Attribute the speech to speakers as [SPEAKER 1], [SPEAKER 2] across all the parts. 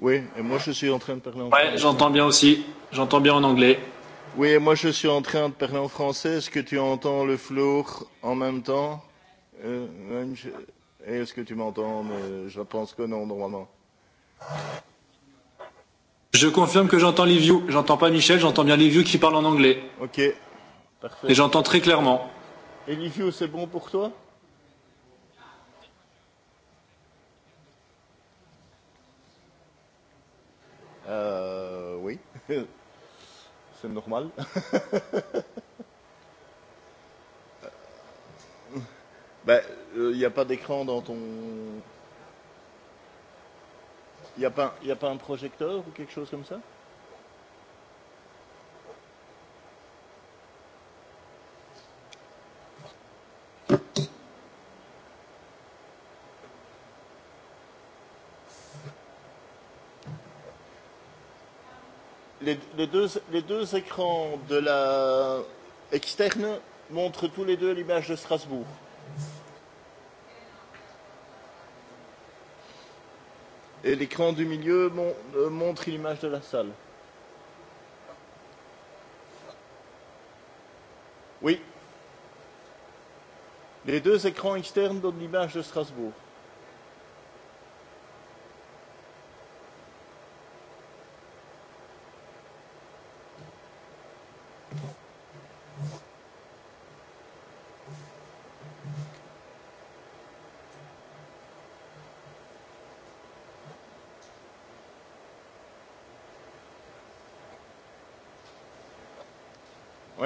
[SPEAKER 1] Oui, et moi je suis en train de parler en français. j'entends bien aussi. J'entends bien en anglais.
[SPEAKER 2] Oui, et moi je suis en train de parler en français. Est-ce que tu entends le flour en même temps Est-ce que tu m'entends Je pense que non, normalement.
[SPEAKER 1] Je confirme que j'entends Liviu. J'entends pas Michel, j'entends bien Liviu qui parle en anglais.
[SPEAKER 2] Ok. Parfait.
[SPEAKER 1] Et j'entends très clairement.
[SPEAKER 2] Eliviu, c'est bon pour toi euh, Oui, c'est normal. il n'y a pas d'écran dans ton... Il n'y a, a pas un projecteur ou quelque chose comme ça les, deux, les deux écrans de la externe montrent tous les deux l'image de Strasbourg. Et l'écran du milieu montre l'image de la salle. Oui. Les deux écrans externes donnent l'image de Strasbourg.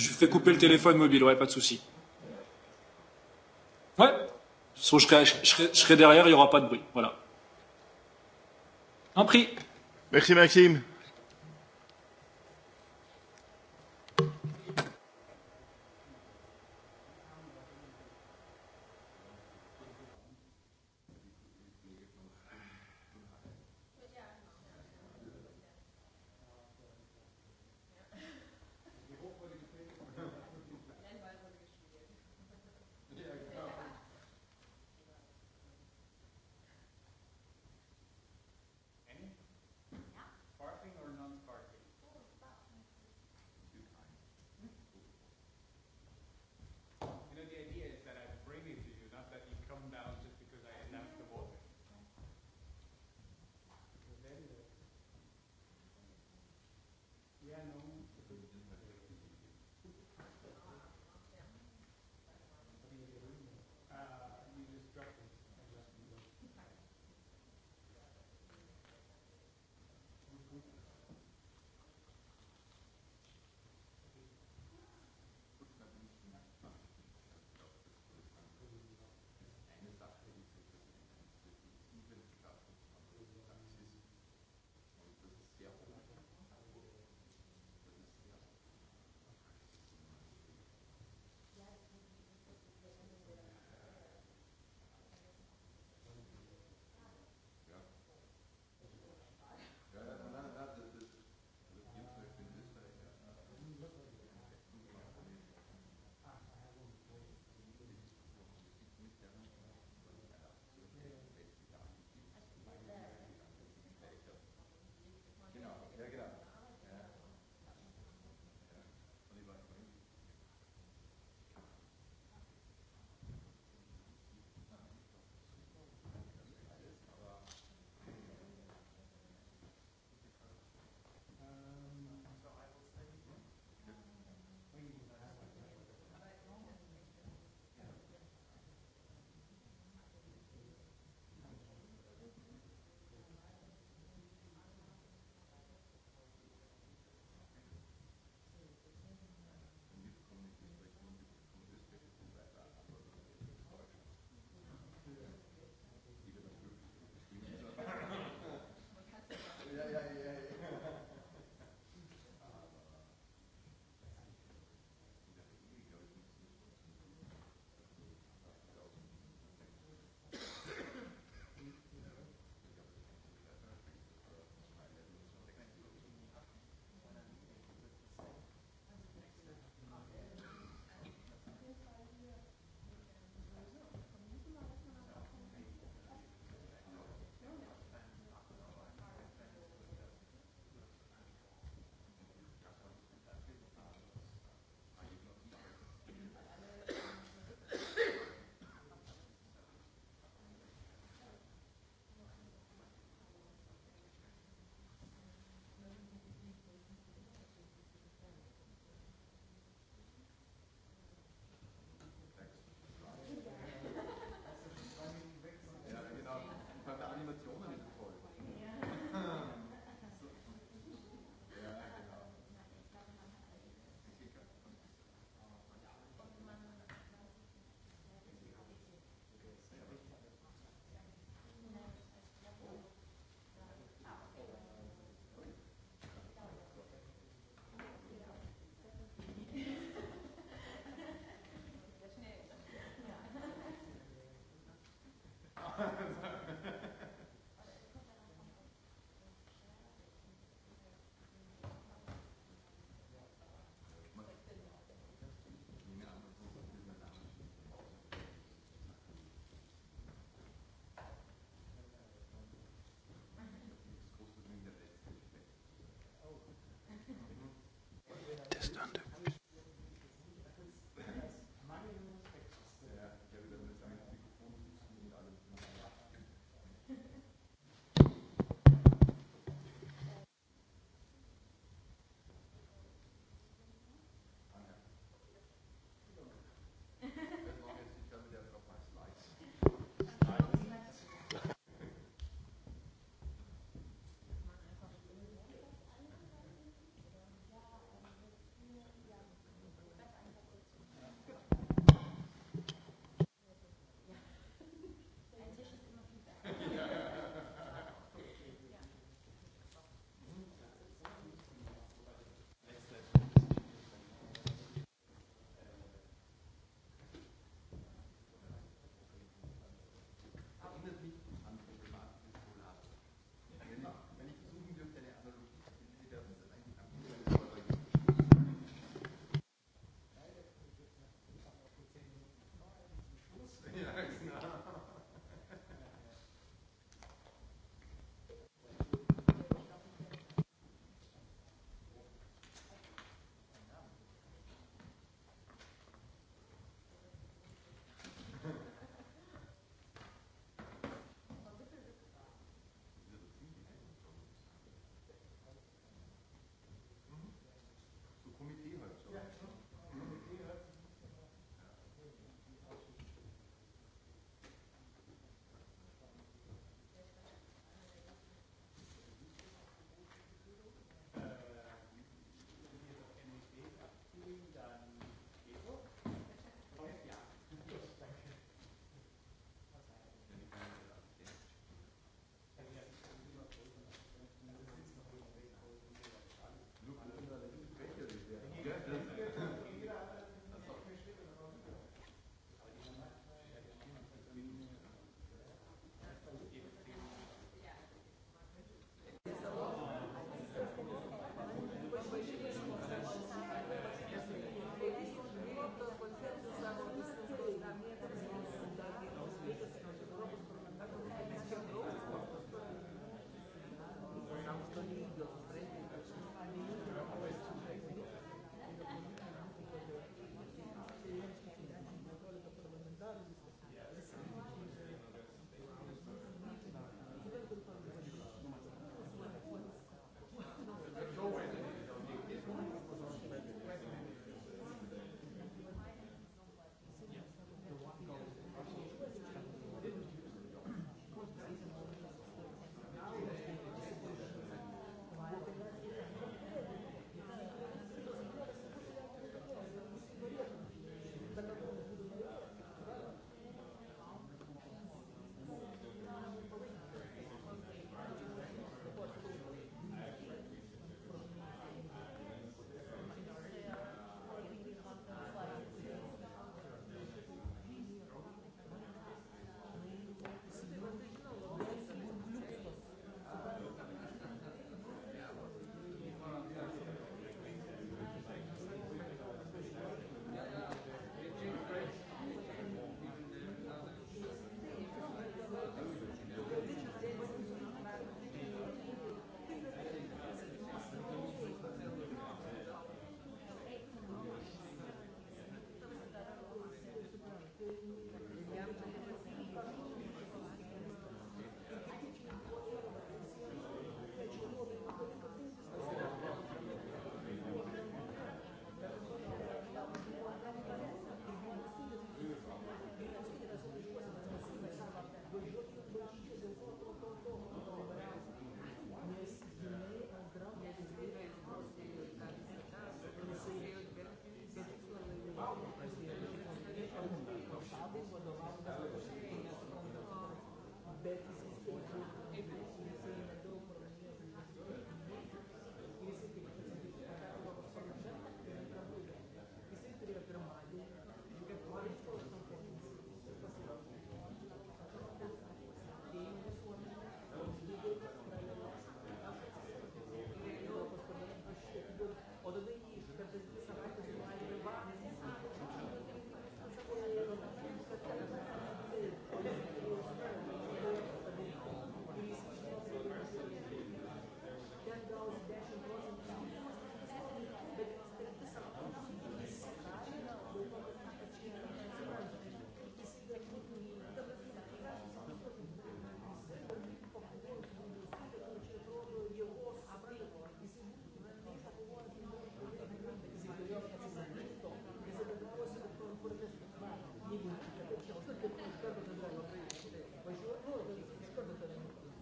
[SPEAKER 1] Je fais couper le téléphone mobile, ouais, pas de souci. Ouais. Je serai, je, serai, je serai derrière, il n'y aura pas de bruit. Voilà.
[SPEAKER 2] Un prix. Merci Maxime.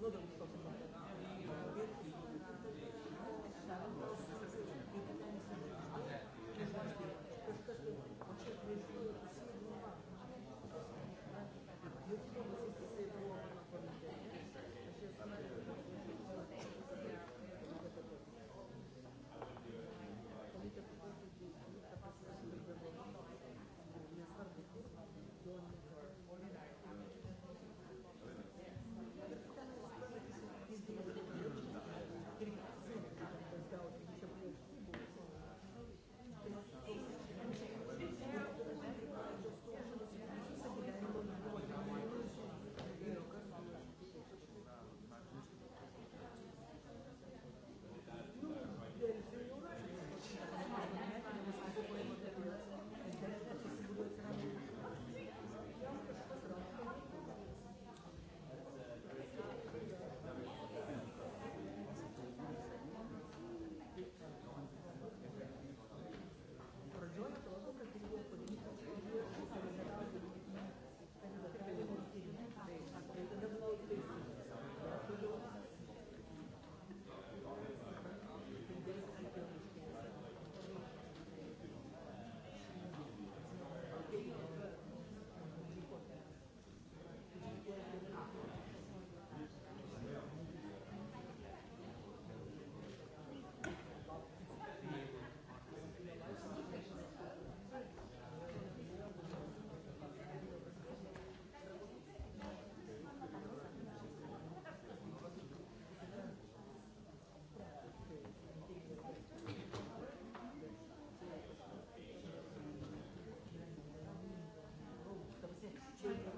[SPEAKER 3] No, Thank you.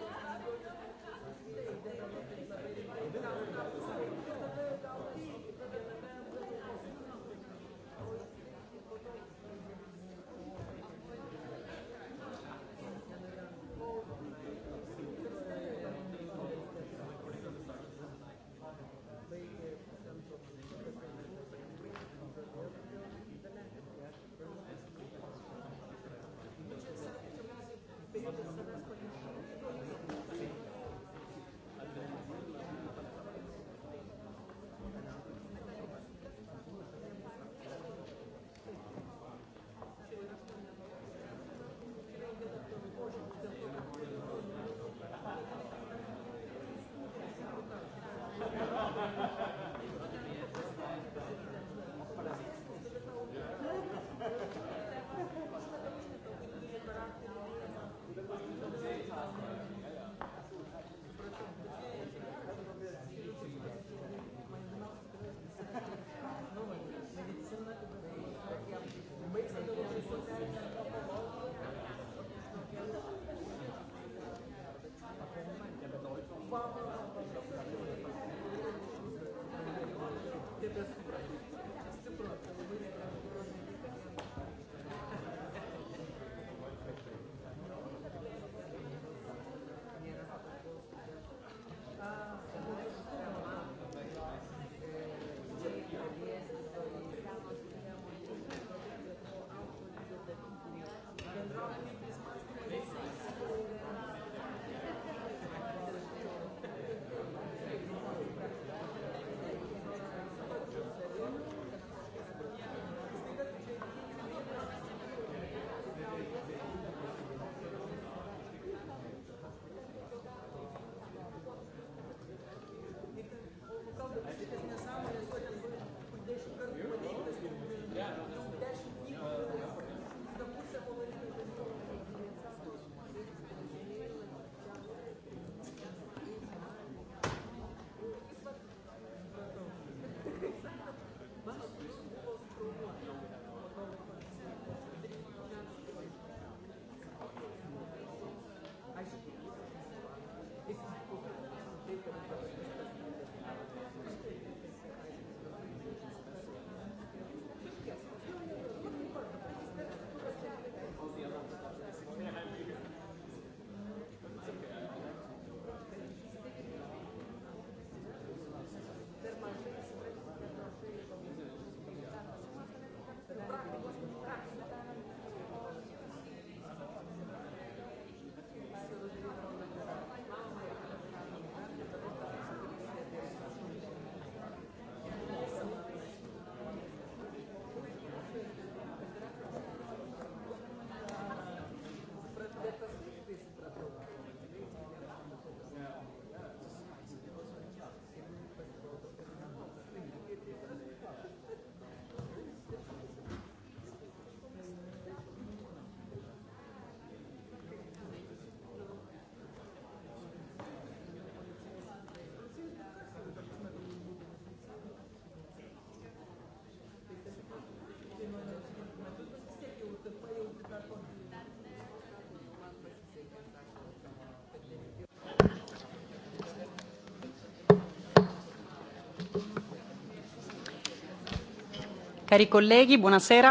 [SPEAKER 4] Cari colleghi, buonasera.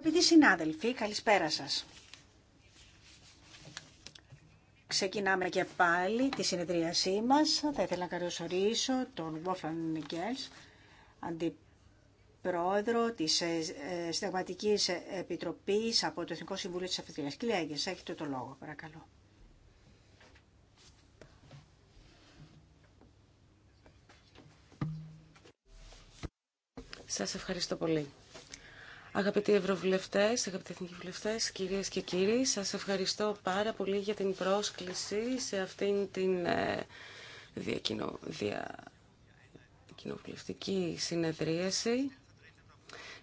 [SPEAKER 4] Αγαπητοί συνάδελφοι, καλησπέρα σας. Ξεκινάμε και πάλι τη συνεδρίασή μα. Θα ήθελα να καλωσορίσω τον Βόφραν αντιπρόεδρο της ε, Συνταγματικής Επιτροπής από το Εθνικό Συμβούλιο τη Αφιτερία. Κύριε έχετε το λόγο, παρακαλώ.
[SPEAKER 5] Σας ευχαριστώ πολύ. Αγαπητοί Ευρωβουλευτέ, αγαπητοί Εθνικοί Βουλευτέ, κυρίες και κύριοι, σας ευχαριστώ πάρα πολύ για την πρόσκληση σε αυτήν την ε, διακοινο... διακοινοβουλευτική συνεδρίαση.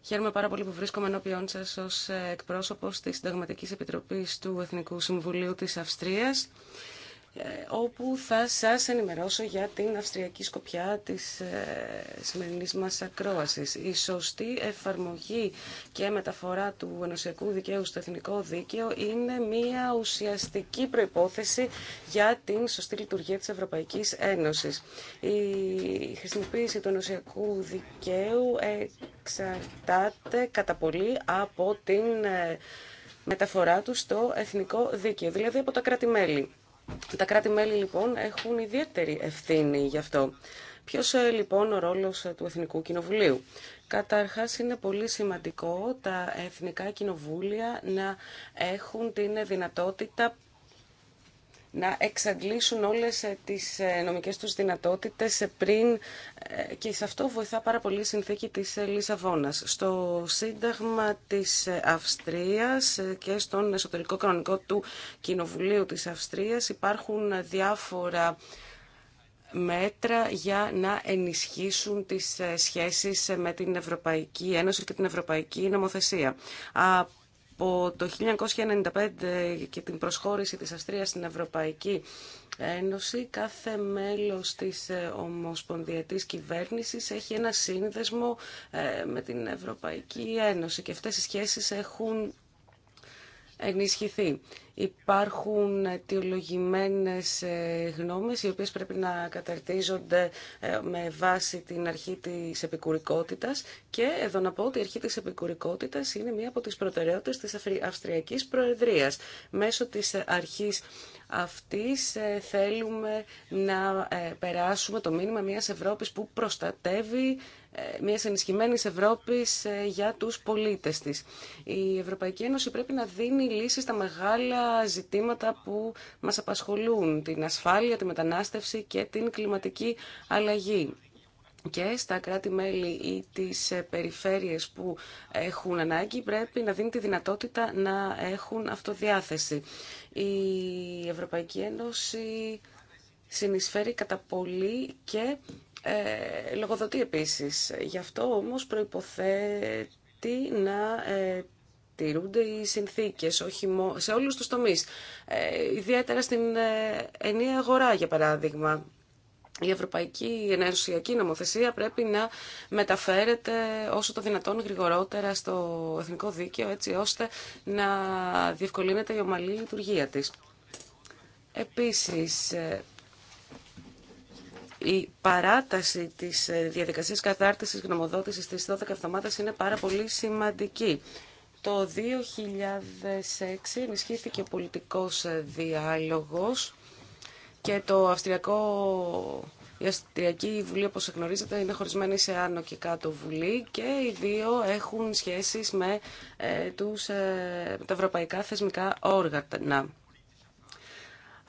[SPEAKER 5] Χαίρομαι πάρα πολύ που βρίσκομαι ενώπιόν σα ω ε, εκπρόσωπο τη Συνταγματική Επιτροπή του Εθνικού Συμβουλίου τη Αυστρία ε, όπου θα σας ενημερώσω για την αυστριακή σκοπιά της ε, σημερινής μας ακρόασης. Η σωστή εφαρμογή και μεταφορά του ενωσιακού δικαίου στο εθνικό δίκαιο είναι μια ουσιαστική προϋπόθεση για την σωστή λειτουργία της Ευρωπαϊκής Ένωσης. Η χρησιμοποίηση του ενωσιακού δικαίου εξαρτάται κατά πολύ από την ε, μεταφορά του στο εθνικό δίκαιο, δηλαδή από τα κράτη-μέλη. Τα κράτη-μέλη λοιπόν έχουν ιδιαίτερη ευθύνη γι' αυτό. Ποιος ε, λοιπόν ο ρόλος ε, του Εθνικού Κοινοβουλίου. Καταρχά, είναι πολύ σημαντικό τα Εθνικά Κοινοβούλια να έχουν την δυνατότητα να εξαντλήσουν όλες ε, τις ε, νομικές τους δυνατότητες ε, πριν και σε αυτό βοηθά πάρα πολύ η συνθήκη της Λισαβόνας. Στο Σύνταγμα της Αυστρίας και στον εσωτερικό κανονικό του Κοινοβουλίου της Αυστρίας υπάρχουν διάφορα μέτρα για να ενισχύσουν τις σχέσεις με την Ευρωπαϊκή Ένωση και την Ευρωπαϊκή Νομοθεσία από το 1995 και την προσχώρηση της Αυστρίας στην Ευρωπαϊκή Ένωση, κάθε μέλος της ε, ομοσπονδιατής κυβέρνησης έχει ένα σύνδεσμο ε, με την Ευρωπαϊκή Ένωση και αυτές οι σχέσεις έχουν ενισχυθεί. Υπάρχουν αιτιολογημένες ε, γνώμες οι οποίες πρέπει να καταρτίζονται ε, με βάση την αρχή της επικουρικότητας και εδώ να πω ότι η αρχή της επικουρικότητας είναι μία από τις προτεραιότητες της Αυστριακής Προεδρίας. Μέσω της αρχής αυτής ε, θέλουμε να περάσουμε το μήνυμα μιας Ευρώπης που προστατεύει ε, μιας ενισχυμένης Ευρώπης ε, για τους πολίτες της. Η Ευρωπαϊκή Ένωση πρέπει να δίνει λύσεις στα μεγάλα ζητήματα που μας απασχολούν, την ασφάλεια, τη μετανάστευση και την κλιματική αλλαγή και στα κράτη-μέλη ή τις ε, περιφέρειες που έχουν ανάγκη πρέπει να δίνει τη δυνατότητα να έχουν αυτοδιάθεση. Η Ευρωπαϊκή Ένωση συνεισφέρει κατά πολύ και ε, λογοδοτεί επίσης. Γι' αυτό όμως προϋποθέτει να ε, τηρούνται οι συνθήκες όχι σε όλους τους τομείς. Ε, ιδιαίτερα στην ε, ενιαία αγορά, για παράδειγμα. Η Ευρωπαϊκή Ενεργειακή Νομοθεσία πρέπει να μεταφέρεται όσο το δυνατόν γρηγορότερα στο Εθνικό Δίκαιο, έτσι ώστε να διευκολύνεται η ομαλή λειτουργία της. Επίσης, ε, η παράταση της ε, διαδικασίας κατάρτισης γνωμοδότησης στις 12 εβδομάδες είναι πάρα πολύ σημαντική. Το 2006 ενισχύθηκε ο πολιτικός ε, διάλογος και το αυστριακό, η Αυστριακή Βουλή, όπως γνωρίζετε, είναι χωρισμένη σε άνω και κάτω Βουλή και οι δύο έχουν σχέσεις με, ε, τους, τα ευρωπαϊκά θεσμικά όργανα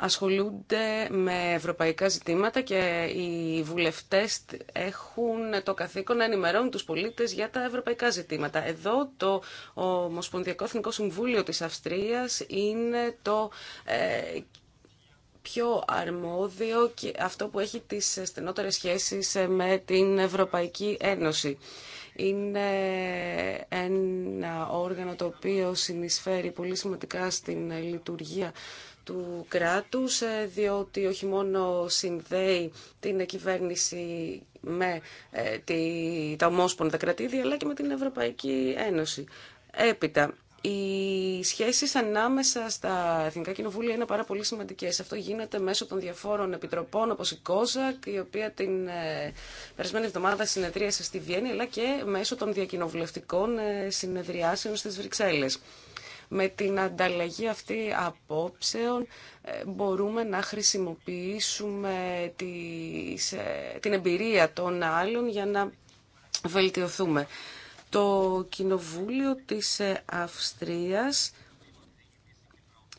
[SPEAKER 5] ασχολούνται με ευρωπαϊκά ζητήματα και οι βουλευτές έχουν το καθήκον να ενημερώνουν τους πολίτες για τα ευρωπαϊκά ζητήματα. Εδώ το Ομοσπονδιακό Εθνικό Συμβούλιο της Αυστρίας είναι το ε, πιο αρμόδιο και αυτό που έχει τις στενότερες σχέσεις με την Ευρωπαϊκή Ένωση. Είναι ένα όργανο το οποίο συνεισφέρει πολύ σημαντικά στην λειτουργία του κράτους, ε, διότι όχι μόνο συνδέει την κυβέρνηση με ε, τη, τα ομόσπονδα κρατήδια, αλλά και με την Ευρωπαϊκή Ένωση. Έπειτα, οι σχέσεις ανάμεσα στα Εθνικά Κοινοβούλια είναι πάρα πολύ σημαντικές. Αυτό γίνεται μέσω των διαφόρων επιτροπών όπως η ΚΟΖΑΚ, η οποία την ε, περασμένη εβδομάδα συνεδρίασε στη Βιέννη, αλλά και μέσω των διακοινοβουλευτικών συνεδριάσεων στις Βρυξέλλες. Με την ανταλλαγή αυτή απόψεων ε, μπορούμε να χρησιμοποιήσουμε ε, την εμπειρία των άλλων για να βελτιωθούμε. Το Κοινοβούλιο της ε, Αυστρίας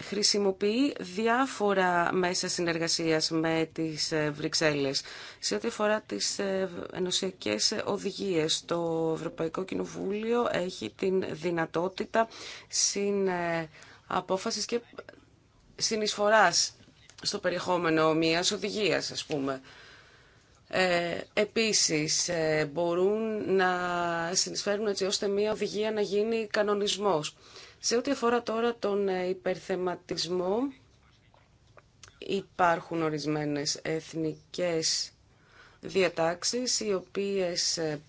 [SPEAKER 5] χρησιμοποιεί διάφορα μέσα συνεργασίας με τις ε, Βρυξέλλες σε ό,τι αφορά τις ε, ενωσιακές οδηγίες. Το Ευρωπαϊκό Κοινοβούλιο έχει την δυνατότητα συν ε, απόφασης και συνεισφοράς στο περιεχόμενο μιας οδηγίας, ας πούμε. Ε, επίσης, μπορούν να συνεισφέρουν έτσι ώστε μια οδηγία να γίνει κανονισμός. Σε ό,τι αφορά τώρα τον ε, υπερθεματισμό, υπάρχουν ορισμένες εθνικές διατάξεις οι οποίες ε,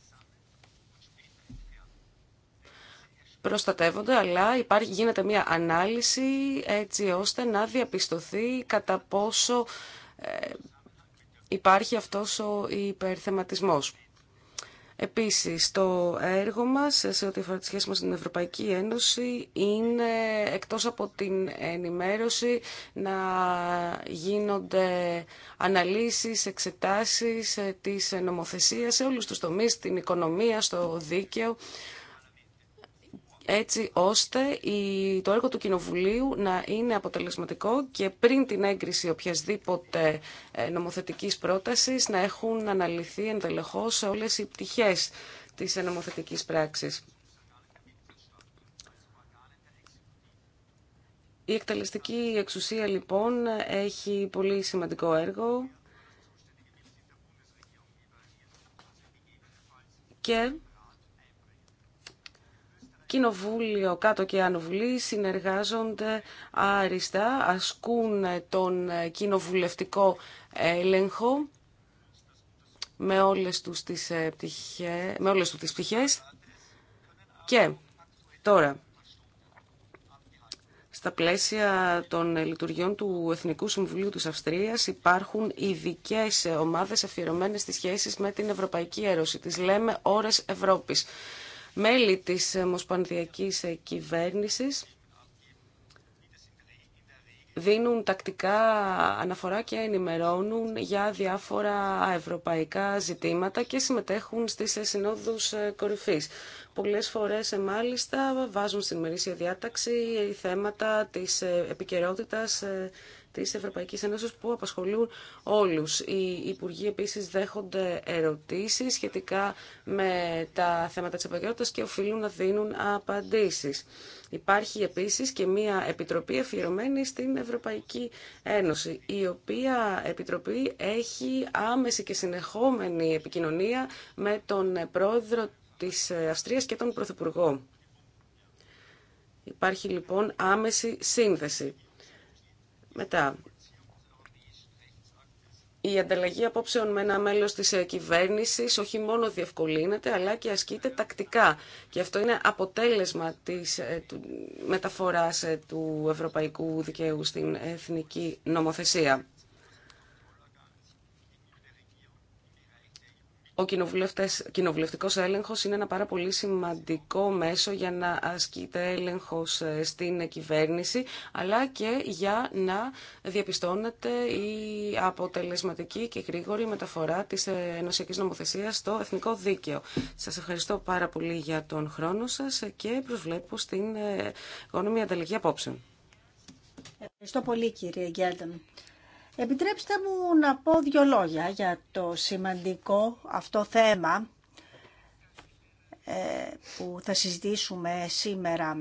[SPEAKER 5] προστατεύονται, αλλά υπάρχει, γίνεται μια ανάλυση έτσι ώστε να διαπιστωθεί κατά πόσο ε, υπάρχει αυτός ο υπερθεματισμός. Επίσης, το έργο μας σε ό,τι αφορά τη σχέση μας με την Ευρωπαϊκή Ένωση είναι εκτός από την ενημέρωση να γίνονται αναλύσεις, εξετάσεις ε, της νομοθεσίας σε όλους τους τομείς, στην οικονομία, στο δίκαιο, έτσι ώστε το έργο του Κοινοβουλίου να είναι αποτελεσματικό και πριν την έγκριση οποιασδήποτε ε, νομοθετικής πρότασης να έχουν αναλυθεί ενδελεχώς όλες οι πτυχές της ε, νομοθετικής πράξης. Η εκτελεστική εξουσία λοιπόν έχει πολύ σημαντικό έργο και Κοινοβούλιο κάτω και άνω βουλή συνεργάζονται άριστα, ασκούν τον κοινοβουλευτικό έλεγχο με όλες, τους τις ε, πτυχές, όλες τις Και τώρα, στα πλαίσια των λειτουργιών του Εθνικού Συμβουλίου της Αυστρίας υπάρχουν ειδικέ ομάδες αφιερωμένες στις σχέσεις με την Ευρωπαϊκή Ένωση. Τις λέμε ώρες Ευρώπης μέλη της Ομοσπονδιακής Κυβέρνησης δίνουν τακτικά αναφορά και ενημερώνουν για διάφορα ευρωπαϊκά ζητήματα και συμμετέχουν στις συνόδους κορυφής. Πολλές φορές μάλιστα βάζουν στην μερίσια διάταξη θέματα της επικαιρότητα της Ευρωπαϊκής Ένωση που απασχολούν όλους. Οι Υπουργοί επίσης δέχονται ερωτήσεις σχετικά με τα θέματα της επαγγελματικότητας και οφείλουν να δίνουν απαντήσεις. Υπάρχει επίσης και μια επιτροπή αφιερωμένη στην Ευρωπαϊκή Ένωση, η οποία επιτροπή έχει άμεση και συνεχόμενη επικοινωνία με τον πρόεδρο της Αυστρίας και τον Πρωθυπουργό. Υπάρχει λοιπόν άμεση σύνδεση. Μετά, η ανταλλαγή απόψεων με ένα μέλος της ε, κυβέρνηση όχι μόνο διευκολύνεται αλλά και ασκείται τακτικά. Και αυτό είναι αποτέλεσμα της ε, μεταφορά ε, του ευρωπαϊκού δικαίου στην εθνική νομοθεσία. Ο κοινοβουλευτικό έλεγχος είναι ένα πάρα πολύ σημαντικό μέσο για να ασκείται έλεγχο ε, στην κυβέρνηση, αλλά και για να διαπιστώνεται η αποτελεσματική και γρήγορη μεταφορά της ε, ενωσιακή νομοθεσίας στο εθνικό δίκαιο. Σας ευχαριστώ πάρα πολύ για τον χρόνο σας και προσβλέπω στην ε, γόνιμη ανταλλαγή απόψεων.
[SPEAKER 4] Ευχαριστώ πολύ κύριε Γκέλτον. Επιτρέψτε μου να πω δύο λόγια για το σημαντικό αυτό θέμα ε, που θα συζητήσουμε σήμερα.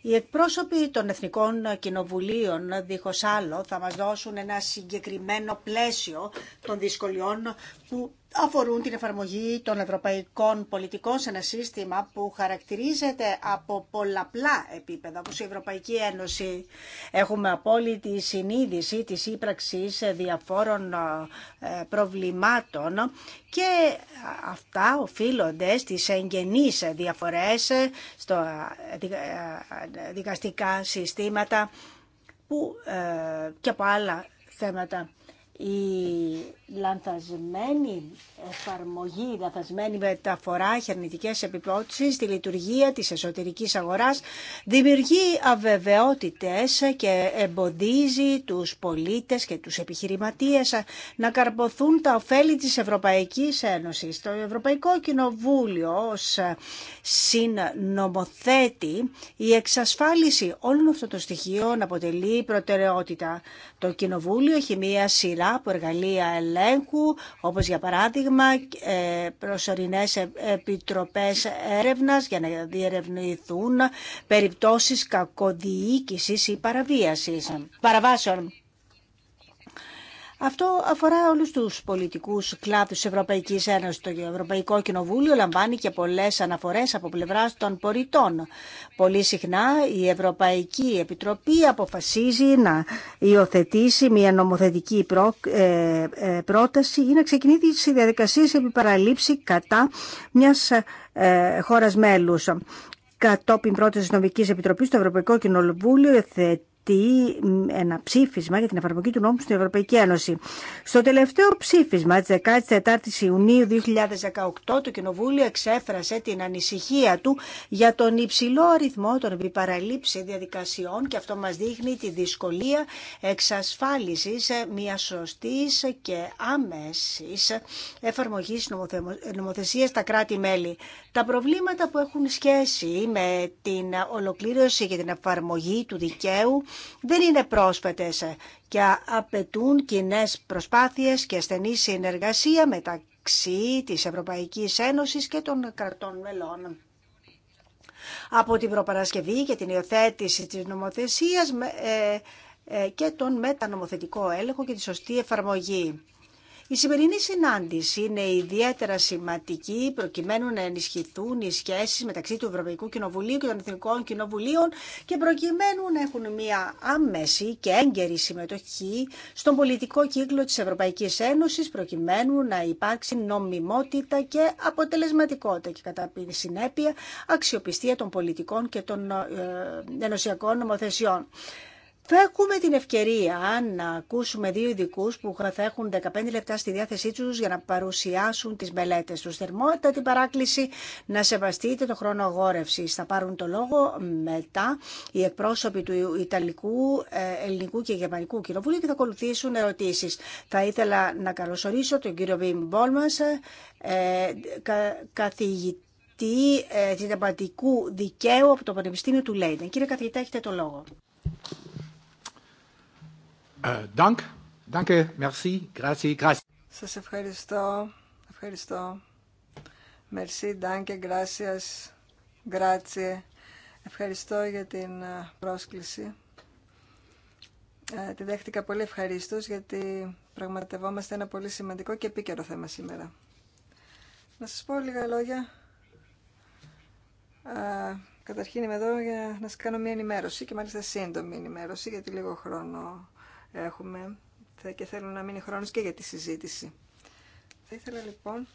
[SPEAKER 4] Οι εκπρόσωποι των Εθνικών Κοινοβουλίων, δίχως άλλο, θα μας δώσουν ένα συγκεκριμένο πλαίσιο των δυσκολιών που αφορούν την εφαρμογή των ευρωπαϊκών πολιτικών σε ένα σύστημα που χαρακτηρίζεται από πολλαπλά επίπεδα, όπως η Ευρωπαϊκή Ένωση. Έχουμε απόλυτη συνείδηση της ύπραξης διαφόρων ε, προβλημάτων και αυτά οφείλονται στις εγγενείς διαφορές στο ε, ε, δικαστικά συστήματα που, και από άλλα θέματα λανθασμένη εφαρμογή, λανθασμένη μεταφορά χερνητικές αρνητικέ στη λειτουργία της εσωτερικής αγοράς, δημιουργεί αβεβαιότητες και εμποδίζει τους πολίτες και τους επιχειρηματίες να καρποθούν τα ωφέλη της Ευρωπαϊκής Ένωσης. Το Ευρωπαϊκό Κοινοβούλιο ως συνομοθέτη η εξασφάλιση όλων αυτών των στοιχείων αποτελεί προτεραιότητα. Το Κοινοβούλιο έχει μία σειρά από εργαλεία ελέγχου ελέγχου, όπως για παράδειγμα ε, προσωρινές ε, επιτροπές έρευνας για να διερευνηθούν περιπτώσεις κακοδιοίκησης ή παραβίασης, παραβάσεων. Αυτό αφορά όλου του πολιτικού κλάδου τη Ευρωπαϊκή Ένωση. Το Ευρωπαϊκό Κοινοβούλιο λαμβάνει και πολλέ αναφορέ από πλευρά των πολιτών. Πολύ συχνά η Ευρωπαϊκή Επιτροπή αποφασίζει να υιοθετήσει μια νομοθετική ε, ε, πρόταση ή να ξεκινήσει διαδικασίε επί παραλήψη κατά μια ε, χώρα μέλου. Κατόπιν πρόταση νομική επιτροπή, το Ευρωπαϊκό Κοινοβούλιο αυτή ένα ψήφισμα για την εφαρμογή του νόμου στην Ευρωπαϊκή Ένωση. Στο τελευταίο ψήφισμα της 14 η Ιουνίου 2018 το Κοινοβούλιο εξέφρασε την ανησυχία του για τον υψηλό αριθμό των επιπαραλήψεων διαδικασιών και αυτό μας δείχνει τη δυσκολία εξασφάλισης μια σωστή και άμεσης εφαρμογής νομοθεσίας στα κράτη-μέλη. Τα προβλήματα που έχουν σχέση με την ολοκλήρωση και την εφαρμογή του δικαίου δεν είναι πρόσφατες και απαιτούν κοινέ προσπάθειες και στενή συνεργασία μεταξύ της Ευρωπαϊκής Ένωσης και των κρατών μελών. Από την προπαρασκευή και την υιοθέτηση της νομοθεσίας ε, ε, και τον μετανομοθετικό έλεγχο και τη σωστή εφαρμογή. Η σημερινή συνάντηση είναι ιδιαίτερα σημαντική προκειμένου να ενισχυθούν οι σχέσεις μεταξύ του Ευρωπαϊκού Κοινοβουλίου και των Εθνικών Κοινοβουλίων και προκειμένου να έχουν μια άμεση και έγκαιρη συμμετοχή στον πολιτικό κύκλο της Ευρωπαϊκής Ένωσης προκειμένου να υπάρξει νομιμότητα και αποτελεσματικότητα και κατά συνέπεια αξιοπιστία των πολιτικών και των ε, ενωσιακών νομοθεσιών. Θα έχουμε την ευκαιρία να ακούσουμε δύο ειδικού που θα έχουν 15 λεπτά στη διάθεσή τους για να παρουσιάσουν τις μελέτε τους. Θερμότητα την παράκληση να σεβαστείτε το χρόνο αγόρευση. Θα πάρουν το λόγο μετά οι εκπρόσωποι του Ιταλικού, ε, Ελληνικού και Γερμανικού Κοινοβουλίου και θα ακολουθήσουν ερωτήσεις. Θα ήθελα να καλωσορίσω τον κύριο Βίμ Μπόλμα, ε, καθηγητή ε, Τη δικαίου από το Πανεπιστήμιο του Λέιντεν. Κύριε καθηγητά, έχετε το λόγο.
[SPEAKER 6] Ε, dank.
[SPEAKER 7] Σας ευχαριστώ. Ευχαριστώ. Merci, danke, Ευχαριστώ για την ε, πρόσκληση. Ε, τη δέχτηκα πολύ ευχαρίστως γιατί πραγματευόμαστε ένα πολύ σημαντικό και επίκαιρο θέμα σήμερα. Να σας πω λίγα λόγια. Καταρχήν είμαι εδώ για να σας κάνω μια ενημέρωση και μάλιστα σύντομη ενημέρωση γιατί λίγο χρόνο έχουμε και θέλω να μείνει χρόνος και για τη συζήτηση. Θα ήθελα λοιπόν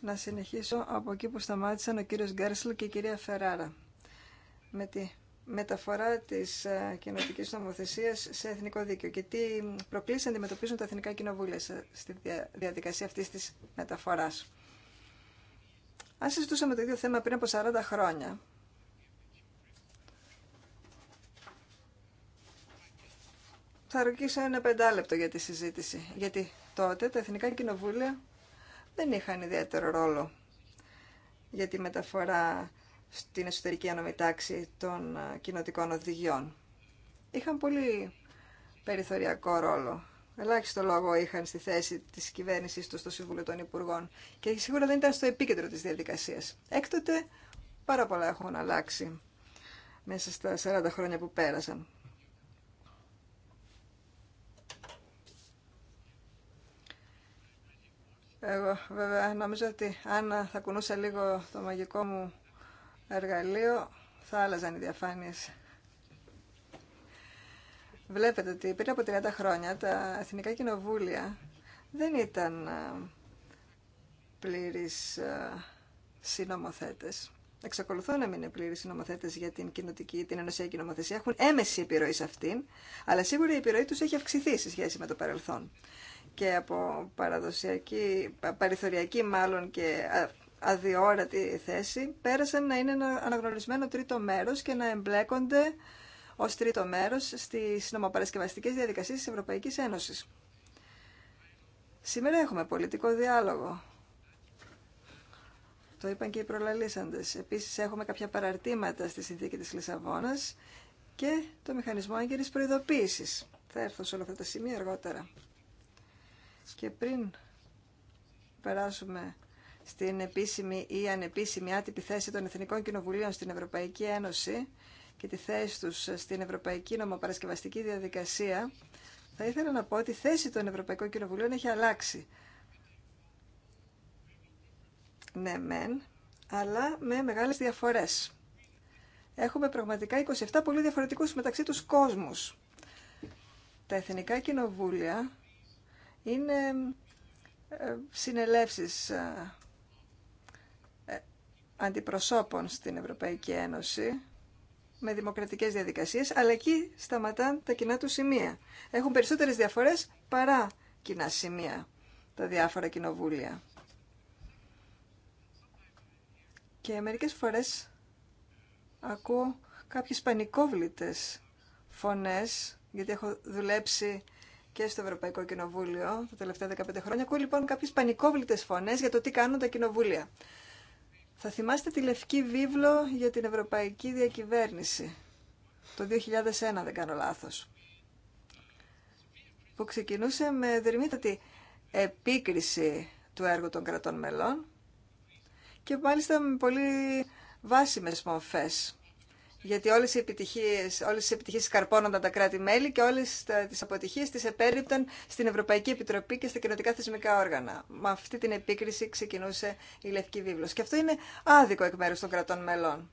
[SPEAKER 7] να συνεχίσω από εκεί που σταμάτησαν ο κύριος Γκέρσλ και η κυρία Φεράρα με τη μεταφορά της ε, κοινωτικής νομοθεσίας σε εθνικό δίκαιο και τι προκλήσεις αντιμετωπίζουν τα εθνικά κοινοβούλια στη διαδικασία αυτής της μεταφοράς. Αν συζητούσαμε το ίδιο θέμα πριν από 40 χρόνια, θα ρωτήσω ένα πεντάλεπτο για τη συζήτηση. Γιατί τότε τα εθνικά κοινοβούλια δεν είχαν ιδιαίτερο ρόλο για τη μεταφορά στην εσωτερική ανομητάξη των κοινοτικών οδηγιών. Είχαν πολύ περιθωριακό ρόλο. Ελάχιστο λόγο είχαν στη θέση της κυβέρνησης του στο Συμβούλιο των Υπουργών και σίγουρα δεν ήταν στο επίκεντρο της διαδικασίας. Έκτοτε πάρα πολλά έχουν αλλάξει μέσα στα 40 χρόνια που πέρασαν. Εγώ βέβαια νομίζω ότι αν θα κουνούσα λίγο το μαγικό μου εργαλείο θα άλλαζαν οι διαφάνειες. Βλέπετε ότι πριν από 30 χρόνια τα εθνικά κοινοβούλια δεν ήταν ε, πλήρης ε, συνομοθέτες. Εξακολουθούν να μην είναι πλήρη συνομοθέτε για την κοινοτική, την ενωσιακή νομοθεσία. Έχουν έμεση επιρροή σε αυτήν, αλλά σίγουρα η επιρροή του έχει αυξηθεί σε σχέση με το παρελθόν και από παραδοσιακή, παριθωριακή μάλλον και αδιόρατη θέση, πέρασαν να είναι ένα αναγνωρισμένο τρίτο μέρος και να εμπλέκονται ως τρίτο μέρος στις νομοπαρασκευαστικές διαδικασίες της Ευρωπαϊκής Ένωσης. Σήμερα έχουμε πολιτικό διάλογο. Το είπαν και οι προλαλήσαντες. Επίσης έχουμε κάποια παραρτήματα στη συνθήκη της Λισαβόνας και το μηχανισμό έγκαιρης προειδοποίησης. Θα έρθω σε όλα αυτά τα σημεία αργότερα. Και πριν περάσουμε στην επίσημη ή ανεπίσημη άτυπη θέση των Εθνικών Κοινοβουλίων στην Ευρωπαϊκή Ένωση και τη θέση τους στην Ευρωπαϊκή Νομοπαρασκευαστική Διαδικασία, θα ήθελα να πω ότι η θέση των Ευρωπαϊκών Κοινοβουλίων έχει αλλάξει. Ναι, μεν, αλλά με μεγάλες διαφορές. Έχουμε πραγματικά 27 πολύ διαφορετικούς μεταξύ τους κόσμους. Τα Εθνικά Κοινοβούλια είναι ε, συνελεύσεις ε, ε, αντιπροσώπων στην Ευρωπαϊκή Ένωση με δημοκρατικές διαδικασίες, αλλά εκεί σταματάν τα κοινά του σημεία. Έχουν περισσότερες διαφορές παρά κοινά σημεία τα διάφορα κοινοβούλια. Και μερικές φορές ακούω κάποιες πανικόβλητες φωνές, γιατί έχω δουλέψει και στο Ευρωπαϊκό Κοινοβούλιο τα τελευταία 15 χρόνια. Ακούω λοιπόν κάποιε πανικόβλητε φωνέ για το τι κάνουν τα κοινοβούλια. Θα θυμάστε τη λευκή βίβλο για την Ευρωπαϊκή Διακυβέρνηση το 2001, δεν κάνω λάθο. Που ξεκινούσε με δερμήτατη επίκριση του έργου των κρατών μελών και μάλιστα με πολύ βάσιμες μορφές γιατί όλε οι επιτυχίε όλες τις επιτυχίες σκαρπώνονταν τα κράτη-μέλη και όλε τι αποτυχίε τι τις επέριπταν στην Ευρωπαϊκή Επιτροπή και στα κοινοτικά θεσμικά όργανα. Με αυτή την επίκριση ξεκινούσε η Λευκή Βίβλο. Και αυτό είναι άδικο εκ μέρους των κρατών μελών.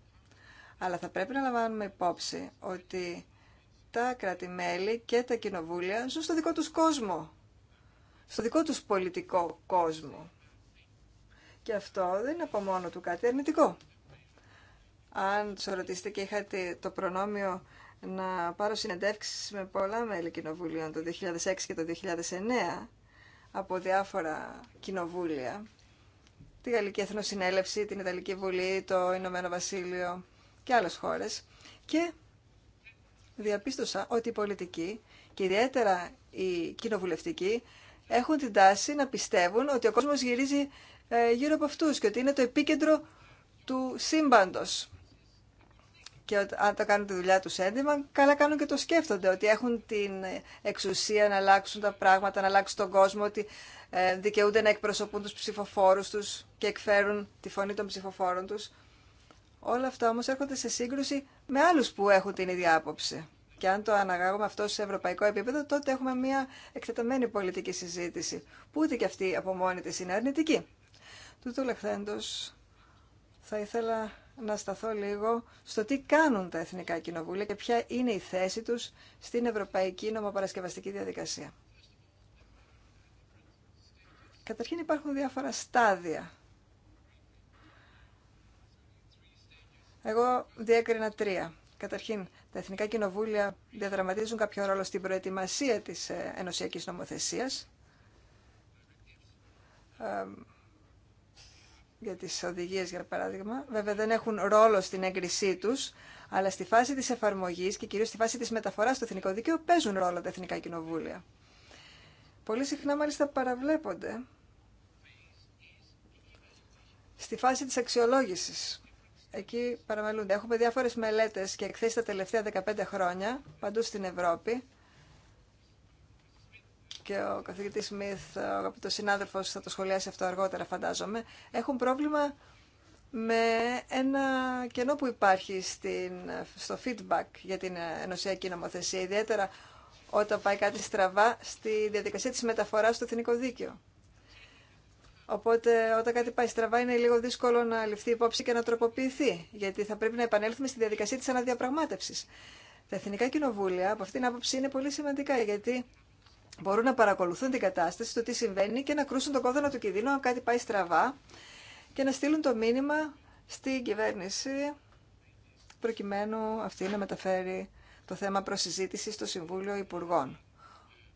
[SPEAKER 7] Αλλά θα πρέπει να λαμβάνουμε υπόψη ότι τα κράτη-μέλη και τα κοινοβούλια ζουν στο δικό του κόσμο, στο δικό του πολιτικό κόσμο. Και αυτό δεν είναι από μόνο του κάτι αρνητικό αν του ρωτήσετε και είχατε το προνόμιο να πάρω συνεντεύξεις με πολλά μέλη κοινοβουλίων το 2006 και το 2009 από διάφορα κοινοβούλια, τη Γαλλική Εθνοσυνέλευση, την Ιταλική Βουλή, το Ηνωμένο Βασίλειο και άλλες χώρες και διαπίστωσα ότι οι πολιτικοί και ιδιαίτερα οι κοινοβουλευτικοί έχουν την τάση να πιστεύουν ότι ο κόσμος γυρίζει ε, γύρω από αυτούς και ότι είναι το επίκεντρο του σύμπαντος και αν το κάνουν τη δουλειά τους έντοιμα, καλά κάνουν και το σκέφτονται, ότι έχουν την εξουσία να αλλάξουν τα πράγματα, να αλλάξουν τον κόσμο, ότι ε, δικαιούνται να εκπροσωπούν τους ψηφοφόρους τους και εκφέρουν τη φωνή των ψηφοφόρων τους. Όλα αυτά όμως έρχονται σε σύγκρουση με άλλους που έχουν την ίδια άποψη. Και αν το αναγάγουμε αυτό σε ευρωπαϊκό επίπεδο, τότε έχουμε μια εκτεταμένη πολιτική συζήτηση, που ούτε και αυτή από μόνη της είναι αρνητική. Τούτο λεχθέντος θα ήθελα να σταθώ λίγο στο τι κάνουν τα Εθνικά Κοινοβούλια και ποια είναι η θέση τους στην Ευρωπαϊκή Νομοπαρασκευαστική Διαδικασία. Καταρχήν υπάρχουν διάφορα στάδια. Εγώ διέκρινα τρία. Καταρχήν, τα Εθνικά Κοινοβούλια διαδραματίζουν κάποιο ρόλο στην προετοιμασία της ε, ενωσιακής νομοθεσίας για τις οδηγίες για παράδειγμα, βέβαια δεν έχουν ρόλο στην έγκρισή τους, αλλά στη φάση της εφαρμογής και κυρίως στη φάση της μεταφοράς στο εθνικό δίκαιο παίζουν ρόλο τα εθνικά κοινοβούλια. Πολύ συχνά μάλιστα παραβλέπονται στη φάση της αξιολόγησης. Εκεί παραμελούνται. Έχουμε διάφορες μελέτες και εκθέσεις τα τελευταία 15 χρόνια παντού στην Ευρώπη και ο καθηγητή Σμιθ, ο αγαπητό συνάδελφος, θα το σχολιάσει αυτό αργότερα φαντάζομαι, έχουν πρόβλημα με ένα κενό που υπάρχει στην, στο feedback για την ενωσιακή νομοθεσία, ιδιαίτερα όταν πάει κάτι στραβά στη διαδικασία της μεταφοράς στο εθνικό δίκαιο. Οπότε όταν κάτι πάει στραβά είναι λίγο δύσκολο να ληφθεί υπόψη και να τροποποιηθεί, γιατί θα πρέπει να επανέλθουμε στη διαδικασία της αναδιαπραγμάτευσης. Τα εθνικά κοινοβούλια από αυτήν την άποψη είναι πολύ σημαντικά, γιατί μπορούν να παρακολουθούν την κατάσταση, το τι συμβαίνει και να κρούσουν τον κόδωνα του κινδύνου αν κάτι πάει στραβά και να στείλουν το μήνυμα στην κυβέρνηση προκειμένου αυτή να μεταφέρει το θέμα προς στο Συμβούλιο Υπουργών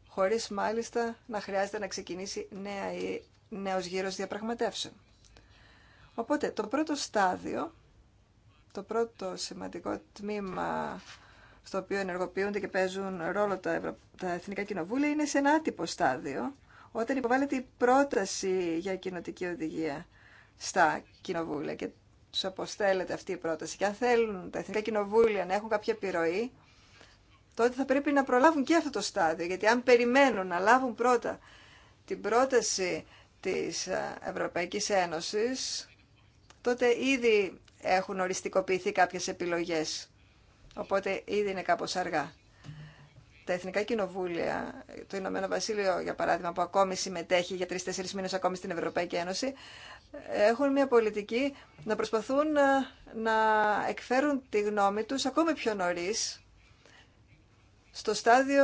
[SPEAKER 7] χωρίς μάλιστα να χρειάζεται να ξεκινήσει νέα ή νέος γύρος διαπραγματεύσεων. Οπότε το πρώτο στάδιο, το πρώτο σημαντικό τμήμα στο οποίο ενεργοποιούνται και παίζουν ρόλο τα, τα Εθνικά Κοινοβούλια είναι σε ένα άτυπο στάδιο όταν υποβάλλεται η πρόταση για κοινοτική οδηγία στα κοινοβούλια και τους αποστέλλεται αυτή η πρόταση. Και αν θέλουν τα Εθνικά Κοινοβούλια να έχουν κάποια επιρροή, τότε θα πρέπει να προλάβουν και αυτό το στάδιο. Γιατί αν περιμένουν να λάβουν πρώτα την πρόταση της ε, Ευρωπαϊκής Ένωσης, τότε ήδη έχουν οριστικοποιηθεί κάποιες επιλογές Οπότε ήδη είναι κάπω αργά. Τα Εθνικά Κοινοβούλια, το Ηνωμένο Βασίλειο για παράδειγμα, που ακόμη συμμετέχει για τρει-τέσσερι μήνε ακόμη στην Ευρωπαϊκή Ένωση, έχουν μια πολιτική να προσπαθούν ε, να, εκφέρουν τη γνώμη τους ακόμη πιο νωρί στο στάδιο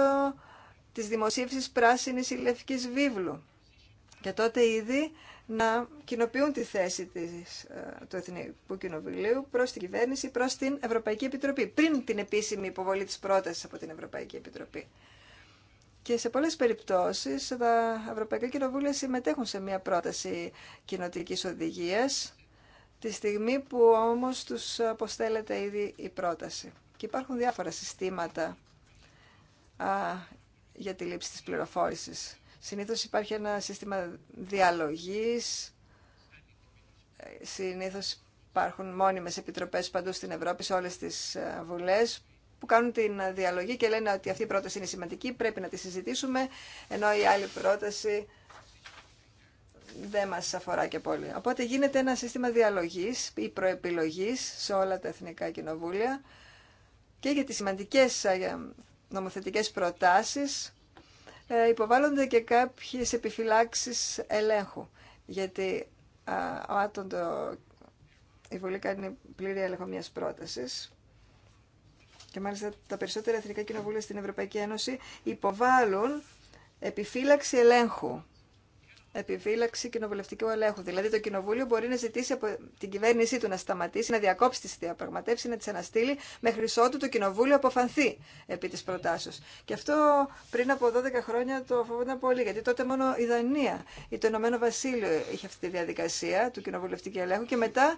[SPEAKER 7] της δημοσίευσης πράσινης ή λευκής βίβλου. Και τότε ήδη να κοινοποιούν τη θέση της, ε, του Εθνικού Κοινοβουλίου προς την κυβέρνηση, προς την Ευρωπαϊκή Επιτροπή, πριν την επίσημη υποβολή της πρότασης από την Ευρωπαϊκή Επιτροπή. Και σε πολλές περιπτώσεις τα Ευρωπαϊκά Κοινοβούλια συμμετέχουν σε μια πρόταση κοινοτική οδηγίας, τη στιγμή που όμως τους αποστέλλεται ήδη η πρόταση. Και υπάρχουν διάφορα συστήματα α, για τη λήψη της πληροφόρησης Συνήθως υπάρχει ένα σύστημα διαλογής, συνήθως υπάρχουν μόνιμες επιτροπές παντού στην Ευρώπη, σε όλες τις ε, βουλές, που κάνουν την ε, διαλογή και λένε ότι αυτή η πρόταση είναι σημαντική, πρέπει να τη συζητήσουμε, ενώ η άλλη πρόταση δεν μας αφορά και πολύ. Οπότε γίνεται ένα σύστημα διαλογής ή προεπιλογής σε όλα τα εθνικά κοινοβούλια και για τις σημαντικές ε, νομοθετικές προτάσεις ε, υποβάλλονται και κάποιες επιφυλάξεις ελέγχου. Γιατί ο το, η Βουλή κάνει πλήρη έλεγχο μιας πρότασης και μάλιστα τα περισσότερα εθνικά κοινοβούλια στην Ευρωπαϊκή Ένωση υποβάλλουν επιφύλαξη ελέγχου επιφύλαξη κοινοβουλευτικού ελέγχου. Δηλαδή, το Κοινοβούλιο μπορεί να ζητήσει από την κυβέρνησή του να σταματήσει, να διακόψει τι διαπραγματεύσει, να τι αναστείλει, μέχρι ότου το Κοινοβούλιο αποφανθεί επί τη προτάσεω. Και αυτό πριν από 12 χρόνια το φοβόταν πολύ, γιατί τότε μόνο η Δανία ή το Ηνωμένο Βασίλειο είχε αυτή τη διαδικασία του κοινοβουλευτικού ελέγχου και μετά.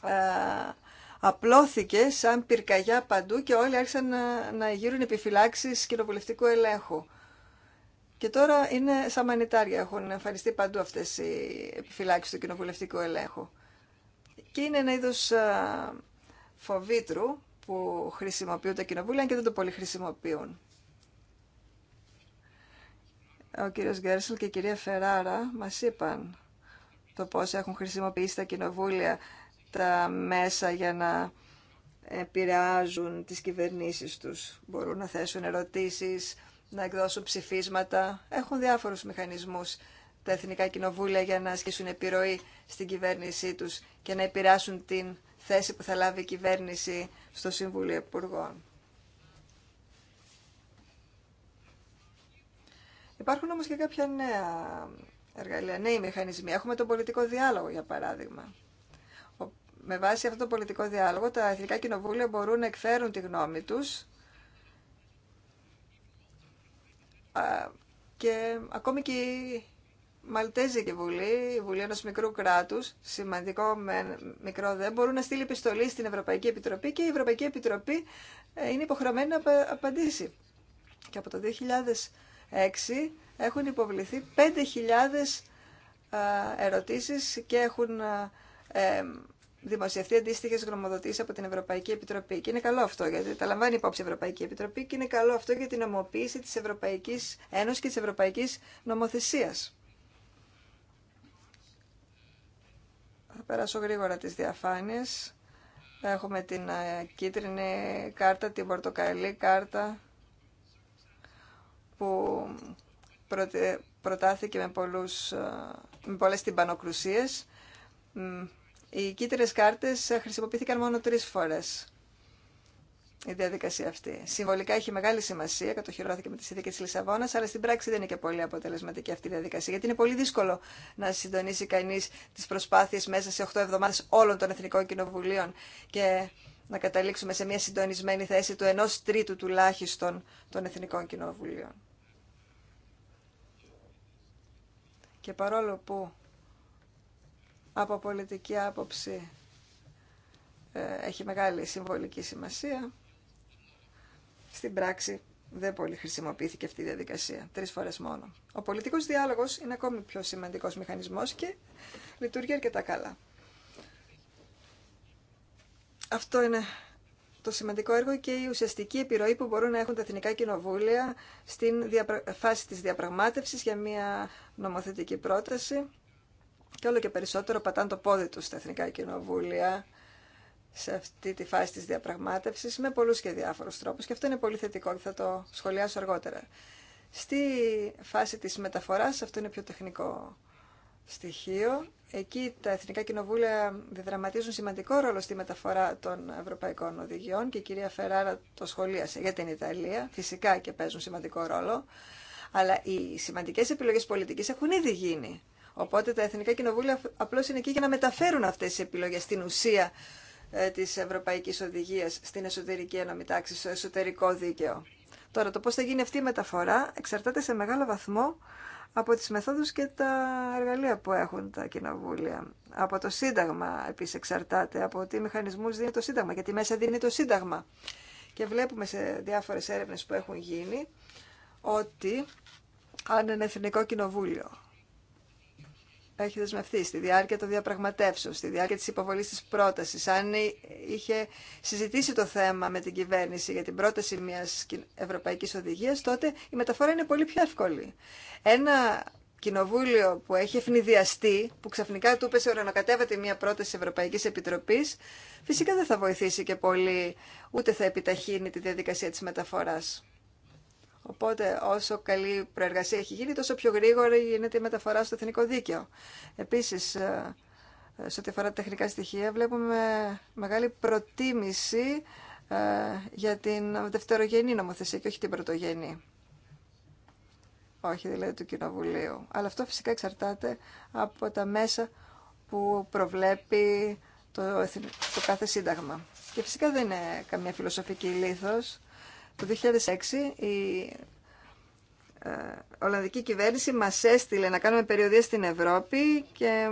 [SPEAKER 7] Α, ε, απλώθηκε σαν πυρκαγιά παντού και όλοι άρχισαν να, να γύρουν επιφυλάξεις κοινοβουλευτικού ελέγχου. Και τώρα είναι μανιτάρια. έχουν εμφανιστεί παντού αυτές οι επιφυλάξει του κοινοβουλευτικού ελέγχου. Και είναι ένα είδο φοβήτρου που χρησιμοποιούν τα κοινοβούλια και δεν το πολύ χρησιμοποιούν. Ο κύριος Γκέρσελ και η κυρία Φεράρα μας είπαν το πώς έχουν χρησιμοποιήσει τα κοινοβούλια τα μέσα για να επηρεάζουν τις κυβερνήσεις τους. Μπορούν να θέσουν ερωτήσεις, να εκδώσουν ψηφίσματα. Έχουν διάφορους μηχανισμούς τα εθνικά κοινοβούλια για να ασκήσουν επιρροή στην κυβέρνησή τους και να επηρεάσουν την θέση που θα λάβει η κυβέρνηση στο Συμβούλιο Υπουργών. Υπάρχουν όμως και κάποια νέα εργαλεία, νέοι μηχανισμοί. Έχουμε τον πολιτικό διάλογο, για παράδειγμα. Με βάση αυτό τον πολιτικό διάλογο, τα εθνικά κοινοβούλια μπορούν να εκφέρουν τη γνώμη τους και ακόμη και η Μαλτέζικη Βουλή, η Βουλή ενός μικρού κράτους, σημαντικό με μικρό δεν, μπορούν να στείλει επιστολή στην Ευρωπαϊκή Επιτροπή και η Ευρωπαϊκή Επιτροπή ε, είναι υποχρεωμένη να απαντήσει. Και από το 2006 έχουν υποβληθεί 5.000 ερωτήσεις και έχουν ε, δημοσιευτεί αντίστοιχε γνωμοδοτήσει από την Ευρωπαϊκή Επιτροπή. Και είναι καλό αυτό, γιατί τα λαμβάνει υπόψη η Ευρωπαϊκή Επιτροπή και είναι καλό αυτό για την ομοποίηση τη Ευρωπαϊκή Ένωση και τη Ευρωπαϊκή Νομοθεσία. Θα περάσω γρήγορα τις διαφάνειες. Έχουμε την ε, κίτρινη κάρτα, την πορτοκαλί κάρτα που προτάθηκε με, πολλούς, ε, με πολλές τυμπανοκρουσίες οι κίτρινες κάρτες χρησιμοποιήθηκαν μόνο τρεις φορές η διαδικασία αυτή. Συμβολικά έχει μεγάλη σημασία, κατοχυρώθηκε με τη συνθήκη τη Λισαβόνα, αλλά στην πράξη δεν είναι και πολύ αποτελεσματική αυτή η διαδικασία. Γιατί είναι πολύ δύσκολο να συντονίσει κανεί τι προσπάθειε μέσα σε 8 εβδομάδε όλων των Εθνικών Κοινοβουλίων και να καταλήξουμε σε μια συντονισμένη θέση του ενός τρίτου τουλάχιστον των Εθνικών Κοινοβουλίων. Και παρόλο που από πολιτική άποψη ε, έχει μεγάλη συμβολική σημασία. Στην πράξη δεν πολύ χρησιμοποιήθηκε αυτή η διαδικασία, τρεις φορές μόνο. Ο πολιτικός διάλογος είναι ακόμη πιο σημαντικός μηχανισμός και λειτουργεί αρκετά καλά. Αυτό είναι το σημαντικό έργο και η ουσιαστική επιρροή που μπορούν να έχουν τα εθνικά κοινοβούλια στην φάση της διαπραγμάτευσης για μια νομοθετική πρόταση και όλο και περισσότερο πατάνε το πόδι τους στα εθνικά κοινοβούλια σε αυτή τη φάση της διαπραγμάτευσης με πολλούς και διάφορους τρόπους και αυτό είναι πολύ θετικό και θα το σχολιάσω αργότερα. Στη φάση της μεταφοράς, αυτό είναι πιο τεχνικό στοιχείο, εκεί τα Εθνικά Κοινοβούλια διδραματίζουν σημαντικό ρόλο στη μεταφορά των ευρωπαϊκών οδηγιών και η κυρία Φεράρα το σχολίασε για την Ιταλία, φυσικά και παίζουν σημαντικό ρόλο, αλλά οι σημαντικές επιλογές πολιτική έχουν ήδη γίνει Οπότε τα Εθνικά Κοινοβούλια απλώς είναι εκεί για να μεταφέρουν αυτές τις επιλογές στην ουσία ε, της Ευρωπαϊκής Οδηγίας στην εσωτερική ένωμη τάξη, στο εσωτερικό δίκαιο. Τώρα, το πώς θα γίνει αυτή η μεταφορά εξαρτάται σε μεγάλο βαθμό από τις μεθόδους και τα εργαλεία που έχουν τα κοινοβούλια. Από το Σύνταγμα επίσης εξαρτάται, από τι μηχανισμούς δίνει το Σύνταγμα, γιατί μέσα δίνει το Σύνταγμα. Και βλέπουμε σε διάφορες έρευνες που έχουν γίνει ότι αν ένα εθνικό κοινοβούλιο έχει δεσμευτεί στη διάρκεια των διαπραγματεύσεων, στη διάρκεια της υποβολής της πρότασης, αν είχε συζητήσει το θέμα με την κυβέρνηση για την πρόταση μιας ευρωπαϊκής οδηγίας, τότε η μεταφορά είναι πολύ πιο εύκολη. Ένα κοινοβούλιο που έχει ευνηδιαστεί, που ξαφνικά του πέσε ορανοκατέβατη μια πρόταση Ευρωπαϊκή Ευρωπαϊκής φυσικά δεν θα βοηθήσει και πολύ, ούτε θα επιταχύνει τη διαδικασία τη μεταφορά. Οπότε όσο καλή προεργασία έχει γίνει, τόσο πιο γρήγορα γίνεται η μεταφορά στο εθνικό δίκαιο. Επίσης, ε, σε ό,τι αφορά τα τεχνικά στοιχεία, βλέπουμε μεγάλη προτίμηση ε, για την δευτερογενή νομοθεσία και όχι την πρωτογενή. Όχι δηλαδή του Κοινοβουλίου. Αλλά αυτό φυσικά εξαρτάται από τα μέσα που προβλέπει το, κάθε σύνταγμα. Και φυσικά δεν είναι καμία φιλοσοφική λήθος. Το 2006 η ε, Ολλανδική κυβέρνηση μας έστειλε να κάνουμε περιοδία στην Ευρώπη και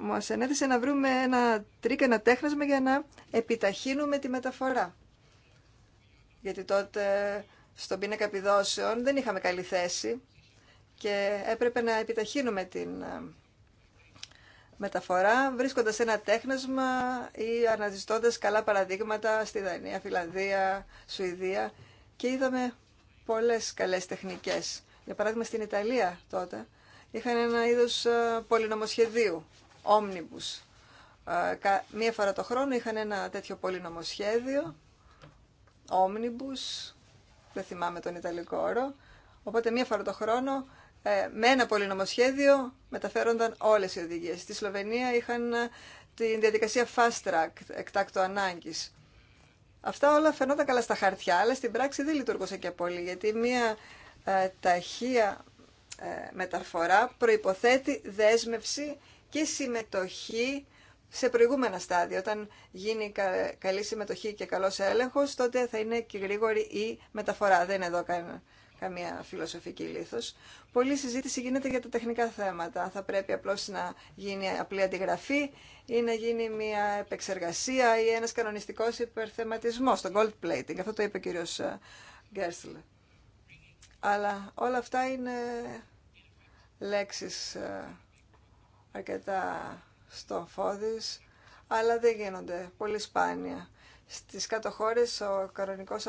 [SPEAKER 7] μας ενέθεσε να βρούμε ένα τρίκ, ένα τέχνασμα για να επιταχύνουμε τη μεταφορά. Γιατί τότε στον πίνακα επιδόσεων δεν είχαμε καλή θέση και έπρεπε να επιταχύνουμε την ε, μεταφορά βρίσκοντας ένα τέχνασμα ή αναζητώντας καλά παραδείγματα στη Δανία, Φιλανδία, Σουηδία και είδαμε πολλές καλές τεχνικές. Για παράδειγμα στην Ιταλία τότε είχαν ένα είδος ε, πολυνομοσχεδίου, omnibus. Ε, μία φορά το χρόνο είχαν ένα τέτοιο πολυνομοσχέδιο, omnibus, δεν θυμάμαι τον Ιταλικό όρο, οπότε μία φορά το χρόνο ε, με ένα πολυνομοσχέδιο μεταφέρονταν όλες οι οδηγίες. Στη Σλοβενία είχαν την διαδικασία fast track, εκτάκτο ανάγκης, Αυτά όλα φαινόταν καλά στα χαρτιά, αλλά στην πράξη δεν λειτουργούσε και πολύ, γιατί μία ε, ταχεία ε, μεταφορά προϋποθέτει δέσμευση και συμμετοχή σε προηγούμενα στάδια. Όταν γίνει καλή συμμετοχή και καλός έλεγχος, τότε θα είναι και γρήγορη η μεταφορά. Δεν είναι εδώ κανένα καμία φιλοσοφική λήθο. Πολλή συζήτηση γίνεται για τα τεχνικά θέματα. Αν θα πρέπει απλώς να γίνει απλή αντιγραφή ή να γίνει μια επεξεργασία ή ένας κανονιστικός υπερθεματισμός, το gold plating. Αυτό το είπε ο κύριο ε, Γκέρσλε. Αλλά όλα αυτά είναι λέξεις ε, αρκετά στομφώδεις, αλλά δεν γίνονται πολύ σπάνια. Στις κάτω χώρε ο κανονικός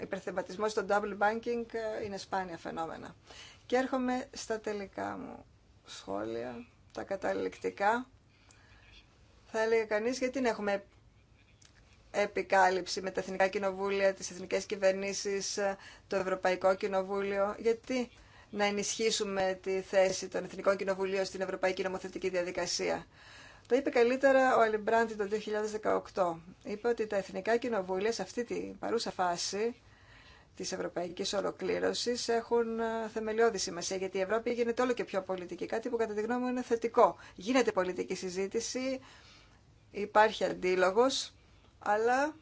[SPEAKER 7] υπερθεματισμό των double banking ε, είναι σπάνια φαινόμενα. Και έρχομαι στα τελικά μου σχόλια, τα καταληκτικά. Θα έλεγε κανείς γιατί να έχουμε επικάλυψη με τα Εθνικά Κοινοβούλια, τις Εθνικές Κυβερνήσεις, ε, το Ευρωπαϊκό Κοινοβούλιο. Γιατί να ενισχύσουμε τη θέση των Εθνικών Κοινοβουλίων στην Ευρωπαϊκή Νομοθετική Διαδικασία. Το είπε καλύτερα ο Αλιμπράντι το 2018. Είπε ότι τα εθνικά κοινοβούλια σε αυτή τη παρούσα φάση της ευρωπαϊκής ολοκλήρωσης έχουν ε, θεμελιώδη σημασία, γιατί η Ευρώπη γίνεται όλο και πιο πολιτική, κάτι που κατά τη γνώμη μου είναι θετικό. Γίνεται πολιτική συζήτηση, υπάρχει αντίλογος, αλλά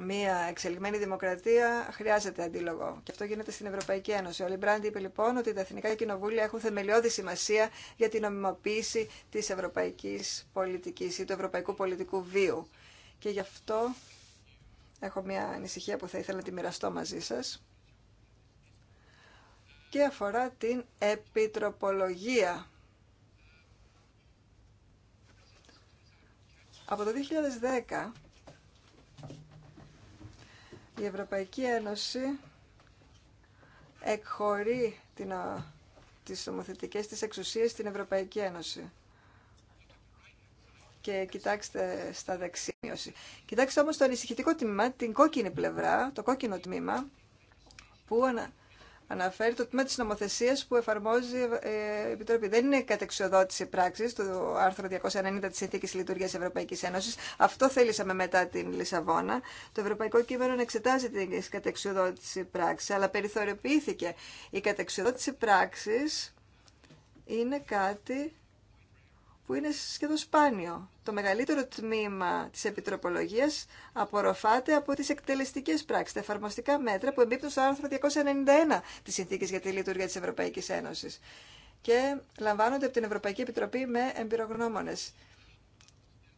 [SPEAKER 7] Μία εξελιγμένη δημοκρατία χρειάζεται αντίλογο. Και αυτό γίνεται στην Ευρωπαϊκή Ένωση. Ο Λιμπράντι είπε λοιπόν ότι τα εθνικά κοινοβούλια έχουν θεμελιώδη σημασία για την ομιμοποίηση τη ευρωπαϊκή πολιτική ή του ευρωπαϊκού πολιτικού βίου. Και γι' αυτό έχω μια ανησυχία που θα ήθελα να τη μοιραστώ μαζί σα. Και αφορά την επιτροπολογία. Από το 2010 η Ευρωπαϊκή Ένωση εκχωρεί την, τις νομοθετικές της εξουσίες στην Ευρωπαϊκή Ένωση. Και κοιτάξτε στα δεξιά Κοιτάξτε όμως το ανησυχητικό τμήμα, την κόκκινη πλευρά, το κόκκινο τμήμα, που αναφέρει το τμήμα της νομοθεσίας που εφαρμόζει ε, η Επιτροπή. Δεν είναι κατεξοδότηση πράξης του άρθρου 290 της Συνθήκης Λειτουργίας Ευρωπαϊκής Ένωσης. Αυτό θέλησαμε μετά την Λισαβόνα. Το Ευρωπαϊκό Κείμενο εξετάζει την κατεξοδότηση πράξη, αλλά περιθωριοποιήθηκε. Η κατεξοδότηση πράξης είναι κάτι που είναι σχεδόν σπάνιο. Το μεγαλύτερο τμήμα της επιτροπολογίας απορροφάται από τις εκτελεστικές πράξεις, τα εφαρμοστικά μέτρα που εμπίπτουν στο άρθρο 291 της Συνθήκης για τη Λειτουργία της Ευρωπαϊκής Ένωσης και λαμβάνονται από την Ευρωπαϊκή Επιτροπή με εμπειρογνώμονες.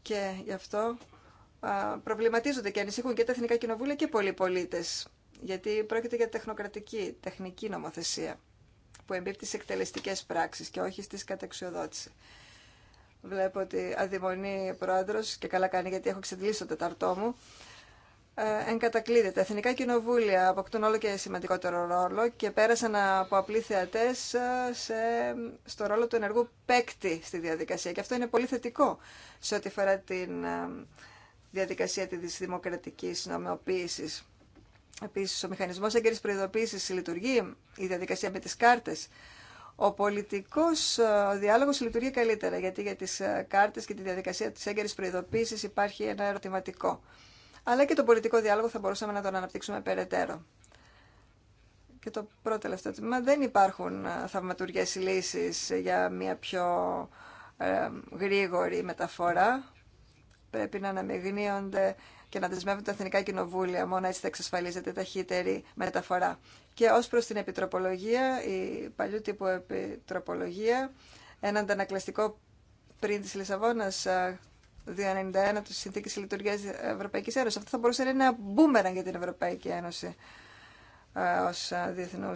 [SPEAKER 7] Και γι' αυτό προβληματίζονται και ανησυχούν και τα Εθνικά Κοινοβούλια και πολλοί πολίτες, γιατί πρόκειται για τεχνοκρατική, τεχνική νομοθεσία που εμπίπτει σε εκτελεστικές πράξεις και όχι στις κατεξιοδότηση. Βλέπω ότι αδειμονεί πρόεδρο και καλά κάνει γιατί έχω ξεντλήσει το τεταρτό μου. Ε, εν τα εθνικά κοινοβούλια αποκτούν όλο και σημαντικότερο ρόλο και πέρασαν από απλοί θεατέ ε, στο ρόλο του ενεργού παίκτη στη διαδικασία. Και αυτό είναι πολύ θετικό σε ό,τι αφορά τη ε, διαδικασία τη δημοκρατική νομιμοποίηση. Επίση, ο μηχανισμό έγκαιρη προειδοποίηση λειτουργεί, η διαδικασία με τι κάρτε ο πολιτικός ε, διάλογος λειτουργεί καλύτερα, γιατί για τις ε, κάρτες και τη διαδικασία της έγκαιρης προειδοποίηση υπάρχει ένα ερωτηματικό. Αλλά και τον πολιτικό διάλογο θα μπορούσαμε να τον αναπτύξουμε περαιτέρω. Και το πρώτο τελευταίο τμήμα, δεν υπάρχουν ε, θαυματούργε λύσεις για μια πιο γρήγορη μεταφορά. Πρέπει να αναμειγνύονται και να δεσμεύουν τα εθνικά κοινοβούλια. Μόνο έτσι θα εξασφαλίζεται ταχύτερη μεταφορά. Και ως προς την επιτροπολογία, η παλιού τύπου επιτροπολογία, ένα αντανακλαστικό πριν της Λισαβόνας 291 τη Συνθήκη Λειτουργία Ευρωπαϊκή Ένωση. Αυτό θα μπορούσε να είναι ένα μπούμεραν για την Ευρωπαϊκή Ένωση ω διεθνού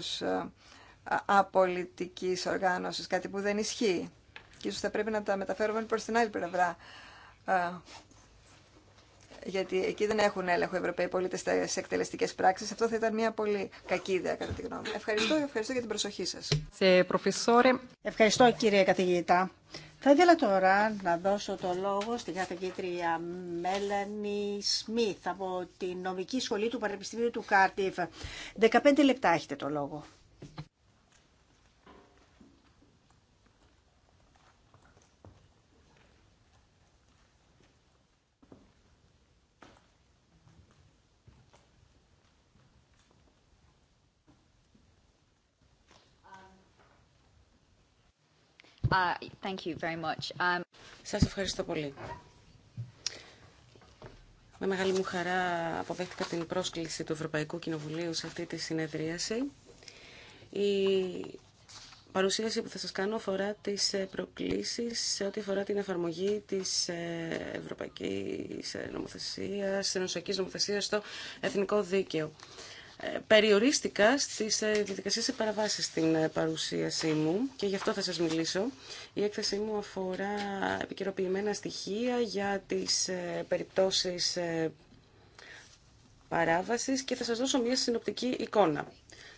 [SPEAKER 7] απολυτική οργάνωση. Κάτι που δεν ισχύει. Και ίσω θα πρέπει να τα μεταφέρουμε προ την άλλη πλευρά γιατί εκεί δεν έχουν έλεγχο οι Ευρωπαίοι πολίτε στι εκτελεστικέ πράξει. Αυτό θα ήταν μια πολύ κακή ιδέα, κατά τη γνώμη μου. Ευχαριστώ, ευχαριστώ για την προσοχή σα.
[SPEAKER 4] Ευχαριστώ, κύριε καθηγητά. Θα
[SPEAKER 7] ήθελα τώρα να δώσω το
[SPEAKER 4] λόγο στην καθηγήτρια Μέλανη Σμιθ από τη Νομική Σχολή του Πανεπιστημίου του Κάρτιβ. 15 λεπτά έχετε το λόγο.
[SPEAKER 5] Uh, thank um, Σας ευχαριστώ πολύ. Με μεγάλη μου χαρά αποδέχτηκα την πρόσκληση του Ευρωπαϊκού Κοινοβουλίου σε αυτή τη συνεδρίαση. Η παρουσίαση που θα σας κάνω αφορά τις ε, προκλήσεις σε ό,τι αφορά την εφαρμογή της ε, Ευρωπαϊκής ε, Νομοθεσίας, Ενωσιακής Νομοθεσίας στο Εθνικό Δίκαιο περιορίστηκα στις ε, διαδικασίες σε στην ε, παρουσίασή μου και γι' αυτό θα σας μιλήσω. Η έκθεσή μου αφορά επικαιροποιημένα στοιχεία για τις ε, περιπτώσεις παράβασης και θα σας δώσω μια συνοπτική εικόνα.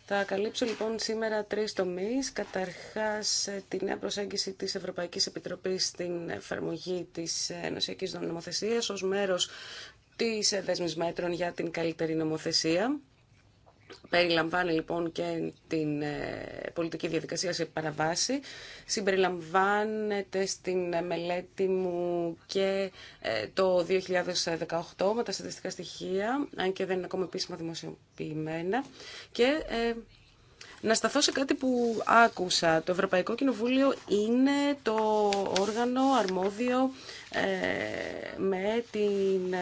[SPEAKER 5] Θα καλύψω λοιπόν σήμερα τρεις τομείς. Καταρχάς τη νέα προσέγγιση της Ευρωπαϊκής Επιτροπής στην εφαρμογή της Ενωσιακής Νομοθεσίας ως μέρος της δέσμης μέτρων για την καλύτερη νομοθεσία. Περιλαμβάνει λοιπόν και την ε, πολιτική διαδικασία σε παραβάση. Συμπεριλαμβάνεται στην μελέτη μου και ε, το 2018 με τα στατιστικά στοιχεία, αν και δεν είναι ακόμα επίσημα δημοσιοποιημένα. Και ε, να σταθώ σε κάτι που άκουσα. Το Ευρωπαϊκό Κοινοβούλιο είναι το όργανο αρμόδιο με την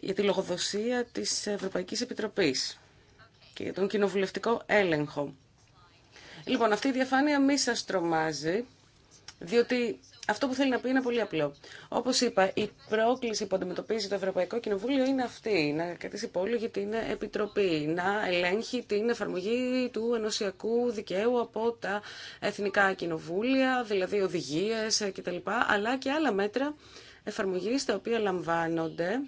[SPEAKER 5] για τη λογοδοσία της Ευρωπαϊκής Επιτροπής και για τον κοινοβουλευτικό έλεγχο. Λοιπόν, αυτή η διαφάνεια μη σα τρομάζει, διότι αυτό που θέλει να πει είναι πολύ απλό. Όπως είπα, η πρόκληση που αντιμετωπίζει το Ευρωπαϊκό Κοινοβούλιο είναι αυτή, να κρατήσει για την Επιτροπή, να ελέγχει την εφαρμογή του ενωσιακού δικαίου από τα εθνικά κοινοβούλια, δηλαδή οδηγίες ε, κτλ, αλλά και άλλα μέτρα εφαρμογής τα οποία λαμβάνονται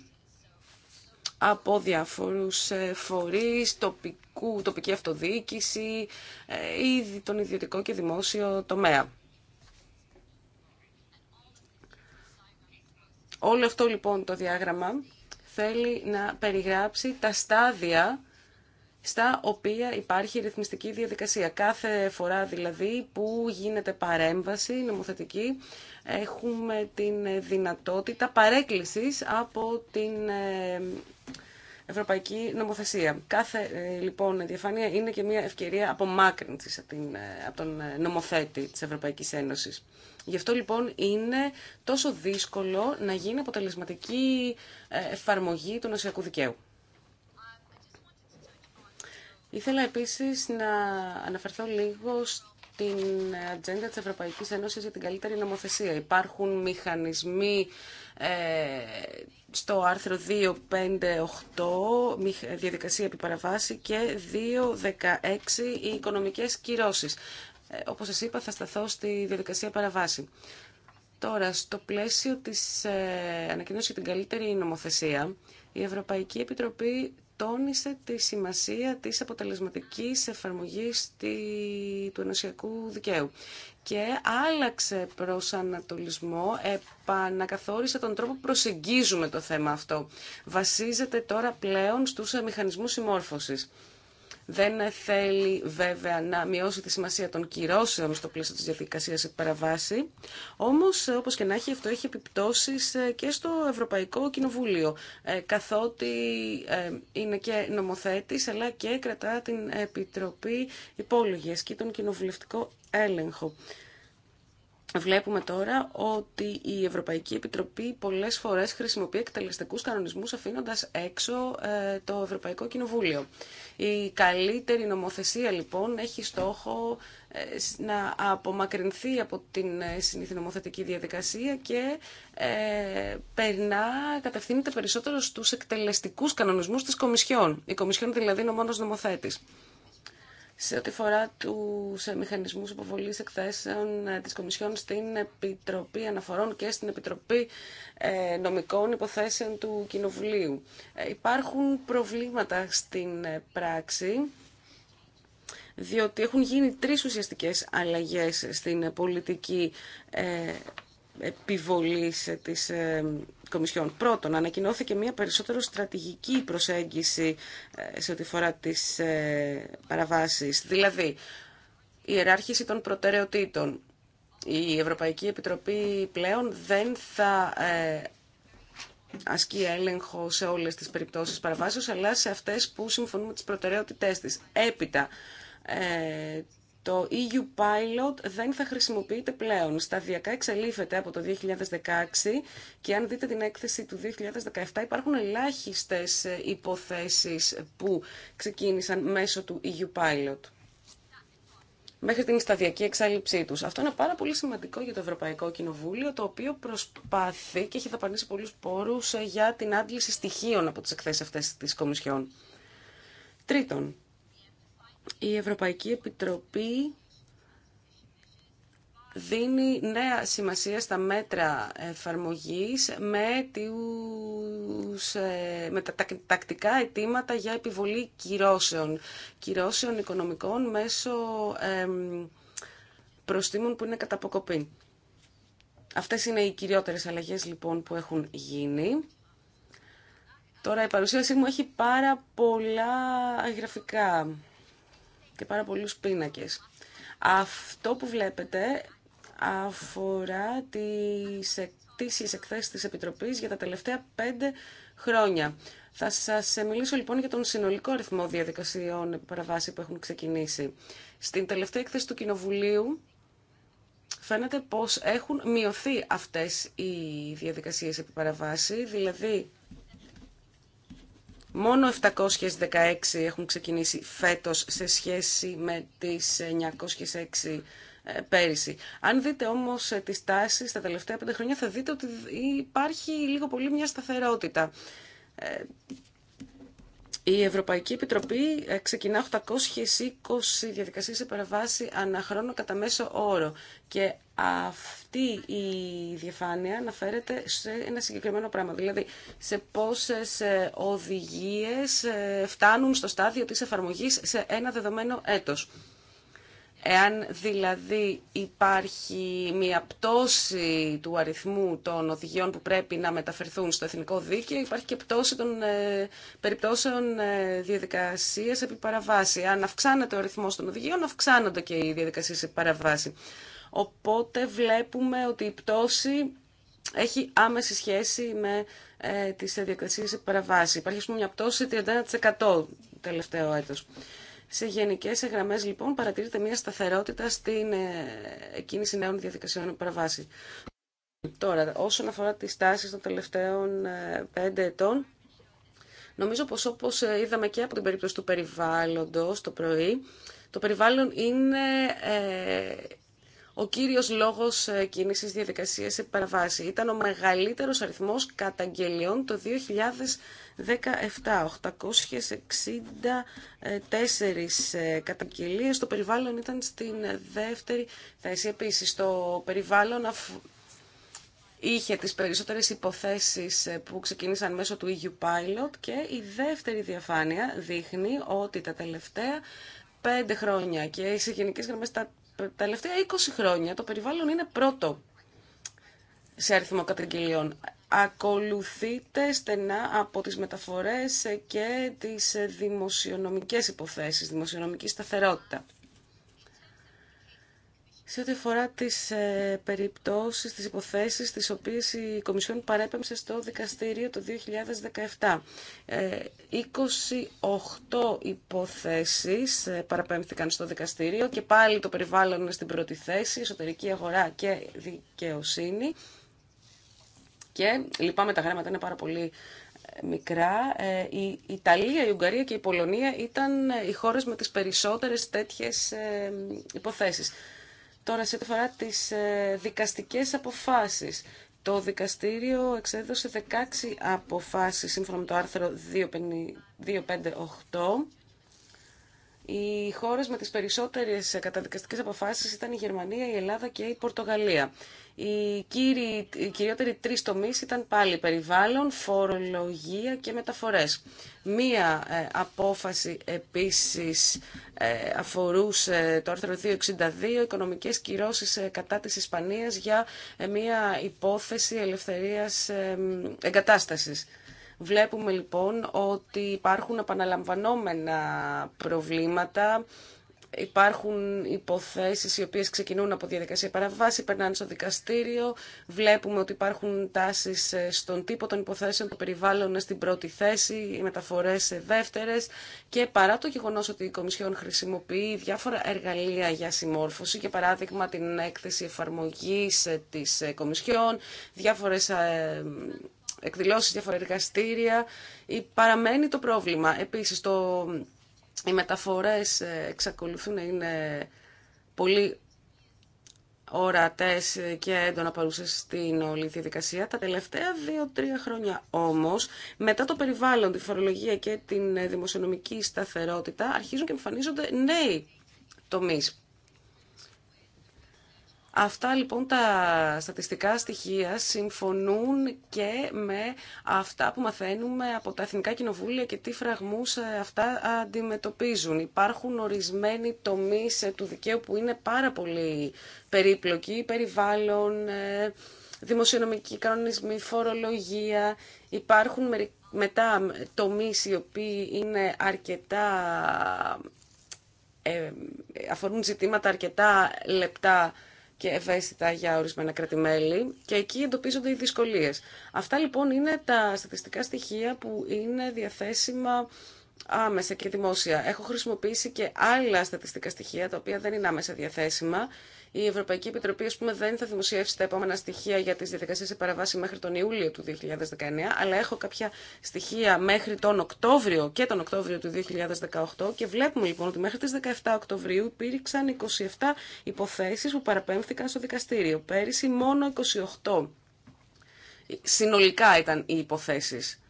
[SPEAKER 5] από διάφορους ε, φορείς, τοπικού, τοπική αυτοδιοίκηση, ε, ή τον ιδιωτικό και δημόσιο τομέα. Όλο αυτό λοιπόν το διάγραμμα θέλει να περιγράψει τα στάδια στα οποία υπάρχει ρυθμιστική διαδικασία. Κάθε φορά δηλαδή που γίνεται παρέμβαση νομοθετική έχουμε την δυνατότητα παρέκκλησης από την ε, ευρωπαϊκή νομοθεσία. Κάθε ε, λοιπόν διαφάνεια είναι και μια ευκαιρία απομάκρυνση ε, από, τον ε, νομοθέτη της Ευρωπαϊκής Ένωσης. Γι' αυτό λοιπόν είναι τόσο δύσκολο να γίνει αποτελεσματική εφαρμογή του νοσιακού δικαίου. Ήθελα επίσης να αναφερθώ λίγο στην ατζέντα της Ευρωπαϊκής Ένωσης για την καλύτερη νομοθεσία. Υπάρχουν μηχανισμοί στο άρθρο 258 διαδικασία επιπαραβάση και 216 οι οικονομικές κυρώσεις. Ε, όπως σας είπα θα σταθώ στη διαδικασία παραβάση. Τώρα, στο πλαίσιο της ε, ανακοίνωσης για την καλύτερη νομοθεσία, η Ευρωπαϊκή Επιτροπή τόνισε τη σημασία της αποτελεσματικής εφαρμογής του ενωσιακού δικαίου και άλλαξε προς ανατολισμό, επανακαθόρισε τον τρόπο που προσεγγίζουμε το θέμα αυτό. Βασίζεται τώρα πλέον στους μηχανισμούς συμμόρφωσης. Δεν θέλει βέβαια να μειώσει τη σημασία των κυρώσεων στο πλαίσιο της διαδικασίας επί παραβάση. Όμως, όπως και να έχει, αυτό έχει επιπτώσεις ε, και στο Ευρωπαϊκό Κοινοβούλιο, ε, καθότι ε, είναι και νομοθέτης, αλλά και κρατά την Επιτροπή Υπόλογες και τον Κοινοβουλευτικό Έλεγχο. Βλέπουμε τώρα ότι η Ευρωπαϊκή Επιτροπή πολλές φορές χρησιμοποιεί εκτελεστικούς κανονισμούς αφήνοντας έξω ε, το Ευρωπαϊκό Κοινοβούλιο. Η καλύτερη νομοθεσία λοιπόν έχει στόχο ε, να απομακρυνθεί από την ε, συνήθινη νομοθετική διαδικασία και ε, περνά, κατευθύνεται περισσότερο στους εκτελεστικούς κανονισμούς της Κομισιόν. Η Κομισιόν δηλαδή είναι ο μόνος νομοθέτης σε ό,τι φορά του ε, μηχανισμού υποβολή εκθέσεων ε, τη Κομισιόν στην Επιτροπή Αναφορών και στην Επιτροπή ε, Νομικών Υποθέσεων του Κοινοβουλίου. Υπάρχουν προβλήματα στην πράξη διότι έχουν γίνει τρεις ουσιαστικές αλλαγές στην πολιτική επιβολής ε, της ε, Κομισιόν. Πρώτον, ανακοινώθηκε μια περισσότερο στρατηγική προσέγγιση ε, σε ό,τι φορά τις παραβάσεις. Δηλαδή, η ιεράρχηση των προτεραιοτήτων. Η Ευρωπαϊκή Επιτροπή πλέον δεν θα ασκεί έλεγχο σε όλες τις περιπτώσεις παραβάσεως, αλλά σε αυτές που συμφωνούν με τις προτεραιότητές της. Έπειτα, το EU Pilot δεν θα χρησιμοποιείται πλέον. Σταδιακά εξελίφεται από το 2016 και αν δείτε την έκθεση του 2017 υπάρχουν ελάχιστες ε, υποθέσεις που ξεκίνησαν μέσω του EU Pilot μέχρι την σταδιακή εξάλληψή τους. Αυτό είναι πάρα πολύ σημαντικό για το Ευρωπαϊκό Κοινοβούλιο, το οποίο προσπαθεί και έχει δαπανίσει πολλού πόρου ε, για την άντληση στοιχείων από τι εκθέσει αυτέ τη Κομισιόν. Τρίτον, η Ευρωπαϊκή Επιτροπή δίνει νέα σημασία στα μέτρα εφαρμογής με, τους, ε, με τα τακτικά αιτήματα για επιβολή κυρώσεων, κυρώσεων οικονομικών μέσω εμ, προστήμων που είναι κατά αποκοπή. Αυτές είναι οι κυριότερες αλλαγές λοιπόν που έχουν γίνει. Τώρα η παρουσίασή μου έχει πάρα πολλά γραφικά και πάρα πολλούς πίνακες. Αυτό που βλέπετε αφορά τις εκτίσεις εκθέσεις της Επιτροπής για τα τελευταία πέντε χρόνια. Θα σας μιλήσω λοιπόν για τον συνολικό αριθμό διαδικασιών παραβάση που έχουν ξεκινήσει. Στην τελευταία εκθέση του Κοινοβουλίου φαίνεται πως έχουν μειωθεί αυτές οι διαδικασίες επί παραβάση, δηλαδή Μόνο 716 έχουν ξεκινήσει φέτος σε σχέση με τις 906 ε, πέρυσι. Αν δείτε όμως ε, τις τάσεις τα τελευταία πέντε χρόνια θα δείτε ότι υπάρχει λίγο πολύ μια σταθερότητα. Ε, η Ευρωπαϊκή Επιτροπή ε, ξεκινά 820 διαδικασίες σε παραβάση ανά κατά μέσο όρο και αυτή η διαφάνεια αναφέρεται σε ένα συγκεκριμένο πράγμα, δηλαδή σε πόσες ε, οδηγίες ε, φτάνουν στο στάδιο της εφαρμογής σε ένα δεδομένο έτος. Εάν δηλαδή υπάρχει μια πτώση του αριθμού των οδηγιών που πρέπει να μεταφερθούν στο εθνικό δίκαιο, υπάρχει και πτώση των ε, περιπτώσεων ε, διαδικασίας επί παραβάση. Αν αυξάνεται ο αριθμός των οδηγιών, αυξάνονται και οι διαδικασίες επί παραβάση. Οπότε βλέπουμε ότι η πτώση έχει άμεση σχέση με ε, τις διαδικασίες επί παραβάση. Υπάρχει, ας πούμε, μια πτώση 31% τελευταίο έτος. Σε γενικές γραμμές λοιπόν παρατηρείται μια σταθερότητα στην ε, κίνηση νέων διαδικασιών παραβάση. Τώρα, όσον αφορά τι τάσει των τελευταίων ε, πέντε ετών, νομίζω πως όπως ε, είδαμε και από την περίπτωση του περιβάλλοντος το πρωί, το περιβάλλον είναι ο κύριος λόγος κίνησης διαδικασίας σε Ήταν ο μεγαλύτερος αριθμός καταγγελιών το 17.864 ε, καταγγελίες. Το περιβάλλον ήταν στην δεύτερη θέση. Επίσης, το περιβάλλον είχε τις περισσότερες υποθέσεις ε, που ξεκίνησαν μέσω του EU Pilot και η δεύτερη διαφάνεια δείχνει ότι τα τελευταία πέντε χρόνια και σε γενικές γραμμές τα τελευταία 20 χρόνια το περιβάλλον είναι πρώτο σε αριθμό καταγγελιών ακολουθείται στενά από τις μεταφορές και τις δημοσιονομικές υποθέσεις, δημοσιονομική σταθερότητα. Σε ό,τι αφορά τις ε, περιπτώσεις, τις υποθέσεις τις οποίες η Κομισιόν παρέπεμψε στο δικαστήριο το 2017, 28 ε, υποθέσεις ε, παραπέμφθηκαν στο δικαστήριο και πάλι το περιβάλλον στην πρώτη θέση, εσωτερική αγορά και δικαιοσύνη. Και λυπάμαι τα γράμματα είναι πάρα πολύ ε, μικρά. Ε, η Ιταλία, η Ουγγαρία και η Πολωνία ήταν ε, οι χώρες με τις περισσότερες τέτοιες υποθέσεις. Τώρα, σε ό,τι αφορά τις δικαστικές αποφάσεις, το δικαστήριο εξέδωσε 16 αποφάσεις σύμφωνα με το άρθρο 258. Οι χώρες με τις περισσότερες καταδικαστικές αποφάσεις ήταν η Γερμανία, η Ελλάδα και η Πορτογαλία. Οι, κύριοι, οι κυριότεροι τρει τομεί ήταν πάλι περιβάλλον, φορολογία και μεταφορέ. Μία ε, απόφαση επίση ε, αφορούσε το άρθρο 262, οικονομικέ κυρώσει ε, κατά τη Ισπανία για μία υπόθεση ελευθερία εγκατάσταση. Βλέπουμε λοιπόν ότι υπάρχουν επαναλαμβανόμενα προβλήματα υπάρχουν υποθέσεις οι οποίες ξεκινούν από διαδικασία παραβάση, περνάνε στο δικαστήριο, βλέπουμε ότι υπάρχουν τάσεις ε, στον τύπο των υποθέσεων, το περιβάλλον στην πρώτη θέση, οι μεταφορές σε δεύτερες και παρά το γεγονό ότι η Κομισιόν χρησιμοποιεί διάφορα εργαλεία για συμμόρφωση, για παράδειγμα την έκθεση εφαρμογή ε, τη ε, Κομισιόν, διαφορε εκδηλωσει διάφορα εργαστήρια, παραμένει το πρόβλημα. Επίση. το οι μεταφορές ε, εξακολουθούν να είναι πολύ ορατές και έντονα παρούσες στην όλη διαδικασία. Τα τελευταία δύο-τρία χρόνια όμως, μετά το περιβάλλον, τη φορολογία και την δημοσιονομική σταθερότητα, αρχίζουν και εμφανίζονται νέοι τομείς. Αυτά λοιπόν τα στατιστικά στοιχεία συμφωνούν και με αυτά που μαθαίνουμε από τα Εθνικά Κοινοβούλια και τι φραγμούς ε, αυτά αντιμετωπίζουν. Υπάρχουν ορισμένοι τομείς ε, του δικαίου που είναι πάρα πολύ περίπλοκοι, περιβάλλον, ε, δημοσιονομικοί κανονισμοί, φορολογία. Υπάρχουν μετά τομείς οι οποίοι είναι αρκετά αφορούν ζητήματα αρκετά λεπτά και ευαίσθητα για ορισμένα κρατημέλη και εκεί εντοπίζονται οι δυσκολίες. Αυτά λοιπόν είναι τα στατιστικά στοιχεία που είναι διαθέσιμα άμεσα και δημόσια. Έχω χρησιμοποιήσει και άλλα στατιστικά στοιχεία τα οποία δεν είναι άμεσα διαθέσιμα η Ευρωπαϊκή Επιτροπή α πούμε, δεν θα δημοσιεύσει τα επόμενα στοιχεία για τις διαδικασίε σε παραβάση μέχρι τον Ιούλιο του 2019, αλλά έχω κάποια στοιχεία μέχρι τον Οκτώβριο και τον Οκτώβριο του 2018 και βλέπουμε λοιπόν ότι μέχρι τις 17 Οκτωβρίου υπήρξαν 27 υποθέσεις που παραπέμφθηκαν στο δικαστήριο. Πέρυσι μόνο 28 συνολικά ήταν οι υποθέσεις.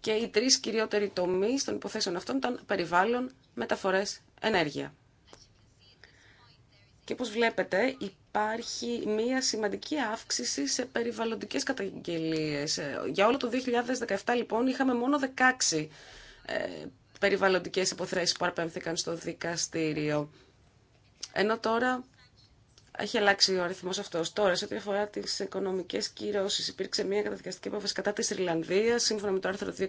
[SPEAKER 5] Και οι τρεις κυριότεροι τομείς των υποθέσεων αυτών ήταν περιβάλλον, μεταφορές, ενέργεια. Και όπως βλέπετε υπάρχει μία σημαντική αύξηση σε περιβαλλοντικές καταγγελίες. Ε, για όλο το 2017 λοιπόν είχαμε μόνο 16 ε, περιβαλλοντικές υποθέσεις που αρπέμφθηκαν στο δικαστήριο. Ενώ τώρα έχει αλλάξει ο αριθμό αυτό. Τώρα, σε ό,τι αφορά τι οικονομικέ κυρώσει, υπήρξε μια καταδικαστική απόφαση κατά τη Ιρλανδία, σύμφωνα με το άρθρο 262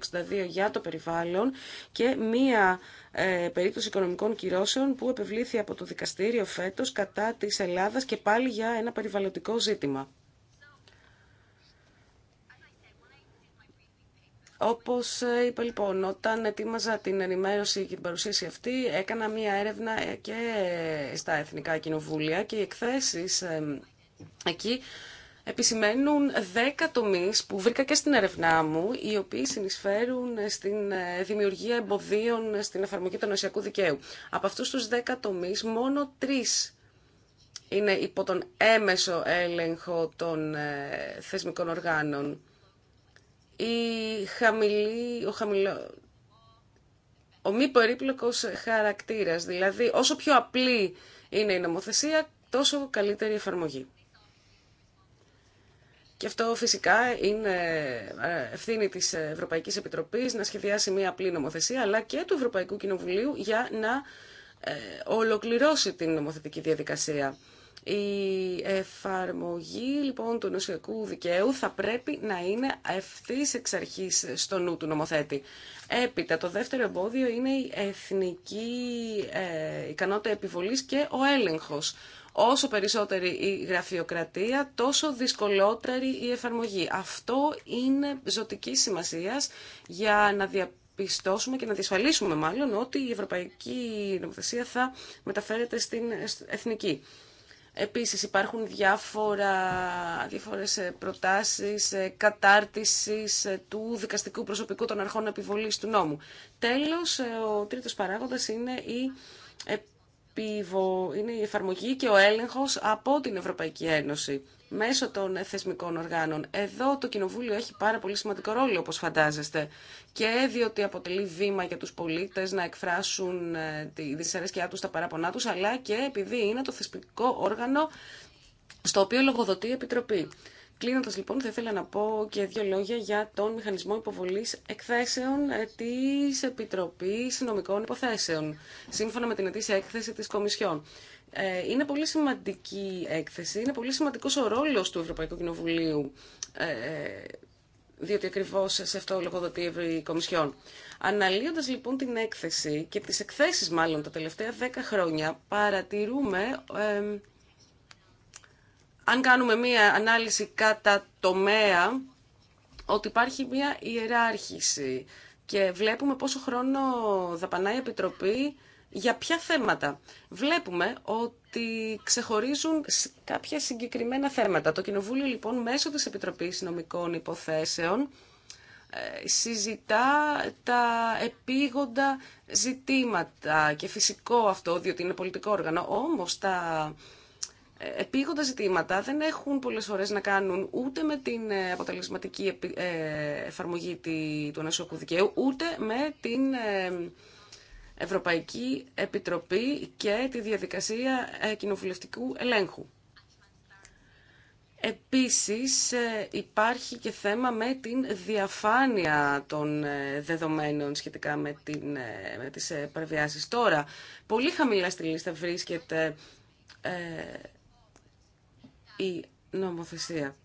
[SPEAKER 5] για το περιβάλλον, και μια ε, περίπτωση οικονομικών κυρώσεων που επιβλήθη από το δικαστήριο φέτο κατά τη Ελλάδα και πάλι για ένα περιβαλλοντικό ζήτημα. Όπως ε, είπα λοιπόν, όταν ετοίμαζα την ενημέρωση και την παρουσίαση αυτή, έκανα μία έρευνα ε, και στα Εθνικά Κοινοβούλια και οι εκθέσεις ε, εκεί επισημαίνουν 10 τομεί που βρήκα και στην ερευνά μου, οι οποίοι συνεισφέρουν στην δημιουργία εμποδίων στην εφαρμογή του νοσιακού δικαίου. Από αυτού τους 10 τομεί, μόνο τρει είναι υπό τον έμεσο έλεγχο των θεσμικών οργάνων η χαμηλή, ο χαμηλό, ο μη περίπλοκος χαρακτήρας. Δηλαδή, όσο πιο απλή είναι η νομοθεσία, τόσο καλύτερη η εφαρμογή. Και αυτό φυσικά είναι ε, ευθύνη της Ευρωπαϊκής Επιτροπής να σχεδιάσει μια απλή νομοθεσία, αλλά και του Ευρωπαϊκού Κοινοβουλίου για να ε, ολοκληρώσει την νομοθετική διαδικασία. Η εφαρμογή λοιπόν του νοσιακού δικαίου θα πρέπει να είναι ευθύ εξ αρχή στο νου του νομοθέτη. Έπειτα, το δεύτερο εμπόδιο είναι η εθνική ε, ικανότητα επιβολής και ο έλεγχος. Όσο περισσότερη η γραφειοκρατία, τόσο δυσκολότερη η εφαρμογή. Αυτό είναι ζωτική σημασίας για να διαπιστώσουμε και να διασφαλίσουμε μάλλον ότι η ευρωπαϊκή νομοθεσία θα μεταφέρεται στην εθνική. Επίσης υπάρχουν διάφορα, διάφορες ε, προτάσεις ε, κατάρτισης ε, του δικαστικού προσωπικού των αρχών επιβολής του νόμου. Τέλος, ο τρίτος παράγοντας είναι η, είναι η εφαρμογή και ο έλεγχος από την Ευρωπαϊκή Ένωση μέσω των θεσμικών οργάνων. Εδώ το Κοινοβούλιο έχει πάρα πολύ σημαντικό ρόλο, όπως φαντάζεστε, και διότι αποτελεί βήμα για τους πολίτες να εκφράσουν ε, τη δυσαρέσκειά τους, τα παράπονά τους, αλλά και επειδή είναι το θεσμικό όργανο στο οποίο λογοδοτεί η Επιτροπή. Κλείνοντα λοιπόν, θα ήθελα να πω και δύο λόγια για τον μηχανισμό υποβολή εκθέσεων ε, τη Επιτροπή Νομικών Υποθέσεων, σύμφωνα με την ετήσια έκθεση τη Κομισιόν. Ε, είναι πολύ σημαντική έκθεση, είναι πολύ σημαντικός ο ρόλος του Ευρωπαϊκού Κοινοβουλίου, ε, ε, διότι ακριβώς σε αυτό λογοδοτεί η Κομισιόν. Αναλύοντας λοιπόν την έκθεση και τις εκθέσεις μάλλον τα τελευταία δέκα χρόνια, παρατηρούμε, αν κάνουμε μία ανάλυση κατά τομέα, ότι υπάρχει μία ιεράρχηση και βλέπουμε πόσο χρόνο δαπανάει η Επιτροπή για ποια θέματα. Βλέπουμε ότι ξεχωρίζουν κάποια συγκεκριμένα θέματα. Το Κοινοβούλιο λοιπόν μέσω της Επιτροπής Νομικών Υποθέσεων ε, συζητά τα επίγοντα ζητήματα και φυσικό αυτό διότι είναι πολιτικό όργανο, όμως τα ε, επίγοντα ζητήματα δεν έχουν πολλές φορές να κάνουν ούτε με την ε, αποτελεσματική εφαρμογή του ανασιακού δικαίου, ούτε με την Ευρωπαϊκή Επιτροπή και τη διαδικασία ε, κοινοβουλευτικού ελέγχου. Επίσης ε, υπάρχει και θέμα με την διαφάνεια των ε, δεδομένων σχετικά με, την, με τις Τώρα, πολύ χαμηλά στη λίστα βρίσκεται ε, η νομοθεσία.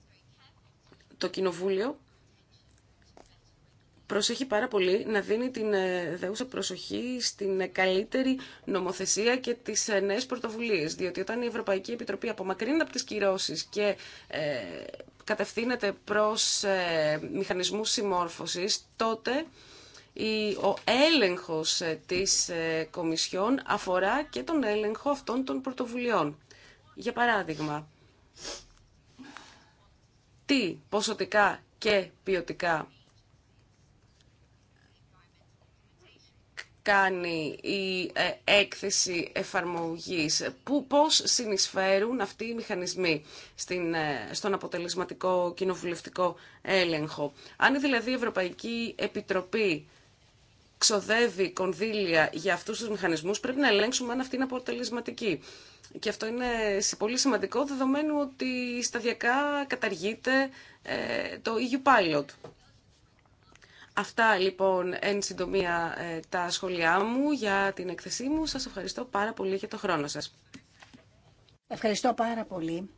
[SPEAKER 5] Το Κοινοβούλιο προσέχει πάρα πολύ να δίνει την ε, δεούσα προσοχή στην ε, καλύτερη νομοθεσία και τις ε, νέες πρωτοβουλίες. Διότι όταν η Ευρωπαϊκή Επιτροπή απομακρύνεται από τις κυρώσεις και κατευθύνεται προς μηχανισμούς συμμόρφωσης, τότε ο έλεγχος της Κομισιόν αφορά και τον έλεγχο αυτών των πρωτοβουλειών. Για παράδειγμα, τι ποσοτικά και ποιοτικά κάνει η ε, έκθεση εφαρμογής, που, πώς συνεισφέρουν αυτοί οι μηχανισμοί στην, ε, στον αποτελεσματικό κοινοβουλευτικό έλεγχο. Αν δηλαδή η Ευρωπαϊκή Επιτροπή ξοδεύει κονδύλια για αυτούς τους μηχανισμούς, πρέπει να ελέγξουμε αν αυτή είναι αποτελεσματική. Και αυτό είναι πολύ σημαντικό, δεδομένου ότι σταδιακά καταργείται ε, το EU Pilot. Αυτά λοιπόν εν συντομία ε, τα σχόλιά μου για την εκθεσή μου. Σας ευχαριστώ πάρα πολύ για το χρόνο σας. Ευχαριστώ
[SPEAKER 4] πάρα πολύ.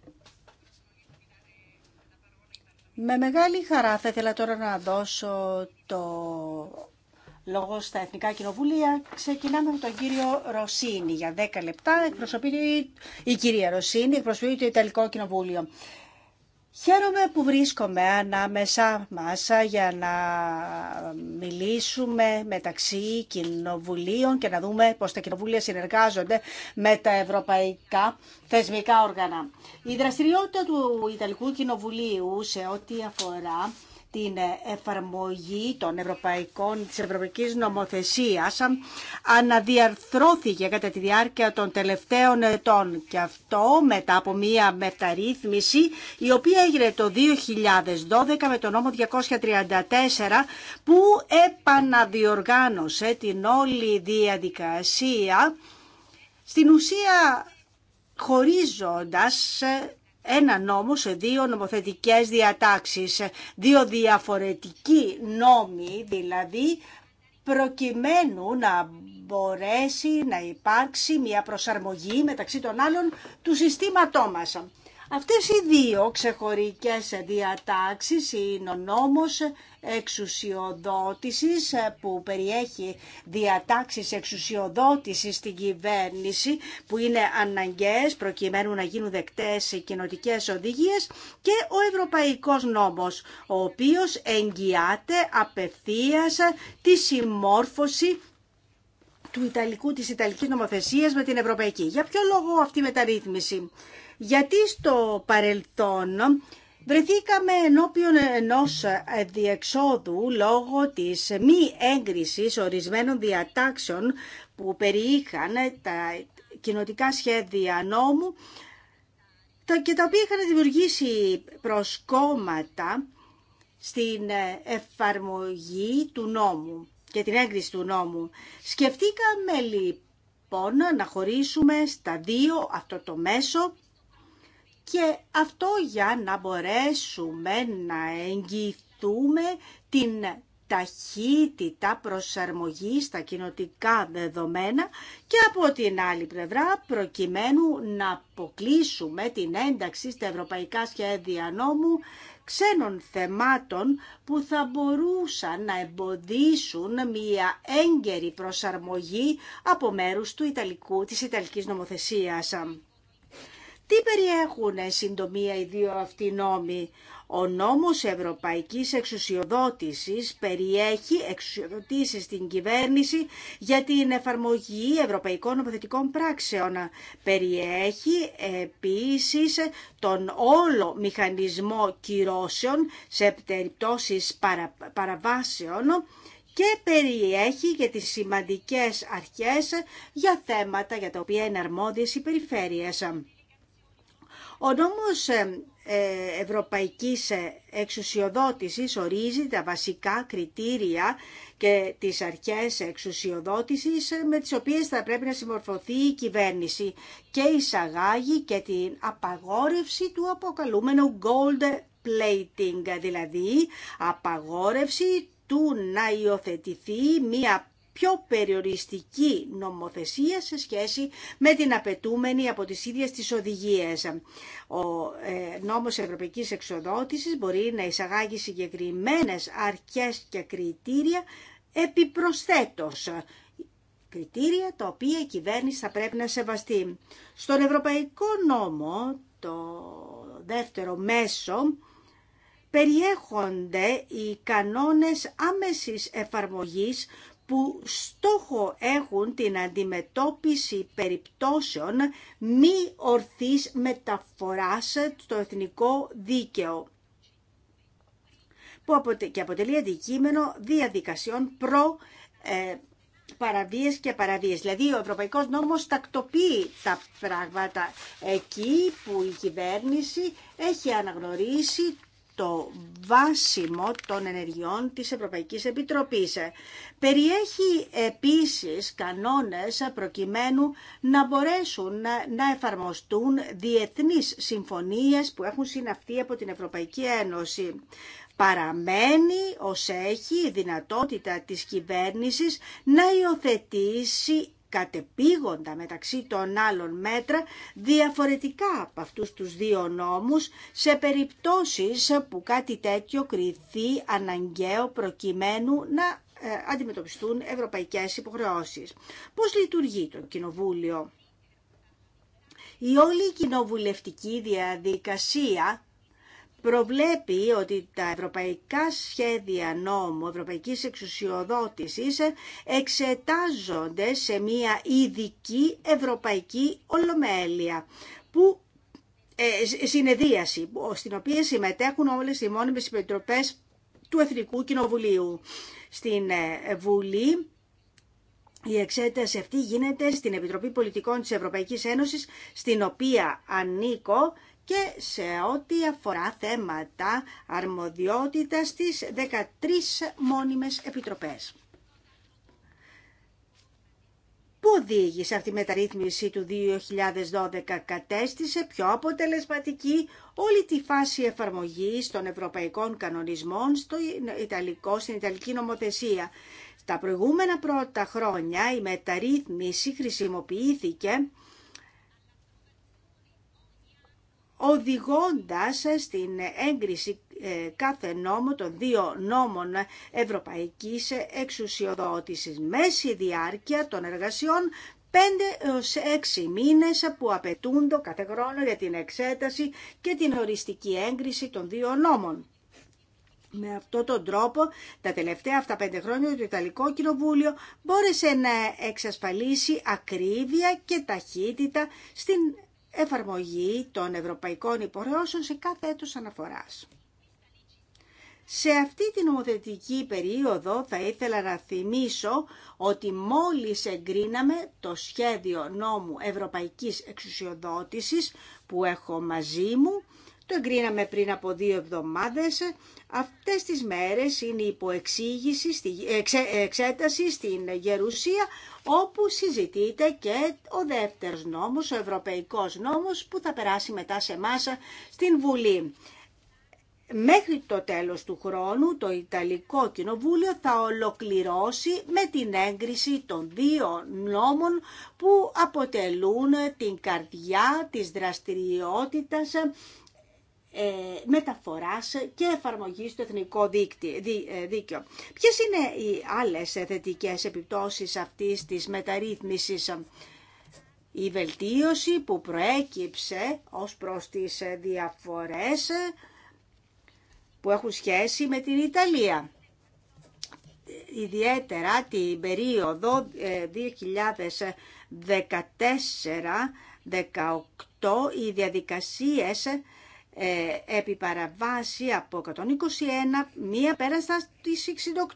[SPEAKER 4] Με μεγάλη χαρά θα ήθελα τώρα να δώσω το λόγο στα Εθνικά Κοινοβούλια. Ξεκινάμε με τον κύριο Ρωσίνη. Για 10 λεπτά εκπροσωπεί η κυρία Ρωσίνη, εκπροσωπεί το Ιταλικό Κοινοβούλιο. Χαίρομαι που βρίσκομαι ανάμεσά μας για να μιλήσουμε μεταξύ κοινοβουλίων και να δούμε πώς τα κοινοβούλια συνεργάζονται με τα ευρωπαϊκά θεσμικά όργανα. Η δραστηριότητα του Ιταλικού Κοινοβουλίου σε ό,τι αφορά την εφαρμογή των ευρωπαϊκών, της ευρωπαϊκής νομοθεσίας αναδιαρθρώθηκε κατά τη διάρκεια των τελευταίων ετών και αυτό μετά από μία μεταρρύθμιση η οποία έγινε το 2012 με το νόμο 234 που επαναδιοργάνωσε την όλη διαδικασία στην ουσία χωρίζοντας ένα νόμο σε δύο νομοθετικές διατάξεις, δύο διαφορετικοί νόμοι δηλαδή προκειμένου να μπορέσει να υπάρξει μια προσαρμογή μεταξύ των άλλων του συστήματός μας. Αυτές οι δύο ξεχωρικές διατάξεις είναι ο νόμος εξουσιοδότησης που περιέχει διατάξεις εξουσιοδότησης στην κυβέρνηση που είναι αναγκαίες προκειμένου να γίνουν δεκτές οι κοινοτικές οδηγίες και ο ευρωπαϊκός νόμος ο οποίος εγγυάται απευθείας τη συμμόρφωση του Ιταλικού, της Ιταλικής νομοθεσίας με την Ευρωπαϊκή. Για ποιο λόγο αυτή η μεταρρύθμιση. Γιατί στο παρελθόν Βρεθήκαμε ενώπιον ενός διεξόδου λόγω της μη έγκρισης ορισμένων διατάξεων που περιείχαν τα κοινοτικά σχέδια νόμου και τα οποία είχαν δημιουργήσει προσκόμματα στην εφαρμογή του νόμου και την έγκριση του νόμου. Σκεφτήκαμε λοιπόν να χωρίσουμε στα δύο αυτό το μέσο και αυτό για να μπορέσουμε να εγγυηθούμε την ταχύτητα προσαρμογή στα κοινοτικά δεδομένα και από την άλλη πλευρά προκειμένου να αποκλείσουμε την ένταξη στα ευρωπαϊκά σχέδια νόμου ξένων θεμάτων που θα μπορούσαν να εμποδίσουν μια έγκαιρη προσαρμογή από μέρους του Ιταλικού, της Ιταλικής νομοθεσίας. Τι περιέχουν ε, συντομία οι δύο αυτοί νόμοι. Ο νόμος Ευρωπαϊκής Εξουσιοδότησης περιέχει εξουσιοδοτήσεις στην κυβέρνηση για την εφαρμογή ευρωπαϊκών νομοθετικών πράξεων. Περιέχει επίσης τον όλο μηχανισμό κυρώσεων σε περιπτώσεις παραβάσεων και περιέχει και τις σημαντικές αρχές για θέματα για τα οποία είναι αρμόδιες οι περιφέρειες. Ο νόμος ε, ε, ευρωπαϊκής ε, εξουσιοδότησης ορίζει τα βασικά κριτήρια και τις αρχές εξουσιοδότησης με τις οποίες θα πρέπει να συμμορφωθεί η κυβέρνηση και εισαγάγει και την απαγόρευση του αποκαλούμενου gold plating, δηλαδή απαγόρευση του να υιοθετηθεί μία πιο περιοριστική νομοθεσία σε σχέση με την απαιτούμενη από τις ίδιες τις οδηγίες. Ο ε, νόμος Ευρωπαϊκής Εξοδότησης μπορεί να εισαγάγει συγκεκριμένες αρχές και κριτήρια επιπροσθέτως κριτήρια τα οποία η κυβέρνηση θα πρέπει να σεβαστεί. Στον Ευρωπαϊκό Νόμο, το δεύτερο μέσο, περιέχονται οι κανόνες άμεσης εφαρμογής που στόχο έχουν την αντιμετώπιση περιπτώσεων μη ορθής μεταφοράς στο εθνικό δίκαιο που αποτε και αποτελεί αντικείμενο διαδικασιών προ ε, παραβίες και παραβίες. Δηλαδή ο Ευρωπαϊκός Νόμος τακτοποιεί τα πράγματα εκεί που η κυβέρνηση έχει αναγνωρίσει το βάσιμο των ενεργειών της Ευρωπαϊκής Επιτροπής. Περιέχει επίσης κανόνες προκειμένου να μπορέσουν να εφαρμοστούν διεθνείς συμφωνίες που έχουν συναυτεί από την Ευρωπαϊκή Ένωση. Παραμένει ως έχει η δυνατότητα της κυβέρνησης να υιοθετήσει κατεπήγοντα μεταξύ των άλλων μέτρα διαφορετικά από αυτούς τους δύο νόμους σε περιπτώσεις που κάτι τέτοιο κριθεί αναγκαίο προκειμένου να ε, αντιμετωπιστούν ευρωπαϊκές υποχρεώσεις. Πώς λειτουργεί το Κοινοβούλιο. Η όλη κοινοβουλευτική διαδικασία προβλέπει ότι τα ευρωπαϊκά σχέδια νόμου ευρωπαϊκής εξουσιοδότησης εξετάζονται σε μια ειδική ευρωπαϊκή ολομέλεια που ε, συνεδρίαση στην οποία συμμετέχουν όλες οι μόνιμες επιτροπές του Εθνικού Κοινοβουλίου. Στην ε, Βουλή η εξέταση αυτή γίνεται στην Επιτροπή Πολιτικών της Ευρωπαϊκής Ένωσης, στην οποία ανήκω και σε ό,τι αφορά θέματα αρμοδιότητας στις 13 μόνιμες επιτροπές. Πού οδήγησε αυτή η μεταρρύθμιση του 2012 κατέστησε πιο αποτελεσματική όλη τη φάση εφαρμογής των ευρωπαϊκών κανονισμών στο Ιταλικό, στην Ιταλική νομοθεσία. Στα προηγούμενα πρώτα χρόνια η μεταρρύθμιση χρησιμοποιήθηκε οδηγώντας στην έγκριση ε, κάθε νόμο των δύο νόμων ευρωπαϊκής εξουσιοδότησης. Μέση διάρκεια των εργασιών 5 έως 6 μήνες που το κάθε χρόνο για την εξέταση και την οριστική έγκριση των δύο νόμων. Με αυτόν τον τρόπο, τα τελευταία αυτά πέντε χρόνια το Ιταλικό Κοινοβούλιο μπόρεσε να εξασφαλίσει ακρίβεια και ταχύτητα στην εφαρμογή των ευρωπαϊκών υποχρεώσεων σε κάθε έτος αναφοράς. Σε αυτή την νομοθετική περίοδο θα ήθελα να θυμίσω ότι μόλις εγκρίναμε το σχέδιο νόμου Ευρωπαϊκής Εξουσιοδότησης που έχω μαζί μου το εγκρίναμε πριν από δύο εβδομάδες. Αυτές τις μέρες είναι υπό ε, ε, εξέταση στην Γερουσία όπου συζητείται και ο δεύτερος νόμος, ο ευρωπαϊκός νόμος που θα περάσει μετά σε μάσα στην Βουλή. Μέχρι το τέλος του χρόνου το Ιταλικό Κοινοβούλιο θα ολοκληρώσει με την έγκριση των δύο νόμων που αποτελούν την καρδιά της δραστηριότητας ε, μεταφοράς και εφαρμογής στο εθνικό ε, δίκαιο. Ποιες είναι οι άλλες θετικές επιπτώσεις αυτής της μεταρρύθμισης η βελτίωση που προέκυψε ως προς τις διαφορές που έχουν σχέση με την Ιταλία. Ιδιαίτερα την περίοδο 2014-2018 ε, οι διαδικασίες ε, επί παραβάση από 121 μία πέραστα στις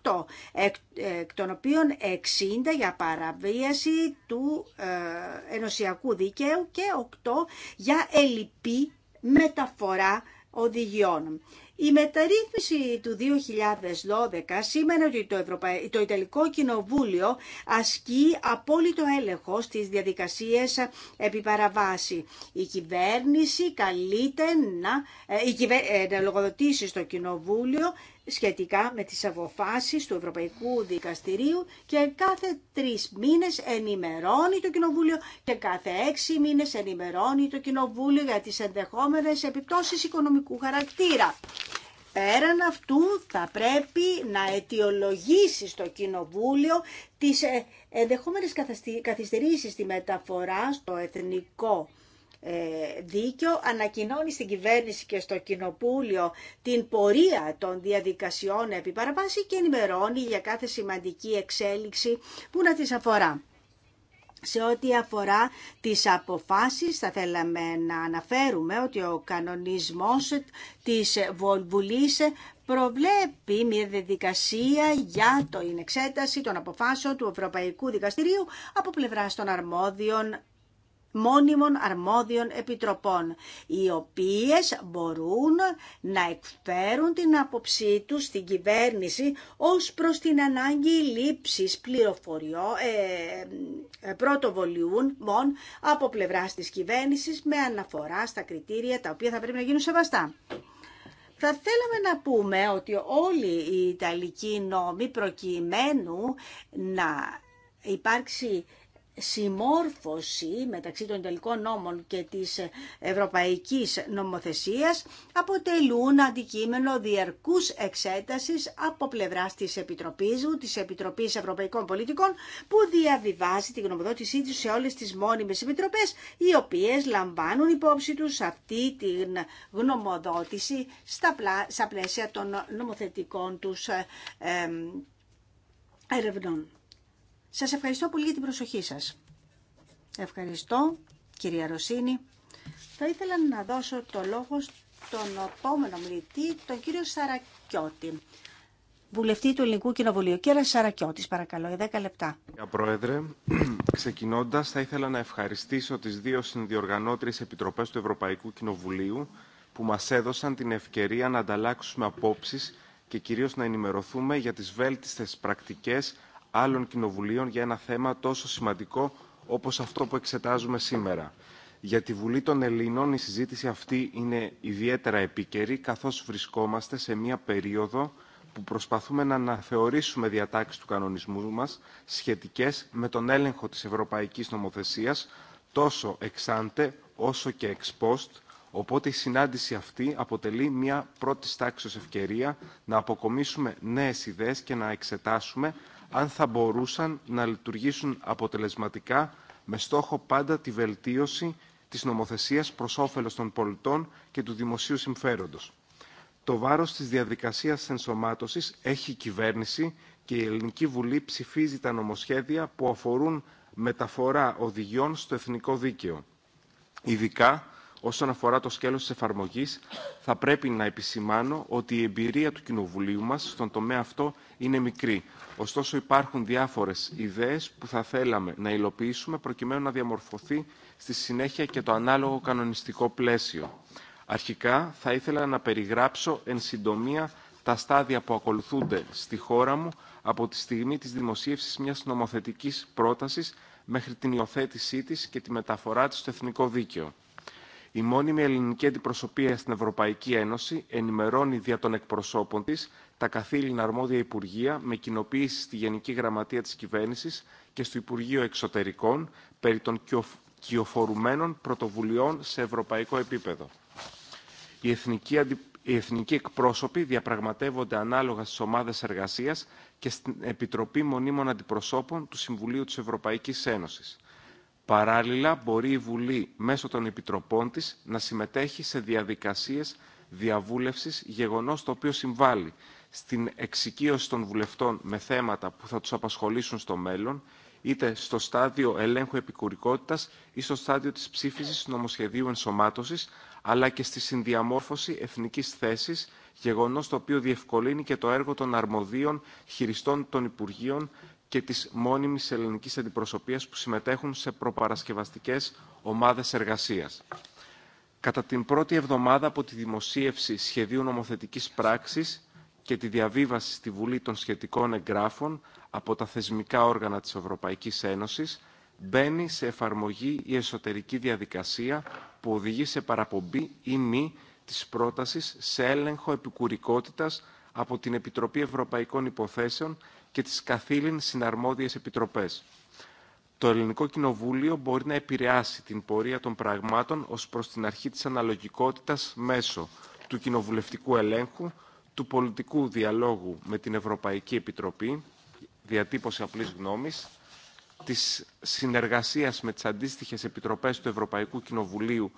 [SPEAKER 4] 68 εκ, των οποίων 60 για παραβίαση του ε, ενωσιακού δικαίου και 8 για ελλειπή μεταφορά οδηγιών. Η μεταρρύθμιση του 2012 σήμαινε ότι το, Ιταλικό Κοινοβούλιο ασκεί απόλυτο έλεγχο στις διαδικασίες επί Η κυβέρνηση καλείται να, ε, ε, λογοδοτήσει στο Κοινοβούλιο σχετικά με τις αποφάσεις του Ευρωπαϊκού Δικαστηρίου και κάθε τρεις μήνες ενημερώνει το Κοινοβούλιο και κάθε έξι μήνες ενημερώνει το Κοινοβούλιο για τις ενδεχόμενες επιπτώσεις οικονομικού χαρακτήρα. Πέραν αυτού θα πρέπει να αιτιολογήσει στο Κοινοβούλιο τις ε, ενδεχόμενες καθυστερήσεις στη μεταφορά στο εθνικό ε, δίκιο ανακοινώνει στην κυβέρνηση και στο κοινοπούλιο την πορεία των διαδικασιών επί παραβάση και ενημερώνει για κάθε σημαντική εξέλιξη που να τις αφορά. Σε ό,τι αφορά τις αποφάσεις θα θέλαμε να αναφέρουμε ότι ο κανονισμός της Βουλής προβλέπει μια διαδικασία για την εξέταση των αποφάσεων του Ευρωπαϊκού Δικαστηρίου από πλευράς των αρμόδιων μόνιμων αρμόδιων επιτροπών, οι οποίες μπορούν να εκφέρουν την άποψή τους στην κυβέρνηση ως προς την ανάγκη λήψης πληροφοριών, ε, ε από πλευράς της κυβέρνησης με αναφορά στα κριτήρια τα οποία θα πρέπει να γίνουν σεβαστά. Θα θέλαμε να πούμε ότι όλοι οι Ιταλικοί νόμοι προκειμένου να υπάρξει συμμόρφωση μεταξύ των τελικών νόμων και της ευρωπαϊκής νομοθεσίας αποτελούν αντικείμενο διαρκούς εξέτασης από πλευράς της Επιτροπής μου, της Επιτροπής Ευρωπαϊκών Πολιτικών που διαβιβάζει τη γνωμοδότησή του σε όλες τις μόνιμες επιτροπές οι οποίες λαμβάνουν υπόψη τους αυτή την γνωμοδότηση στα πλαίσια των νομοθετικών τους ε, ε, ερευνών. Σας ευχαριστώ πολύ για την προσοχή σας. Ευχαριστώ, κυρία Ρωσίνη. Θα ήθελα να δώσω το λόγο στον επόμενο μιλητή, τον κύριο Σαρακιώτη, βουλευτή του Ελληνικού Κοινοβουλίου. Κύριε Σαρακιώτη, παρακαλώ, για 10 λεπτά.
[SPEAKER 8] Κύριε Πρόεδρε, ξεκινώντα, θα ήθελα να ευχαριστήσω τι δύο συνδιοργανώτριε επιτροπέ του Ευρωπαϊκού Κοινοβουλίου που μα έδωσαν την ευκαιρία να ανταλλάξουμε απόψει και κυρίω να ενημερωθούμε για τι βέλτιστε πρακτικέ άλλων κοινοβουλίων για ένα θέμα τόσο σημαντικό όπως αυτό που εξετάζουμε σήμερα. Για τη Βουλή των Ελλήνων η συζήτηση αυτή είναι ιδιαίτερα επίκαιρη καθώς βρισκόμαστε σε μια περίοδο που προσπαθούμε να αναθεωρήσουμε διατάξεις του κανονισμού μας σχετικές με τον έλεγχο της ευρωπαϊκής νομοθεσίας τόσο εξάντε όσο και εξπόστ, οπότε η συνάντηση αυτή αποτελεί μια πρώτη τάξης ευκαιρία να αποκομίσουμε νέες ιδέες και να εξετάσουμε αν θα μπορούσαν να λειτουργήσουν αποτελεσματικά με στόχο πάντα τη βελτίωση της νομοθεσίας προς όφελος των πολιτών και του δημοσίου συμφέροντος. Το βάρος της διαδικασίας ενσωμάτωσης έχει η κυβέρνηση και η Ελληνική Βουλή ψηφίζει τα νομοσχέδια που αφορούν μεταφορά οδηγιών στο εθνικό δίκαιο. Ειδικά Όσον αφορά το σκέλος της εφαρμογής, θα πρέπει να επισημάνω ότι η εμπειρία του Κοινοβουλίου μας στον τομέα αυτό είναι μικρή. Ωστόσο υπάρχουν διάφορες ιδέες που θα θέλαμε να υλοποιήσουμε προκειμένου να διαμορφωθεί στη συνέχεια και το ανάλογο κανονιστικό πλαίσιο. Αρχικά θα ήθελα να περιγράψω εν συντομία τα στάδια που ακολουθούνται στη χώρα μου από τη στιγμή της δημοσίευσης μιας νομοθετικής πρότασης μέχρι την υιοθέτησή της και τη μεταφορά της στο εθνικό δίκαιο. Η μόνιμη ελληνική αντιπροσωπεία στην Ευρωπαϊκή Ένωση ενημερώνει δια των εκπροσώπων της τα καθήλυνα αρμόδια Υπουργεία με κοινοποίηση στη Γενική Γραμματεία της Κυβέρνησης και στο Υπουργείο Εξωτερικών περί των κυοφορουμένων πρωτοβουλειών σε ευρωπαϊκό επίπεδο. Η εθνική αντι... Οι εθνικοί εκπρόσωποι διαπραγματεύονται ανάλογα στις ομάδες εργασίας και στην Επιτροπή Μονίμων Αντιπροσώπων του Συμβουλίου της Ευρωπαϊκής Ένωσης. Παράλληλα, μπορεί η Βουλή μέσω των επιτροπών της να συμμετέχει σε διαδικασίες διαβούλευσης, γεγονός το οποίο συμβάλλει στην εξοικείωση των βουλευτών με θέματα που θα τους απασχολήσουν στο μέλλον, είτε στο στάδιο ελέγχου επικουρικότητας ή στο στάδιο της ψήφισης νομοσχεδίου ενσωμάτωσης, αλλά και στη συνδιαμόρφωση εθνικής θέσης, γεγονός το οποίο διευκολύνει και το έργο των αρμοδίων χειριστών των Υπουργείων και της μόνιμης ελληνικής αντιπροσωπείας που συμμετέχουν σε προπαρασκευαστικές ομάδες εργασίας. Κατά την πρώτη εβδομάδα από τη δημοσίευση σχεδίου νομοθετικής πράξης και τη διαβίβαση στη Βουλή των σχετικών εγγράφων από τα θεσμικά όργανα της Ευρωπαϊκής Ένωσης, μπαίνει σε εφαρμογή η εσωτερική διαδικασία που οδηγεί σε παραπομπή ή μη της πρότασης σε έλεγχο επικουρικότητας από την Επιτροπή Ευρωπαϊκών Υποθέσεων και τις καθήλυν συναρμόδιες επιτροπές. Το Ελληνικό Κοινοβούλιο μπορεί να επηρεάσει την πορεία των πραγμάτων ως προς την αρχή της αναλογικότητας μέσω του κοινοβουλευτικού ελέγχου, του πολιτικού διαλόγου με την Ευρωπαϊκή Επιτροπή, διατύπωση απλής γνώμης, της συνεργασίας με τις αντίστοιχες επιτροπές του Ευρωπαϊκού Κοινοβουλίου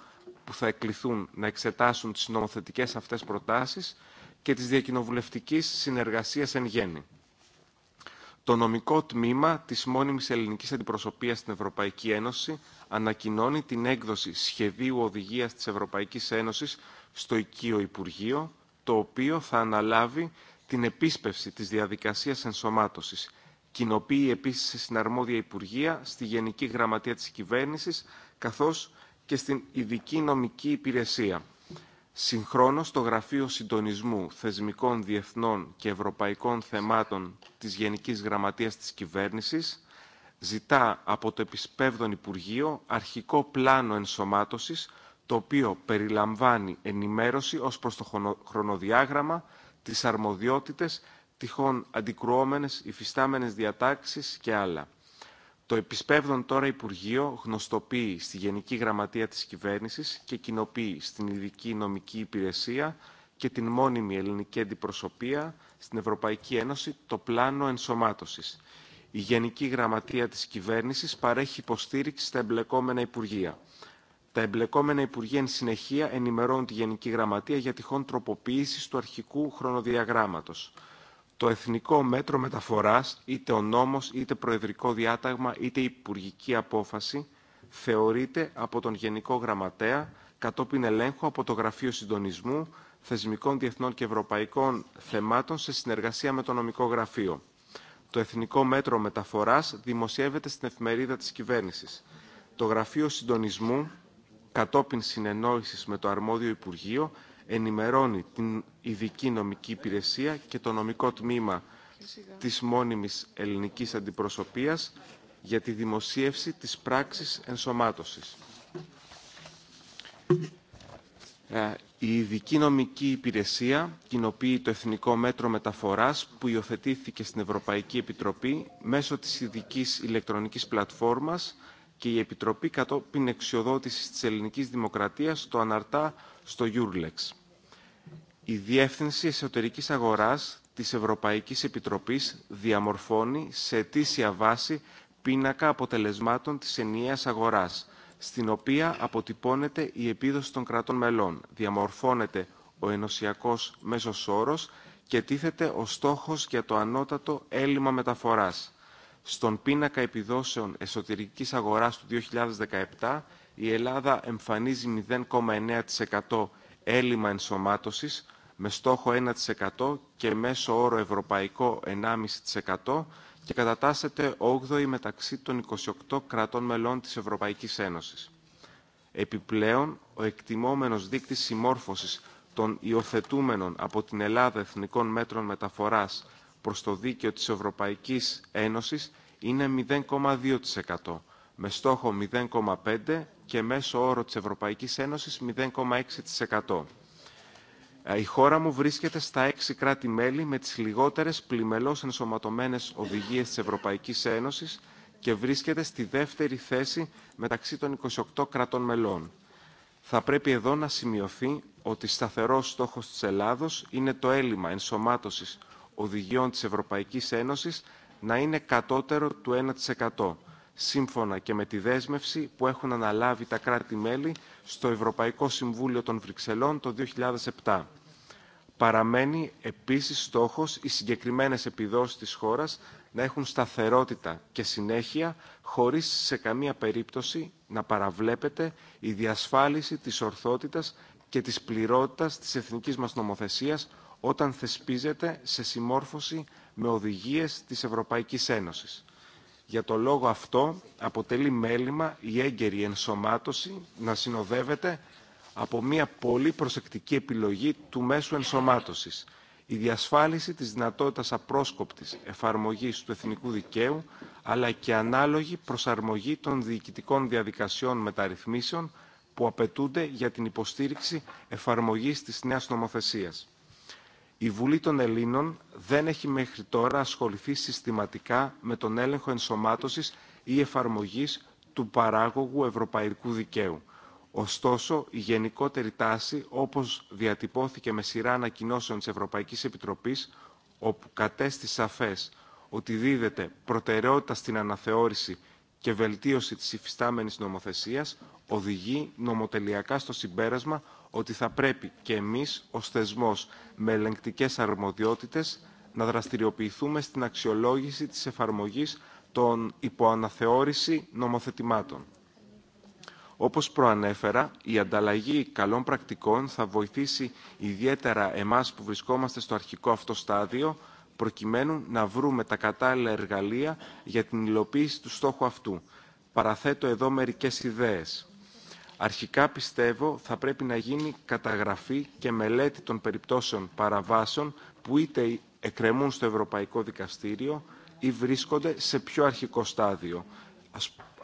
[SPEAKER 8] που θα εκληθούν να εξετάσουν τις νομοθετικές αυτές προτάσεις και της διακοινοβουλευτικής συνεργασίας εν γέννη το νομικό τμήμα της μόνιμης ελληνικής αντιπροσωπείας στην Ευρωπαϊκή Ένωση ανακοινώνει την έκδοση σχεδίου οδηγίας της Ευρωπαϊκής Ένωση στο οικείο Υπουργείο, το οποίο θα αναλάβει την επίσπευση της διαδικασίας ενσωμάτωσης. Κοινοποιεί επίση σε συναρμόδια Υπουργεία, στη Γενική Γραμματεία της κυβέρνηση καθώς και στην Ειδική Νομική Υπηρεσία. Συγχρόνως, το Γραφείο Συντονισμού Θεσμικών Διεθνών και Ευρωπαϊκών Θεμάτων της Γενικής Γραμματείας της Κυβέρνησης ζητά από το Επισπεύδον Υπουργείο αρχικό πλάνο ενσωμάτωσης, το οποίο περιλαμβάνει ενημέρωση ως προς το χρονοδιάγραμμα, τις αρμοδιότητες, τυχόν αντικρουόμενες υφιστάμενες διατάξεις και άλλα. Το επισπεύδον τώρα Υπουργείο γνωστοποιεί στη Γενική Γραμματεία της Κυβέρνησης και κοινοποιεί στην Ειδική Νομική Υπηρεσία και την μόνιμη ελληνική αντιπροσωπεία στην Ευρωπαϊκή Ένωση το πλάνο ενσωμάτωσης. Η Γενική Γραμματεία της Κυβέρνησης παρέχει υποστήριξη στα εμπλεκόμενα Υπουργεία. Τα εμπλεκόμενα Υπουργεία εν συνεχεία ενημερώνουν τη Γενική Γραμματεία για τυχόν τροποποίηση του αρχικού χρονοδιαγράμματος το εθνικό μέτρο μεταφοράς, είτε ο νόμος, είτε προεδρικό διάταγμα, είτε υπουργική απόφαση, θεωρείται από τον Γενικό Γραμματέα κατόπιν ελέγχου από το Γραφείο Συντονισμού Θεσμικών Διεθνών και Ευρωπαϊκών Θεμάτων σε συνεργασία με το Νομικό Γραφείο. Το Εθνικό Μέτρο Μεταφοράς δημοσιεύεται στην εφημερίδα της κυβέρνησης. Το Γραφείο Συντονισμού, κατόπιν συνεννόησης με το αρμόδιο Υπουργείο, ενημερώνει την ειδική νομική υπηρεσία και το νομικό τμήμα της μόνιμης ελληνικής αντιπροσωπείας για τη δημοσίευση της πράξης ενσωμάτωσης. Ε, η ειδική νομική υπηρεσία κοινοποιεί το Εθνικό Μέτρο Μεταφοράς που υιοθετήθηκε στην Ευρωπαϊκή Επιτροπή μέσω της ειδική ηλεκτρονικής πλατφόρμας και η Επιτροπή κατόπιν εξιοδότησης της ελληνικής δημοκρατίας το αναρτά στο Eurlex η Διεύθυνση Εσωτερικής Αγοράς της Ευρωπαϊκής Επιτροπής διαμορφώνει σε αιτήσια βάση πίνακα αποτελεσμάτων της ενιαίας αγοράς, στην οποία αποτυπώνεται η επίδοση των κρατών μελών, διαμορφώνεται ο ενωσιακός μέσος όρος και τίθεται ο στόχος για το ανώτατο έλλειμμα μεταφοράς. Στον πίνακα επιδόσεων εσωτερικής αγοράς του 2017, η Ελλάδα εμφανίζει 0,9% έλλειμμα ενσωμάτωσης, με στόχο 1% και μέσο όρο ευρωπαϊκό 1,5% και κατατάσσεται 8η μεταξύ των 28 κρατών μελών της Ευρωπαϊκής Ένωσης. Επιπλέον, ο εκτιμόμενος δείκτης συμμόρφωσης των υιοθετούμενων από την Ελλάδα εθνικών μέτρων μεταφοράς προς το δίκαιο της Ευρωπαϊκής Ένωσης είναι 0,2%, με στόχο 0,5% και μέσο όρο της Ευρωπαϊκής Ένωσης 0,6%. Ε, η χώρα μου βρίσκεται στα έξι κράτη-μέλη με τις λιγότερες πλημελώς ενσωματωμένες οδηγίες της Ευρωπαϊκής Ένωσης και βρίσκεται στη δεύτερη θέση μεταξύ των 28 κρατών μελών. Θα πρέπει εδώ να σημειωθεί ότι σταθερός στόχος της Ελλάδος είναι το έλλειμμα ενσωμάτωσης οδηγιών της Ευρωπαϊκής Ένωσης να είναι κατώτερο του 1% σύμφωνα και με τη δέσμευση που έχουν αναλάβει τα κράτη-μέλη στο Ευρωπαϊκό Συμβούλιο των Βρυξελών το 2007. Παραμένει επίσης στόχος οι συγκεκριμένες επιδόσεις της χώρας να έχουν σταθερότητα και συνέχεια χωρίς σε καμία περίπτωση να παραβλέπεται η διασφάλιση της ορθότητας και της πληρότητας της εθνικής μας νομοθεσίας όταν θεσπίζεται σε συμμόρφωση με οδηγίες της Ευρωπαϊκής Ένωσης. Για το λόγο αυτό αποτελεί μέλημα η έγκαιρη ενσωμάτωση να συνοδεύεται από μια πολύ προσεκτική επιλογή του μέσου ενσωμάτωσης. Η διασφάλιση της δυνατότητας απρόσκοπτης εφαρμογής του εθνικού δικαίου, αλλά και ανάλογη προσαρμογή των διοικητικών διαδικασιών μεταρρυθμίσεων που απαιτούνται για την υποστήριξη εφαρμογής της νέας νομοθεσίας η Βουλή των Ελλήνων δεν έχει μέχρι τώρα ασχοληθεί συστηματικά με τον έλεγχο ενσωμάτωσης ή εφαρμογής του παράγωγου ευρωπαϊκού δικαίου. Ωστόσο, η γενικότερη τάση, όπως διατυπώθηκε με σειρά ανακοινώσεων της Ευρωπαϊκής Επιτροπής, όπου κατέστη σαφές ότι δίδεται προτεραιότητα στην αναθεώρηση και βελτίωση της υφιστάμενης νομοθεσίας οδηγεί νομοτελειακά στο συμπέρασμα ότι θα πρέπει και εμείς ως θεσμός με ελεγκτικέ αρμοδιότητες να δραστηριοποιηθούμε στην αξιολόγηση της εφαρμογής των υποαναθεώρηση νομοθετημάτων. Όπως προανέφερα, η ανταλλαγή καλών πρακτικών θα βοηθήσει ιδιαίτερα εμάς που βρισκόμαστε στο αρχικό αυτό στάδιο προκειμένου να βρούμε τα κατάλληλα εργαλεία για την υλοποίηση του στόχου αυτού. Παραθέτω εδώ μερικές ιδέες. Αρχικά πιστεύω θα πρέπει να γίνει καταγραφή και μελέτη των περιπτώσεων παραβάσεων που είτε εκκρεμούν στο Ευρωπαϊκό Δικαστήριο ή βρίσκονται σε πιο αρχικό στάδιο,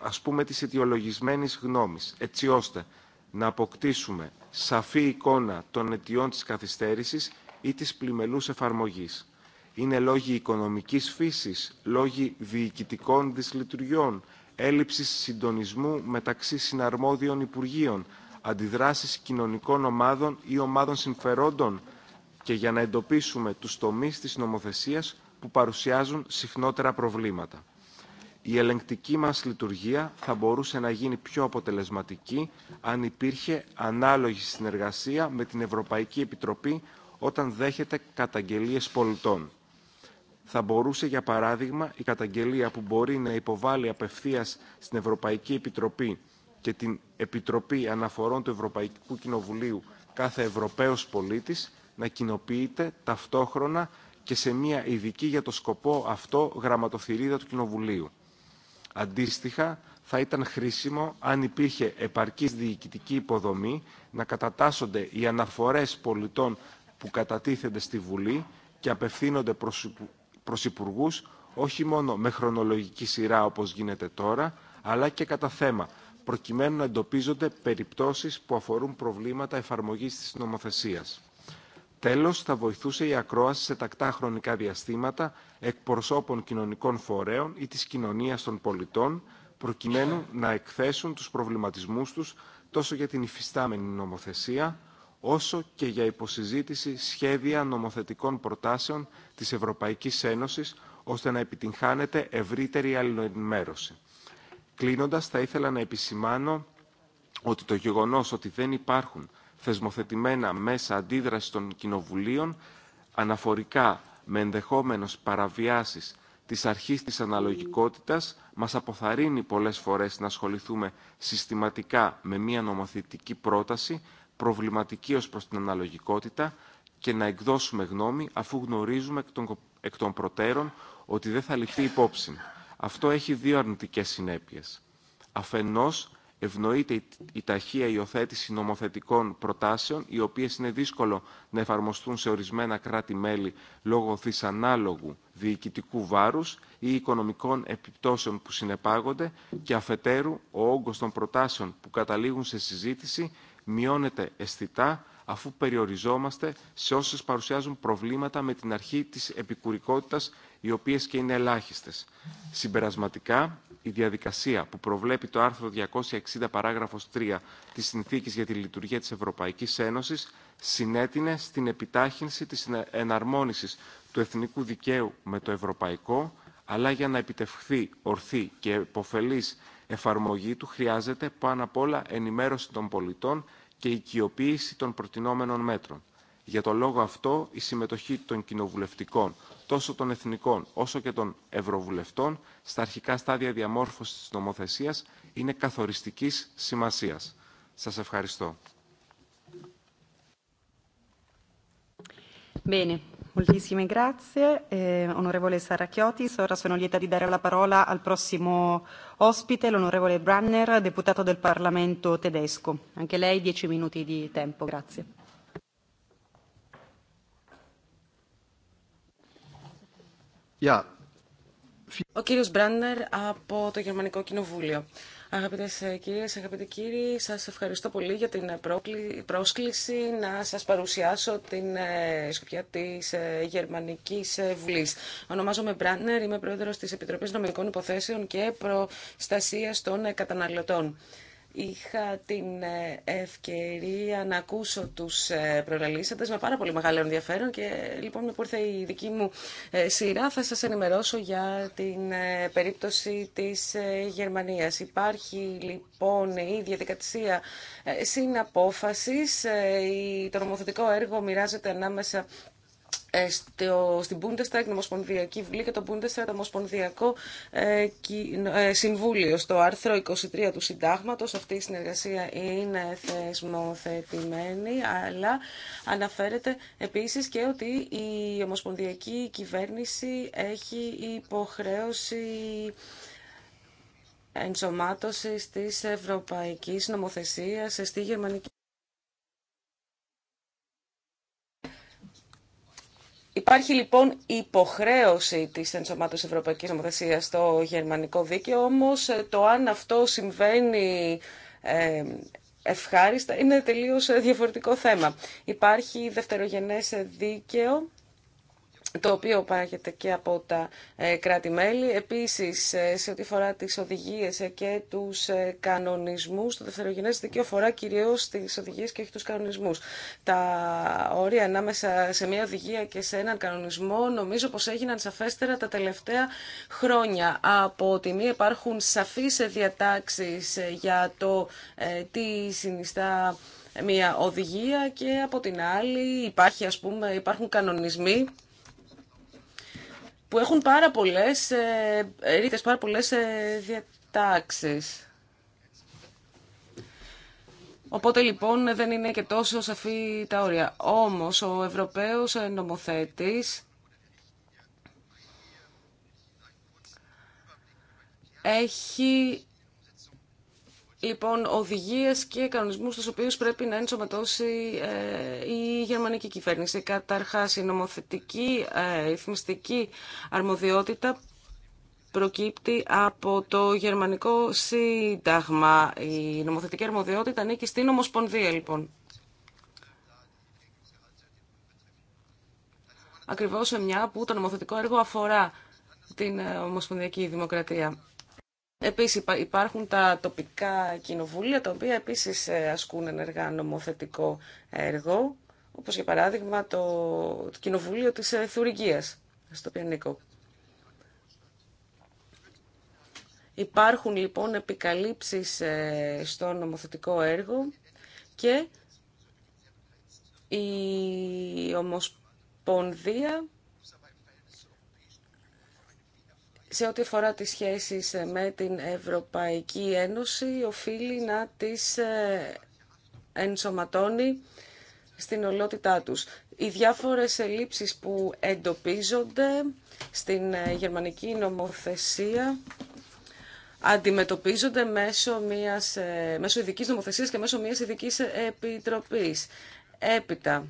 [SPEAKER 8] ας, πούμε της αιτιολογισμένης γνώμης, έτσι ώστε να αποκτήσουμε σαφή εικόνα των αιτιών της καθυστέρησης ή της πλημελούς εφαρμογής. Είναι λόγοι οικονομικής φύσης, λόγοι διοικητικών δυσλειτουργιών, έλλειψης συντονισμού μεταξύ συναρμόδιων Υπουργείων, αντιδράσεις κοινωνικών ομάδων ή ομάδων συμφερόντων και για να εντοπίσουμε τους τομείς της νομοθεσίας που παρουσιάζουν συχνότερα προβλήματα. Η ελεγκτική μας λειτουργία θα μπορούσε να γίνει πιο αποτελεσματική αν υπήρχε ανάλογη συνεργασία με την Ευρωπαϊκή Επιτροπή όταν δέχεται καταγγελίες πολιτών θα μπορούσε, για παράδειγμα, η καταγγελία που μπορεί να υποβάλει απευθεία στην Ευρωπαϊκή Επιτροπή και την Επιτροπή Αναφορών του Ευρωπαϊκού Κοινοβουλίου κάθε Ευρωπαίος πολίτης να κοινοποιείται ταυτόχρονα και σε μια ειδική για το σκοπό αυτό γραμματοθυρίδα του Κοινοβουλίου. Αντίστοιχα, θα ήταν χρήσιμο, αν υπήρχε επαρκής διοικητική υποδομή, να κατατάσσονται οι αναφορές πολιτών που κατατίθενται στη Βουλή και απευθύνονται προς υπουργού, όχι μόνο με χρονολογική σειρά όπως γίνεται τώρα, αλλά και κατά θέμα, προκειμένου να εντοπίζονται περιπτώσεις που αφορούν προβλήματα εφαρμογής της νομοθεσίας. Τέλος, θα βοηθούσε η ακρόαση σε τακτά χρονικά διαστήματα εκπροσώπων κοινωνικών φορέων ή της κοινωνίας των πολιτών, προκειμένου να εκθέσουν τους προβληματισμούς τους τόσο για την υφιστάμενη νομοθεσία, όσο και για υποσυζήτηση σχέδια νομοθετικών προτάσεων της Ευρωπαϊκής Ένωσης, ώστε να επιτυγχάνεται ευρύτερη αλληλοενημέρωση. Κλείνοντας, θα ήθελα να επισημάνω ότι το γεγονός ότι δεν υπάρχουν θεσμοθετημένα μέσα αντίδραση των κοινοβουλίων αναφορικά με ενδεχόμενος παραβιάσεις της αρχής της αναλογικότητας μας αποθαρρύνει πολλές φορές να ασχοληθούμε συστηματικά με μια νομοθετική πρόταση προβληματική ως προς την αναλογικότητα και να εκδώσουμε γνώμη αφού γνωρίζουμε εκ των, προτέρων ότι δεν θα ληφθεί υπόψη. Αυτό έχει δύο αρνητικές συνέπειες. Αφενός, ευνοείται η ταχεία υιοθέτηση νομοθετικών προτάσεων, οι οποίες είναι δύσκολο να εφαρμοστούν σε ορισμένα κράτη-μέλη λόγω δυσανάλογου διοικητικού βάρους ή οικονομικών επιπτώσεων που συνεπάγονται και αφετέρου ο όγκος των προτάσεων που καταλήγουν σε συζήτηση μειώνεται αισθητά αφού περιοριζόμαστε σε όσες παρουσιάζουν προβλήματα με την αρχή της επικουρικότητας, οι οποίες και είναι ελάχιστες. Συμπερασματικά, η διαδικασία που προβλέπει το άρθρο 260 παράγραφος 3 της Συνθήκης για τη Λειτουργία της Ευρωπαϊκής Ένωσης συνέτεινε στην επιτάχυνση της εναρμόνισης του εθνικού δικαίου με το ευρωπαϊκό, αλλά για να επιτευχθεί ορθή και υποφελής εφαρμογή του χρειάζεται πάνω απ' όλα ενημέρωση των πολιτών και οικειοποίηση των προτινόμενων μέτρων. Για τον λόγο αυτό, η συμμετοχή των κοινοβουλευτικών, τόσο των εθνικών όσο και των ευρωβουλευτών, στα αρχικά στάδια διαμόρφωσης της νομοθεσίας είναι καθοριστικής σημασίας. Σας ευχαριστώ.
[SPEAKER 7] Bene. Moltissime grazie, eh, onorevole Chiotis. Ora sono lieta di dare la parola al prossimo ospite, l'onorevole Branner, deputato del Parlamento tedesco. Anche lei dieci minuti
[SPEAKER 5] di tempo. Grazie. Ο κύριος Μπράντερ από το Γερμανικό Κοινοβούλιο. Αγαπητέ ε, κύριε, αγαπητοί κύριοι, σας ευχαριστώ πολύ για την ε, πρόσκληση να σας παρουσιάσω την ε, σκοπιά της Γερμανικής βουλή. Ονομάζομαι Μπράντνερ, είμαι πρόεδρος της Επιτροπής Νομικών Υποθέσεων και Προστασίας των Καταναλωτών. Είχα την ε, ευκαιρία να ακούσω τους ε, προλαλήσαντες με πάρα πολύ μεγάλο ενδιαφέρον και λοιπόν που ήρθε η δική μου ε, σειρά θα σας ενημερώσω για την περίπτωση της Γερμανίας. Υπάρχει λοιπόν η διαδικασία συναπόφασης, το νομοθετικό έργο μοιράζεται ανάμεσα ε, στο, στην Bundestag, Νομοσπονδιακή Ομοσπονδιακή Βουλή και το Bundestag, το Ομοσπονδιακό ε, ε, Συμβούλιο. Στο άρθρο 23 του Συντάγματος αυτή η συνεργασία είναι θεσμοθετημένη, αλλά αναφέρεται επίσης και ότι η Ομοσπονδιακή Κυβέρνηση έχει υποχρέωση ενσωμάτωσης της ευρωπαϊκής νομοθεσίας στη γερμανική Υπάρχει λοιπόν υποχρέωση της ενσωμάτωσης Ευρωπαϊκής Νομοθεσίας στο γερμανικό δίκαιο, όμως ε, το αν αυτό συμβαίνει ε, ευχάριστα είναι τελείως ε, διαφορετικό θέμα. Υπάρχει δευτερογενές δίκαιο το οποίο παράγεται και από τα ε, κράτη-μέλη. Επίσης, ε, σε ό,τι φορά τις οδηγίες ε, και τους κανονισμούς, το δευτερογενές δικαίωμα φορά κυρίως τις οδηγίες και όχι τους κανονισμούς. Τα όρια ανάμεσα σε μια οδηγία και σε έναν κανονισμό νομίζω πως έγιναν σαφέστερα τα τελευταία χρόνια. Από τη μία υπάρχουν σαφείς διατάξεις για το τι συνιστά μια οδηγία και από την άλλη υπάρχει, ας πούμε, υπάρχουν κανονισμοί που έχουν πάρα πολλές ε, πάρα πολλές ε, διατάξεις. Οπότε λοιπόν δεν είναι και τόσο σαφή τα όρια. Όμως ο Ευρωπαίος νομοθέτης έχει λοιπόν οδηγίες και κανονισμούς στους οποίους πρέπει να ενσωματώσει ε, η γερμανική κυβέρνηση. Καταρχάς η νομοθετική ε, ρυθμιστική αρμοδιότητα προκύπτει από το γερμανικό σύνταγμα. Η νομοθετική αρμοδιότητα ανήκει στην Ομοσπονδία λοιπόν. Ακριβώς σε μια που το νομοθετικό έργο αφορά την ε, Ομοσπονδιακή Δημοκρατία. Επίσης υπάρχουν τα τοπικά κοινοβούλια, τα οποία επίσης ε, ασκούν ενεργά νομοθετικό έργο, όπως για παράδειγμα το, το κοινοβούλιο της ε, Θουρυγγίας, στο Πιανίκο. Υπάρχουν λοιπόν επικαλύψεις ε, στο νομοθετικό έργο και η Ομοσπονδία σε ό,τι αφορά τις σχέσεις ε, με την Ευρωπαϊκή Ένωση, οφείλει να τις ε, ενσωματώνει στην ολότητά τους. Οι διάφορες ελλείψεις που εντοπίζονται στην ε, γερμανική νομοθεσία αντιμετωπίζονται μέσω, μιας, μέσω ειδικής νομοθεσίας και μέσω μιας ειδικής επιτροπής. Έπειτα,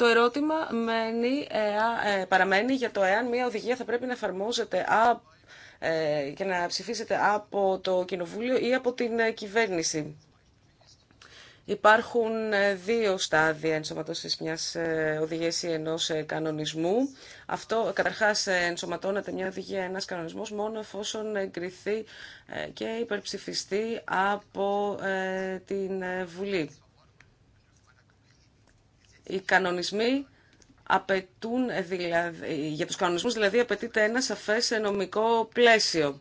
[SPEAKER 5] Το ερώτημα μένει, ε, ε, παραμένει για το εάν μια οδηγία θα πρέπει να εφαρμόζεται α, ε, και να ψηφίσετε από το Κοινοβούλιο ή από την κυβέρνηση. Υπάρχουν δύο στάδια ενσωματώσεις μιας οδηγίας ή ενός κανονισμού. Αυτό καταρχάς ενσωματώνεται μια οδηγία, ένας κανονισμός μόνο εφόσον εγκριθεί και υπερψηφιστεί από την Βουλή. Οι κανονισμοί απαιτούν, ε, δηλαδή, για τους κανονισμούς δηλαδή απαιτείται ένα σαφές ε, νομικό πλαίσιο.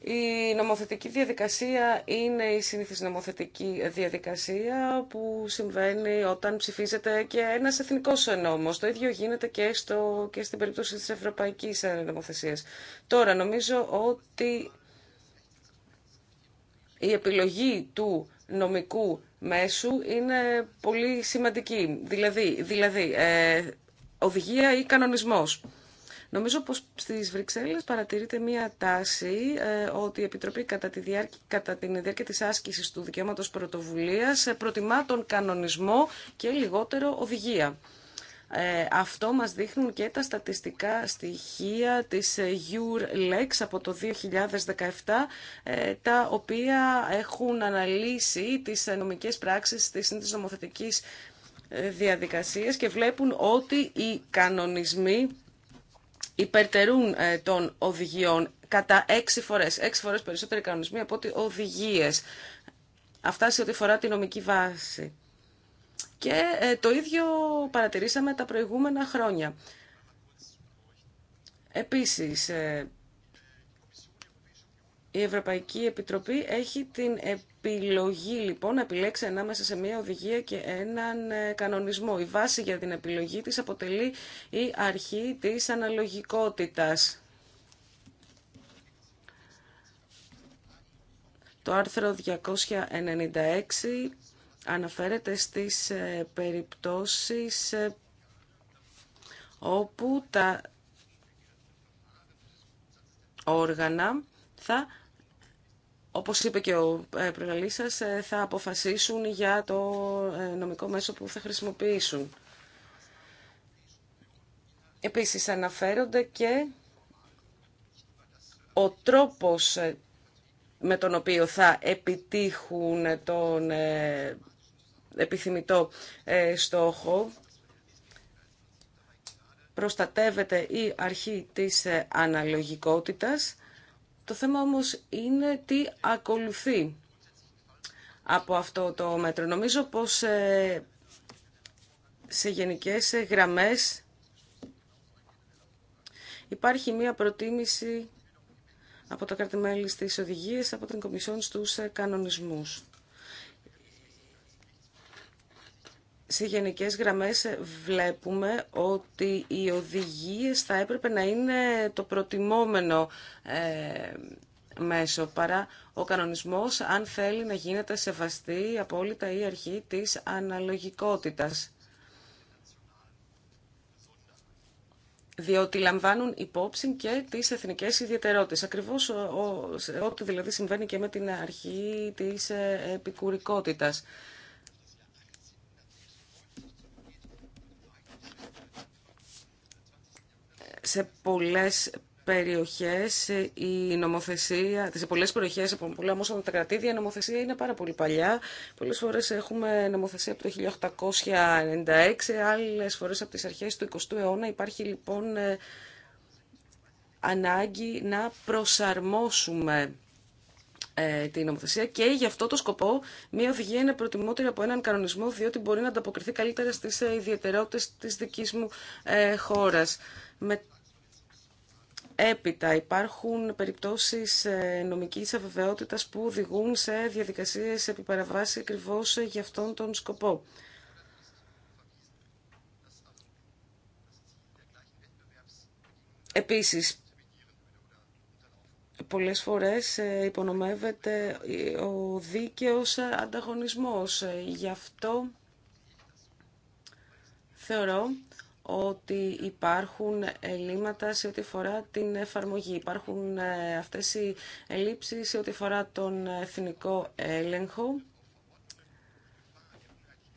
[SPEAKER 5] Η νομοθετική διαδικασία είναι η συνήθις νομοθετική διαδικασία που συμβαίνει όταν ψηφίζεται και ένας εθνικός νόμος. Το ίδιο γίνεται και, στο, και στην περίπτωση της ευρωπαϊκής νομοθεσίας. Τώρα νομίζω ότι η επιλογή του νομικού μέσου είναι πολύ σημαντική. Δηλαδή, δηλαδή ε, οδηγία ή κανονισμός. Νομίζω πως στις Βρυξέλλες παρατηρείται μία τάση ε, ότι η Επιτροπή κατά, τη διάρκεια, την διάρκεια της άσκησης του δικαιώματος πρωτοβουλίας ε, προτιμά τον κανονισμό και λιγότερο οδηγία. Ε, αυτό μας δείχνουν και τα στατιστικά στοιχεία της ε, EURLEX από το 2017, ε, τα οποία έχουν αναλύσει τις νομικές πράξεις της νομοθετικής διαδικασίας και βλέπουν ότι οι κανονισμοί υπερτερούν των οδηγιών κατά έξι φορές. Έξι φορές περισσότεροι κανονισμοί από ότι οδηγίες. Αυτά σε ό,τι φορά τη νομική βάση. Και ε, το ίδιο παρατηρήσαμε τα προηγούμενα χρόνια. Επίσης, ε, η Ευρωπαϊκή Επιτροπή έχει την επιλογή λοιπόν να επιλέξει ανάμεσα σε μια οδηγία και έναν ε, κανονισμό. Η βάση για την επιλογή της αποτελεί η αρχή της αναλογικότητας. Το άρθρο 296 αναφέρεται στις ε, περιπτώσεις ε, όπου τα όργανα θα, όπως είπε και ο ε, προγραλής σας, θα αποφασίσουν για το νομικό μέσο που θα χρησιμοποιήσουν. Επίσης αναφέρονται και ο τρόπος με τον οποίο θα επιτύχουν τον επιθυμητό ε, στόχο. Προστατεύεται η αρχή της ε, αναλογικότητας. Το θέμα όμως είναι τι ακολουθεί από αυτό το μέτρο. Νομίζω πως ε, σε γενικές γραμμές υπάρχει μία προτίμηση από τα κράτη-μέλη στις από την Κομισιόν στους κανονισμούς. σε γενικές γραμμές ε, βλέπουμε ότι οι οδηγίες θα έπρεπε να είναι το προτιμόμενο ε, μέσο παρά ο κανονισμός αν θέλει να γίνεται σεβαστή απόλυτα η αρχή της αναλογικότητας. διότι λαμβάνουν υπόψη και τις εθνικές ιδιαιτερότητες. Ακριβώς ό,τι δηλαδή συμβαίνει και με την αρχή της ε, επικουρικότητας. σε πολλές περιοχές η νομοθεσία, σε πολλές περιοχές, από πολλά όμως τα κρατήδια, η νομοθεσία είναι πάρα πολύ παλιά. Πολλές φορές έχουμε νομοθεσία από το 1896, άλλες φορές από τις αρχές του 20ου αιώνα. Υπάρχει λοιπόν ε, ανάγκη να προσαρμόσουμε ε, την νομοθεσία και γι' αυτό το σκοπό μια οδηγία είναι προτιμότερη από έναν κανονισμό διότι μπορεί να ανταποκριθεί καλύτερα στις ε, ιδιαιτερότητες της δικής μου χώρας. Με Έπειτα υπάρχουν περιπτώσεις ε, νομικής αβεβαιότητας που οδηγούν σε διαδικασίες επιπαραβάση ακριβώ για αυτόν τον σκοπό. Επίσης, πολλές φορές ε, υπονομεύεται ε, ο δίκαιος ανταγωνισμός. Γι' αυτό θεωρώ ότι υπάρχουν ελλείμματα σε ό,τι αφορά την εφαρμογή. Υπάρχουν ε, αυτές οι ελλείψεις σε ό,τι αφορά τον εθνικό έλεγχο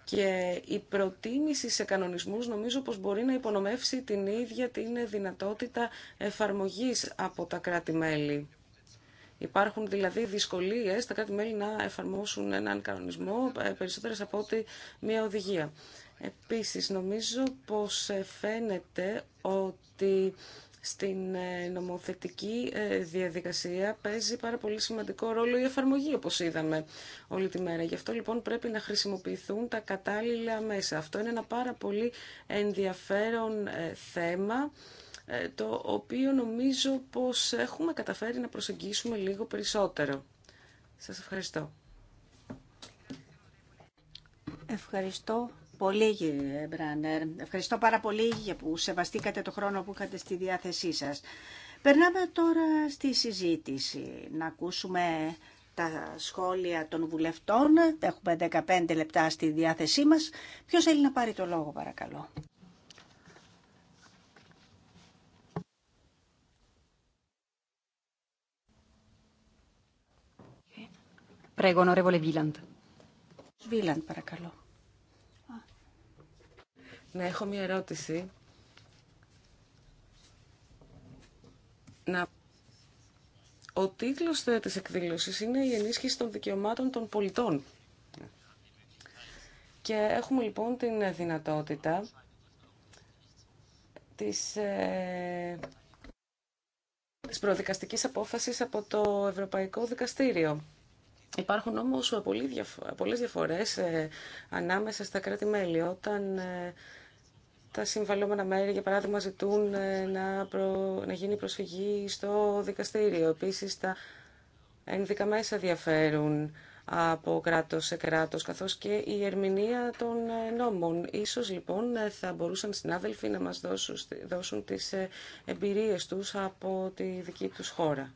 [SPEAKER 5] και η προτίμηση σε κανονισμούς νομίζω πως μπορεί να υπονομεύσει την ίδια την δυνατότητα εφαρμογής από τα κράτη-μέλη. Υπάρχουν δηλαδή δυσκολίες τα κράτη-μέλη να εφαρμόσουν έναν κανονισμό ε, περισσότερες από ότι μια οδηγία. Επίσης, νομίζω πως ε, φαίνεται ότι στην ε, νομοθετική ε, διαδικασία παίζει πάρα πολύ σημαντικό ρόλο η εφαρμογή, όπως είδαμε όλη τη μέρα. Γι' αυτό λοιπόν πρέπει να χρησιμοποιηθούν τα κατάλληλα μέσα. Αυτό είναι ένα πάρα πολύ ενδιαφέρον θέμα, το οποίο νομίζω πως έχουμε καταφέρει να προσεγγίσουμε λίγο περισσότερο. Σας ευχαριστώ.
[SPEAKER 4] Ευχαριστώ
[SPEAKER 5] πολύ, κύριε
[SPEAKER 4] Μπράνερ. Ευχαριστώ πάρα πολύ που σεβαστήκατε το χρόνο που είχατε στη διάθεσή σας. Περνάμε τώρα στη συζήτηση. Να ακούσουμε τα σχόλια των βουλευτών. Έχουμε 15 λεπτά στη διάθεσή μας. Ποιος θέλει να πάρει το λόγο,
[SPEAKER 5] παρακαλώ. Πρέγω, Βίλαντ. Βίλαντ, παρακαλώ να έχω μια ερώτηση. Να... Ο τίτλος της εκδήλωσης είναι «Η ενίσχυση των δικαιωμάτων των πολιτών». Και έχουμε λοιπόν την δυνατότητα της, ε, της προδικαστικής απόφασης από το Ευρωπαϊκό Δικαστήριο. Υπάρχουν όμως πολλές διαφορές ε, ανάμεσα στα κράτη-μέλη. Όταν ε, τα συμβαλόμενα μέρη, για παράδειγμα, ζητούν ε, να, να γίνει προσφυγή στο δικαστήριο. Επίσης, τα ένδικα μέσα διαφέρουν από κράτος σε κράτος, καθώς και η ερμηνεία των ε, νόμων. Ίσως λοιπόν ε, θα μπορούσαν συνάδελφοι να μας δώσουν, δώσουν τις εμπειρίες τους από τη δική τους χώρα.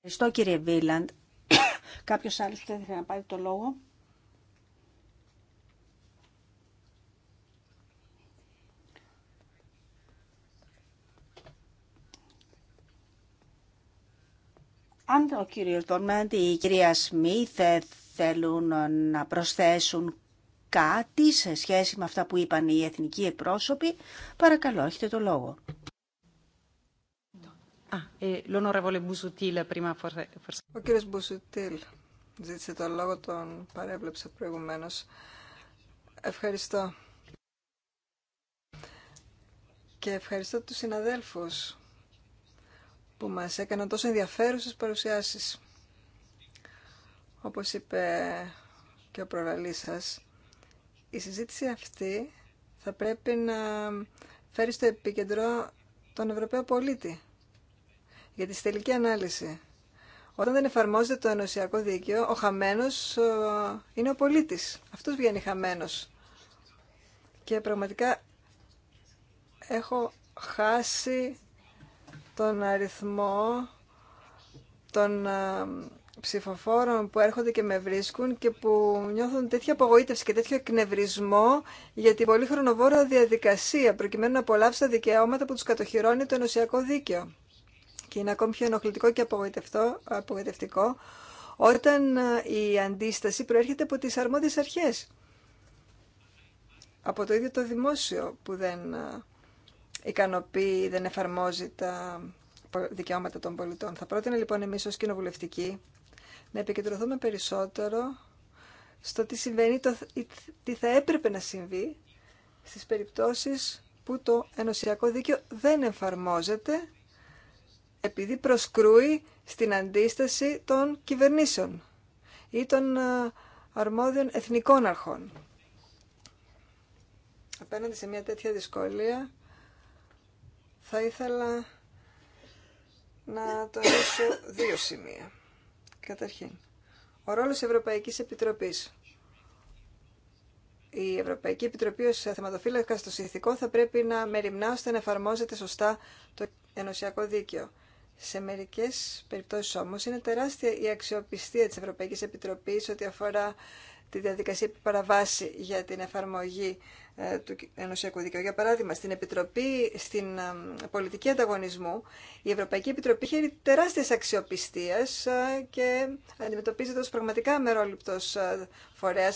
[SPEAKER 4] Ευχαριστώ κύριε Κάποιος άλλος που θέλει να πάρει το λόγο. Αν ο κύριος Δόρμαντ ή η κυρία Σμίθ θέλουν να προσθέσουν κάτι σε σχέση με αυτά που είπαν οι εθνικοί εκπρόσωποι, παρακαλώ, έχετε το λόγο.
[SPEAKER 7] Ε, ο κύριος Μπουσουτήλ ζήτησε το λόγο, τον παρέβλεψα προηγουμένως. Ευχαριστώ. Και ευχαριστώ τους συναδέλφους που μας έκαναν τόσο ενδιαφέρουσες παρουσιάσεις. Όπως είπε και ο προλαλής σας, η συζήτηση αυτή θα πρέπει να φέρει στο επίκεντρο τον Ευρωπαίο πολίτη. Για τη τελική ανάλυση, όταν δεν εφαρμόζεται το ενωσιακό δίκαιο, ο χαμένος είναι ο πολίτης. Αυτός βγαίνει χαμένος. Και πραγματικά έχω χάσει τον αριθμό των ε, ψηφοφόρων που έρχονται και με βρίσκουν και που νιώθουν τέτοια απογοήτευση και τέτοιο εκνευρισμό για την πολύ χρονοβόρα διαδικασία προκειμένου να απολαύσουν τα δικαιώματα που τους κατοχυρώνει το ενωσιακό δίκαιο. Και είναι ακόμη πιο ενοχλητικό και απογοητευτικό όταν ε, η αντίσταση προέρχεται από τις αρμόδιες αρχές. Από το ίδιο το δημόσιο που δεν ε, ικανοποιεί, δεν εφαρμόζει τα δικαιώματα των πολιτών. Θα πρότεινα λοιπόν εμείς ως κοινοβουλευτικοί να επικεντρωθούμε περισσότερο στο τι συμβαίνει, το, τι θα έπρεπε να συμβεί στις περιπτώσεις που το ενωσιακό δίκαιο δεν εφαρμόζεται επειδή προσκρούει στην αντίσταση των κυβερνήσεων ή των ε, αρμόδιων εθνικών αρχών. Απέναντι σε μια τέτοια δυσκολία θα ήθελα να τονίσω δύο σημεία. Καταρχήν, ο ρόλος Ευρωπαϊκής Επιτροπής. Η Ευρωπαϊκή Επιτροπή ως θεματοφύλακα στο συνθηκό θα πρέπει να μεριμνά ώστε να εφαρμόζεται σωστά το ενωσιακό δίκαιο. Σε μερικέ περιπτώσεις όμως είναι τεράστια η αξιοπιστία της Ευρωπαϊκής Επιτροπής ό,τι αφορά τη διαδικασία παραβάσει για την εφαρμογή ε, του ενωσιακού δικαίου. Για παράδειγμα, στην, Επιτροπή, στην ε, πολιτική ανταγωνισμού, η Ευρωπαϊκή Επιτροπή είχε τεράστιε αξιοπιστία ε, και αντιμετωπίζεται ω πραγματικά αμερόληπτο φορέα,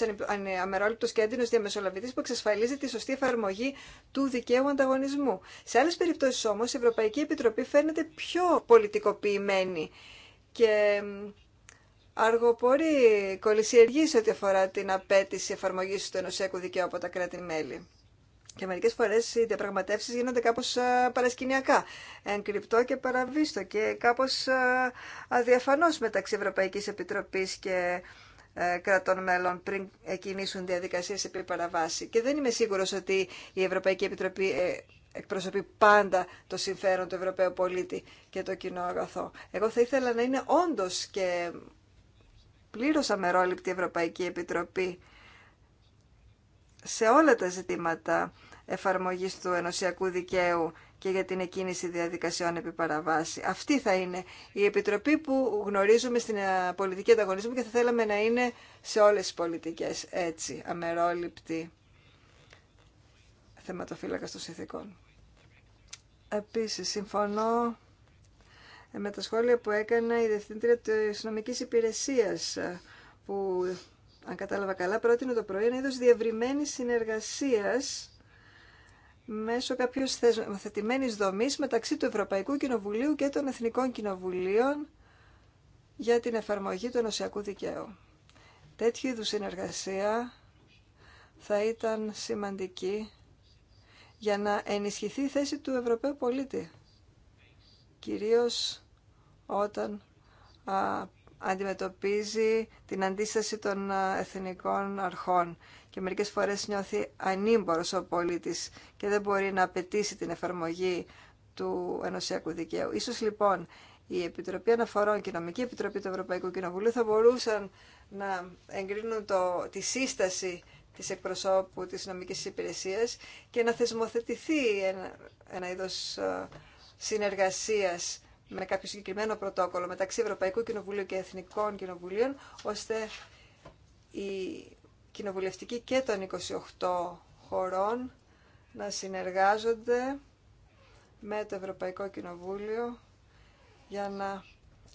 [SPEAKER 7] αμερόληπτο και έντονο διαμεσολαβητή που εξασφαλίζει τη σωστή εφαρμογή του δικαίου ανταγωνισμού. Σε άλλε περιπτώσει όμω, η Ευρωπαϊκή Επιτροπή φαίνεται πιο πολιτικοποιημένη και αργοπορεί, κολυσιεργή σε ό,τι αφορά την απέτηση εφαρμογή του ενωσιακού δικαίου από τα κράτη-μέλη. Και μερικέ φορέ οι διαπραγματεύσει γίνονται κάπω παρασκηνιακά, εγκρυπτό και παραβίστο και κάπω αδιαφανώ μεταξύ Ευρωπαϊκή Επιτροπή και ε, κρατών μέλων πριν κινήσουν διαδικασίε επί παραβάση. Και δεν είμαι σίγουρο ότι η Ευρωπαϊκή Επιτροπή ε, εκπροσωπεί πάντα το συμφέρον του Ευρωπαίου πολίτη και το κοινό αγαθό. Εγώ θα ήθελα να είναι όντω και πλήρως αμερόληπτη Ευρωπαϊκή Επιτροπή σε όλα τα ζητήματα εφαρμογής του ενωσιακού δικαίου και για την εκκίνηση διαδικασιών επί παραβάση. Αυτή θα είναι η Επιτροπή που γνωρίζουμε στην ε, πολιτική ανταγωνισμού και θα θέλαμε να είναι σε όλες τις πολιτικές έτσι, αμερόληπτη θεματοφύλακα των συνθήκων. Επίσης, συμφωνώ με τα σχόλια που έκανε η Διευθύντρια της Νομικής Υπηρεσίας ε, που, αν κατάλαβα καλά, πρότεινε το πρωί ένα είδος διευρυμένης συνεργασίας μέσω κάποιου θεσμοθετημένη δομή μεταξύ του Ευρωπαϊκού Κοινοβουλίου και των Εθνικών Κοινοβουλίων για την εφαρμογή του ενωσιακού δικαίου. Τέτοιου είδου συνεργασία θα ήταν σημαντική για να ενισχυθεί η θέση του Ευρωπαίου πολίτη, κυρίως όταν α, αντιμετωπίζει την αντίσταση των εθνικών αρχών και μερικές φορές νιώθει ανήμπορος ο πολίτης και δεν μπορεί να απαιτήσει την εφαρμογή του ενωσιακού δικαίου. Ίσως λοιπόν η Επιτροπή Αναφορών και η Νομική Επιτροπή του Ευρωπαϊκού Κοινοβουλίου θα μπορούσαν να εγκρίνουν το, τη σύσταση της εκπροσώπου της νομικής υπηρεσίας και να θεσμοθετηθεί ένα, ένα είδος συνεργασίας με κάποιο συγκεκριμένο πρωτόκολλο μεταξύ Ευρωπαϊκού Κοινοβουλίου και Εθνικών Κοινοβουλίων, ώστε οι κοινοβουλευτικοί και των 28 χωρών να συνεργάζονται με το Ευρωπαϊκό Κοινοβούλιο για να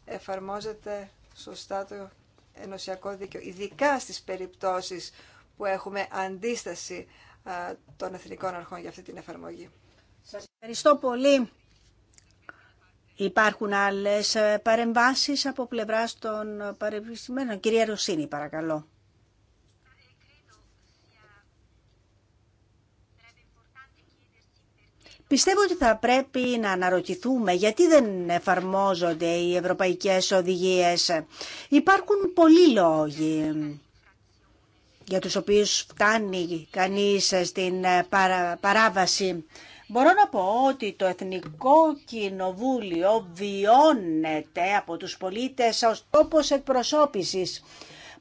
[SPEAKER 7] εφαρμόζεται σωστά το ενωσιακό δίκαιο, ειδικά στις περιπτώσεις που έχουμε αντίσταση των εθνικών αρχών για αυτή την εφαρμογή. Σας ευχαριστώ πολύ
[SPEAKER 4] Υπάρχουν άλλες ε, παρεμβάσεις από πλευράς των παρεμπιστημένων. Κυρία Ρωσίνη, παρακαλώ. Πιστεύω ότι θα πρέπει να αναρωτηθούμε γιατί δεν εφαρμόζονται οι ευρωπαϊκές οδηγίες. Υπάρχουν πολλοί λόγοι για τους οποίους φτάνει κανείς στην ε, παράβαση Μπορώ να πω ότι το Εθνικό Κοινοβούλιο βιώνεται από τους πολίτες ως τόπος εκπροσώπησης.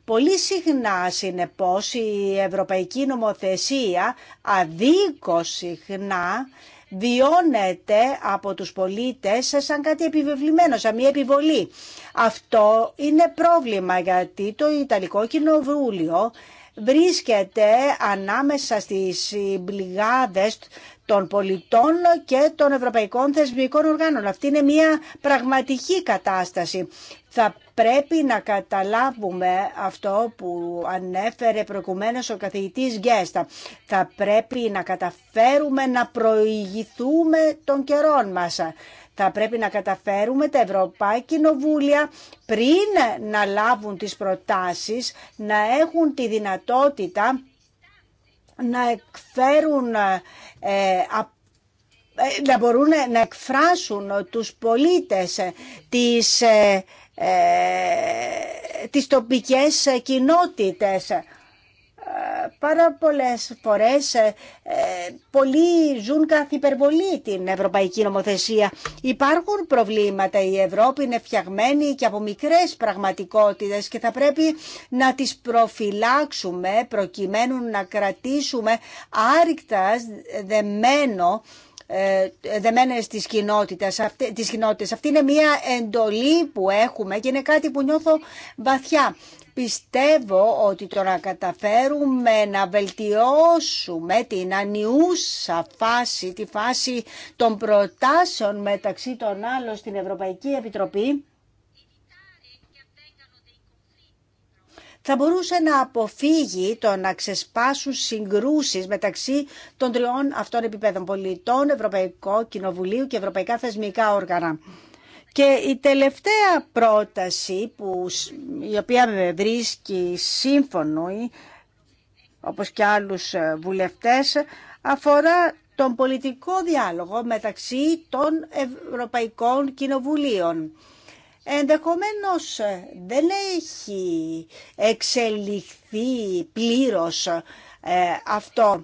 [SPEAKER 4] Πολύ συχνά, συνεπώς, η Ευρωπαϊκή Νομοθεσία αδίκως συχνά βιώνεται από τους πολίτες σαν κάτι επιβεβλημένο, σαν μια επιβολή. Αυτό είναι πρόβλημα γιατί το Ιταλικό Κοινοβούλιο βρίσκεται ανάμεσα στις πληγάδες των πολιτών και των ευρωπαϊκών θεσμικών οργάνων. Αυτή είναι μια πραγματική κατάσταση. Θα πρέπει να καταλάβουμε αυτό που ανέφερε προηγουμένως ο καθηγητής Γκέστα. Θα πρέπει να καταφέρουμε να προηγηθούμε των καιρών μας. Θα πρέπει να καταφέρουμε τα Ευρωπαϊκή Κοινοβούλια πριν να λάβουν τις προτάσεις, να έχουν τη δυνατότητα να εκφέρουν ε, ε, ε, να μπορούν να εκφράσουν τους πολίτες τις, τις τοπικές κοινότητες πάρα πολλές φορές ε, ε, πολλοί ζουν καθ' υπερβολή την ευρωπαϊκή νομοθεσία. Υπάρχουν προβλήματα. Η Ευρώπη είναι φτιαγμένη και από μικρές πραγματικότητες και θα πρέπει να τις προφυλάξουμε προκειμένου να κρατήσουμε άρρηκτα δεμένο ε, δεμένες της κοινότητας, αυτή, Αυτή είναι μια εντολή που έχουμε και είναι κάτι που νιώθω βαθιά. Πιστεύω ότι το να καταφέρουμε να βελτιώσουμε την ανιούσα φάση, τη φάση των προτάσεων μεταξύ των άλλων στην Ευρωπαϊκή Επιτροπή, θα μπορούσε να αποφύγει το να ξεσπάσουν συγκρούσει μεταξύ των τριών αυτών επιπέδων πολιτών, Ευρωπαϊκό Κοινοβουλίου και Ευρωπαϊκά Θεσμικά Όργανα. Και η τελευταία πρόταση, που, η οποία με βρίσκει σύμφωνο, όπως και άλλους ε, βουλευτές, αφορά τον πολιτικό διάλογο μεταξύ των Ευρωπαϊκών Κοινοβουλίων ενδεχομένως ε, δεν έχει εξελιχθεί πλήρως ε, αυτό.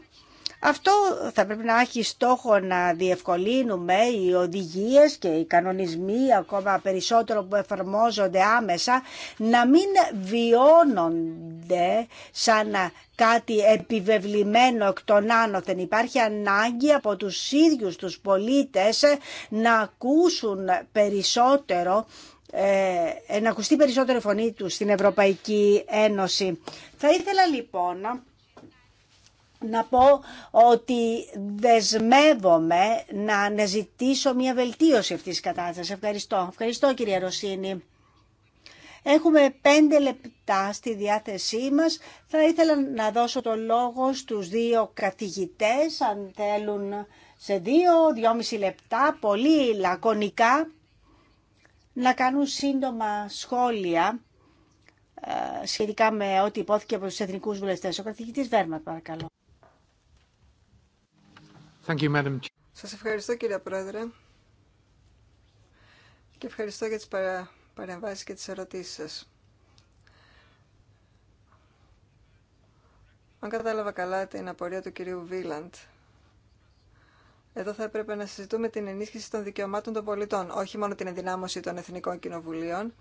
[SPEAKER 4] Αυτό θα πρέπει να έχει στόχο να διευκολύνουμε οι οδηγίες και οι κανονισμοί ακόμα περισσότερο που εφαρμόζονται άμεσα να μην βιώνονται σαν κάτι επιβεβλημένο εκ των άνωθεν. Υπάρχει ανάγκη από τους ίδιους τους πολίτες να ακούσουν περισσότερο ε, να ακουστεί περισσότερο φωνή του στην Ευρωπαϊκή Ένωση. Θα ήθελα λοιπόν να πω ότι δεσμεύομαι να αναζητήσω μια βελτίωση αυτής της κατάστασης. Ευχαριστώ. Ευχαριστώ κύριε Ρωσίνη. Έχουμε πέντε λεπτά στη διάθεσή μας. Θα ήθελα να δώσω το λόγο στους δύο καθηγητές, αν θέλουν σε δύο, δυόμιση λεπτά, πολύ λακωνικά να κάνουν σύντομα σχόλια ε, σχετικά με ό,τι υπόθηκε από τους εθνικούς βουλευτές. Ο καθηγητής Βέρμα, παρακαλώ.
[SPEAKER 8] Thank
[SPEAKER 7] Σας ευχαριστώ, κύριε Πρόεδρε. Και ευχαριστώ για τις παρεμβάσεις και τις ερωτήσεις σας. Αν κατάλαβα καλά την απορία του κυρίου Βίλαντ εδώ θα έπρεπε να συζητούμε την ενίσχυση των δικαιωμάτων των πολιτών, όχι μόνο την ενδυνάμωση των εθνικών κοινοβουλίων,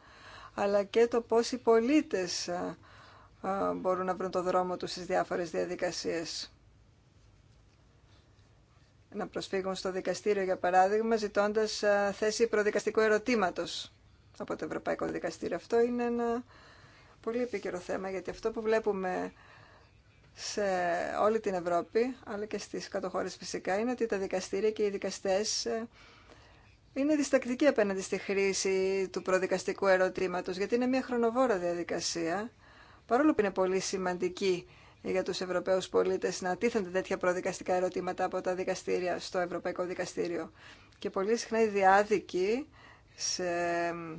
[SPEAKER 7] αλλά και το πώς οι πολίτες ε, ε, μπορούν να βρουν το δρόμο τους στις διάφορες διαδικασίες. Να προσφύγουν στο δικαστήριο, για παράδειγμα, ζητώντας ε, θέση προδικαστικού ερωτήματος από το Ευρωπαϊκό Δικαστήριο. Αυτό είναι ένα πολύ επίκαιρο θέμα, γιατί αυτό που βλέπουμε σε όλη την Ευρώπη, αλλά και στις κατοχώρες φυσικά, είναι ότι τα δικαστήρια και οι δικαστές ε, είναι διστακτικοί απέναντι στη χρήση του προδικαστικού ερωτήματος, γιατί είναι μια χρονοβόρα διαδικασία, παρόλο που είναι πολύ σημαντική για τους Ευρωπαίους πολίτες να τίθενται τέτοια προδικαστικά ερωτήματα από τα δικαστήρια στο Ευρωπαϊκό Δικαστήριο. Και πολύ συχνά οι διάδικοι σε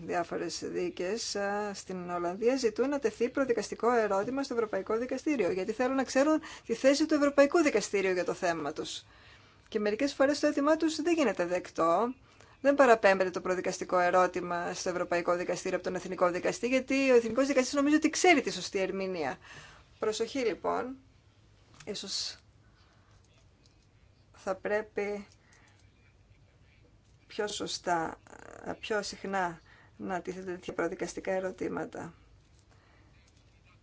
[SPEAKER 7] διάφορες δίκες στην Ολλανδία ζητούν να τεθεί προδικαστικό ερώτημα στο Ευρωπαϊκό Δικαστήριο γιατί θέλουν να ξέρουν τη θέση του Ευρωπαϊκού Δικαστήριου για το θέμα τους. Και μερικές φορές το αίτημά τους δεν γίνεται δεκτό. Δεν παραπέμπεται το προδικαστικό ερώτημα στο Ευρωπαϊκό Δικαστήριο από τον Εθνικό Δικαστή, γιατί ο εθνικό Δικαστής νομίζω ότι ξέρει τη σωστή ερμηνεία. Προσοχή λοιπόν, ίσως θα πρέπει πιο σωστά, πιο συχνά να τίθεται τέτοια προδικαστικά ερωτήματα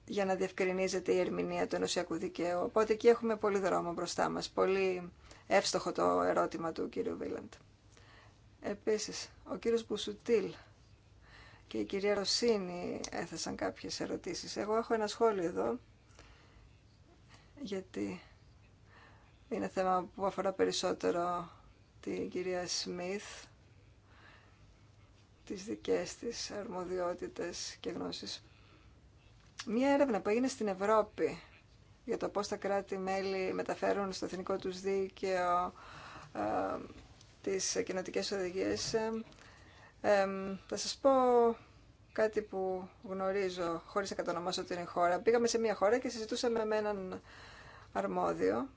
[SPEAKER 7] για να διευκρινίζεται η ερμηνεία του ενωσιακού δικαίου. Οπότε εκεί έχουμε πολύ δρόμο μπροστά μας. Πολύ εύστοχο το ερώτημα του κύριου Βίλαντ. Επίσης, ο κύριος Μπουσουτήλ και η κυρία Ρωσίνη έθεσαν κάποιες ερωτήσεις. Εγώ έχω ένα σχόλιο εδώ, γιατί είναι θέμα που αφορά περισσότερο την κυρία Σμιθ τις δικές της αρμοδιότητες και γνώσεις. Μία έρευνα που έγινε στην Ευρώπη για το πώς τα κράτη-μέλη μεταφέρουν στο εθνικό τους δίκαιο ε, τις κοινοτικές οδηγίες. Ε, ε, θα σας πω κάτι που γνωρίζω χωρίς να κατανομάσω την χώρα. Πήγαμε σε μία χώρα και συζητούσαμε με έναν αρμόδιο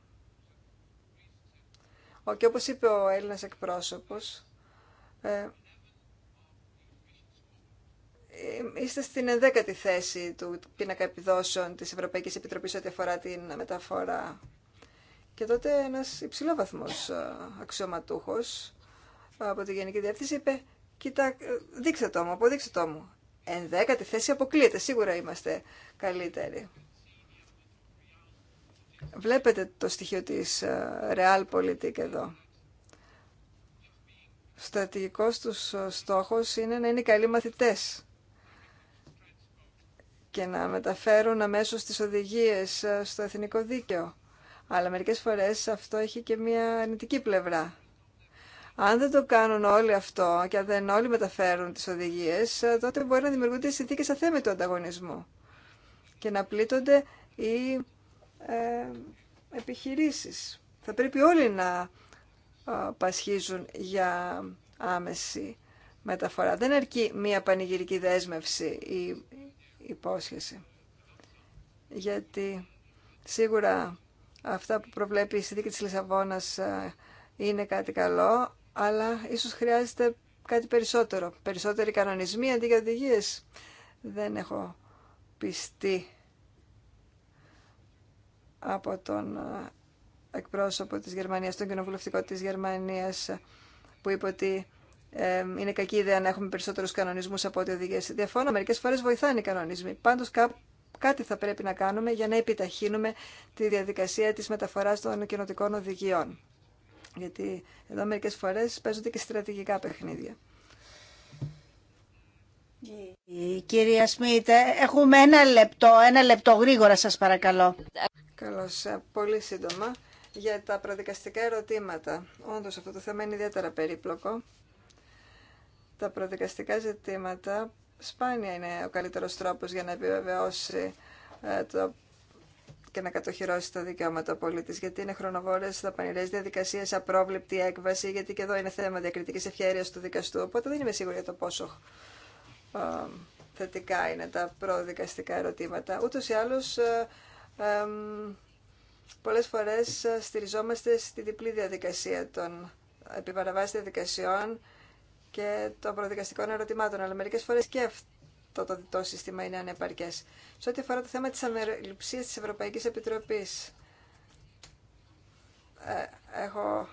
[SPEAKER 7] και όπως είπε ο Έλληνας εκπρόσωπος, ε, είστε στην ενδέκατη θέση του πίνακα επιδόσεων της Ευρωπαϊκής Επιτροπής ό,τι αφορά την μεταφορά. Και τότε ένας υψηλόβαθμος ε, αξιωματούχος ε, από τη Γενική Διεύθυνση είπε «Κοίτα, ε, δείξτε το μου, αποδείξε το μου». Ενδέκατη θέση αποκλείεται, σίγουρα είμαστε καλύτεροι. Βλέπετε το στοιχείο της ε, Realpolitik εδώ. Στρατηγικός τους ε, στόχος είναι να είναι καλοί μαθητές και να μεταφέρουν αμέσως τις οδηγίες ε, στο εθνικό δίκαιο. Αλλά μερικές φορές αυτό έχει και μια αρνητική πλευρά. Αν δεν το κάνουν όλοι αυτό και αν δεν όλοι μεταφέρουν τις οδηγίες, τότε μπορεί να δημιουργούνται συνθήκες αθέμη ανταγωνισμού και να πλήττονται οι ε, επιχειρήσεις. Θα πρέπει όλοι να ε, πασχίζουν για άμεση μεταφορά. Δεν αρκεί μία πανηγυρική δέσμευση ή υπόσχεση. Γιατί σίγουρα αυτά που προβλέπει η συνθήκη της Λισαβόνας ε, είναι κάτι καλό, αλλά ίσως χρειάζεται κάτι περισσότερο. Περισσότεροι κανονισμοί αντί για Δεν έχω πιστεί από τον ε, εκπρόσωπο της Γερμανίας, τον κοινοβουλευτικό της Γερμανίας, που είπε ότι ε, είναι κακή ιδέα να έχουμε περισσότερους κανονισμού από ό,τι οδηγίε. Διαφώνω, μερικέ φορέ βοηθάνε οι κανονισμοί. Πάντω κάτι θα πρέπει να κάνουμε για να επιταχύνουμε τη διαδικασία της μεταφοράς των κοινοτικών οδηγιών. Γιατί εδώ μερικές φορές, παίζονται και στρατηγικά παιχνίδια. Κυρία Σμίτ, ε, έχουμε ένα λεπτό, ένα
[SPEAKER 4] λεπτό γρήγορα σας παρακαλώ.
[SPEAKER 7] Καλώς. Ε, πολύ σύντομα για τα προδικαστικά ερωτήματα. Όντως αυτό το θέμα είναι ιδιαίτερα περίπλοκο. Τα προδικαστικά ζητήματα σπάνια είναι ο καλύτερος τρόπος για να επιβεβαιώσει ε, το και να κατοχυρώσει τα δικαιώματα πολίτη. Γιατί είναι χρονοβόρε, δαπανηρέ διαδικασίε, απρόβλεπτη έκβαση, γιατί και εδώ είναι θέμα διακριτική ευχαίρεια του δικαστού. Οπότε δεν είμαι σίγουρη για το πόσο ε, θετικά είναι τα προδικαστικά ερωτήματα. Ούτω ή άλλω πολλές φορές ε, στηριζόμαστε στη διπλή διαδικασία των επιβαραβάσεων διαδικασιών και των προδικαστικών ερωτημάτων, αλλά μερικές φορές και αυτό το διτό σύστημα είναι ανεπαρκές. Σε ό,τι αφορά το θέμα της αμεροληψίας της Ευρωπαϊκής Επιτροπής, ε, έχω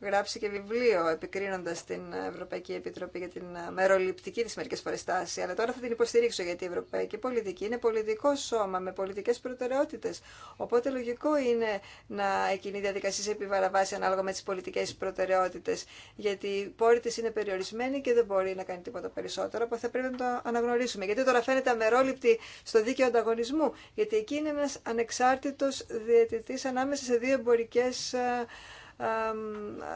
[SPEAKER 7] γράψει και βιβλίο επικρίνοντα την Ευρωπαϊκή Επιτροπή για την μεροληπτική τη μερικέ φορέ τάση. Αλλά τώρα θα την υποστηρίξω γιατί η Ευρωπαϊκή Πολιτική είναι πολιτικό σώμα με πολιτικέ προτεραιότητε. Οπότε λογικό είναι να εκείνη η διαδικασία σε επιβαραβάσει ανάλογα με τι πολιτικέ προτεραιότητε. Γιατί οι πόροι τη είναι περιορισμένοι και δεν μπορεί να κάνει τίποτα περισσότερο. Οπότε θα πρέπει να το αναγνωρίσουμε. Γιατί τώρα φαίνεται αμερόληπτη στο δίκαιο ανταγωνισμού. Γιατί εκεί είναι ένα ανεξάρτητο διαιτητή ανάμεσα σε δύο εμπορικέ ε,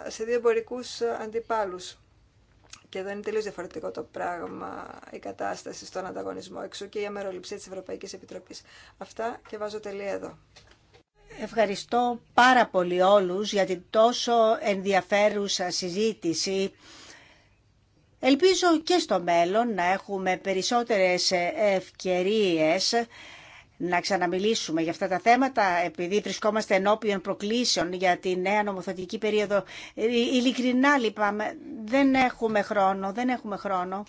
[SPEAKER 7] σε δύο εμπορικού αντιπάλους. Και εδώ είναι τελείως διαφορετικό το πράγμα, η κατάσταση στον ανταγωνισμό. έξω και η αμεροληψία της Ευρωπαϊκής Επιτροπής. Αυτά και βάζω τελεία εδώ.
[SPEAKER 4] Ευχαριστώ πάρα πολύ όλους για την τόσο ενδιαφέρουσα συζήτηση. Ελπίζω και στο μέλλον να έχουμε περισσότερες ευκαιρίες να ξαναμιλήσουμε για αυτά τα θέματα, επειδή βρισκόμαστε ενώπιον προκλήσεων για τη νέα νομοθετική περίοδο. Ε, ειλικρινά λυπάμαι, δεν έχουμε χρόνο, δεν έχουμε χρόνο.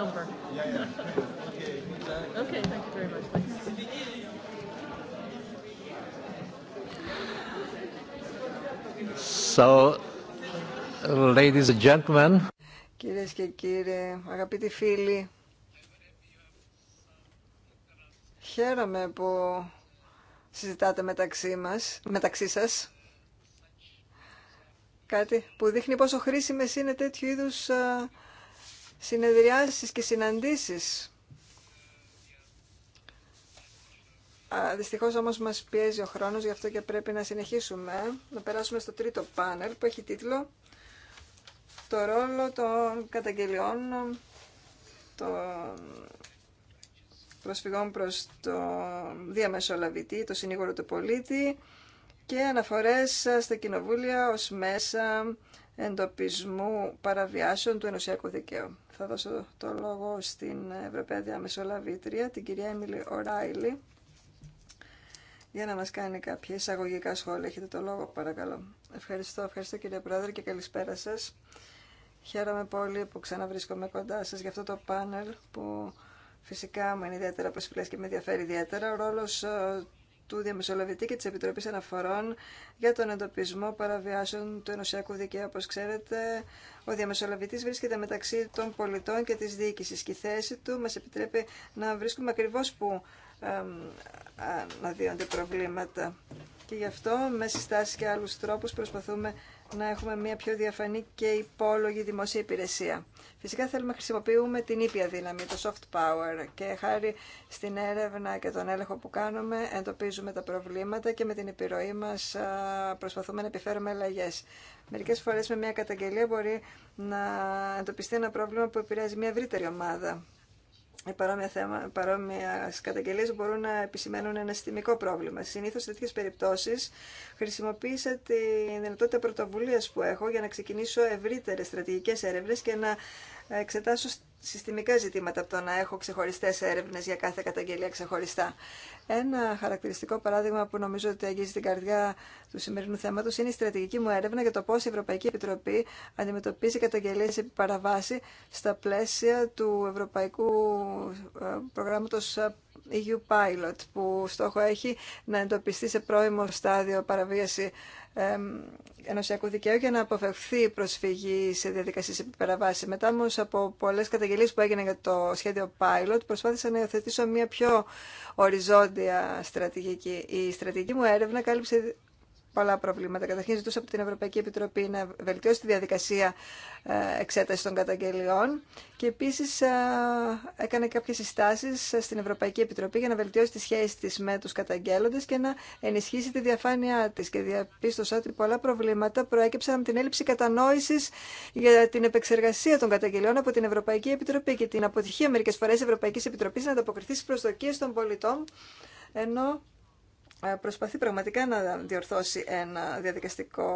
[SPEAKER 3] number. Okay, thank you very much. Thanks. So, ladies and gentlemen.
[SPEAKER 7] Κυρίες και κύριοι, αγαπητοί φίλοι, χαίρομαι που συζητάτε μεταξύ, μας, μεταξύ σας κάτι που δείχνει πόσο χρήσιμες είναι τέτοιου είδους συνεδριάσεις και συναντήσεις. Δυστυχώς όμως μας πιέζει ο χρόνος, γι' αυτό και πρέπει να συνεχίσουμε, να περάσουμε στο τρίτο πάνελ που έχει τίτλο «Το ρόλο των καταγγελιών των προσφυγών προς το διαμεσολαβητή, το συνήγορο του πολίτη και αναφορές στα κοινοβούλια ως μέσα εντοπισμού παραβιάσεων του ενωσιακού δικαίου θα δώσω το λόγο στην Ευρωπαία Διαμεσολαβήτρια, την κυρία Έμιλη Οράιλη, για να μας κάνει κάποια εισαγωγικά σχόλια. Έχετε το λόγο, παρακαλώ. Ευχαριστώ, ευχαριστώ κύριε Πρόεδρε και καλησπέρα σας. Χαίρομαι πολύ που ξαναβρίσκομαι κοντά σας για αυτό το πάνελ που φυσικά μου είναι ιδιαίτερα προσφυλές και με ενδιαφέρει ιδιαίτερα. Ο ρόλος ε, του Διαμεσολαβητή και τη Επιτροπή Αναφορών για τον εντοπισμό παραβιάσεων του ενωσιακού δικαίου. Όπως ξέρετε, ο Διαμεσολαβητής βρίσκεται μεταξύ των πολιτών και της διοίκηση και η θέση του μας επιτρέπει να βρίσκουμε ακριβώς που αναδύονται προβλήματα. Και γι' αυτό με συστάσει και άλλους τρόπους προσπαθούμε να έχουμε μια πιο διαφανή και υπόλογη δημόσια υπηρεσία. Φυσικά θέλουμε να χρησιμοποιούμε την ήπια δύναμη, το soft power και χάρη στην έρευνα και τον έλεγχο που κάνουμε εντοπίζουμε τα προβλήματα και με την επιρροή μας προσπαθούμε να επιφέρουμε αλλαγέ. Μερικές φορές με μια καταγγελία μπορεί να εντοπιστεί ένα πρόβλημα που επηρεάζει μια ευρύτερη ομάδα οι παρόμοια, θέμα, παρόμοια καταγγελίες μπορούν να επισημαίνουν ένα συστημικό πρόβλημα. Συνήθως σε τέτοιες περιπτώσεις χρησιμοποίησα τη δυνατότητα πρωτοβουλίας που έχω για να ξεκινήσω ευρύτερες στρατηγικές έρευνες και να εξετάσω συστημικά ζητήματα από το να έχω ξεχωριστέ έρευνε για κάθε καταγγελία ξεχωριστά. Ένα χαρακτηριστικό παράδειγμα που νομίζω ότι αγγίζει την καρδιά του σημερινού θέματο είναι η στρατηγική μου έρευνα για το πώ η Ευρωπαϊκή Επιτροπή αντιμετωπίζει καταγγελίε επί παραβάση στα πλαίσια του Ευρωπαϊκού ε, Προγράμματο EU Pilot που στόχο έχει να εντοπιστεί σε πρώιμο στάδιο παραβίαση ενωσιακού δικαίου για να αποφευχθεί προσφυγή σε διαδικασίε επιπεραβάση. Μετά όμω από πολλέ καταγγελίε που έγιναν για το σχέδιο Pilot, προσπάθησα να υιοθετήσω μια πιο οριζόντια στρατηγική. Η στρατηγική μου έρευνα κάλυψε πολλά προβλήματα. Καταρχήν ζητούσα από την Ευρωπαϊκή Επιτροπή να βελτιώσει τη διαδικασία ε, εξέταση των καταγγελιών και επίση ε, έκανε κάποιε συστάσει στην Ευρωπαϊκή Επιτροπή για να βελτιώσει τη σχέση τη με του καταγγέλλοντε και να ενισχύσει τη διαφάνειά τη. και διαπίστωσα ότι πολλά προβλήματα προέκυψαν από την έλλειψη κατανόηση για την επεξεργασία των καταγγελιών από την Ευρωπαϊκή Επιτροπή και την αποτυχία μερικέ φορέ Ευρωπαϊκή Επιτροπή να ανταποκριθεί στι προσδοκίε των πολιτών ενώ ε, προσπαθεί πραγματικά να διορθώσει ένα διαδικαστικό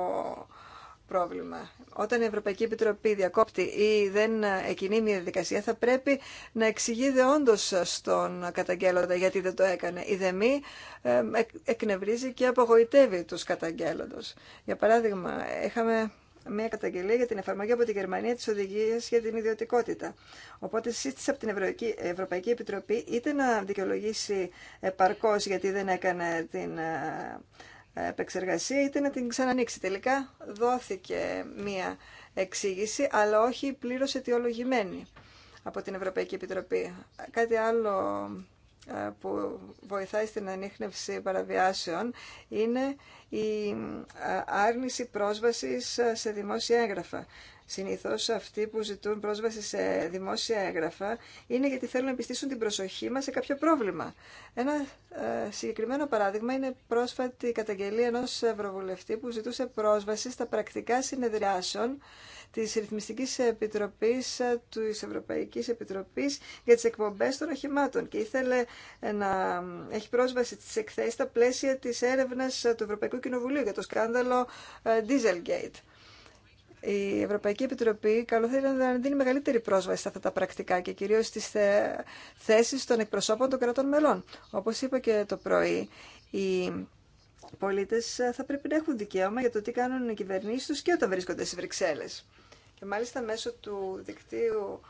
[SPEAKER 7] πρόβλημα. Όταν η Ευρωπαϊκή Επιτροπή διακόπτει ή δεν εκείνη μια διαδικασία, θα πρέπει να εξηγείται όντω στον καταγγέλλοντα γιατί δεν το έκανε. Η δεμή ε, εκνευρίζει και απογοητεύει τους καταγγέλλοντος. Για παράδειγμα, είχαμε μια καταγγελία για την εφαρμογή από τη Γερμανία τη οδηγία για την ιδιωτικότητα. Οπότε σύστησε από την Ευρωπαϊκή Επιτροπή είτε να δικαιολογήσει επαρκώ γιατί δεν έκανε την ε, επεξεργασία, είτε να την ξανανοίξει. Τελικά δόθηκε μια εξήγηση, αλλά όχι πλήρω αιτιολογημένη από την Ευρωπαϊκή Επιτροπή. Κάτι άλλο ε, που βοηθάει στην ανείχνευση παραβιάσεων είναι η ε, άρνηση πρόσβασης ε, σε δημόσια έγγραφα. Συνήθως αυτοί που ζητούν πρόσβαση σε δημόσια έγγραφα είναι γιατί θέλουν να πιστήσουν την προσοχή μας σε κάποιο πρόβλημα. Ένα συγκεκριμένο παράδειγμα είναι πρόσφατη καταγγελία ενός ευρωβουλευτή που ζητούσε πρόσβαση στα πρακτικά συνεδριάσεων της Ρυθμιστικής Επιτροπής ε, της Ευρωπαϊκής Επιτροπής για τις εκπομπές των οχημάτων και ήθελε ε, να ε, έχει πρόσβαση στις εκθέσεις στα πλαίσια της έρευνας του Ευρωπαϊκού Κοινοβουλίου για το σκάνδαλο Dieselgate. Η Ευρωπαϊκή Επιτροπή καλό θα να δίνει μεγαλύτερη πρόσβαση σε αυτά τα πρακτικά και κυρίως στις θέσει των εκπροσώπων των κρατών μελών. Όπω είπα και το πρωί, οι πολίτε θα πρέπει να έχουν δικαίωμα για το τι κάνουν οι κυβερνήσει του και όταν βρίσκονται στι Βρυξέλλε. Και μάλιστα μέσω του δικτύου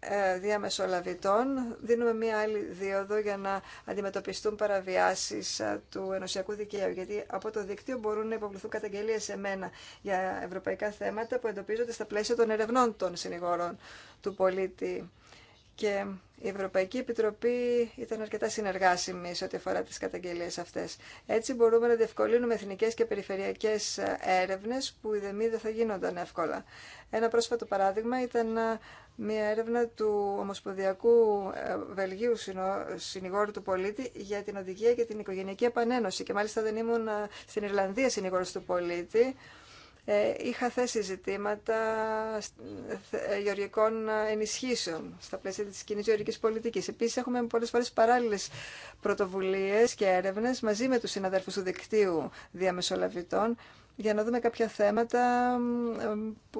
[SPEAKER 7] ε, διαμεσολαβητών δίνουμε μία άλλη δίωδο για να αντιμετωπιστούν παραβιάσεις του ενωσιακού δικαίου γιατί από το δίκτυο μπορούν να υποβληθούν καταγγελίες σε μένα για ευρωπαϊκά θέματα που εντοπίζονται στα πλαίσια των ερευνών των συνηγόρων του πολίτη και η Ευρωπαϊκή Επιτροπή ήταν αρκετά συνεργάσιμη σε ό,τι αφορά τις καταγγελίες αυτές. Έτσι μπορούμε να διευκολύνουμε εθνικές και περιφερειακές έρευνες που οι δεμοί δεν θα γίνονταν εύκολα. Ένα πρόσφατο παράδειγμα ήταν μια έρευνα του Ομοσπονδιακού ε, Βελγίου Συνηγόρου του Πολίτη για την οδηγία και την οικογενειακή επανένωση. Και μάλιστα δεν ήμουν ε, στην Ιρλανδία συνηγόρος του πολίτη, ε, είχα θέσει ζητήματα ε, γεωργικών ενισχύσεων στα πλαίσια της κοινή γεωργικής πολιτικής. Επίσης έχουμε πολλές φορές παράλληλες πρωτοβουλίες και έρευνες μαζί με τους συναδέλφους του δικτύου διαμεσολαβητών για να δούμε κάποια θέματα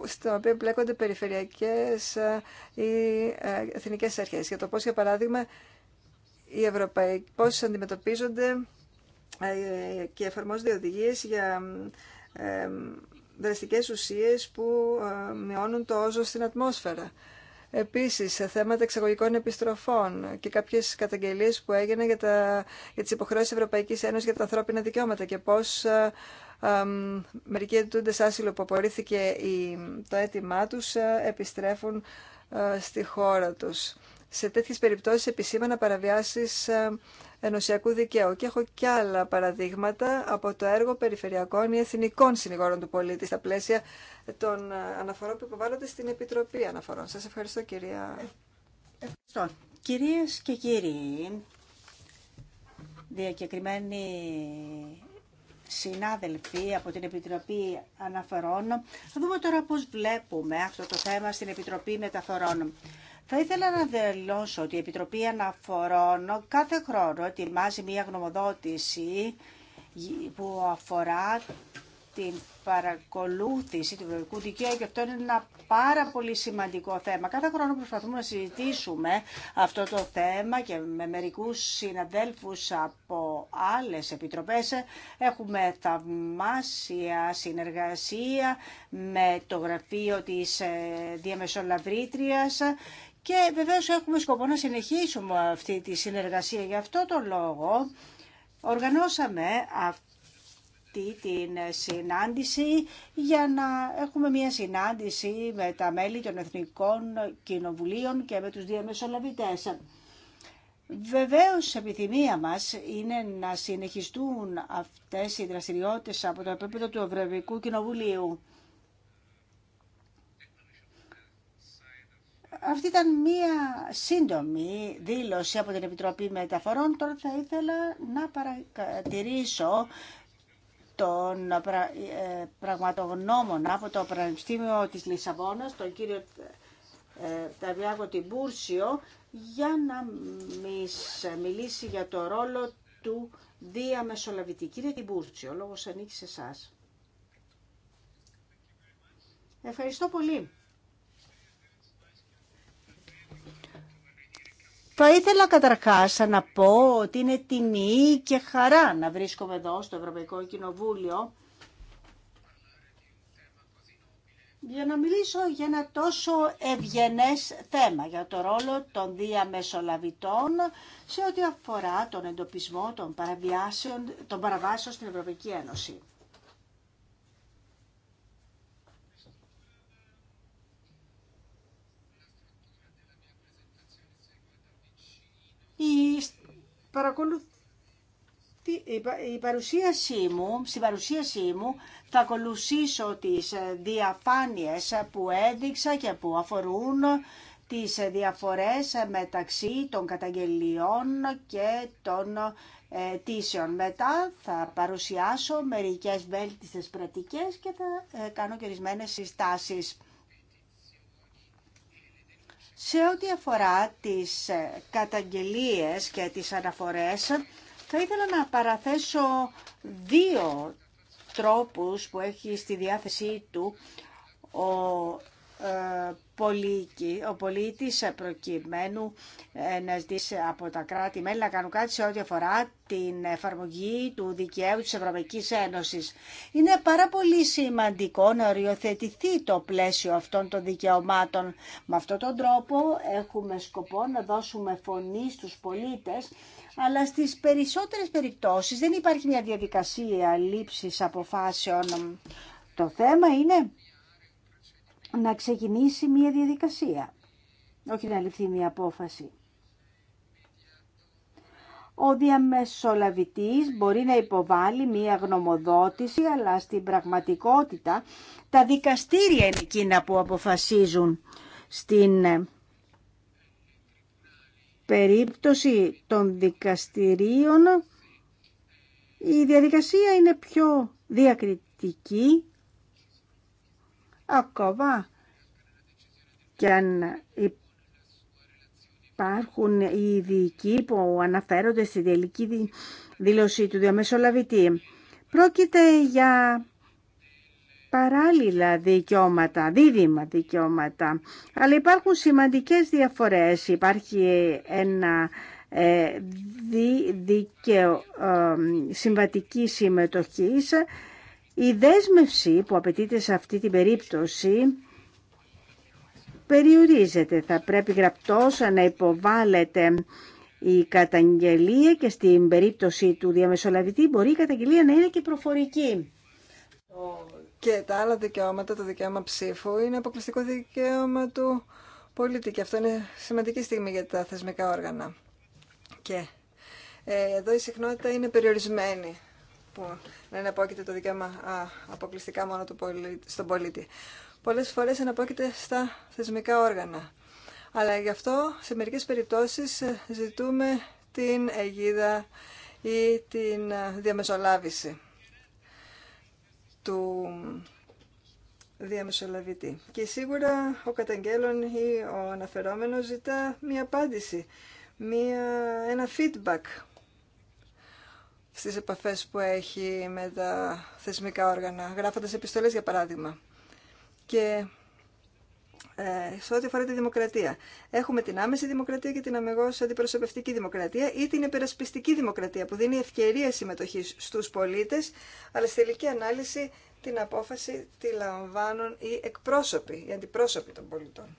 [SPEAKER 7] στα οποία μπλέκονται περιφερειακές ή ε, εθνικές αρχές. Για το πώς, για παράδειγμα, οι Ευρωπαϊκοί πώς αντιμετωπίζονται και εφαρμόζονται οδηγίες για δραστικές ουσίες που ε, μειώνουν το όζο στην ατμόσφαιρα. Επίσης, σε θέματα εξαγωγικών επιστροφών και κάποιες καταγγελίες που έγιναν για, για τις υποχρεώσεις Ευρωπαϊκής Ένωσης για τα ανθρώπινα δικαιώματα και πώς α, ε, α, ε, μερικοί ετούντες άσυλο που απορρίθηκε η, το αίτημά τους επιστρέφουν στη χώρα τους. Σε τέτοιες περιπτώσεις επισήμανα παραβιάσεις ενωσιακού δικαίου. Και έχω και άλλα παραδείγματα από το έργο περιφερειακών ή εθνικών συνηγόρων του πολίτη στα πλαίσια των ε, αναφορών που υποβάλλονται στην Επιτροπή Αναφορών. Σας ευχαριστώ κυρία.
[SPEAKER 4] Ευχαριστώ. Κυρίες και κύριοι, διακεκριμένοι συνάδελφοι από την Επιτροπή Αναφορών, θα δούμε τώρα πώς βλέπουμε αυτό το θέμα στην Επιτροπή Μεταφορών. Θα ήθελα να δηλώσω ότι η Επιτροπή Αναφορών κάθε χρόνο ετοιμάζει μια γνωμοδότηση που αφορά την παρακολούθηση του ευρωπαϊκού δικαίου και αυτό είναι ένα πάρα πολύ σημαντικό θέμα. Κάθε χρόνο προσπαθούμε να συζητήσουμε αυτό το θέμα και με μερικούς συναδέλφους από άλλες επιτροπές έχουμε θαυμάσια συνεργασία με το γραφείο της ε, Διαμεσολαβρήτριας και βεβαίω έχουμε σκοπό να συνεχίσουμε αυτή τη συνεργασία. Γι' αυτό το λόγο οργανώσαμε αυτή την συνάντηση για να έχουμε μια συνάντηση με τα μέλη των Εθνικών Κοινοβουλίων και με τους διαμεσολαβητές. Βεβαίως επιθυμία μας είναι να συνεχιστούν αυτές οι δραστηριότητες από το επίπεδο του Ευρωπαϊκού Κοινοβουλίου. Αυτή ήταν μία σύντομη δήλωση από την Επιτροπή Μεταφορών. Τώρα θα ήθελα να παρατηρήσω τον ε, πραγματογνώμονα από το Πανεπιστήμιο της Λισαβόνας, τον κύριο ε, Ταβιάγο Τιμπούρσιο, για να μιλήσει για το ρόλο του διαμεσολαβητή. Κύριε Τιμπούρσιο, ο λόγος ανήκει σε εσάς. Ευχαριστώ πολύ. Θα ήθελα καταρχάς να πω ότι είναι τιμή και χαρά να βρίσκομαι εδώ στο Ευρωπαϊκό Κοινοβούλιο για να μιλήσω για ένα τόσο ευγενές θέμα, για το ρόλο των διαμεσολαβητών σε ό,τι αφορά τον εντοπισμό των, παραβιάσεων, των παραβάσεων στην Ευρωπαϊκή Ένωση. Η, παρουσίασή μου, στην παρουσίασή μου θα ακολουθήσω τις ε, διαφάνειες που έδειξα και που αφορούν τις ε, διαφορές μεταξύ των καταγγελιών και των ε, αιτήσεων. Μετά θα παρουσιάσω μερικές βέλτιστες πρακτικές και θα κάνω και συστάσεις. Σε ό,τι αφορά τις ε, καταγγελίες και τις αναφορές, θα ήθελα να παραθέσω δύο τρόπους που έχει στη διάθεσή του ο ε, ο πολίτης προκειμένου ε, να ζητήσει από τα κράτη-μέλη να κάνουν κάτι σε ό,τι αφορά την εφαρμογή του δικαίου της Ευρωπαϊκής Ένωσης. Είναι πάρα πολύ σημαντικό να οριοθετηθεί το πλαίσιο αυτών των δικαιωμάτων. Με αυτόν τον τρόπο έχουμε σκοπό να δώσουμε φωνή στους πολίτες αλλά στις περισσότερες περιπτώσεις δεν υπάρχει μια διαδικασία λήψης αποφάσεων. Το θέμα είναι να ξεκινήσει μια διαδικασία, όχι να ληφθεί μια απόφαση. Ο διαμεσολαβητής μπορεί να υποβάλει μία γνωμοδότηση, αλλά στην πραγματικότητα τα δικαστήρια είναι εκείνα που αποφασίζουν στην περίπτωση των δικαστηρίων. Η διαδικασία είναι πιο διακριτική Ακόμα και αν υπάρχουν οι ειδικοί που αναφέρονται στη τελική δήλωση του διαμεσολαβητή. Πρόκειται για παράλληλα δικαιώματα, δίδυμα δικαιώματα, αλλά υπάρχουν σημαντικές διαφορές. Υπάρχει ένα ε, δίκαιο ε, συμβατική συμμετοχής η δέσμευση που απαιτείται σε αυτή την περίπτωση περιορίζεται. Θα πρέπει γραπτός να υποβάλλεται η καταγγελία και στην περίπτωση του διαμεσολαβητή μπορεί η καταγγελία να είναι και προφορική.
[SPEAKER 7] Και τα άλλα δικαιώματα, το δικαίωμα ψήφου, είναι αποκλειστικό δικαίωμα του πολίτη και αυτό είναι σημαντική στιγμή για τα θεσμικά όργανα. Και ε, εδώ η συχνότητα είναι περιορισμένη που να εναπόκειται το δικαίωμα αποκλειστικά μόνο του πολίτη, στον πολίτη. Πολλές φορές εναπόκειται στα θεσμικά όργανα. Αλλά γι' αυτό σε μερικές περιπτώσεις ε, ζητούμε την αιγίδα ή την ε, διαμεσολάβηση του διαμεσολαβητή. Και σίγουρα ο καταγγέλων ή ο αναφερόμενος ζητά μία απάντηση, μία, ένα feedback στις επαφές που έχει με τα θεσμικά όργανα, γράφοντας επιστολές για παράδειγμα. Και ε, σε ό,τι αφορά τη δημοκρατία. Έχουμε την άμεση δημοκρατία και την αμεγώς αντιπροσωπευτική δημοκρατία ή την υπερασπιστική δημοκρατία που δίνει ευκαιρία συμμετοχής στους πολίτες, αλλά στη τελική ανάλυση την απόφαση τη λαμβάνουν οι εκπρόσωποι, οι αντιπρόσωποι των πολιτών.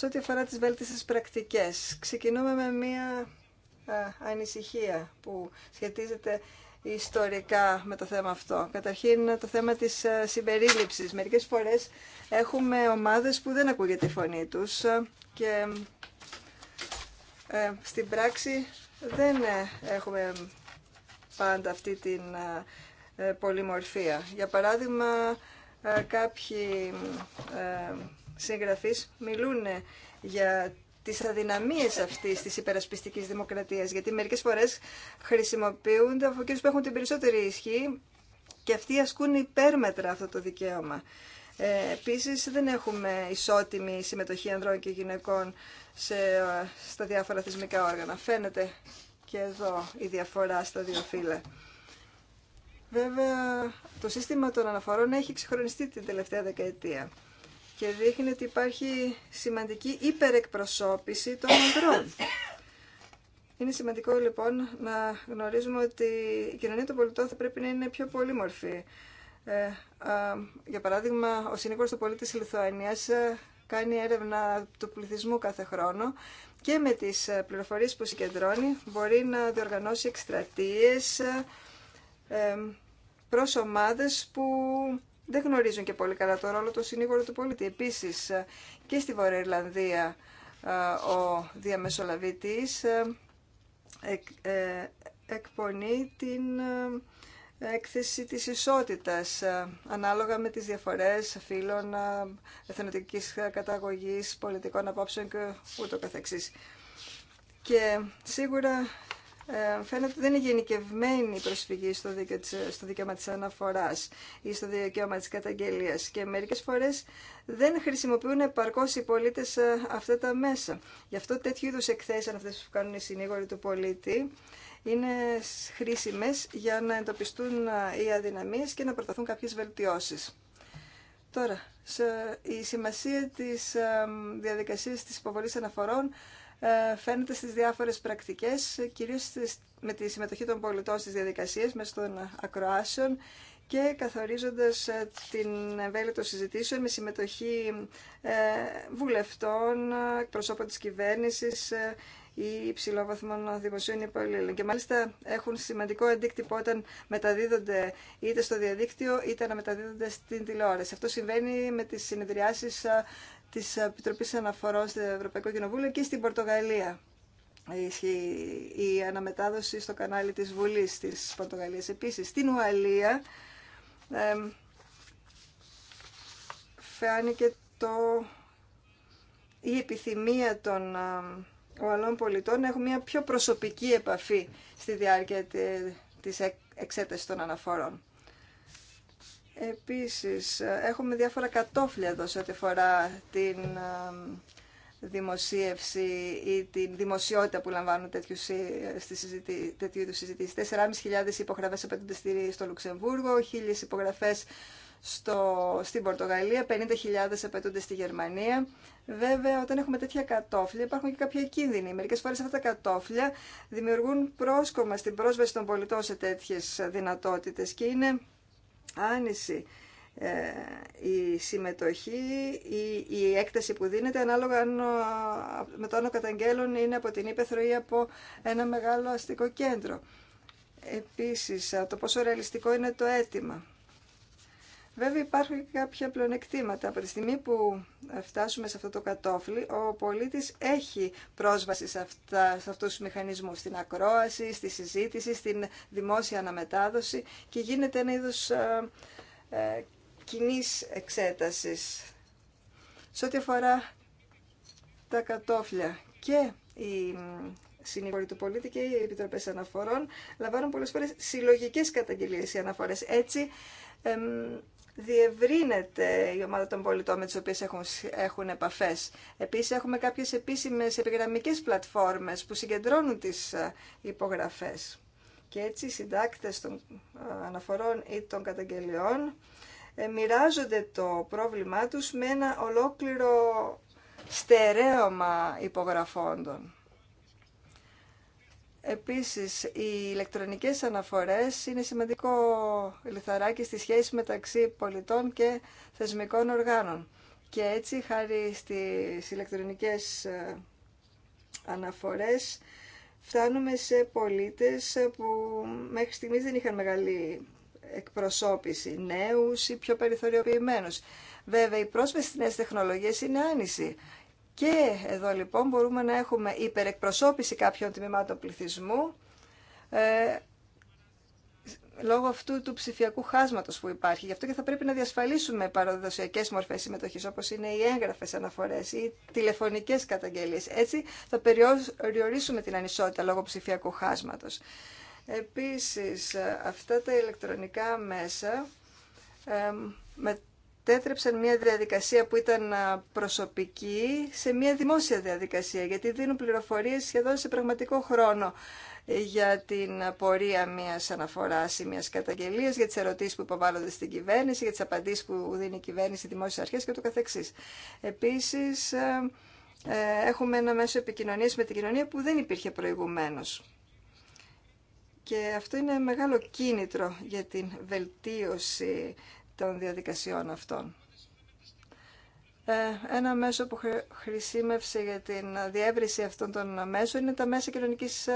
[SPEAKER 7] Σε ό,τι αφορά τις βέλτιστες πρακτικές, ξεκινούμε με μία ανησυχία που σχετίζεται ιστορικά με το θέμα αυτό. Καταρχήν το θέμα της συμπερίληψης. Μερικές φορές έχουμε ομάδες που δεν ακούγεται η φωνή τους και ε, στην πράξη δεν ε, έχουμε πάντα αυτή την ε, πολυμορφία. Για παράδειγμα, κάποιοι συγγραφείς μιλούν για τις αδυναμίες αυτής της υπερασπιστικής δημοκρατίας, γιατί μερικές φορές χρησιμοποιούνται από εκείνους που έχουν την περισσότερη ισχύ και αυτοί ασκούν υπέρμετρα αυτό το δικαίωμα. Ε, Επίση, δεν έχουμε ισότιμη συμμετοχή ανδρών και γυναικών σε, στα διάφορα θεσμικά όργανα. Φαίνεται και εδώ η διαφορά στα δύο φύλλα. Βέβαια, το σύστημα των αναφορών έχει ξεχρονιστεί την τελευταία δεκαετία και δείχνει ότι υπάρχει σημαντική υπερεκπροσώπηση των ανδρών. Είναι σημαντικό λοιπόν να γνωρίζουμε ότι η κοινωνία των πολιτών θα πρέπει να είναι πιο πολύμορφη. Ε, για παράδειγμα, ο συνήγορος του πολίτη της Λιθουανίας ε, κάνει έρευνα του πληθυσμού κάθε χρόνο και με τις ε, πληροφορίες που συγκεντρώνει μπορεί να διοργανώσει εκστρατείες προς ομάδες που δεν γνωρίζουν και πολύ καλά το ρόλο του συνήγορου του πολίτη. Επίσης ε, και στη Βόρεια Ιρλανδία ε, ο διαμεσολαβητής ε, εκπονεί την έκθεση της ισότητας ανάλογα με τις διαφορές φύλων, εθνοτικής καταγωγής, πολιτικών απόψεων και ούτω καθεξής. Και σίγουρα ε, φαίνεται ότι δεν είναι γενικευμένη η προσφυγή στο, δίκαιο της, στο δικαίωμα της αναφοράς ή στο δικαίωμα της καταγγελίας και μερικές φορές δεν χρησιμοποιούν επαρκώς οι πολίτες ε, αυτά τα μέσα. Γι' αυτό τέτοιου είδους εκθέσεις, αν αυτές που κάνουν οι συνήγοροι του πολίτη, είναι χρήσιμες για να εντοπιστούν ε, οι αδυναμίες και να προταθούν κάποιες βελτιώσεις. Τώρα, η σημασία της διαδικασίας της υποβολής αναφορών ε, φαίνεται στις διάφορες πρακτικές, κυρίως με τη συμμετοχή των πολιτών στις διαδικασίες, μέσα των ακροάσεων και καθορίζοντας ε, την βέλη των συζητήσεων με συμμετοχή ε, βουλευτών, προσώπων της κυβέρνησης ή υψηλόβαθμων δημοσίων υπαλλήλων. Και μάλιστα έχουν σημαντικό αντίκτυπο όταν μεταδίδονται είτε στο διαδίκτυο είτε να μεταδίδονται στην τηλεόραση. Αυτό συμβαίνει με τις συνεδριάσεις Τη Επιτροπή Αναφορών στο Ευρωπαϊκό Κοινοβούλιο και στην Πορτογαλία. Η αναμετάδοση στο κανάλι της Βουλής της Πορτογαλίας. Επίσης, στην Ουαλία ε, φάνηκε το, η επιθυμία των Ουαλών πολιτών να έχουν μια πιο προσωπική επαφή στη διάρκεια της εξέτασης των αναφορών. Επίσης, έχουμε διάφορα κατόφλια εδώ σε ό,τι αφορά την δημοσίευση ή την δημοσιότητα που λαμβάνουν στη τέτοιου είδους συζητήσεις. 4.500 υπογραφές απαιτούνται στο Λουξεμβούργο, 1.000 υπογραφές στο, στην Πορτογαλία, 50.000 απαιτούνται στη Γερμανία. Βέβαια, όταν έχουμε τέτοια κατόφλια, υπάρχουν και κάποια κίνδυνοι. Μερικέ φορέ αυτά τα κατόφλια δημιουργούν πρόσκομα στην πρόσβαση των πολιτών σε τέτοιε δυνατότητε και είναι άνηση ε, η συμμετοχή, η, η έκταση που δίνεται ανάλογα με το ο καταγγέλων είναι από την Ήπεθρο ή από ένα μεγάλο αστικό κέντρο. Επίσης, το πόσο ρεαλιστικό είναι το αίτημα. Βέβαια υπάρχουν και κάποια πλεονεκτήματα. Από τη στιγμή που φτάσουμε σε αυτό το κατόφλι, ο πολίτης έχει πρόσβαση σε, αυτά, σε αυτούς τους μηχανισμούς, στην ακρόαση, στη συζήτηση, στην δημόσια αναμετάδοση και γίνεται ένα είδος ε, ε κοινή εξέτασης. Σε ό,τι αφορά τα κατόφλια και η συνήγοροι του πολίτη και οι επιτροπέ αναφορών λαμβάνουν πολλέ φορέ συλλογικέ καταγγελίε ή αναφορέ. Έτσι, εμ, διευρύνεται η ομάδα των πολιτών με τις οποίες έχουν, έχουν επαφές. Επίσης έχουμε κάποιες επίσημες επιγραμμικές πλατφόρμες που συγκεντρώνουν τις ε, υπογραφές. Και έτσι οι συντάκτες των ε, αναφορών ή των καταγγελιών ε, μοιράζονται το πρόβλημά τους με ένα ολόκληρο στερέωμα υπογραφών Επίσης, οι ηλεκτρονικές αναφορές είναι σημαντικό λιθαράκι στη σχέση μεταξύ πολιτών και θεσμικών οργάνων. Και έτσι, χάρη στις ηλεκτρονικές ε, αναφορές, φτάνουμε σε πολίτες που μέχρι στιγμής δεν είχαν μεγάλη εκπροσώπηση, νέους ή πιο περιθωριοποιημένους. Βέβαια, η πρόσβαση στις νέες τεχνολογίες είναι άνηση, και εδώ λοιπόν μπορούμε να έχουμε υπερεκπροσώπηση κάποιων τμήματων πληθυσμού ε, λόγω αυτού του ψηφιακού χάσματος που υπάρχει. Γι' αυτό και θα πρέπει να διασφαλίσουμε παραδοσιακές μορφές συμμετοχής όπως είναι οι έγγραφες αναφορές ή τηλεφωνικές καταγγελίες. Έτσι θα περιορίσουμε την ανισότητα λόγω ψηφιακού χάσματος. Επίσης ε, αυτά τα ηλεκτρονικά μέσα ε, με μετέτρεψαν μια διαδικασία που ήταν προσωπική σε μια δημόσια διαδικασία, γιατί δίνουν πληροφορίες σχεδόν σε πραγματικό χρόνο ε, για την πορεία μιας αναφοράς ή μιας καταγγελίας, για τις ερωτήσεις που υποβάλλονται στην κυβέρνηση, για τις απαντήσεις που δίνει η κυβέρνηση, οι δημόσιες αρχές και το καθεξής. Επίσης, ε, ε, έχουμε ένα μέσο επικοινωνίας με την κοινωνία που δεν υπήρχε προηγουμένως. Και αυτό είναι μεγάλο κίνητρο για την βελτίωση των διαδικασιών αυτών. Ε, ένα μέσο που χρησιμεύσε για την διεύρυνση αυτών των μέσων είναι τα μέσα κοινωνική ε,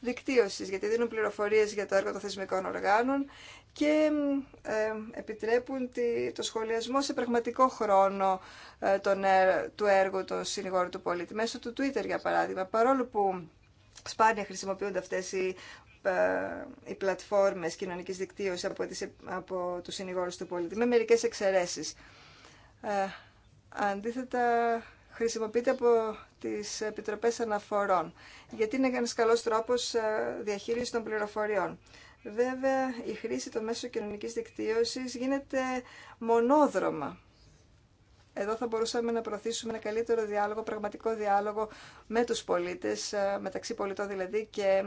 [SPEAKER 7] δικτύωση, γιατί δίνουν πληροφορίε για το έργο των θεσμικών οργάνων και ε, επιτρέπουν το σχολιασμό σε πραγματικό χρόνο του έργου των συνηγόρων του πολίτη. Μέσω του Twitter, για παράδειγμα, παρόλο που σπάνια χρησιμοποιούνται αυτέ οι ε, οι πλατφόρμες κοινωνικής δικτύωσης από, τις, από τους συνηγόρους του πολίτη, με μερικές εξαιρέσεις. Ε, αντίθετα, χρησιμοποιείται από τις Επιτροπές Αναφορών, γιατί είναι ένας καλός τρόπος ε, διαχείρισης των πληροφοριών. Βέβαια, η χρήση των μέσων κοινωνικής δικτύωσης γίνεται μονόδρομα εδώ θα μπορούσαμε να προωθήσουμε ένα καλύτερο διάλογο, πραγματικό διάλογο με τους πολίτες, ε, μεταξύ πολιτών δηλαδή και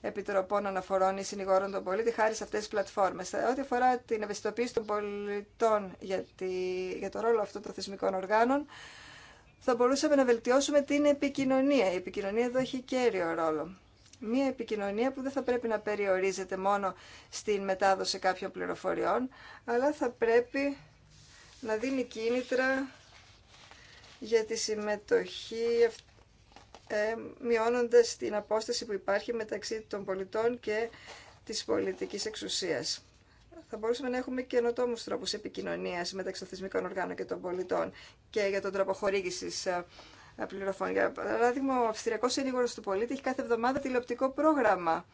[SPEAKER 7] επιτροπών αναφορών ή συνηγόρων των πολίτη, χάρη σε αυτές τις πλατφόρμες. Ε, ό,τι αφορά την ευαισθητοποίηση των πολιτών για, τη, για το ρόλο αυτών των θεσμικών οργάνων, θα μπορούσαμε να βελτιώσουμε την επικοινωνία. Η επικοινωνία εδώ έχει κέριο ρόλο. Μία επικοινωνία που δεν θα πρέπει να περιορίζεται μόνο στην μετάδοση κάποιων πληροφοριών, αλλά θα πρέπει να δίνει κίνητρα για τη συμμετοχή ε, μειώνοντας την απόσταση που υπάρχει μεταξύ των πολιτών και της πολιτικής εξουσίας. Θα μπορούσαμε να έχουμε καινοτόμου τρόπου επικοινωνίας μεταξύ των θεσμικών οργάνων και των πολιτών και για τον τρόπο χορήγηση ε, ε, πληροφοριών. Για παράδειγμα, ο Αυστριακό Συνήγορο του Πολίτη έχει κάθε εβδομάδα τηλεοπτικό πρόγραμμα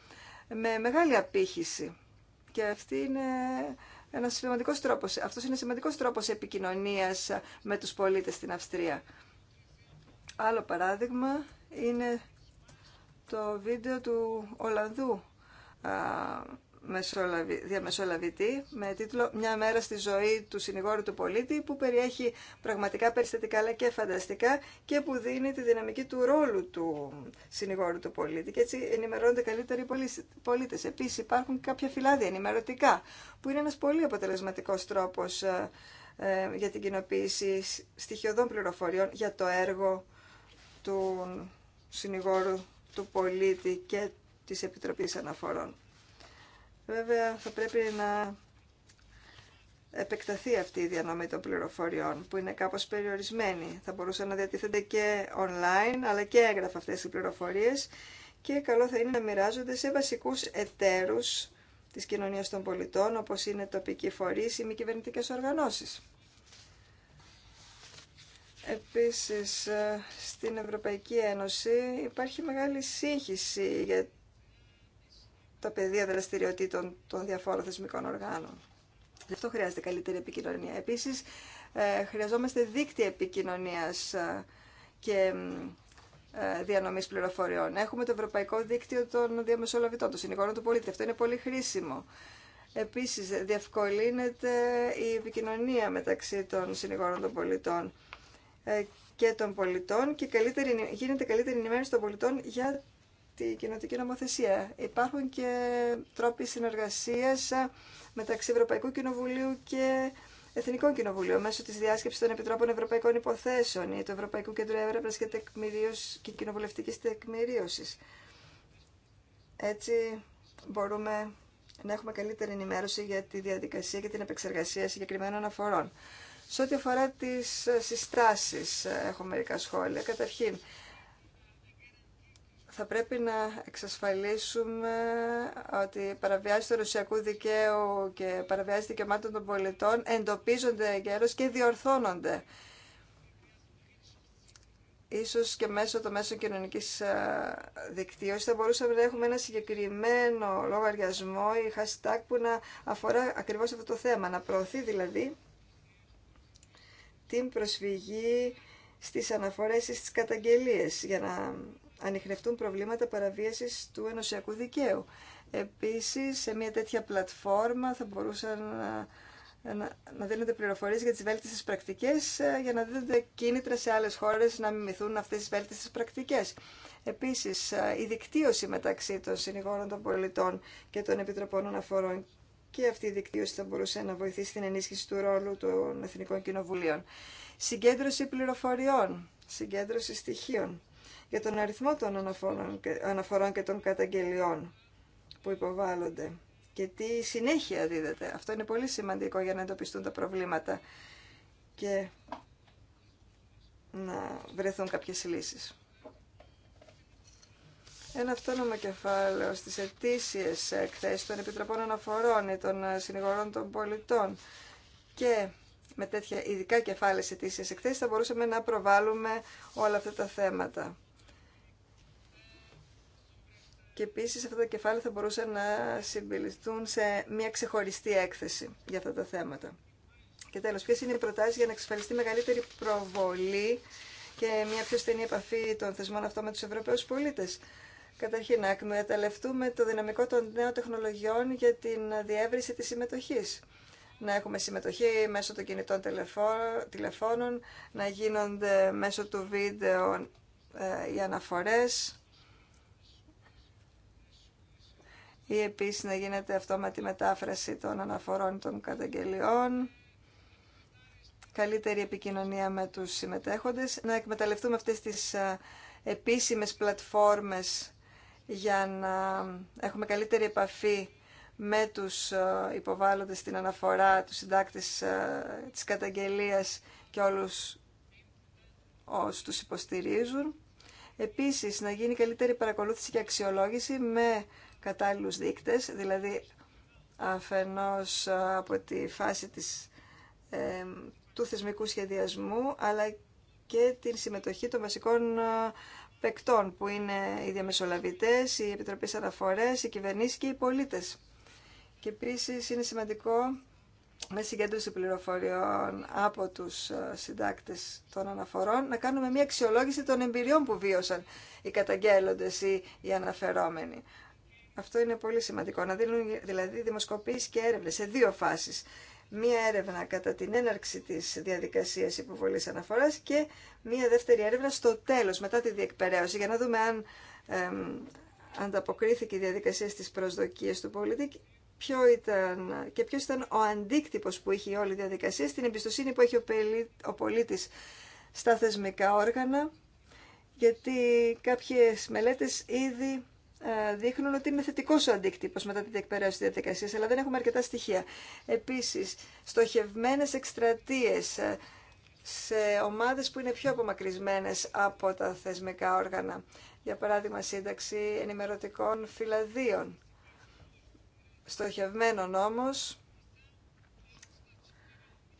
[SPEAKER 7] με μεγάλη απήχηση. Και αυτή είναι ένα τρόπος. Αυτός είναι σημαντικό τρόπος επικοινωνία με τους πολίτες στην Αυστρία. Άλλο παράδειγμα είναι το βίντεο του Ολλανδού διαμεσολαβητή με τίτλο «Μια μέρα στη ζωή του συνηγόρου του πολίτη» που περιέχει πραγματικά περιστατικά αλλά και φανταστικά και που δίνει τη δυναμική του ρόλου του συνηγόρου του πολίτη και έτσι ενημερώνονται καλύτεροι πολίτες. Επίσης υπάρχουν κάποια φυλάδια ενημερωτικά που είναι ένας πολύ αποτελεσματικός τρόπος ε, ε, για την κοινοποίηση στοιχειωδών πληροφοριών για το έργο του συνηγόρου του πολίτη και της Επιτροπής Αναφορών. Βέβαια, θα πρέπει να επεκταθεί αυτή η διανομή των πληροφοριών, που είναι κάπως περιορισμένη. Θα μπορούσαν να διατίθενται και online, αλλά και έγγραφα αυτές οι πληροφορίες και καλό θα είναι να μοιράζονται σε βασικούς εταίρους της κοινωνίας των πολιτών, όπως είναι τοπικοί φορείς ή μη κυβερνητικές οργανώσεις. Επίσης, στην Ευρωπαϊκή Ένωση υπάρχει μεγάλη σύγχυση για τα πεδία δραστηριοτήτων των διαφόρων θεσμικών οργάνων. Γι' αυτό χρειάζεται καλύτερη επικοινωνία. Επίσης, ε, χρειαζόμαστε δίκτυα επικοινωνίας ε, και ε, διανομής πληροφοριών. Έχουμε το Ευρωπαϊκό Δίκτυο των Διαμεσολαβητών, των Συνηγόρων του Πολίτη. Αυτό είναι πολύ χρήσιμο. Επίσης, διευκολύνεται η επικοινωνία μεταξύ των συνηγόρων των πολιτών και των πολιτών και καλύτερη, γίνεται καλύτερη ενημέρωση των πολιτών για την κοινωτική νομοθεσία. Υπάρχουν και τρόποι συνεργασίας μεταξύ Ευρωπαϊκού Κοινοβουλίου και Εθνικών Κοινοβουλίων μέσω τη Διάσκεψης των Επιτρόπων Ευρωπαϊκών Υποθέσεων ή του Ευρωπαϊκού Κέντρου Έρευνα και, και Κοινοβουλευτική Τεκμηρίωσης. Έτσι μπορούμε να έχουμε καλύτερη ενημέρωση για τη διαδικασία και την επεξεργασία συγκεκριμένων αφορών. Σε ό,τι αφορά τις συστάσεις έχω μερικά σχόλια. Καταρχήν, θα πρέπει να εξασφαλίσουμε ότι παραβιάσει το ρωσιακού δικαίου και παραβιάσει δικαιωμάτων των πολιτών εντοπίζονται γέρος και διορθώνονται. Ίσως και μέσω των μέσων κοινωνικής ε, δικτύωσης θα μπορούσαμε να έχουμε ένα συγκεκριμένο λογαριασμό ή hashtag που να αφορά ακριβώς αυτό το θέμα. Να προωθεί δηλαδή την προσφυγή στις αναφορές ή στις καταγγελίες για να ανοιχνευτούν προβλήματα παραβίασης του ενωσιακού δικαίου. Επίσης, σε μια τέτοια πλατφόρμα θα μπορούσαν να, να, να δίνονται πληροφορίες για τις βέλτιστες πρακτικές, ε, για να δίνονται κίνητρα σε άλλες χώρες να μιμηθούν αυτές τις βέλτιστες πρακτικές. Επίσης, ε, η δικτύωση μεταξύ των συνηγόρων των πολιτών και των επιτροπών αναφορών και αυτή η δικτύωση θα μπορούσε να βοηθήσει την ενίσχυση του ρόλου των Εθνικών Κοινοβουλίων. Συγκέντρωση πληροφοριών, συγκέντρωση στοιχείων για τον αριθμό των αναφορών και των καταγγελιών που υποβάλλονται και τι συνέχεια δίδεται. Αυτό είναι πολύ σημαντικό για να εντοπιστούν τα προβλήματα και να βρεθούν κάποιες λύσεις. Ένα αυτόνομο κεφάλαιο στις ετήσιες εκθέσεις των Επιτροπών Αναφορών ή των Συνηγορών των Πολιτών και με τέτοια ειδικά κεφάλαια σε εκθέσεις θα μπορούσαμε να προβάλλουμε όλα αυτά τα θέματα. Και επίση αυτό το κεφάλαια θα μπορούσαν να συμπληρωθούν σε μια ξεχωριστή έκθεση για αυτά τα θέματα. Και τέλο, ποιε είναι οι προτάσει για να εξασφαλιστεί μεγαλύτερη προβολή και μια πιο στενή επαφή των θεσμών αυτών με του Ευρωπαίου πολίτε. Καταρχήν, να εκμεταλλευτούμε το δυναμικό των νέων τεχνολογιών για την διεύρυνση τη συμμετοχή. Να έχουμε συμμετοχή μέσω των κινητών τηλεφώνων, να γίνονται μέσω του βίντεο ε, οι αναφορές, ή επίσης να γίνεται αυτόματη μετάφραση των αναφορών των καταγγελιών, καλύτερη επικοινωνία με τους συμμετέχοντες, να εκμεταλλευτούμε αυτές τις ε, επίσημες πλατφόρμες για να έχουμε καλύτερη επαφή με τους ε, υποβάλλοντες στην αναφορά, τους συντάκτες ε, της καταγγελίας και όλους όσους τους υποστηρίζουν. Επίσης, να γίνει καλύτερη παρακολούθηση και αξιολόγηση με κατάλληλους δείκτες, δηλαδή αφενός ε, από τη φάση της, ε, του θεσμικού σχεδιασμού, αλλά και την συμμετοχή των βασικών ε, παικτών, που είναι οι διαμεσολαβητές, οι επιτροπές αναφορές, οι κυβερνήσεις και οι πολίτες. Και επίση είναι σημαντικό με συγκέντρωση πληροφοριών από τους συντάκτες των αναφορών να κάνουμε μια αξιολόγηση των εμπειριών που βίωσαν οι καταγγέλλοντες ή οι αναφερόμενοι. Αυτό είναι πολύ σημαντικό. Να δίνουν δηλαδή δημοσκοπήσεις και έρευνες σε δύο φάσει: Μία έρευνα κατά την έναρξη της διαδικασίας υποβολής αναφορά και μία δεύτερη έρευνα στο τέλος, μετά τη διεκπαιρέωση, για να δούμε αν ανταποκρίθηκε η διαδικασία στις προσδοκίες του πολίτη ποιο ήταν, και ποιο ήταν ο αντίκτυπο που είχε η διαδικασία στην εμπιστοσύνη που έχει ο, στα θεσμικά όργανα, γιατί κάποιες μελέτες ήδη ε, δείχνουν ότι είναι θετικό ο αντίκτυπο μετά την εκπαιδεύση τη διαδικασία, αλλά δεν έχουμε αρκετά στοιχεία. Επίση, στοχευμένε εκστρατείε ε, σε ομάδες που είναι πιο απομακρυσμένε από τα θεσμικά όργανα. Για παράδειγμα, σύνταξη ενημερωτικών φυλαδίων. Στοχευμένων όμως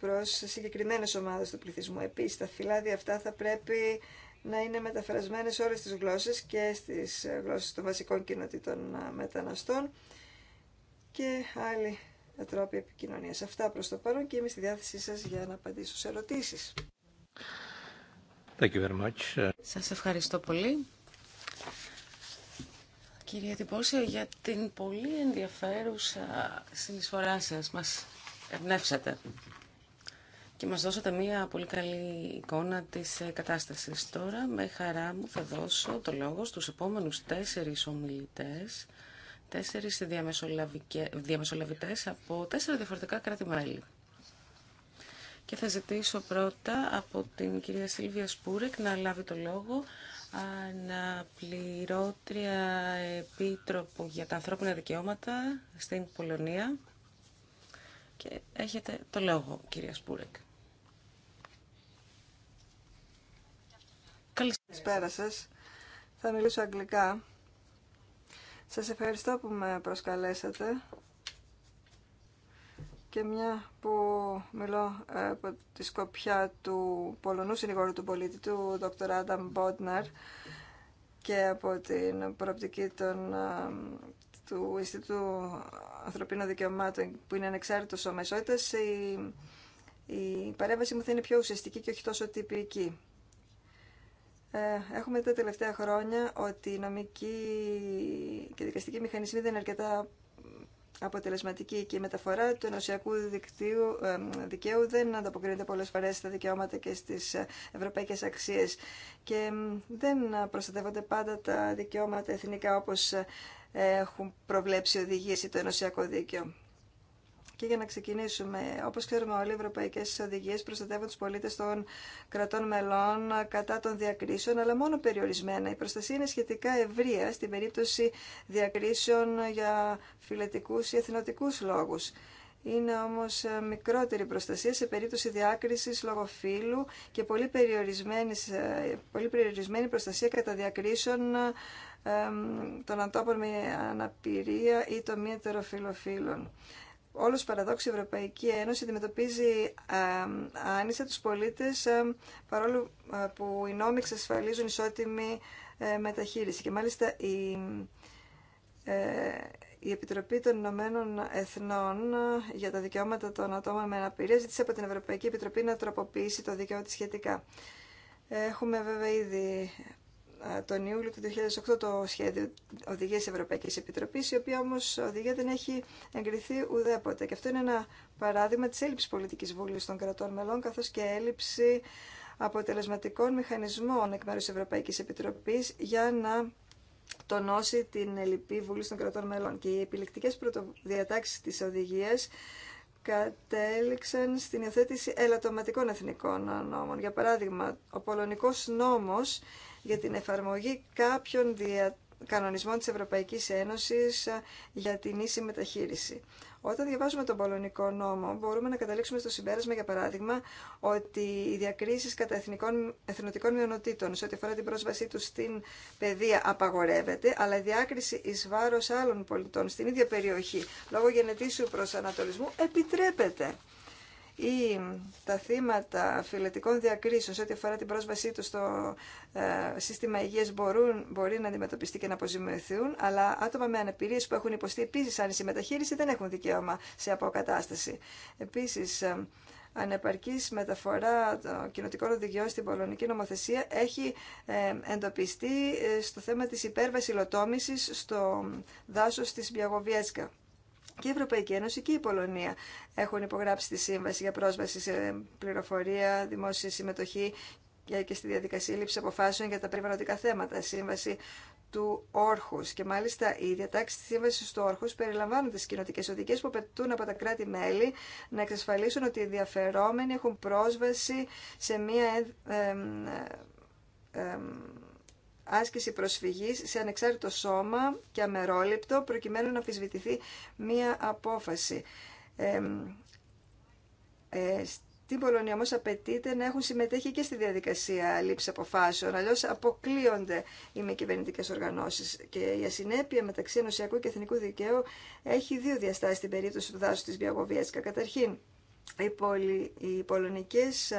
[SPEAKER 7] προς συγκεκριμένες ομάδες του πληθυσμού. Επίσης, τα φυλάδια αυτά θα πρέπει να είναι μεταφρασμένες σε όλες τις γλώσσες και στις γλώσσες των βασικών κοινοτήτων ε, μεταναστών και άλλοι τρόποι επικοινωνίας. Αυτά προς το παρόν και είμαι στη διάθεσή σας για να απαντήσω σε ερωτήσεις.
[SPEAKER 5] Thank you very much. Σας ευχαριστώ πολύ. Κύριε Τυπόσια, για την πολύ ενδιαφέρουσα συνεισφορά σας μας ευνεύσατε και μας δώσατε μία πολύ καλή εικόνα της ε, κατάστασης. Τώρα με χαρά μου θα δώσω το λόγο στους επόμενους τέσσερις ομιλητές, τέσσερις διαμεσολαβητές από τέσσερα διαφορετικά κράτη-μέλη. Και θα ζητήσω πρώτα από την κυρία Σίλβια Σπούρεκ να λάβει το λόγο αναπληρώτρια επίτροπο για τα ανθρώπινα δικαιώματα στην Πολωνία.
[SPEAKER 7] Και έχετε το λόγο, κυρία Σπούρεκ. Καλησπέρα σα. Θα μιλήσω αγγλικά. Σα ευχαριστώ που με προσκαλέσατε και μια που μιλώ ε, από τη σκοπιά του Πολωνού συνηγόρου του πολίτη του Δ. Άνταμ Μπότναρ και από την προοπτική των, ε, του Ινστιτούτου Ανθρωπίνων Δικαιωμάτων που είναι ανεξάρτητο ο η, η παρέμβαση μου θα είναι πιο ουσιαστική και όχι τόσο τυπική. Ε, έχουμε τα τελευταία χρόνια ότι οι νομικοί και δικαστικοί μηχανισμοί δεν είναι αρκετά αποτελεσματική και η μεταφορά του ενωσιακού δικτύου, ε, δικαίου δεν ανταποκρίνεται πολλές φορές στα δικαιώματα και στις ε, ευρωπαϊκές αξίες και δεν προστατεύονται πάντα τα δικαιώματα εθνικά όπως έχουν προβλέψει οδηγίες το ενωσιακό δίκαιο. Και για να ξεκινήσουμε, όπως ξέρουμε όλοι, οι ευρωπαϊκές οδηγίες προστατεύουν τους πολίτες των κρατών μελών κατά των διακρίσεων, αλλά μόνο περιορισμένα. Η προστασία είναι σχετικά ευρεία στην περίπτωση διακρίσεων για φιλετικούς ή εθνοτικούς λόγους. Είναι όμως ε, μικρότερη προστασία σε περίπτωση διάκρισης λόγω φύλου και πολύ περιορισμένη, πολύ περιορισμένη προστασία κατά διακρίσεων ε, ε, των ανθρώπων με αναπηρία ή των μη Όλο παραδόξου η Ευρωπαϊκή Ένωση αντιμετωπίζει άνισα του πολίτε, παρόλο ε, που οι νόμοι εξασφαλίζουν ισότιμη ε, μεταχείριση. Και μάλιστα η, ε, η Επιτροπή των Ηνωμένων Εθνών για τα Δικαιώματα των Ατόμων με Αναπηρία ζήτησε από την Ευρωπαϊκή Επιτροπή να τροποποιήσει το δικαιώμα τη σχετικά. Έχουμε βέβαια ήδη τον Ιούλιο του 2008 το σχέδιο οδηγίας Ευρωπαϊκής Επιτροπής, η οποία όμως οδηγία δεν έχει εγκριθεί ουδέποτε. Και αυτό είναι ένα παράδειγμα της έλλειψης πολιτικής βούλης των κρατών μελών, καθώς και έλλειψη αποτελεσματικών μηχανισμών εκ μέρους Ευρωπαϊκής Επιτροπής για να τονώσει την ελληπή βούλη των κρατών μελών. Και οι επιλεκτικές πρωτοδιατάξεις της οδηγίας κατέληξαν στην υιοθέτηση ελαττωματικών εθνικών νόμων. Για παράδειγμα, ο πολωνικός νόμος για την εφαρμογή κάποιων δια... κανονισμών της Ευρωπαϊκής Ένωσης για την ίση μεταχείριση. Όταν διαβάζουμε τον πολωνικό νόμο, μπορούμε να καταλήξουμε στο συμπέρασμα, για παράδειγμα, ότι οι διακρίσει κατά εθνικών, εθνοτικών μειονοτήτων σε ό,τι αφορά την πρόσβασή του στην παιδεία απαγορεύεται, αλλά η διάκριση ει βάρο άλλων πολιτών στην ίδια περιοχή λόγω γενετήσιου προσανατολισμού επιτρέπεται ή τα θύματα φυλετικών διακρίσεων σε ό,τι αφορά την πρόσβασή τους στο ε, σύστημα υγείας μπορεί να αντιμετωπιστεί και να αποζημιωθούν, αλλά άτομα με αναπηρίες που έχουν υποστεί επίσης άνηση μεταχείριση δεν έχουν δικαίωμα σε αποκατάσταση. Επίσης, ε, ανεπαρκή μεταφορά των κοινοτικών οδηγιών στην πολωνική νομοθεσία έχει ε, εντοπιστεί στο θέμα της υλοτόμηση στο δάσος της Μπιαγοβιέσκα. Και η Ευρωπαϊκή Ένωση και η Πολωνία έχουν υπογράψει τη σύμβαση για πρόσβαση σε πληροφορία, δημόσια συμμετοχή και στη διαδικασία λήψη αποφάσεων για τα περιβαλλοντικά θέματα. Σύμβαση του όρχου. Και μάλιστα οι διατάξει τη σύμβαση του όρχου περιλαμβάνουν τι κοινοτικέ οδηγίε που απαιτούν από τα κράτη-μέλη να εξασφαλίσουν ότι οι ενδιαφερόμενοι έχουν πρόσβαση σε μία. Ε, ε, ε άσκηση προσφυγής σε ανεξάρτητο σώμα και αμερόληπτο προκειμένου να αφισβητηθεί μία απόφαση. Ε, στην Πολωνία όμω απαιτείται να έχουν συμμετέχει και στη διαδικασία λήψη αποφάσεων. Αλλιώ αποκλείονται οι μη κυβερνητικέ οργανώσει. Και η ασυνέπεια μεταξύ ενωσιακού και εθνικού δικαίου έχει δύο διαστάσεις στην περίπτωση του δάσου της Βιαγοβιέσκα. Καταρχήν, οι, πολυ... οι πολωνικές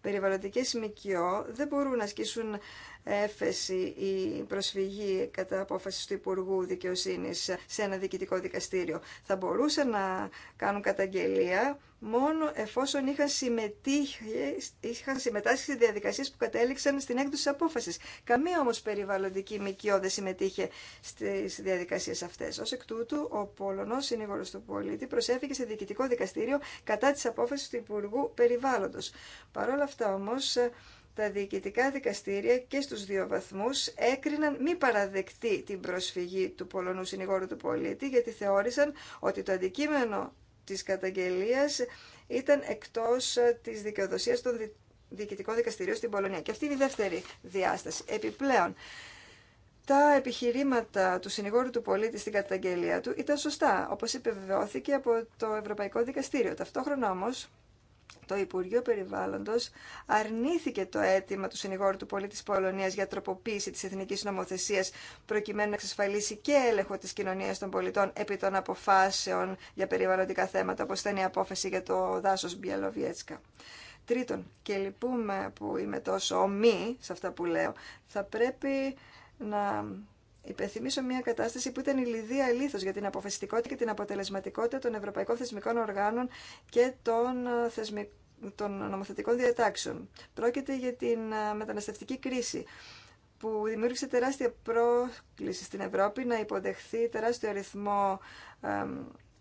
[SPEAKER 7] περιβαλλοντικές ΜΚΟ δεν μπορούν να ασκήσουν έφεση η προσφυγή κατά απόφαση του Υπουργού Δικαιοσύνη σε ένα διοικητικό δικαστήριο. Θα μπορούσαν να κάνουν καταγγελία μόνο εφόσον είχαν, είχαν συμμετάσχει σε διαδικασίε που κατέληξαν στην έκδοση τη απόφασης. Καμία όμω περιβαλλοντική ΜΚΟ δεν συμμετείχε στις διαδικασίες αυτές. Ως εκ τούτου, ο Πολωνός συνήγορο του πολίτη προσέφηκε σε διοικητικό δικαστήριο κατά τη απόφαση του Υπουργού Περιβάλλοντο. Παρ' όλα αυτά όμω τα διοικητικά δικαστήρια και στους δύο βαθμούς έκριναν μη παραδεκτή την προσφυγή του Πολωνού συνηγόρου του πολίτη γιατί θεώρησαν ότι το αντικείμενο της καταγγελίας ήταν εκτός ε, της δικαιοδοσίας των διοικητικών δικαστηρίων στην Πολωνία. Και αυτή είναι η δεύτερη διάσταση. Επιπλέον, τα επιχειρήματα του συνηγόρου του πολίτη στην καταγγελία του ήταν σωστά, όπως επιβεβαιώθηκε από το Ευρωπαϊκό Δικαστήριο. Ταυτόχρονα όμως, το Υπουργείο Περιβάλλοντος αρνήθηκε το αίτημα του συνηγόρου του πολίτη Πολωνία Πολωνίας για τροποποίηση της εθνικής νομοθεσίας προκειμένου να εξασφαλίσει και έλεγχο τη κοινωνία των πολιτών επί των αποφάσεων για περιβαλλοντικά θέματα, όπω ήταν η απόφαση για το δάσος Μπιαλοβιέτσκα. Τρίτον, και λυπούμε που είμαι τόσο ομοί σε αυτά που λέω, θα πρέπει να υπενθυμίσω μια κατάσταση που ήταν η λιδία αλήθω για την αποφασιστικότητα και την αποτελεσματικότητα των ευρωπαϊκών θεσμικών οργάνων και των, ε, θεσμι... των νομοθετικών διατάξεων. Πρόκειται για την ε, μεταναστευτική κρίση που δημιούργησε τεράστια πρόκληση στην Ευρώπη να υποδεχθεί τεράστιο αριθμό ε,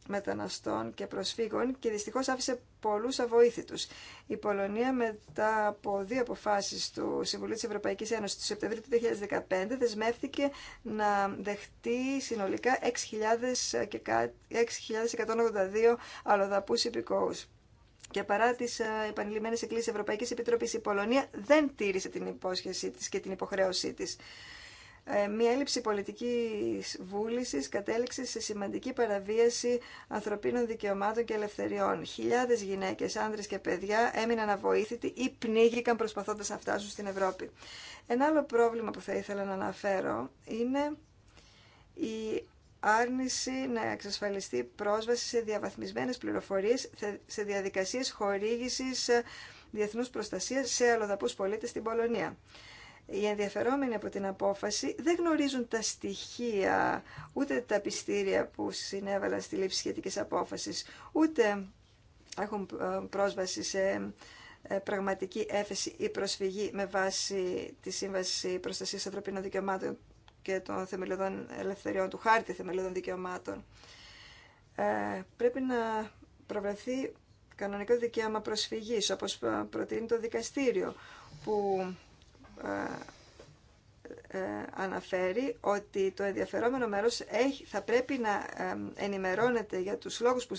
[SPEAKER 7] μεταναστών και προσφύγων και δυστυχώς άφησε πολλούς αβοήθητους. Η Πολωνία μετά από δύο αποφάσεις του Συμβουλίου της Ευρωπαϊκής Ένωσης του Σεπτεμβρίου του 2015 δεσμεύτηκε να δεχτεί συνολικά 6.182 αλλοδαπούς υπηκόους. Και παρά τι ε, επανειλημμένε εκκλήσει Ευρωπαϊκή Επιτροπή, η Πολωνία δεν τήρησε την υπόσχεσή τη και την υποχρέωσή τη. Ε, μια έλλειψη πολιτικής βούλησης κατέληξε σε σημαντική παραβίαση ανθρωπίνων δικαιωμάτων και ελευθεριών. Χιλιάδες γυναίκες, άνδρες και παιδιά έμειναν αβοήθητοι ή πνίγηκαν προσπαθώντας να φτάσουν στην Ευρώπη. Ένα άλλο πρόβλημα που θα ήθελα να αναφέρω είναι η άρνηση να εξασφαλιστεί πρόσβαση σε διαβαθμισμένες πληροφορίες, σε διαδικασίες χορήγησης ε, διεθνούς προστασίας σε αλλοδαπούς πολίτες στην Πολωνία οι ενδιαφερόμενοι από την απόφαση δεν γνωρίζουν τα στοιχεία, ούτε τα πιστήρια που συνέβαλαν στη λήψη σχετικής απόφασης, ούτε έχουν ε, πρόσβαση σε ε, πραγματική έφεση ή προσφυγή με βάση τη Σύμβαση Προστασίας Ανθρωπίνων Δικαιωμάτων και των Θεμελιωδών Ελευθεριών, του Χάρτη Θεμελιωδών Δικαιωμάτων. Ε, πρέπει να προβλεφθεί κανονικό δικαίωμα προσφυγής, όπως ε, προτείνει το δικαστήριο, που ε, ε, αναφέρει ότι το ενδιαφερόμενο μέρος έχει, θα πρέπει να ε, ενημερώνεται για τους λόγους που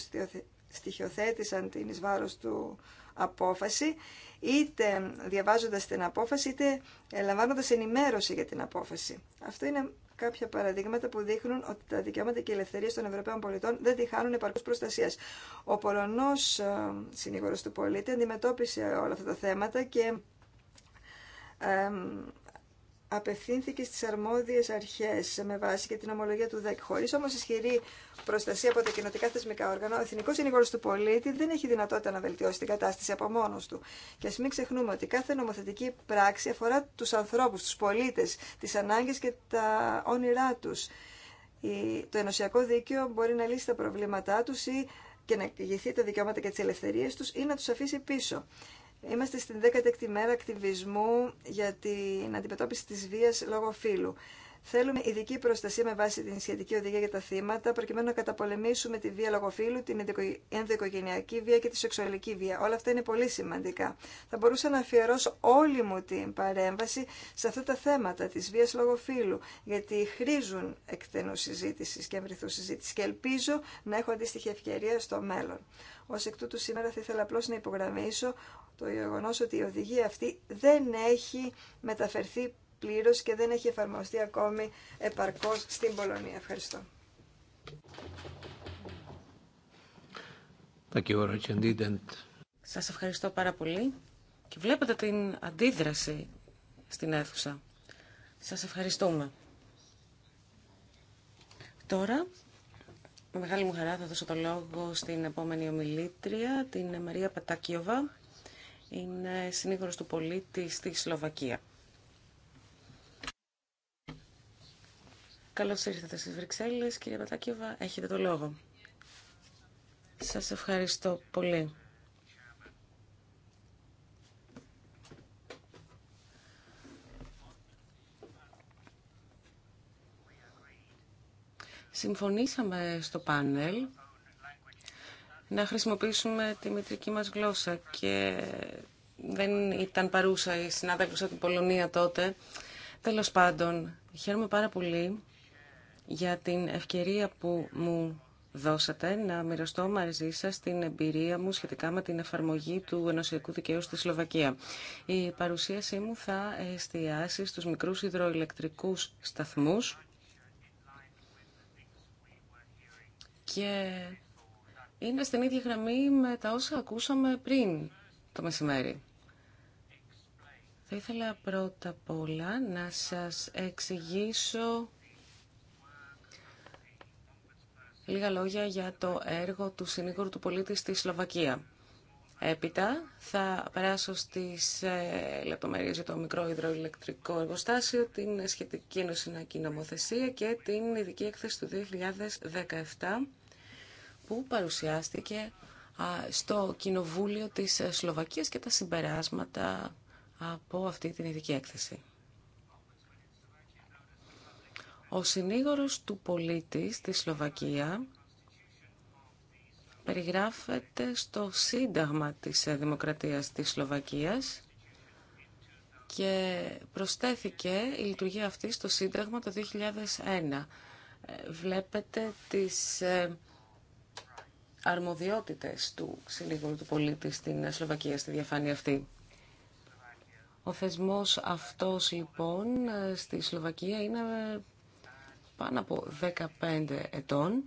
[SPEAKER 7] στοιχειοθέτησαν την εις βάρος του απόφαση, είτε διαβάζοντας την απόφαση, είτε λαμβάνοντας ενημέρωση για την απόφαση. Αυτό είναι κάποια παραδείγματα που δείχνουν ότι τα δικαιώματα και οι ελευθερίες των Ευρωπαίων πολιτών δεν τη χάνουν επαρκώς προστασίας. Ο Πολωνός συνήγορος του πολίτη αντιμετώπισε όλα αυτά τα θέματα και απευθύνθηκε στις αρμόδιες αρχές με βάση και την ομολογία του ΔΕΚ. Χωρίς όμως ισχυρή προστασία από τα κοινοτικά θεσμικά όργανα, ο Εθνικός Συνήγορος του Πολίτη δεν έχει δυνατότητα να βελτιώσει την κατάσταση από μόνος του. Και ας μην ξεχνούμε ότι κάθε νομοθετική πράξη αφορά τους ανθρώπους, τους πολίτες, τις ανάγκες και τα όνειρά τους. Το ενωσιακό δίκαιο μπορεί να λύσει τα προβλήματά τους ή και να εκδηγηθεί τα δικαιώματα και τις ελευθερίες τους ή να τους αφήσει πίσω. Είμαστε στην 16η μέρα ακτιβισμού για την αντιμετώπιση της βίας λόγω φύλου. Θέλουμε ειδική προστασία με βάση την σχετική οδηγία για τα θύματα, προκειμένου να καταπολεμήσουμε τη βία λογοφύλου, την ενδοοικογενειακή βία και τη σεξουαλική βία. Όλα αυτά είναι πολύ σημαντικά. Θα μπορούσα να αφιερώσω όλη μου την παρέμβαση σε αυτά τα θέματα τη βία λογοφύλου, γιατί χρήζουν εκτενού συζήτηση και εμβριθού συζήτηση και ελπίζω να έχω αντίστοιχη ευκαιρία στο μέλλον. Ω εκ τούτου, σήμερα θα ήθελα απλώ να υπογραμμίσω το γεγονός ότι η οδηγία αυτή δεν έχει μεταφερθεί πλήρως και δεν έχει εφαρμοστεί ακόμη επαρκώς στην Πολωνία. Ευχαριστώ.
[SPEAKER 5] Σας ευχαριστώ πάρα πολύ και βλέπετε την αντίδραση στην αίθουσα. Σας ευχαριστούμε. Τώρα, με μεγάλη μου χαρά θα δώσω το λόγο στην επόμενη ομιλήτρια, την Μαρία Πατάκιοβα είναι συνήγορος του πολίτη στη Σλοβακία. Καλώς ήρθατε στις Βρυξέλλες, κύριε Πατάκηβα. έχετε το λόγο. Σας ευχαριστώ πολύ. Συμφωνήσαμε στο πάνελ να χρησιμοποιήσουμε τη μητρική μας γλώσσα και δεν ήταν παρούσα η συνάδελφος από την Πολωνία τότε. Τέλος πάντων, χαίρομαι πάρα πολύ για την ευκαιρία που μου δώσατε να μοιραστώ μαζί σας την εμπειρία μου σχετικά με την εφαρμογή του ενωσιακού δικαίου στη Σλοβακία. Η παρουσίασή μου θα εστιάσει στους μικρούς υδροηλεκτρικούς σταθμούς και είναι στην ίδια γραμμή με τα όσα ακούσαμε πριν το μεσημέρι. Θα ήθελα πρώτα απ' όλα να σας εξηγήσω λίγα λόγια για το έργο του συνήγορου του πολίτη στη Σλοβακία. Έπειτα θα περάσω στις ε, λεπτομέρειες για το μικρό υδροηλεκτρικό εργοστάσιο, την σχετική ενωσυνακή νομοθεσία και την ειδική έκθεση του 2017 που παρουσιάστηκε στο Κοινοβούλιο της ε, Σλοβακίας και τα συμπεράσματα από αυτή την ειδική έκθεση. Ο συνήγορος του πολίτη στη Σλοβακία περιγράφεται στο Σύνταγμα της ε, Δημοκρατίας της Σλοβακίας και προσθέθηκε η λειτουργία αυτή στο Σύνταγμα το 2001. Ε, βλέπετε τις αρμοδιότητες του συνήγορου του πολίτη στην Σλοβακία στη διαφάνεια αυτή. Ο θεσμός αυτός λοιπόν στη Σλοβακία είναι πάνω από 15 ετών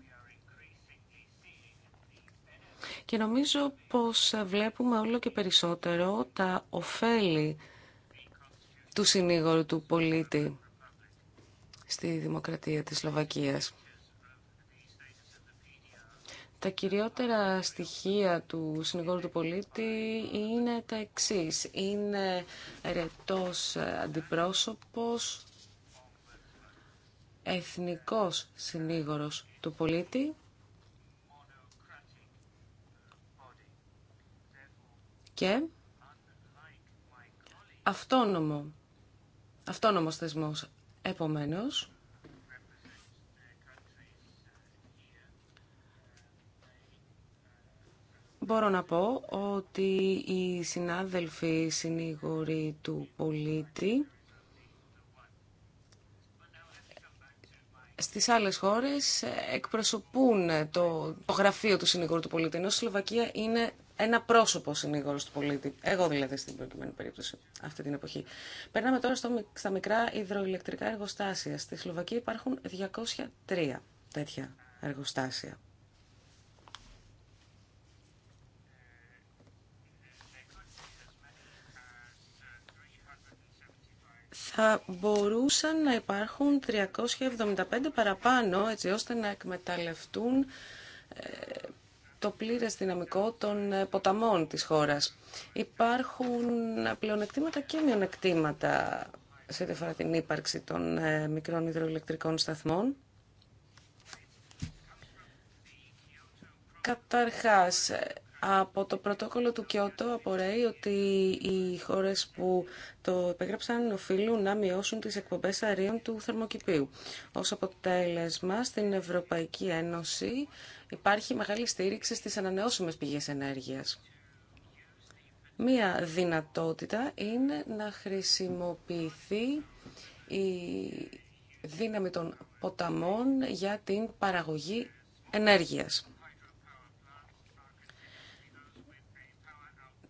[SPEAKER 5] και νομίζω πως βλέπουμε όλο και περισσότερο τα ωφέλη του συνήγορου του πολίτη στη δημοκρατία της Σλοβακίας. Τα κυριότερα στοιχεία του συνηγόρου του πολίτη είναι τα εξής. Είναι ρετός αντιπρόσωπος, εθνικός συνήγορος του πολίτη και αυτόνομο, αυτόνομος θεσμός. Επομένως, Μπορώ να πω ότι οι συνάδελφοι συνήγοροι του πολίτη στις άλλες χώρες εκπροσωπούν το, το γραφείο του συνήγορου του πολίτη, ενώ στη Σλοβακία είναι ένα πρόσωπο συνήγορο του πολίτη. Εγώ δηλαδή στην προηγούμενη περίπτωση, αυτή την εποχή. Περνάμε τώρα στο, στα μικρά υδροηλεκτρικά εργοστάσια. Στη Σλοβακία υπάρχουν 203 τέτοια εργοστάσια. θα μπορούσαν να υπάρχουν 375 παραπάνω έτσι ώστε να εκμεταλλευτούν ε, το πλήρες δυναμικό των ε, ποταμών της χώρας. Υπάρχουν πλεονεκτήματα και μειονεκτήματα σε διαφορά την ύπαρξη των ε, μικρών υδροελεκτρικών σταθμών. Καταρχάς, από το πρωτόκολλο του Κιώτο απορρέει ότι οι χώρες που το επέγραψαν οφείλουν να μειώσουν τις εκπομπές αερίων του θερμοκηπίου. Ως αποτέλεσμα, στην Ευρωπαϊκή Ένωση υπάρχει μεγάλη στήριξη στις ανανεώσιμες πηγές ενέργειας. Μία δυνατότητα είναι να χρησιμοποιηθεί η δύναμη των ποταμών για την παραγωγή ενέργειας.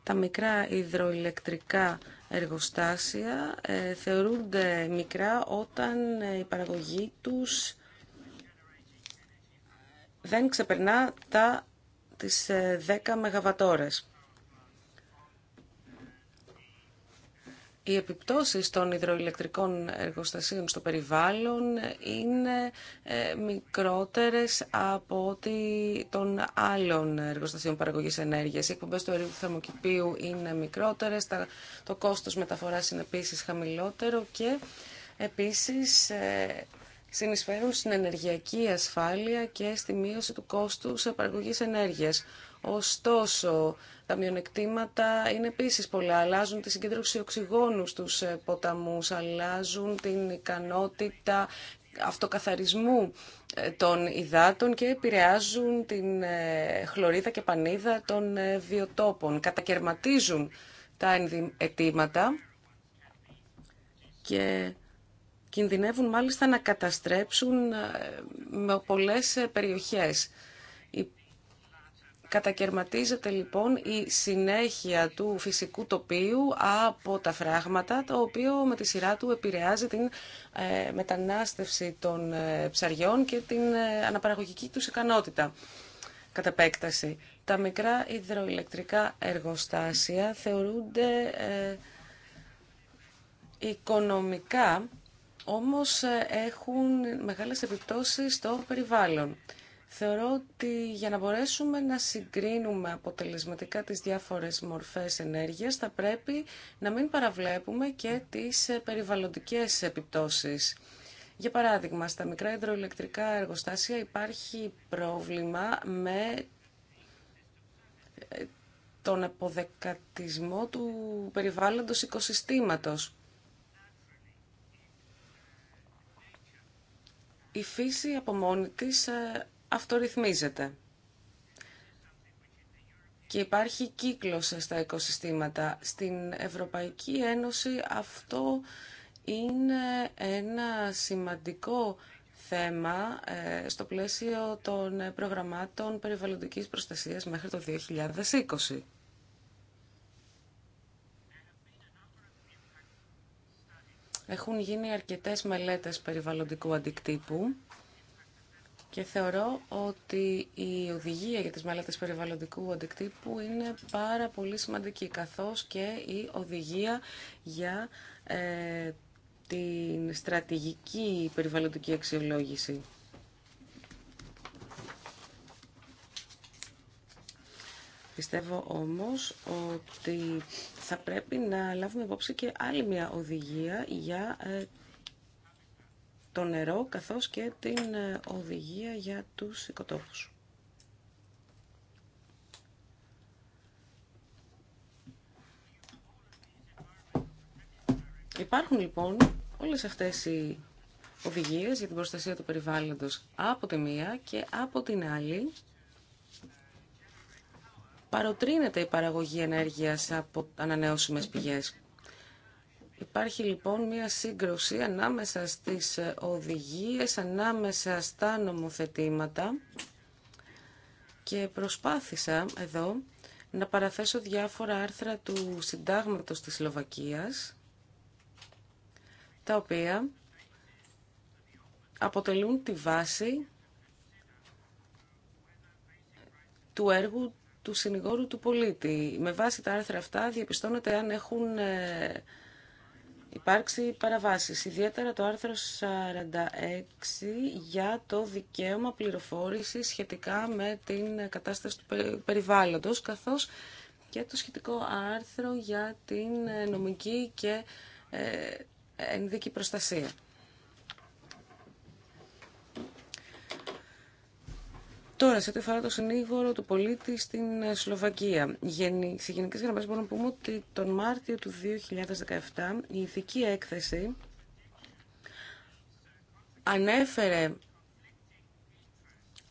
[SPEAKER 5] τα μικρά υδροηλεκτρικά εργοστάσια ε, θεωρούνται μικρά όταν ε, η παραγωγή τους δεν ξεπερνά τα τις 10 ε, μεγαβατόρες. οι επιπτώσεις των υδροηλεκτρικών εργοστασίων στο περιβάλλον είναι ε, μικρότερες από ό,τι των άλλων εργοστασίων παραγωγής ενέργειας. Οι εκπομπές του αερίου του θερμοκηπίου είναι μικρότερες, το κόστος μεταφοράς είναι επίσης χαμηλότερο και επίσης ε, συνεισφέρουν στην ενεργειακή ασφάλεια και στη μείωση του κόστου σε παραγωγής ενέργειας. Ωστόσο, τα μειονεκτήματα είναι επίση πολλά. Αλλάζουν τη συγκέντρωση οξυγόνου στους ε, ποταμούς, αλλάζουν την ικανότητα αυτοκαθαρισμού ε, των υδάτων και επηρεάζουν την ε, χλωρίδα και πανίδα των βιοτόπων. Κατακαιρματίζουν τα αιτήματα και κινδυνεύουν μάλιστα να καταστρέψουν με πολλές περιοχές. Κατακαιρματίζεται λοιπόν η συνέχεια του φυσικού τοπίου από τα φράγματα, το οποίο με τη σειρά του επηρεάζει την ε, μετανάστευση των ε, ψαριών και την ε, αναπαραγωγική τους ικανότητα κατά επέκταση. Τα μικρά υδροηλεκτρικά εργοστάσια θεωρούνται οικονομικά, όμως έχουν μεγάλες επιπτώσεις στο περιβάλλον. Θεωρώ ότι για να μπορέσουμε να συγκρίνουμε αποτελεσματικά τις διάφορες μορφές ενέργειας θα πρέπει να μην παραβλέπουμε και τις περιβαλλοντικές επιπτώσεις. Για παράδειγμα, στα μικρά υδροηλεκτρικά εργοστάσια υπάρχει πρόβλημα με ε, τον αποδεκατισμό του περιβάλλοντος οικοσυστήματος. Η φύση από μόνη ε, αυτορυθμίζεται. Και υπάρχει κύκλος στα οικοσυστήματα. Στην Ευρωπαϊκή Ένωση αυτό είναι ένα σημαντικό θέμα ε, στο πλαίσιο των προγραμμάτων περιβαλλοντικής προστασίας μέχρι το 2020. Έχουν γίνει αρκετές μελέτες περιβαλλοντικού αντικτύπου και θεωρώ ότι η οδηγία για τις μελέτες περιβαλλοντικού αντικτύπου είναι πάρα πολύ σημαντική, καθώς και η οδηγία για ε, την στρατηγική περιβαλλοντική αξιολόγηση. Πιστεύω όμως ότι θα πρέπει να λάβουμε υπόψη και άλλη μια οδηγία για ε, το νερό καθώς και την ε, οδηγία για τους οικοτόπους. Υπάρχουν λοιπόν όλες αυτές οι οδηγίες για την προστασία του περιβάλλοντος από τη μία και από την άλλη παροτρύνεται η παραγωγή ενέργειας από ανανεώσιμες πηγές. Υπάρχει λοιπόν μια σύγκρουση ανάμεσα στις ε, οδηγίες, ανάμεσα στα νομοθετήματα και προσπάθησα εδώ να παραθέσω διάφορα άρθρα του συντάγματος της Σλοβακίας τα οποία αποτελούν τη βάση του έργου του συνηγόρου του πολίτη. Με βάση τα άρθρα αυτά διαπιστώνεται αν έχουν ε, υπάρξει παραβάσεις. Ιδιαίτερα το άρθρο 46 για το δικαίωμα πληροφόρηση σχετικά με την κατάσταση του περιβάλλοντος, καθώς και το σχετικό άρθρο για την νομική και ε, ενδική προστασία. Τώρα, σε ό,τι αφορά το συνήγορο του πολίτη στην ε, Σλοβακία. Σε γενικέ γραμμέ μπορούμε να πούμε ότι τον Μάρτιο του 2017 η ηθική έκθεση ανέφερε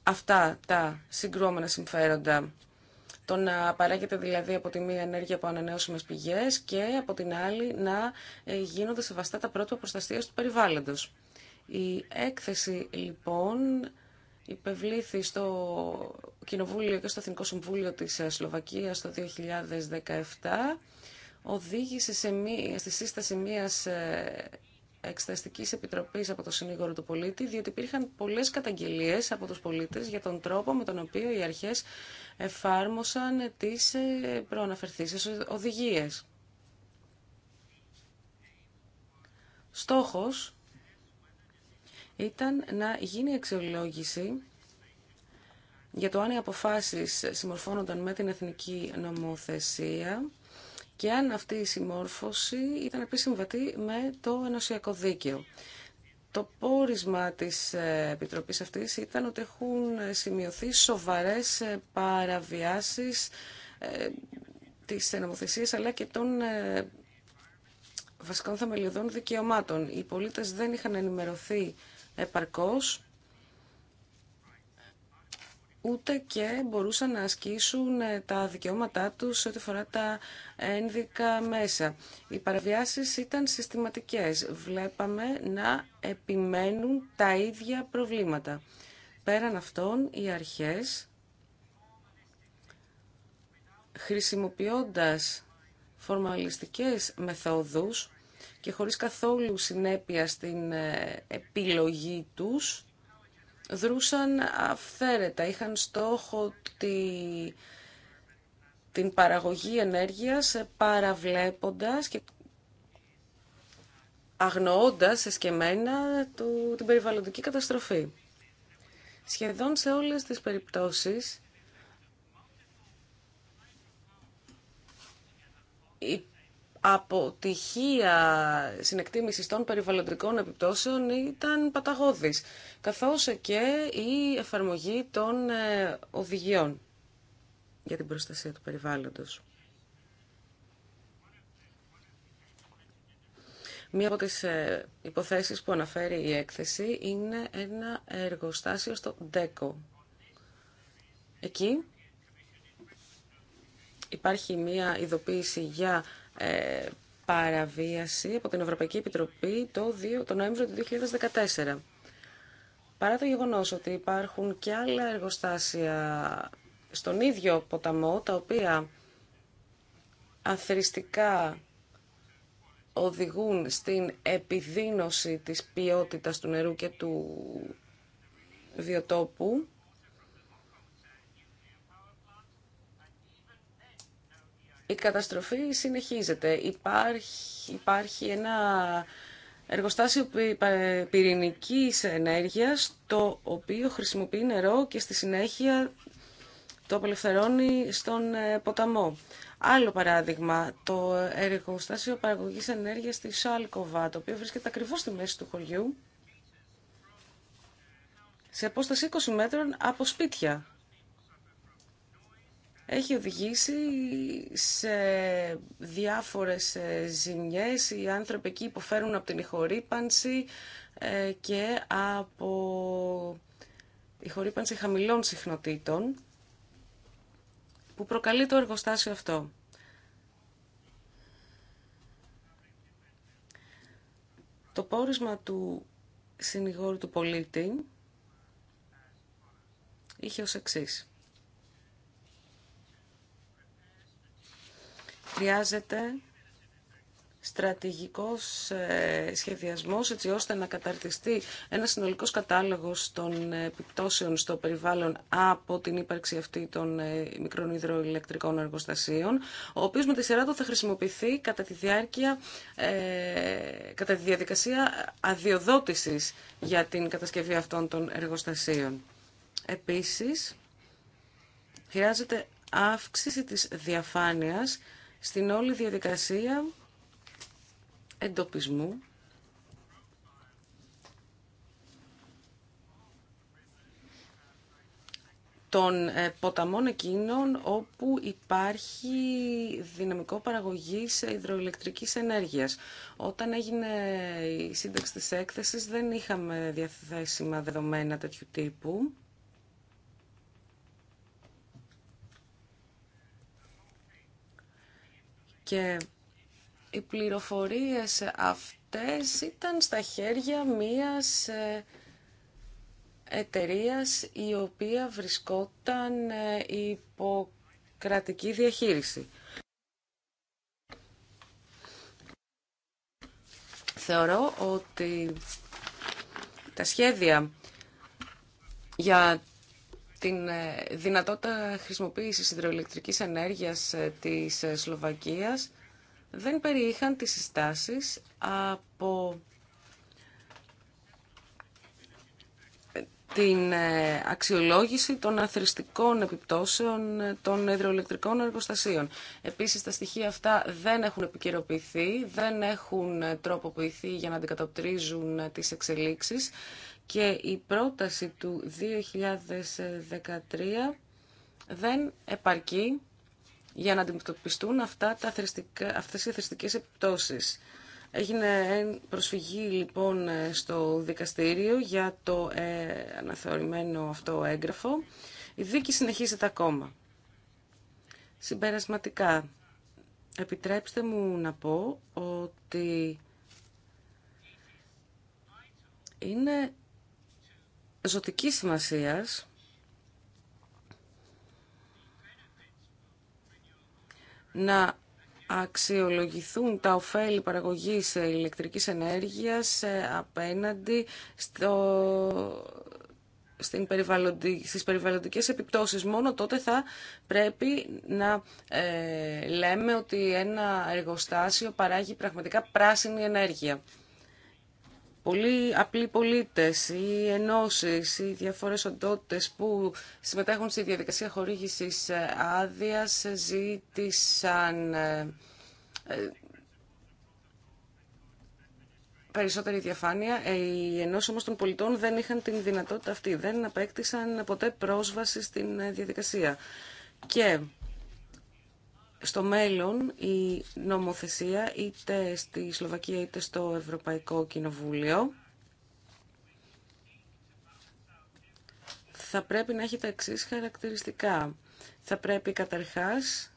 [SPEAKER 5] αυτά τα συγκρόμενα συμφέροντα. Το να παράγεται δηλαδή από τη μία ενέργεια από ανανεώσιμε πηγέ και από την άλλη να ε, γίνονται σεβαστά τα πρότυπα προστασία του περιβάλλοντο. Η έκθεση λοιπόν υπευλήθη στο Κοινοβούλιο και στο Εθνικό Συμβούλιο της ε, Σλοβακίας το 2017 οδήγησε σε μία, στη σύσταση μιας ε, εξεταστικής επιτροπής από το συνήγορο του πολίτη, διότι υπήρχαν πολλές καταγγελίες από τους πολίτες για τον τρόπο με τον οποίο οι αρχές εφάρμοσαν τις ε, προαναφερθήσεις οδηγίες. Στόχος ήταν να γίνει αξιολόγηση για το αν οι αποφάσεις συμμορφώνονταν με την εθνική νομοθεσία και αν αυτή η συμμόρφωση ήταν επίσης συμβατή με το ενωσιακό δίκαιο. Το πόρισμα της Επιτροπής αυτής ήταν ότι έχουν σημειωθεί σοβαρές παραβιάσεις ε, της νομοθεσίας αλλά και των ε, βασικών θεμελιωδών δικαιωμάτων. Οι πολίτες δεν είχαν ενημερωθεί επαρκώς ούτε και μπορούσαν να ασκήσουν ε, τα δικαιώματά τους σε ό,τι φορά τα ένδικα μέσα. Οι παραβιάσεις ήταν συστηματικές. Βλέπαμε να επιμένουν τα ίδια προβλήματα. Πέραν αυτών, οι αρχές, χρησιμοποιώντας φορμαλιστικές μεθόδους, και χωρίς καθόλου συνέπεια στην ε, επιλογή τους, δρούσαν αυθαίρετα. Είχαν στόχο τη, την παραγωγή ενέργειας ε, παραβλέποντας και αγνοώντας εσκεμένα του, την περιβαλλοντική καταστροφή. Σχεδόν σε όλες τις περιπτώσεις αποτυχία συνεκτίμησης των περιβαλλοντικών επιπτώσεων ήταν παταγώδης, καθώς και η εφαρμογή των ε, οδηγιών για την προστασία του περιβάλλοντος. Μία από τις ε, υποθέσεις που αναφέρει η έκθεση είναι ένα εργοστάσιο στο ΝΤΕΚΟ. Εκεί υπάρχει μία ειδοποίηση για ε, παραβίαση από την Ευρωπαϊκή Επιτροπή το, 2, το Νοέμβριο του 2014. Παρά το γεγονός ότι υπάρχουν και άλλα εργοστάσια στον ίδιο ποταμό, τα οποία αθρηστικά οδηγούν στην επιδείνωση της ποιότητας του νερού και του βιοτόπου, η καταστροφή συνεχίζεται. Υπάρχει, ένα εργοστάσιο πυρηνικής ενέργειας το οποίο χρησιμοποιεί νερό και στη συνέχεια το απελευθερώνει στον ε, ποταμό. Άλλο παράδειγμα, το εργοστάσιο παραγωγής ενέργειας στη Σάλκοβα, το οποίο βρίσκεται ακριβώς στη μέση του χωριού, σε απόσταση 20 μέτρων από σπίτια έχει οδηγήσει σε διάφορες ε, ζημιές. Οι άνθρωποι εκεί υποφέρουν από την ηχορύπανση ε, και από ηχορύπανση χαμηλών συχνοτήτων που προκαλεί το εργοστάσιο αυτό. Το πόρισμα του συνηγόρου του πολίτη είχε ως εξής. Χρειάζεται στρατηγικός ε, σχεδιασμός έτσι ώστε να καταρτιστεί ένα συνολικός κατάλογος των ε, επιπτώσεων στο περιβάλλον από την ύπαρξη αυτή των ε, μικρών υδροηλεκτρικών εργοστασίων, ο οποίος με τη σειρά του θα χρησιμοποιηθεί κατά τη, διάρκεια, κατά διαδικασία αδειοδότησης για την κατασκευή αυτών των εργοστασίων. Επίσης, χρειάζεται αύξηση της διαφάνειας στην όλη διαδικασία εντοπισμού των ε, ποταμών εκείνων όπου υπάρχει δυναμικό παραγωγής υδροελεκτρικής ενέργειας. Όταν έγινε η σύνταξη της έκθεσης δεν είχαμε διαθέσιμα δεδομένα τέτοιου τύπου. Και οι πληροφορίες αυτές ήταν στα χέρια μίας ε, εταιρείας η οποία βρισκόταν ε, υπό κρατική διαχείριση. Θεωρώ ότι τα σχέδια για την ε, δυνατότητα χρησιμοποίησης υδροελεκτρικής ενέργειας ε, της ε, Σλοβακίας δεν περιείχαν τις συστάσεις από την αξιολόγηση των αθρηστικών επιπτώσεων των υδροελεκτρικών εργοστασίων. Επίσης, τα στοιχεία αυτά δεν έχουν επικαιροποιηθεί, δεν έχουν τροποποιηθεί για να αντικατοπτρίζουν τις εξελίξεις και η πρόταση του 2013 δεν επαρκεί για να αντιμετωπιστούν αυτά τα θρηστικά, αυτές οι θρηστικές επιπτώσεις. Έγινε προσφυγή λοιπόν στο δικαστήριο για το ε, αναθεωρημένο αυτό έγγραφο. Η δίκη συνεχίζεται ακόμα. Συμπερασματικά, επιτρέψτε μου να πω ότι είναι ζωτική σημασίας να αξιολογηθούν τα ωφέλη παραγωγής ηλεκτρικής ενέργειας ε, απέναντι στο, στην περιβαλλοντι... στις περιβαλλοντικές επιπτώσεις. Μόνο τότε θα πρέπει να ε, λέμε ότι ένα εργοστάσιο παράγει πραγματικά πράσινη ενέργεια πολλοί απλοί πολίτες, οι ενώσεις, οι διαφορές οντότητες που συμμετέχουν στη διαδικασία χορήγησης ε, άδεια ζήτησαν ε, ε, περισσότερη διαφάνεια. Οι ενώσεις όμως των πολιτών δεν είχαν την δυνατότητα αυτή, δεν απέκτησαν ποτέ πρόσβαση στην διαδικασία. Και στο μέλλον η νομοθεσία είτε στη Σλοβακία είτε στο Ευρωπαϊκό Κοινοβούλιο θα πρέπει να έχει τα εξή χαρακτηριστικά. Θα πρέπει καταρχάς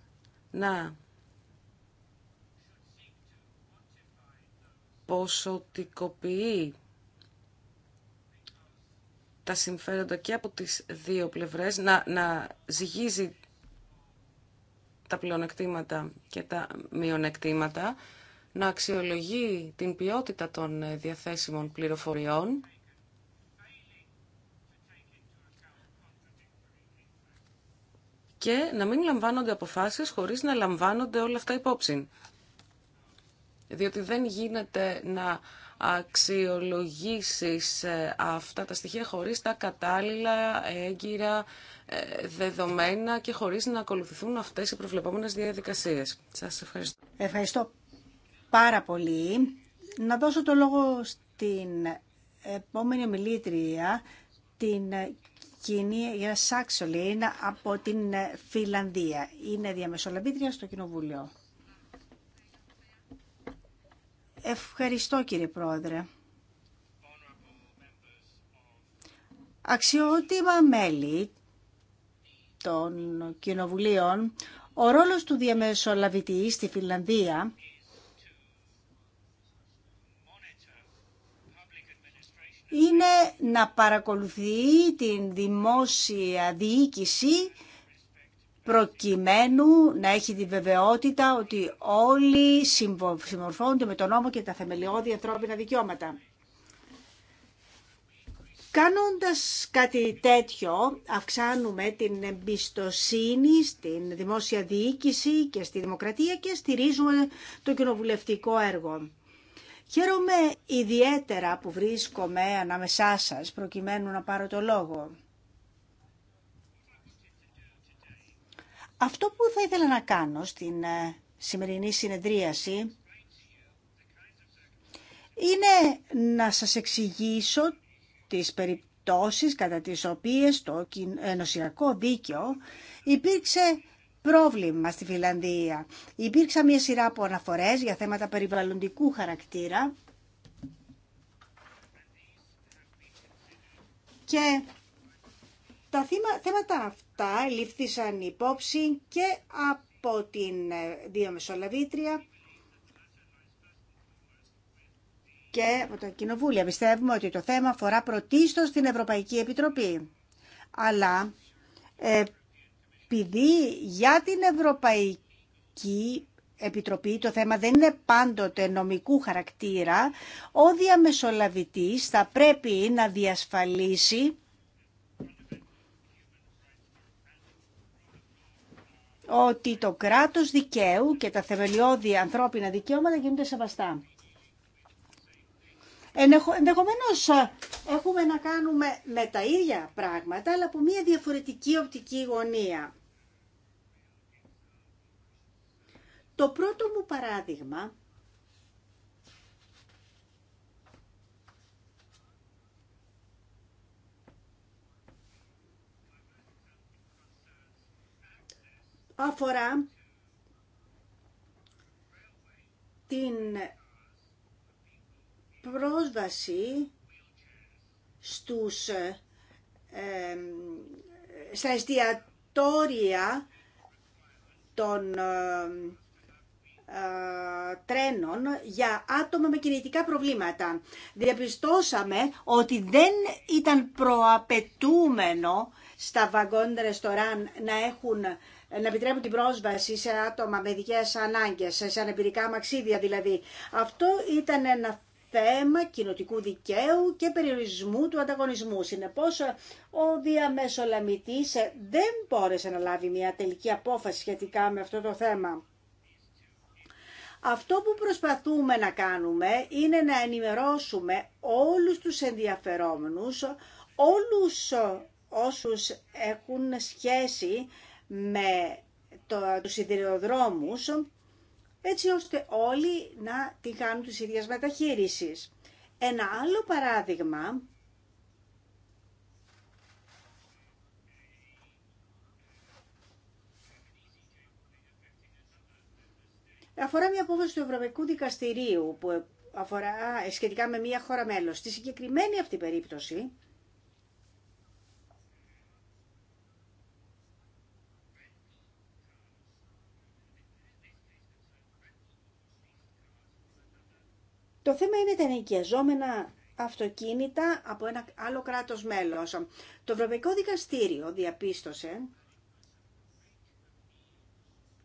[SPEAKER 5] να ποσοτικοποιεί τα συμφέροντα και από τις δύο πλευρές, να, να ζυγίζει τα πλεονεκτήματα και τα μειονεκτήματα, να αξιολογεί την ποιότητα των ε, διαθέσιμων πληροφοριών, και να μην λαμβάνονται αποφάσεις χωρίς να λαμβάνονται όλα αυτά υπόψη. Διότι δεν γίνεται να αξιολογήσεις ε, αυτά τα στοιχεία χωρίς τα κατάλληλα έγκυρα ε, δεδομένα και χωρίς να ακολουθηθούν αυτές οι προβλεπόμενες διαδικασίες. Σας ευχαριστώ. Ευχαριστώ πάρα πολύ.
[SPEAKER 4] Να δώσω το λόγο στην επόμενη ομιλήτρια, την κυρία Σάξολιν από την Φιλανδία. Είναι διαμεσολαβήτρια στο Κοινοβούλιο. Ευχαριστώ κύριε Πρόεδρε. Αξιότιμα μέλη των κοινοβουλίων, ο ρόλος του διαμεσολαβητή στη Φιλανδία είναι να παρακολουθεί την δημόσια διοίκηση προκειμένου να έχει τη βεβαιότητα ότι όλοι συμμορφώνονται με τον νόμο και τα θεμελιώδη ανθρώπινα δικαιώματα. Κάνοντας κάτι τέτοιο, αυξάνουμε την εμπιστοσύνη στην δημόσια διοίκηση και στη δημοκρατία και στηρίζουμε το κοινοβουλευτικό έργο. Χαίρομαι ιδιαίτερα που βρίσκομαι ανάμεσά σας προκειμένου να πάρω το λόγο. Αυτό που θα ήθελα να κάνω στην ε, σημερινή συνεδρίαση είναι να σας εξηγήσω τις περιπτώσεις κατά τις οποίες το ενωσιακό δίκαιο υπήρξε πρόβλημα στη Φιλανδία. Υπήρξα μια σειρά από αναφορές για θέματα περιβαλλοντικού χαρακτήρα και τα θέματα αυτά λήφθησαν υπόψη και από την ε, Διαμεσολαβήτρια και από τα κοινοβούλια. Πιστεύουμε ότι το θέμα αφορά πρωτίστως την Ευρωπαϊκή Επιτροπή. Αλλά επειδή για την Ευρωπαϊκή Επιτροπή το θέμα δεν είναι πάντοτε νομικού χαρακτήρα, ο διαμεσολαβητής θα πρέπει να διασφαλίσει ότι το κράτος δικαίου και τα θεμελιώδη ανθρώπινα δικαιώματα γίνονται σεβαστά. Ενδεχομένω έχουμε να κάνουμε με τα ίδια πράγματα, αλλά από μια διαφορετική οπτική γωνία. Το πρώτο μου παράδειγμα αφορά την πρόσβαση στους, ε, στα εστιατόρια των ε, ε, τρένων για άτομα με κινητικά προβλήματα. Διαπιστώσαμε ότι δεν ήταν προαπαιτούμενο στα βαγκόν ρεστοράν να έχουν ε, να επιτρέπουν την πρόσβαση σε άτομα με ειδικέ ανάγκες, σε αναπηρικά μαξίδια δηλαδή. Αυτό ήταν ένα θέμα κοινοτικού δικαίου και περιορισμού του ανταγωνισμού. Συνεπώ ο διαμεσολαμητή ε, δεν μπόρεσε να λάβει μια τελική απόφαση σχετικά με αυτό το θέμα. Αυτό που προσπαθούμε να κάνουμε είναι να ενημερώσουμε όλους τους ενδιαφερόμενους, όλους όσους έχουν σχέση με το, τους σιδηροδρόμους, έτσι ώστε όλοι να τη κάνουν τις ίδιες μεταχείρισεις. Ένα άλλο παράδειγμα αφορά μια απόφαση του Ευρωπαϊκού Δικαστηρίου που αφορά ε, σχετικά με μια χώρα μέλος. Στη συγκεκριμένη αυτή περίπτωση Το θέμα είναι τα ενοικιαζόμενα αυτοκίνητα από ένα άλλο κράτος μέλος. Το Ευρωπαϊκό Δικαστήριο διαπίστωσε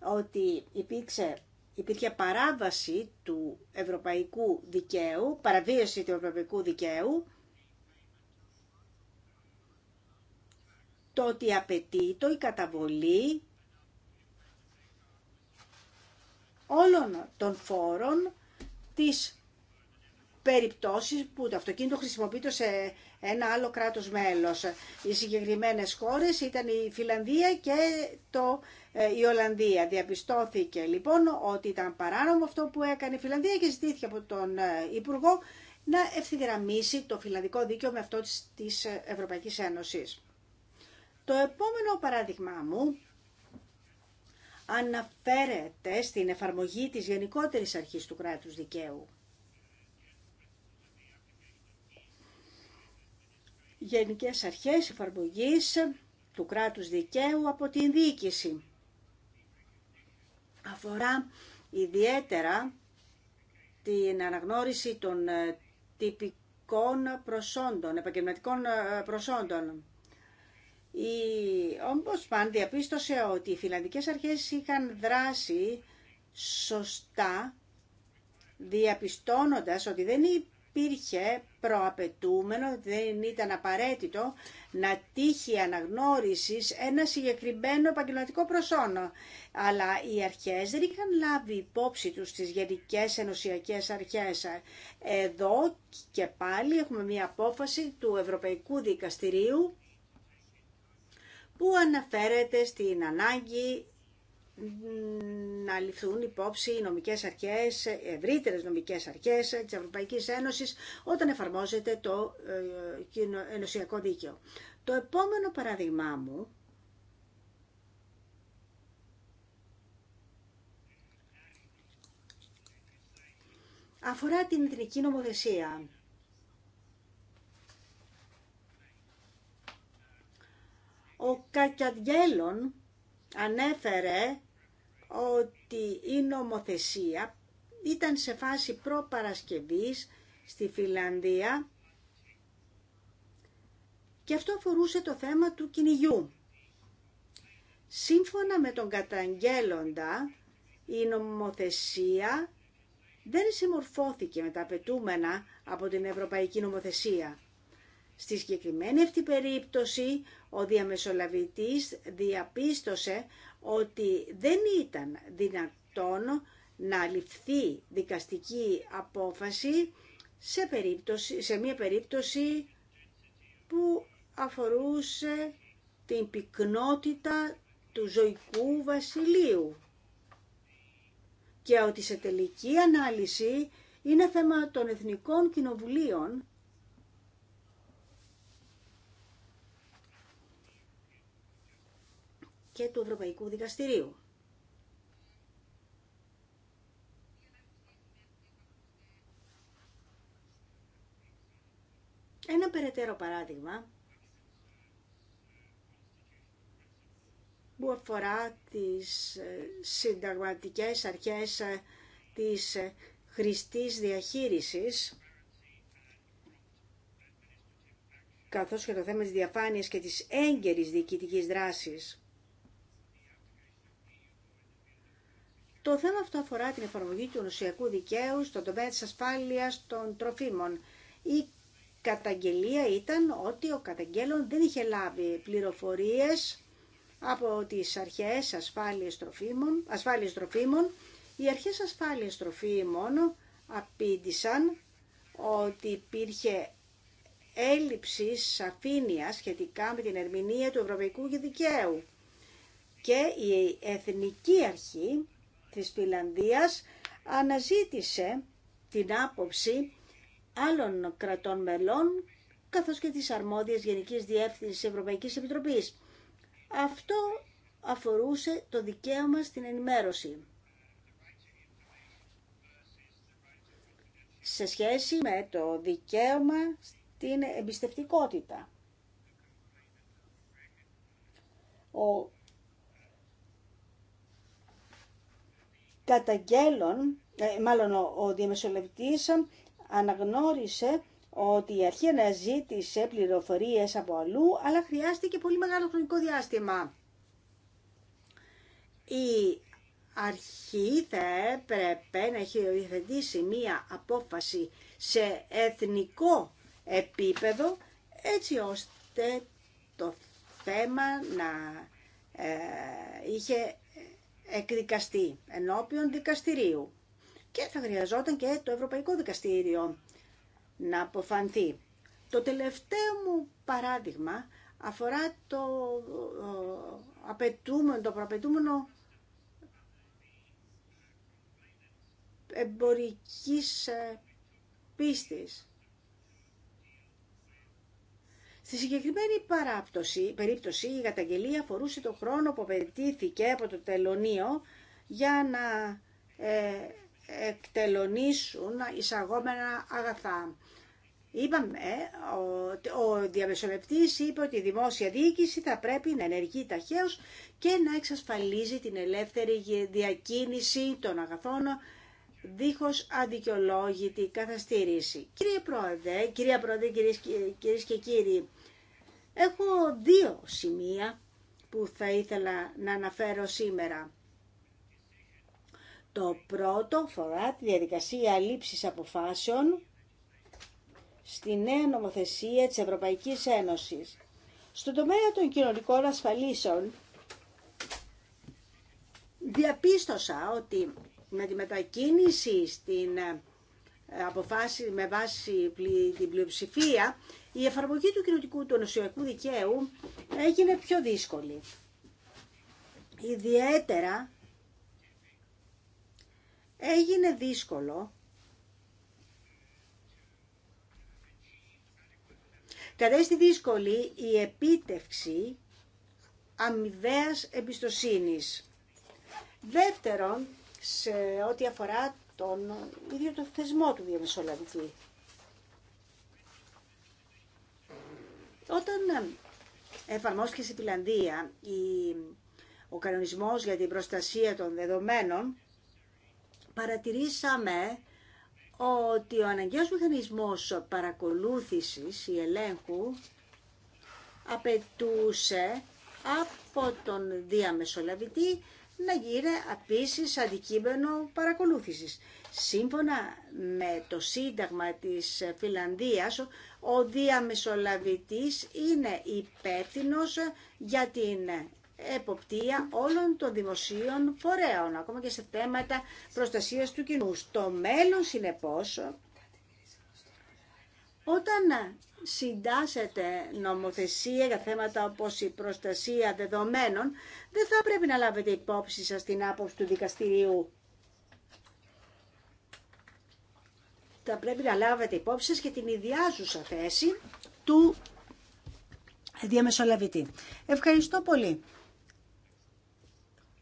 [SPEAKER 4] ότι υπήρξε, υπήρχε παράβαση του ευρωπαϊκού δικαίου, παραβίαση του ευρωπαϊκού δικαίου, το ότι απαιτεί το η καταβολή όλων των φόρων της περιπτώσεις που το αυτοκίνητο χρησιμοποιείται σε ένα άλλο κράτος μέλος. Οι συγκεκριμένες χώρες ήταν η Φιλανδία και το, ε, η Ολλανδία. Διαπιστώθηκε λοιπόν ότι ήταν παράνομο αυτό που έκανε η Φιλανδία και ζητήθηκε από τον ε, Υπουργό να ευθυγραμμίσει το φιλανδικό δίκαιο με αυτό της, της Ευρωπαϊκής Ένωσης. Το επόμενο παράδειγμα μου αναφέρεται στην εφαρμογή της γενικότερης αρχής του κράτους δικαίου. γενικές αρχές εφαρμογής του κράτους δικαίου από την διοίκηση. Αφορά ιδιαίτερα την αναγνώριση των ε, τυπικών προσόντων, επαγγελματικών ε, προσόντων. Η Ομποσπαν διαπίστωσε ότι οι φιλανδικές αρχές είχαν δράσει σωστά διαπιστώνοντας ότι δεν υπήρχε προαπαιτούμενο, δεν ήταν απαραίτητο να τύχει αναγνώρισης ένα συγκεκριμένο επαγγελματικό προσώνο. Αλλά οι αρχές δεν είχαν λάβει υπόψη τους τις γενικέ ενωσιακέ αρχές. Εδώ και πάλι έχουμε μία απόφαση του Ευρωπαϊκού Δικαστηρίου που αναφέρεται στην ανάγκη να ληφθούν υπόψη οι νομικές αρχές, ευρύτερες νομικές αρχές της Ευρωπαϊκής Ένωσης όταν εφαρμόζεται το ε, ενωσιακό δίκαιο. Το επόμενο παράδειγμά μου αφορά την εθνική νομοθεσία. Ο Κακιαδιέλων ανέφερε ότι η νομοθεσία ήταν σε φάση προπαρασκευής στη Φιλανδία και αυτό αφορούσε το θέμα του κυνηγιού. Σύμφωνα με τον καταγγέλλοντα, η νομοθεσία δεν συμμορφώθηκε με τα απαιτούμενα από την Ευρωπαϊκή Νομοθεσία. Στη συγκεκριμένη αυτή περίπτωση, ο διαμεσολαβητής διαπίστωσε ότι δεν ήταν δυνατόν να ληφθεί δικαστική απόφαση σε, περίπτωση, σε μια περίπτωση που αφορούσε την πυκνότητα του ζωικού βασιλείου και ότι σε τελική ανάλυση είναι θέμα των εθνικών κοινοβουλίων και του Ευρωπαϊκού Δικαστηρίου. Ένα περαιτέρω παράδειγμα που αφορά τις ε, συνταγματικές αρχές ε, της ε, χρηστής διαχείρισης καθώς και το θέμα της διαφάνειας και της έγκαιρης διοικητικής δράσης. Το θέμα αυτό αφορά την εφαρμογή του νοσιακού δικαίου στον τομέα της ασφάλειας των τροφίμων. Η καταγγελία ήταν ότι ο καταγγέλων δεν είχε λάβει πληροφορίες από τις αρχές ασφάλειας τροφίμων, ασφάλειας τροφίμων. Οι αρχές ασφάλειας τροφίμων απήντησαν ότι υπήρχε έλλειψη σαφήνεια σχετικά με την ερμηνεία του ευρωπαϊκού δικαίου και η Εθνική Αρχή της Φιλανδίας αναζήτησε την άποψη άλλων κρατών μελών καθώς και της αρμόδιας Γενικής Διεύθυνσης Ευρωπαϊκής Επιτροπής. Αυτό αφορούσε το δικαίωμα στην ενημέρωση. σε σχέση με το δικαίωμα στην εμπιστευτικότητα. Ο καταγγέλων, ε, μάλλον ο διαμεσολευτής αναγνώρισε ότι η αρχή αναζήτησε πληροφορίες από αλλού, αλλά χρειάστηκε πολύ μεγάλο χρονικό διάστημα. Η αρχή θα έπρεπε να έχει υιοθετήσει μία απόφαση σε εθνικό επίπεδο, έτσι ώστε το θέμα να ε, είχε εκδικαστεί ενώπιον δικαστηρίου και θα χρειαζόταν και το Ευρωπαϊκό Δικαστήριο να αποφανθεί. Το τελευταίο μου παράδειγμα αφορά το απαιτούμενο, το προαπαιτούμενο εμπορικής ε, πίστης. Στη συγκεκριμένη παράπτωση, περίπτωση η καταγγελία αφορούσε το χρόνο που απαιτήθηκε από το τελωνίο για να ε, εκτελωνήσουν εισαγόμενα αγαθά. Είπαμε, ε, ο, ο είπε ότι η δημόσια διοίκηση θα πρέπει να ενεργεί ταχαίως και να εξασφαλίζει την ελεύθερη διακίνηση των αγαθών δίχως αντικειολόγητη καθαστήριση. Κύριε Πρόεδρε, κυρία Πρόεδρε, κυρίες και κύριοι, Έχω δύο σημεία που θα ήθελα να αναφέρω σήμερα. Το πρώτο φορά τη διαδικασία λήψης αποφάσεων στη νέα νομοθεσία της Ευρωπαϊκής Ένωσης. Στο τομέα των κοινωνικών ασφαλίσεων διαπίστωσα ότι με τη μετακίνηση στην ε, αποφάσει με βάση την πλειοψηφία, η εφαρμογή του κοινωτικού του νοσιακού δικαίου έγινε πιο δύσκολη. Ιδιαίτερα έγινε δύσκολο Κατέστη δύσκολη η επίτευξη αμοιβαίας εμπιστοσύνης. Δεύτερον, σε ό,τι αφορά τον ίδιο το θεσμό του διαμεσολαβητή. Όταν εφαρμόστηκε στη Φιλανδία η, ο κανονισμός για την προστασία των δεδομένων, παρατηρήσαμε ότι ο αναγκαίος μηχανισμός παρακολούθησης ή ελέγχου απαιτούσε από τον διαμεσολαβητή να γίνει επίση αντικείμενο παρακολούθησης. Σύμφωνα με το Σύνταγμα της Φιλανδίας, ο διαμεσολαβητής είναι υπεύθυνο για την εποπτεία όλων των δημοσίων φορέων, ακόμα και σε θέματα προστασίας του κοινού. Στο μέλλον, συνεπώς, όταν συντάσσεται νομοθεσία για θέματα όπως η προστασία δεδομένων, δεν θα πρέπει να λάβετε υπόψη σας την άποψη του δικαστηρίου. Θα πρέπει να λάβετε υπόψη σας και την ιδιάζουσα θέση του διαμεσολαβητή. Ευχαριστώ πολύ.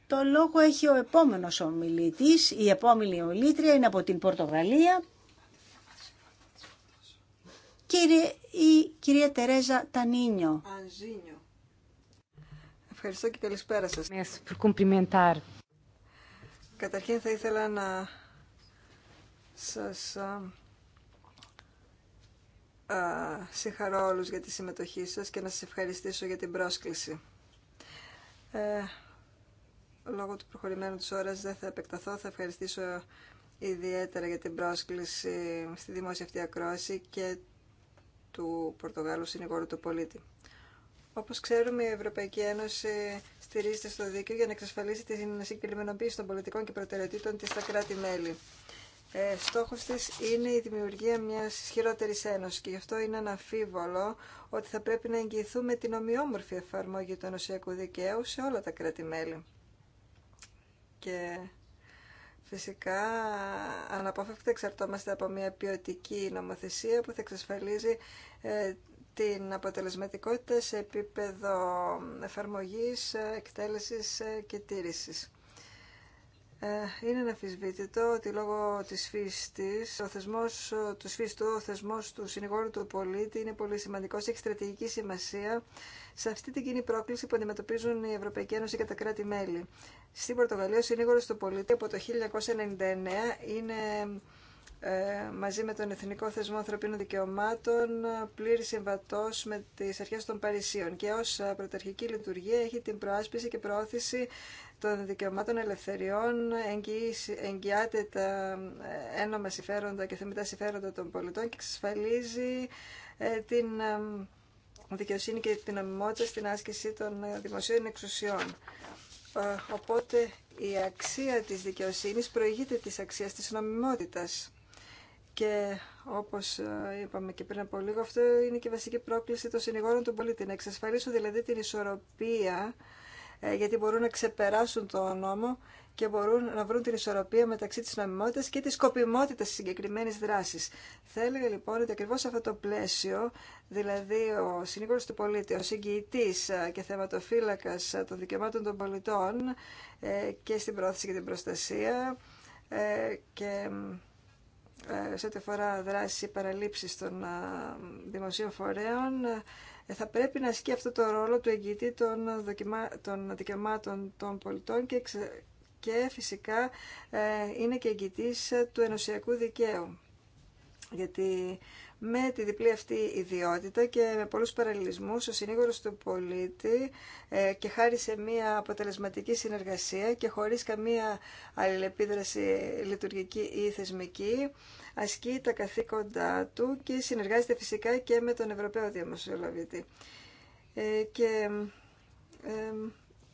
[SPEAKER 4] Το λόγο έχει ο επόμενος ομιλητής, η επόμενη ομιλήτρια είναι από την Πορτογαλία, κύριε ή κυρία Τερέζα Τανίνιο.
[SPEAKER 7] Ανζίνιο. Ευχαριστώ και καλησπέρα σας. Καταρχήν θα ήθελα να σας συγχαρώ όλους για τη συμμετοχή σας και να σας ευχαριστήσω για την πρόσκληση. Ε, λόγω του προχωρημένου της ώρας δεν θα επεκταθώ, θα ευχαριστήσω ιδιαίτερα για την πρόσκληση στη δημόσια αυτή ακρόση και του Πορτογάλου συνηγόρου του πολίτη. Όπως ξέρουμε, η Ευρωπαϊκή Ένωση στηρίζεται στο δίκαιο για να εξασφαλίσει την συγκεκριμενοποίηση των πολιτικών και προτεραιοτήτων της στα κράτη-μέλη. Ε, στόχος της είναι η δημιουργία μιας ισχυρότερη Ένωση. και γι' αυτό είναι αναφίβολο ότι θα πρέπει να εγγυηθούμε την ομοιόμορφη εφαρμόγη του ενωσιακού δικαίου σε όλα τα κράτη-μέλη. Και Φυσικά, αναπόφευκτα εξαρτώμαστε από μια ποιοτική νομοθεσία που θα εξασφαλίζει ε, την αποτελεσματικότητα σε επίπεδο εφαρμογής, εκτέλεσης ε, και τήρησης. Ε, είναι αναφυσβήτητο ότι λόγω της φύση, ο θεσμός του σφίστου, ο θεσμός του συνηγόρου του πολίτη είναι πολύ σημαντικός, έχει στρατηγική σημασία σε αυτή την κοινή πρόκληση που αντιμετωπίζουν η Ευρωπαϊκή Ένωση και τα κράτη-μέλη. Στην Πορτογαλία ο συνήγορος του πολίτη από το 1999 είναι ε, μαζί με τον Εθνικό Θεσμό Ανθρωπίνων Δικαιωμάτων πλήρη συμβατό με τι αρχέ των Παρισίων και ω ε, πρωταρχική λειτουργία έχει την προάσπιση και προώθηση των δικαιωμάτων ελευθεριών εγγυάται τα ε, ένομα συμφέροντα και θεμητά συμφέροντα των πολιτών και εξασφαλίζει ε, την ε, δικαιοσύνη και την νομιμότητα στην άσκηση των δημοσίων εξουσιών. Οπότε η αξία της δικαιοσύνης προηγείται της αξίας της νομιμότητας. Και όπως είπαμε και πριν από λίγο, αυτό είναι και η βασική πρόκληση των συνηγόρων του πολίτη. Να εξασφαλίσουν δηλαδή την ισορροπία ε, γιατί μπορούν να ξεπεράσουν το νόμο και μπορούν να βρουν την ισορροπία μεταξύ της νομιμότητας και της σκοπιμότητας της συγκεκριμένης δράσης. Θα έλεγα λοιπόν ότι ακριβώς αυτό το πλαίσιο, δηλαδή ο συνήγορος του πολίτη, ο συγκοιητής ε, και θεματοφύλακας ε, των δικαιωμάτων των πολιτών και στην πρόθεση και την προστασία και σε ό,τι αφορά ή παραλήψης των δημοσίων φορέων, ε, θα πρέπει να ασκεί αυτό το ρόλο του εγγυητή των, δοκιμά... των δικαιωμάτων των πολιτών και, και φυσικά ε, είναι και εγγυητής του ενωσιακού δικαίου. Γιατί με τη διπλή αυτή ιδιότητα και με πολλούς παραλληλισμούς, ο συνήγορος του πολίτη ε, και χάρη σε μια αποτελεσματική συνεργασία και χωρίς καμία αλληλεπίδραση λειτουργική ή θεσμική, ασκεί τα καθήκοντά του και συνεργάζεται φυσικά και με τον Ευρωπαίο Διαμοσιολαβητή. Ε, και ε,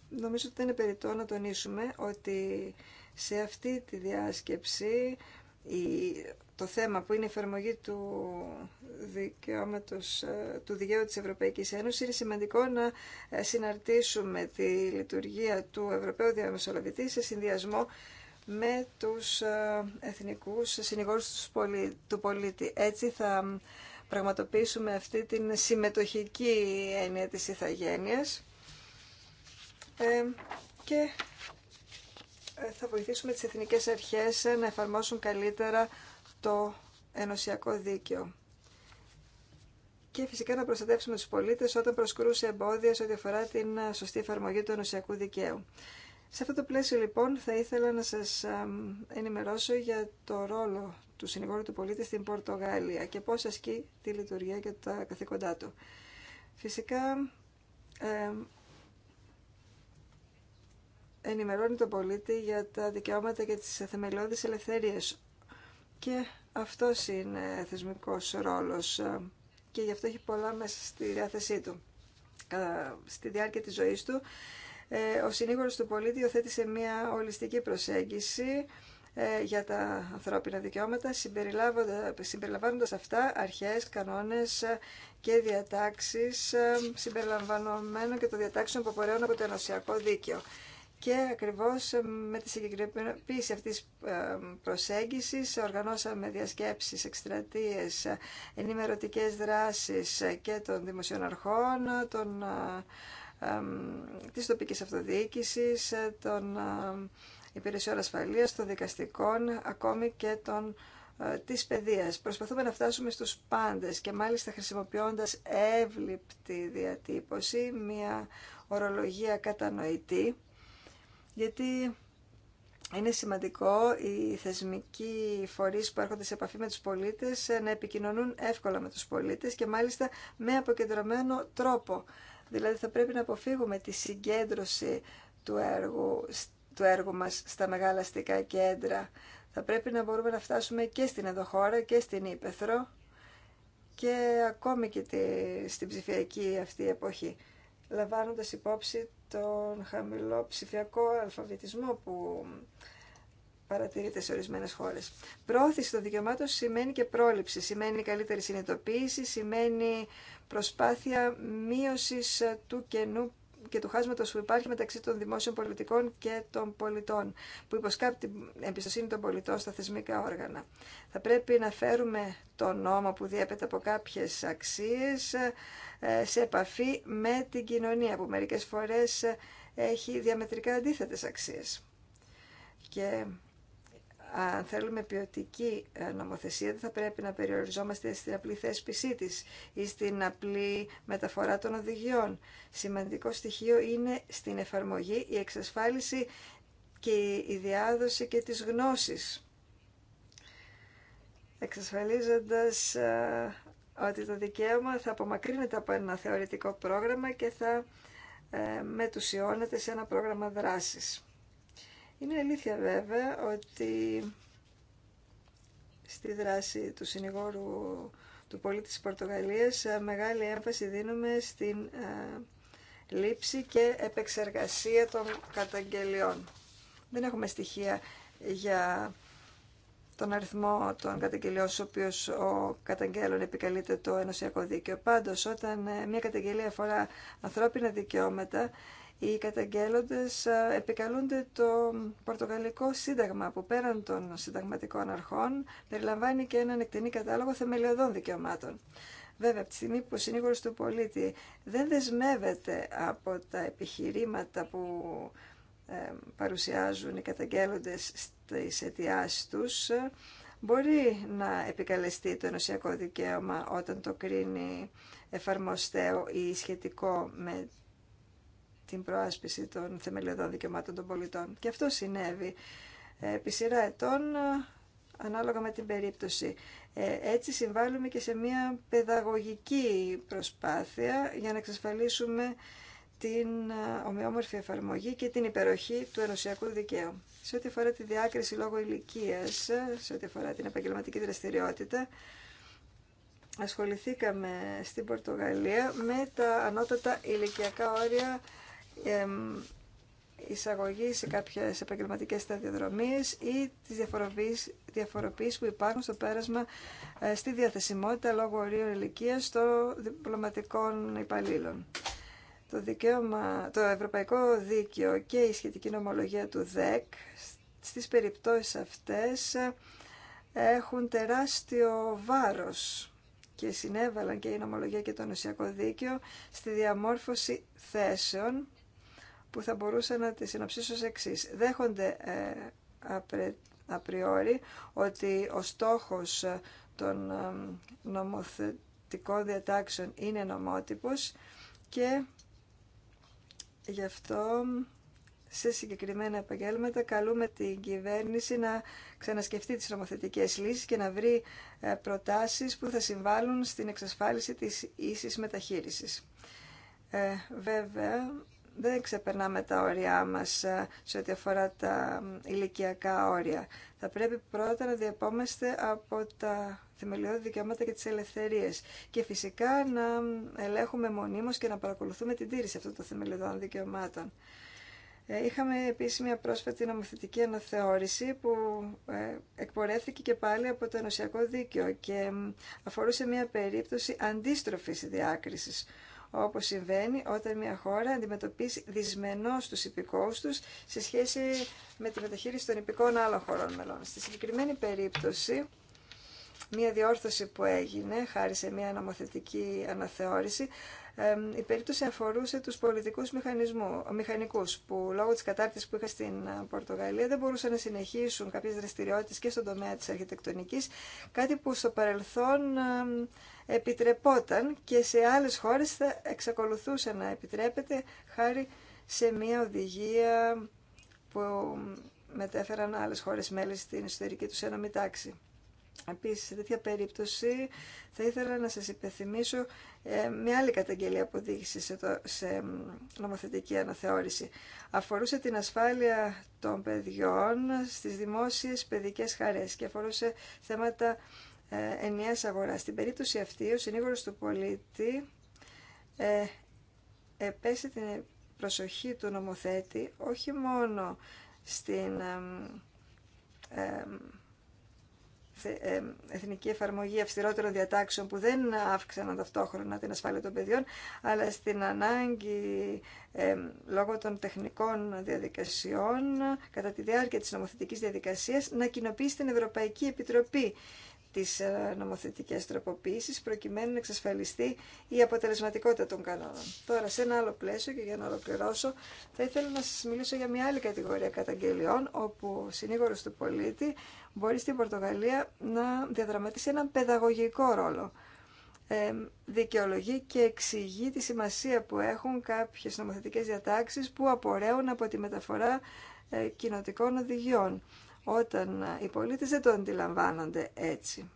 [SPEAKER 7] νομίζω ότι δεν είναι περιττό να τονίσουμε ότι σε αυτή τη διάσκεψη η το θέμα που είναι η εφαρμογή του δικαιώματος ε, του δικαίου της Ευρωπαϊκής Ένωσης είναι σημαντικό να ε, συναρτήσουμε τη λειτουργία του Ευρωπαίου Διαμεσολαβητή σε συνδυασμό με τους ε, εθνικούς συνηγόρους του πολίτη. Έτσι θα πραγματοποιήσουμε αυτή την συμμετοχική έννοια της ηθαγένειας και θα βοηθήσουμε τις εθνικές αρχές να εφαρμόσουν καλύτερα το ενωσιακό δίκαιο. Και φυσικά να προστατεύσουμε τους πολίτες όταν προσκρούσε εμπόδια σε ό,τι αφορά την ε, σωστή εφαρμογή του ενωσιακού δικαίου. Σε αυτό το πλαίσιο λοιπόν θα ήθελα να σας ενημερώσω για το ρόλο του συνηγόρου του πολίτη στην Πορτογαλία και πώς ασκεί τη λειτουργία και τα καθήκοντά του. Φυσικά ενημερώνει τον πολίτη για τα δικαιώματα και τις θεμελιώδεις ελευθερίες και αυτός είναι θεσμικός ρόλος ε, και γι' αυτό έχει πολλά μέσα στη διάθεσή του. Ε, στη διάρκεια της ζωής του, ε, ο συνήγορος του πολίτη υιοθέτησε μια ολιστική προσέγγιση για τα ανθρώπινα δικαιώματα, συμπεριλαμβάνοντας αυτά αρχές, κανόνες και διατάξεις, συμπεριλαμβανομένων και των διατάξεων που απορρέουν από το ενωσιακό δίκαιο. Και ακριβώς με τη συγκεκριμένη αυτής της ε, προσέγγισης οργανώσαμε διασκέψεις, εκστρατείες, ενημερωτικές δράσεις και των δημοσίων αρχών, των, ε, της τοπικής αυτοδιοίκησης, των ε, υπηρεσιών ασφαλείας, των δικαστικών, ακόμη και των της παιδείας. Προσπαθούμε να φτάσουμε στους πάντες και μάλιστα χρησιμοποιώντας εύληπτη διατύπωση, μια ορολογία κατανοητή, γιατί είναι σημαντικό οι θεσμικοί φορείς που έρχονται σε επαφή με τους πολίτες ε, να επικοινωνούν εύκολα με τους πολίτες και μάλιστα με αποκεντρωμένο τρόπο. Δηλαδή θα πρέπει να αποφύγουμε τη συγκέντρωση του έργου, του έργου μας στα μεγάλα αστικά κέντρα. Θα πρέπει να μπορούμε να φτάσουμε και στην Εδωχώρα και στην Ήπεθρο και ακόμη και στην ψηφιακή αυτή εποχή λαμβάνοντας υπόψη τον χαμηλό ψηφιακό αλφαβητισμό που παρατηρείται σε ορισμένες χώρες. Πρόθεση των δικαιωμάτων σημαίνει και πρόληψη, σημαίνει καλύτερη συνειδητοποίηση, σημαίνει προσπάθεια μείωσης του κενού και του χάσματος που υπάρχει μεταξύ των δημόσιων πολιτικών και των πολιτών, που υποσκάπτει την εμπιστοσύνη των πολιτών στα θεσμικά όργανα. Θα πρέπει να φέρουμε το νόμο που διέπεται από κάποιες αξίες ε, σε επαφή με την κοινωνία, που μερικές φορές έχει διαμετρικά αντίθετες αξίες. Και αν θέλουμε ποιοτική ε, νομοθεσία, δεν θα πρέπει να περιοριζόμαστε στην απλή θέσπισή τη ή στην απλή μεταφορά των οδηγιών. Σημαντικό στοιχείο είναι στην εφαρμογή η εξασφάλιση και η διάδοση και της γνώσης, εξασφαλίζοντας ε, ότι το δικαίωμα θα απομακρύνεται από ένα θεωρητικό πρόγραμμα και θα ε, μετουσιώνεται σε ένα πρόγραμμα δράσης. Είναι αλήθεια βέβαια ότι στη δράση του συνηγόρου του πολίτη της Πορτογαλίας ε, μεγάλη έμφαση δίνουμε στην ε, λήψη και επεξεργασία των καταγγελιών. Δεν έχουμε στοιχεία για τον αριθμό των καταγγελιών στους οποίους ο καταγγέλων επικαλείται το ενωσιακό δίκαιο. Πάντως, όταν ε, μια καταγγελία αφορά ανθρώπινα δικαιώματα, οι καταγγέλλοντες ε, επικαλούνται το πορτογαλικό σύνταγμα που πέραν των συνταγματικών αρχών περιλαμβάνει και έναν εκτενή κατάλογο θεμελιωδών δικαιωμάτων. Βέβαια, από τη στιγμή που ο συνήγορος του πολίτη δεν δεσμεύεται από τα επιχειρήματα που ε, παρουσιάζουν οι καταγγέλλοντες στις αιτιάσεις τους, μπορεί να επικαλεστεί το ενωσιακό δικαίωμα όταν το κρίνει εφαρμοστέο ή σχετικό με την προάσπιση των θεμελιωδών δικαιωμάτων των πολιτών. Και αυτό συνέβη ε, επί σειρά ετών ε, ανάλογα με την περίπτωση. Ε, έτσι συμβάλλουμε και σε μια παιδαγωγική προσπάθεια για να εξασφαλίσουμε την ομοιόμορφη εφαρμογή και την υπεροχή του ενωσιακού δικαίου. Σε ό,τι αφορά τη διάκριση λόγω ηλικία, σε ό,τι αφορά την επαγγελματική δραστηριότητα, ασχοληθήκαμε στην Πορτογαλία με τα ανώτατα ηλικιακά όρια εισαγωγή σε κάποιες επαγγελματικές σταδιοδρομίες ή τις διαφοροποίησεις που υπάρχουν στο πέρασμα ε, στη διαθεσιμότητα λόγω ορίων ηλικία των διπλωματικών υπαλλήλων. Το, δικαίωμα, το Ευρωπαϊκό Δίκαιο και η σχετική νομολογία του ΔΕΚ στις περιπτώσεις αυτές έχουν τεράστιο βάρος και συνέβαλαν και η νομολογία και το νοσιακό δίκαιο στη διαμόρφωση θέσεων που θα μπορούσα να τη συνοψίσω σε εξής. Δέχονται ε, απριόρι ότι ο στόχος ε, των ε, νομοθετικών διατάξεων είναι νομότυπος και γι' αυτό σε συγκεκριμένα επαγγέλματα καλούμε την κυβέρνηση να ξανασκεφτεί τις νομοθετικές λύσεις και να βρει προτάσεις που θα συμβάλλουν στην εξασφάλιση της ίσης μεταχείρισης. βέβαια, δεν ξεπερνάμε τα όρια μας ε, σε ό,τι αφορά τα ηλικιακά όρια. Θα πρέπει πρώτα να διαπόμεστε από τα θεμελιώδη δικαιώματα και τις ελευθερίες και φυσικά να ελέγχουμε μονίμως και να παρακολουθούμε την τήρηση αυτών των θεμελιωδών δικαιωμάτων. Ε, είχαμε επίσης μια πρόσφατη νομοθετική αναθεώρηση που ε, εκπορέθηκε και πάλι από το Ενωσιακό Δίκαιο και αφορούσε μια περίπτωση αντίστροφης διάκρισης Όπω συμβαίνει όταν μια χώρα αντιμετωπίζει δυσμενώ του υπηκόου του σε σχέση με τη μεταχείριση των υπηκών άλλων χωρών μελών. Στη συγκεκριμένη περίπτωση, μια διόρθωση που έγινε χάρη σε μια νομοθετική αναθεώρηση, η περίπτωση αφορούσε τους πολιτικούς μηχανικού, μηχανικούς που λόγω της κατάρτισης που είχα στην ε, Πορτογαλία δεν μπορούσαν να συνεχίσουν κάποιες δραστηριότητες και στον τομέα της αρχιτεκτονικής, κάτι που στο παρελθόν επιτρεπόταν και σε άλλες χώρες θα εξακολουθούσε να επιτρέπεται χάρη σε μια οδηγία που μετέφεραν άλλες χώρες μέλη στην ιστορική του ένωμη τάξη. Επίσης, σε τέτοια περίπτωση θα ήθελα να σας υπενθυμίσω ε, μια άλλη καταγγελία που οδήγησε σε, σε νομοθετική αναθεώρηση. Αφορούσε την ασφάλεια των παιδιών στις δημόσιες παιδικές χαρές και αφορούσε θέματα ε, ενιαίας αγοράς. Στην περίπτωση αυτή, ο συνήγορος του πολίτη ε, επέσει την προσοχή του νομοθέτη όχι μόνο στην ε, ε, εθνική εφαρμογή αυστηρότερων διατάξεων που δεν αύξαναν ταυτόχρονα την ασφάλεια των παιδιών, αλλά στην ανάγκη ε, λόγω των τεχνικών διαδικασιών κατά τη διάρκεια της νομοθετικής διαδικασίας να κοινοποιήσει την Ευρωπαϊκή Επιτροπή τις ε, νομοθετικές τροποποιήσεις προκειμένου να εξασφαλιστεί η αποτελεσματικότητα των κανόνων. Τώρα, σε ένα άλλο πλαίσιο και για να ολοκληρώσω, θα ήθελα να σας μιλήσω για μια άλλη κατηγορία καταγγελιών, όπου ο συνήγορος του πολίτη μπορεί στην Πορτογαλία να διαδραματίσει έναν παιδαγωγικό ρόλο. Ε, δικαιολογεί και εξηγεί τη σημασία που έχουν κάποιες νομοθετικές διατάξεις που απορρέουν από τη μεταφορά ε, κοινοτικών οδηγιών όταν οι πολίτες δεν το αντιλαμβάνονται έτσι.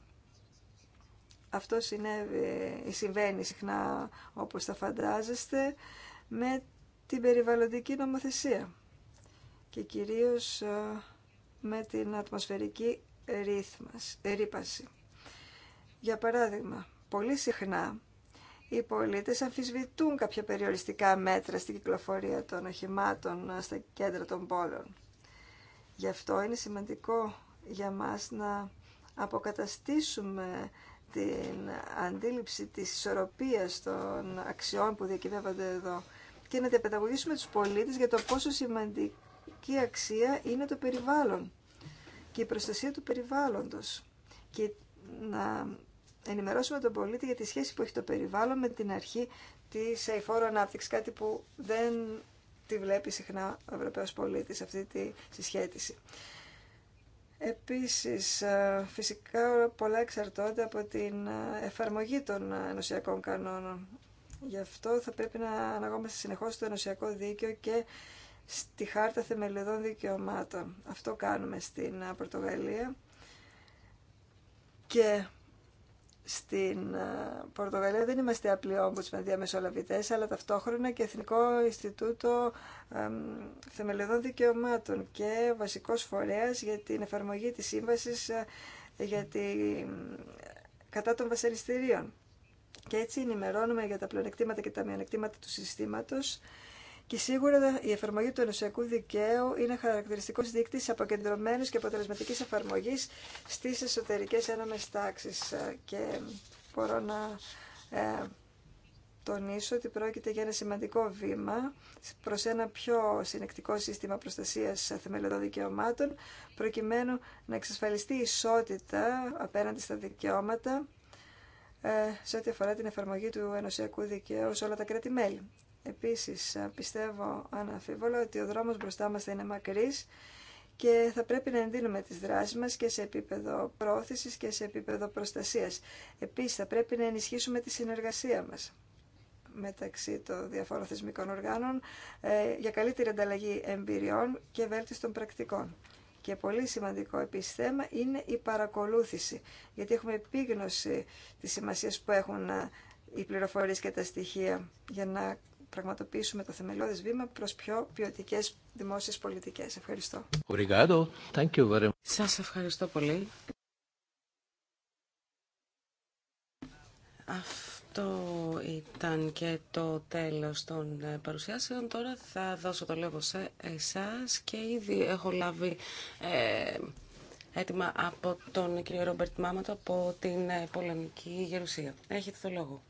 [SPEAKER 7] Αυτό συνέβη, συμβαίνει συχνά όπως θα φαντάζεστε με την περιβαλλοντική νομοθεσία και κυρίως ε, με την ατμοσφαιρική ε, ρήπαση. Για παράδειγμα, πολύ συχνά οι πολίτες αμφισβητούν κάποια περιοριστικά μέτρα στην κυκλοφορία των οχημάτων ε, στα κέντρα των πόλων. Γι' αυτό είναι σημαντικό για μας να αποκαταστήσουμε την αντίληψη της ισορροπίας των αξιών που διακυβεύονται εδώ και να διαπαιδαγωγήσουμε τους πολίτες για το πόσο σημαντική αξία είναι το περιβάλλον και η προστασία του περιβάλλοντος και να ενημερώσουμε τον πολίτη για τη σχέση που έχει το περιβάλλον με την αρχή της αηφόρου ανάπτυξης, κάτι που δεν τι βλέπει συχνά ο Ευρωπαίος πολίτης, αυτή τη συσχέτιση. Επίσης, ε, φυσικά πολλά εξαρτώνται από την ε, εφαρμογή των ε, ενωσιακών κανόνων. Γι' αυτό θα πρέπει να αναγόμαστε συνεχώς στο ενωσιακό δίκαιο και στη Χάρτα Θεμελιωδών Δικαιωμάτων. Αυτό κάνουμε στην Πορτογαλία και στην ε, Πορτογαλία δεν είμαστε απλοί με διαμεσολαβητές, αλλά ταυτόχρονα και Εθνικό Ινστιτούτο Θεμελιωδών Δικαιωμάτων και βασικός φορέας για την εφαρμογή της σύμβασης ε, για τη... κατά των βασανιστήριων. Και έτσι ενημερώνουμε για τα πλεονεκτήματα και τα μειονεκτήματα του συστήματος και σίγουρα η εφαρμογή του ενωσιακού δικαίου είναι χαρακτηριστικό δείκτη αποκεντρωμένη και αποτελεσματική εφαρμογή στι εσωτερικέ έναμε τάξει. Ε, και μπορώ να ε, τονίσω ότι πρόκειται για ένα σημαντικό βήμα προ ένα πιο συνεκτικό σύστημα προστασία θεμελιωδών δικαιωμάτων, προκειμένου να εξασφαλιστεί ισότητα απέναντι στα δικαιώματα ε, σε ό,τι αφορά την εφαρμογή του ενωσιακού δικαίου σε όλα τα κράτη-μέλη. Επίσης, πιστεύω αναφίβολα ότι ο δρόμος μπροστά μας θα είναι μακρύς και θα πρέπει να ενδύνουμε τις δράσεις μας και σε επίπεδο πρόθεσης και σε επίπεδο προστασίας. Επίσης, θα πρέπει να ενισχύσουμε τη συνεργασία μας μεταξύ των διαφόρων θεσμικών οργάνων ε, για καλύτερη ανταλλαγή εμπειριών και των πρακτικών. Και πολύ σημαντικό επίσης θέμα είναι η παρακολούθηση, γιατί έχουμε επίγνωση της σημασίας που έχουν ε, οι πληροφορίες και τα στοιχεία για να πραγματοποιήσουμε το θεμελιώδες βήμα προς πιο ποιοτικέ δημόσιε πολιτικέ. Ευχαριστώ.
[SPEAKER 5] Thank you Σας ευχαριστώ πολύ. Αυτό ήταν και το τέλος των ε, παρουσιάσεων. Τώρα θα δώσω το λόγο σε εσάς και ήδη έχω λάβει έτοιμα ε, από τον κύριο Ρόμπερτ Μάματο από την ε, Πολωνική
[SPEAKER 7] Γερουσία. Έχετε το λόγο.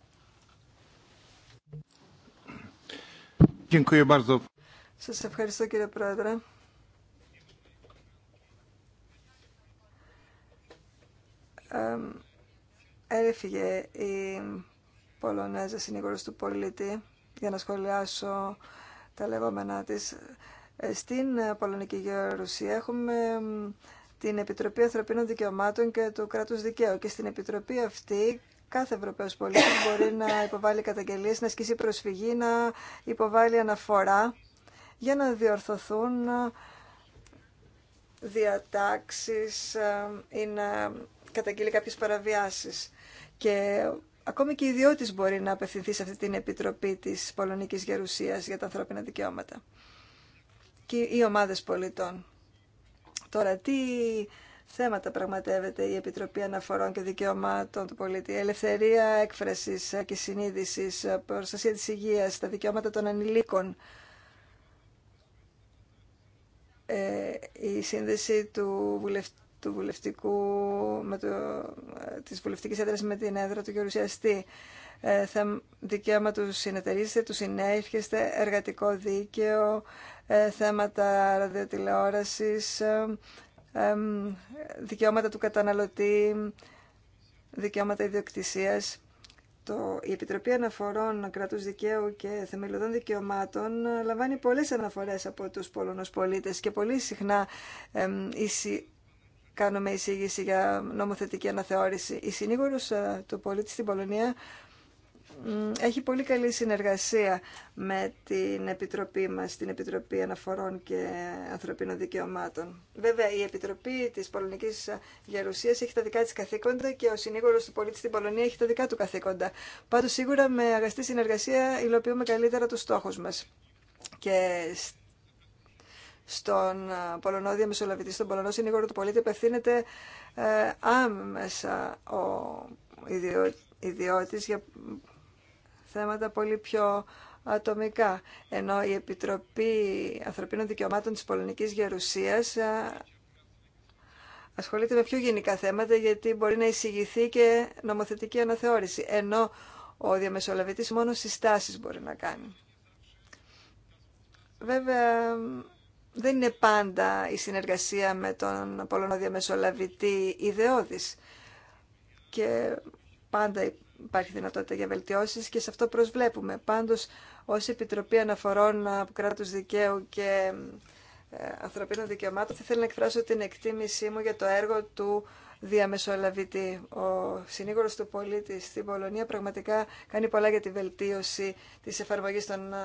[SPEAKER 7] Σας ευχαριστώ κύριε Πρόεδρε. Έφυγε η Πολωνέζα συνήγορος του πολίτη για να σχολιάσω τα λεγόμενά της. Ε, στην Πολωνική Γεωρουσία έχουμε την Επιτροπή Ανθρωπίνων Δικαιωμάτων και του Κράτους Δικαίου και στην Επιτροπή αυτή κάθε Ευρωπαίος πολίτης μπορεί να υποβάλει καταγγελίες, να ασκήσει προσφυγή, να υποβάλει αναφορά για να διορθωθούν διατάξεις ε, ή να καταγγείλει κάποιες παραβιάσεις. Και ακόμη και ιδιώτης μπορεί να απευθυνθεί σε αυτή την Επιτροπή της Πολωνικής Γερουσίας για τα ανθρώπινα δικαιώματα και οι ομάδες πολιτών. Τώρα, τι θέματα πραγματεύεται η Επιτροπή Αναφορών και Δικαιωμάτων του Πολίτη. Ελευθερία έκφραση και συνείδηση, προστασία τη υγεία, τα δικαιώματα των ανηλίκων, ε, η σύνδεση του, βουλευτικού, με το... Ε, της βουλευτικής έδρας με την έδρα του γερουσιαστή, ε, θα, δικαίωμα του συνεταιρίζεστε, του συνέρχεστε, εργατικό δίκαιο, θέματα ραδιοτηλεόρασης, δικαιώματα του καταναλωτή, δικαιώματα ιδιοκτησίας. Το, η Επιτροπή Αναφορών Κράτους Δικαίου και Θεμελιωδών Δικαιωμάτων λαμβάνει πολλές αναφορές από τους Πολωνούς πολίτες και πολύ συχνά εμ, κάνουμε εισήγηση για νομοθετική αναθεώρηση. Η συνήγορος ε, του πολίτη στην Πολωνία έχει πολύ καλή συνεργασία με την Επιτροπή μας, την Επιτροπή Αναφορών και Ανθρωπίνων Δικαιωμάτων. Βέβαια, η Επιτροπή της Πολωνικής Γερουσίας έχει τα δικά της καθήκοντα και ο συνήγορος του πολίτη στην Πολωνία έχει τα δικά του καθήκοντα. Πάντως, σίγουρα με αγαστή συνεργασία υλοποιούμε καλύτερα τους στόχους μας. Και στον ε, Πολωνό Διαμεσολαβητή, στον Πολωνό Συνήγορο του Πολίτη, απευθύνεται ε, άμεσα ο ιδιότητας για θέματα πολύ πιο ατομικά. Ενώ η Επιτροπή Ανθρωπίνων Δικαιωμάτων της Πολωνικής Γερουσίας ε, ασχολείται με πιο γενικά θέματα γιατί μπορεί να εισηγηθεί και νομοθετική αναθεώρηση. Ενώ ο διαμεσολαβητής μόνο συστάσεις μπορεί να κάνει. Βέβαια, δεν είναι πάντα η συνεργασία με τον Πολωνό διαμεσολαβητή ιδεώδης και πάντα υπάρχει δυνατότητα για βελτιώσεις και σε αυτό προσβλέπουμε. Πάντως, ως Επιτροπή Αναφορών από ε, κράτους δικαίου και ε, ανθρωπίνων δικαιωμάτων, θα ήθελα να εκφράσω την εκτίμησή μου για το έργο του διαμεσολαβητή. Ο συνήγορος του πολίτη στην Πολωνία πραγματικά κάνει πολλά για τη βελτίωση της εφαρμογής των ε,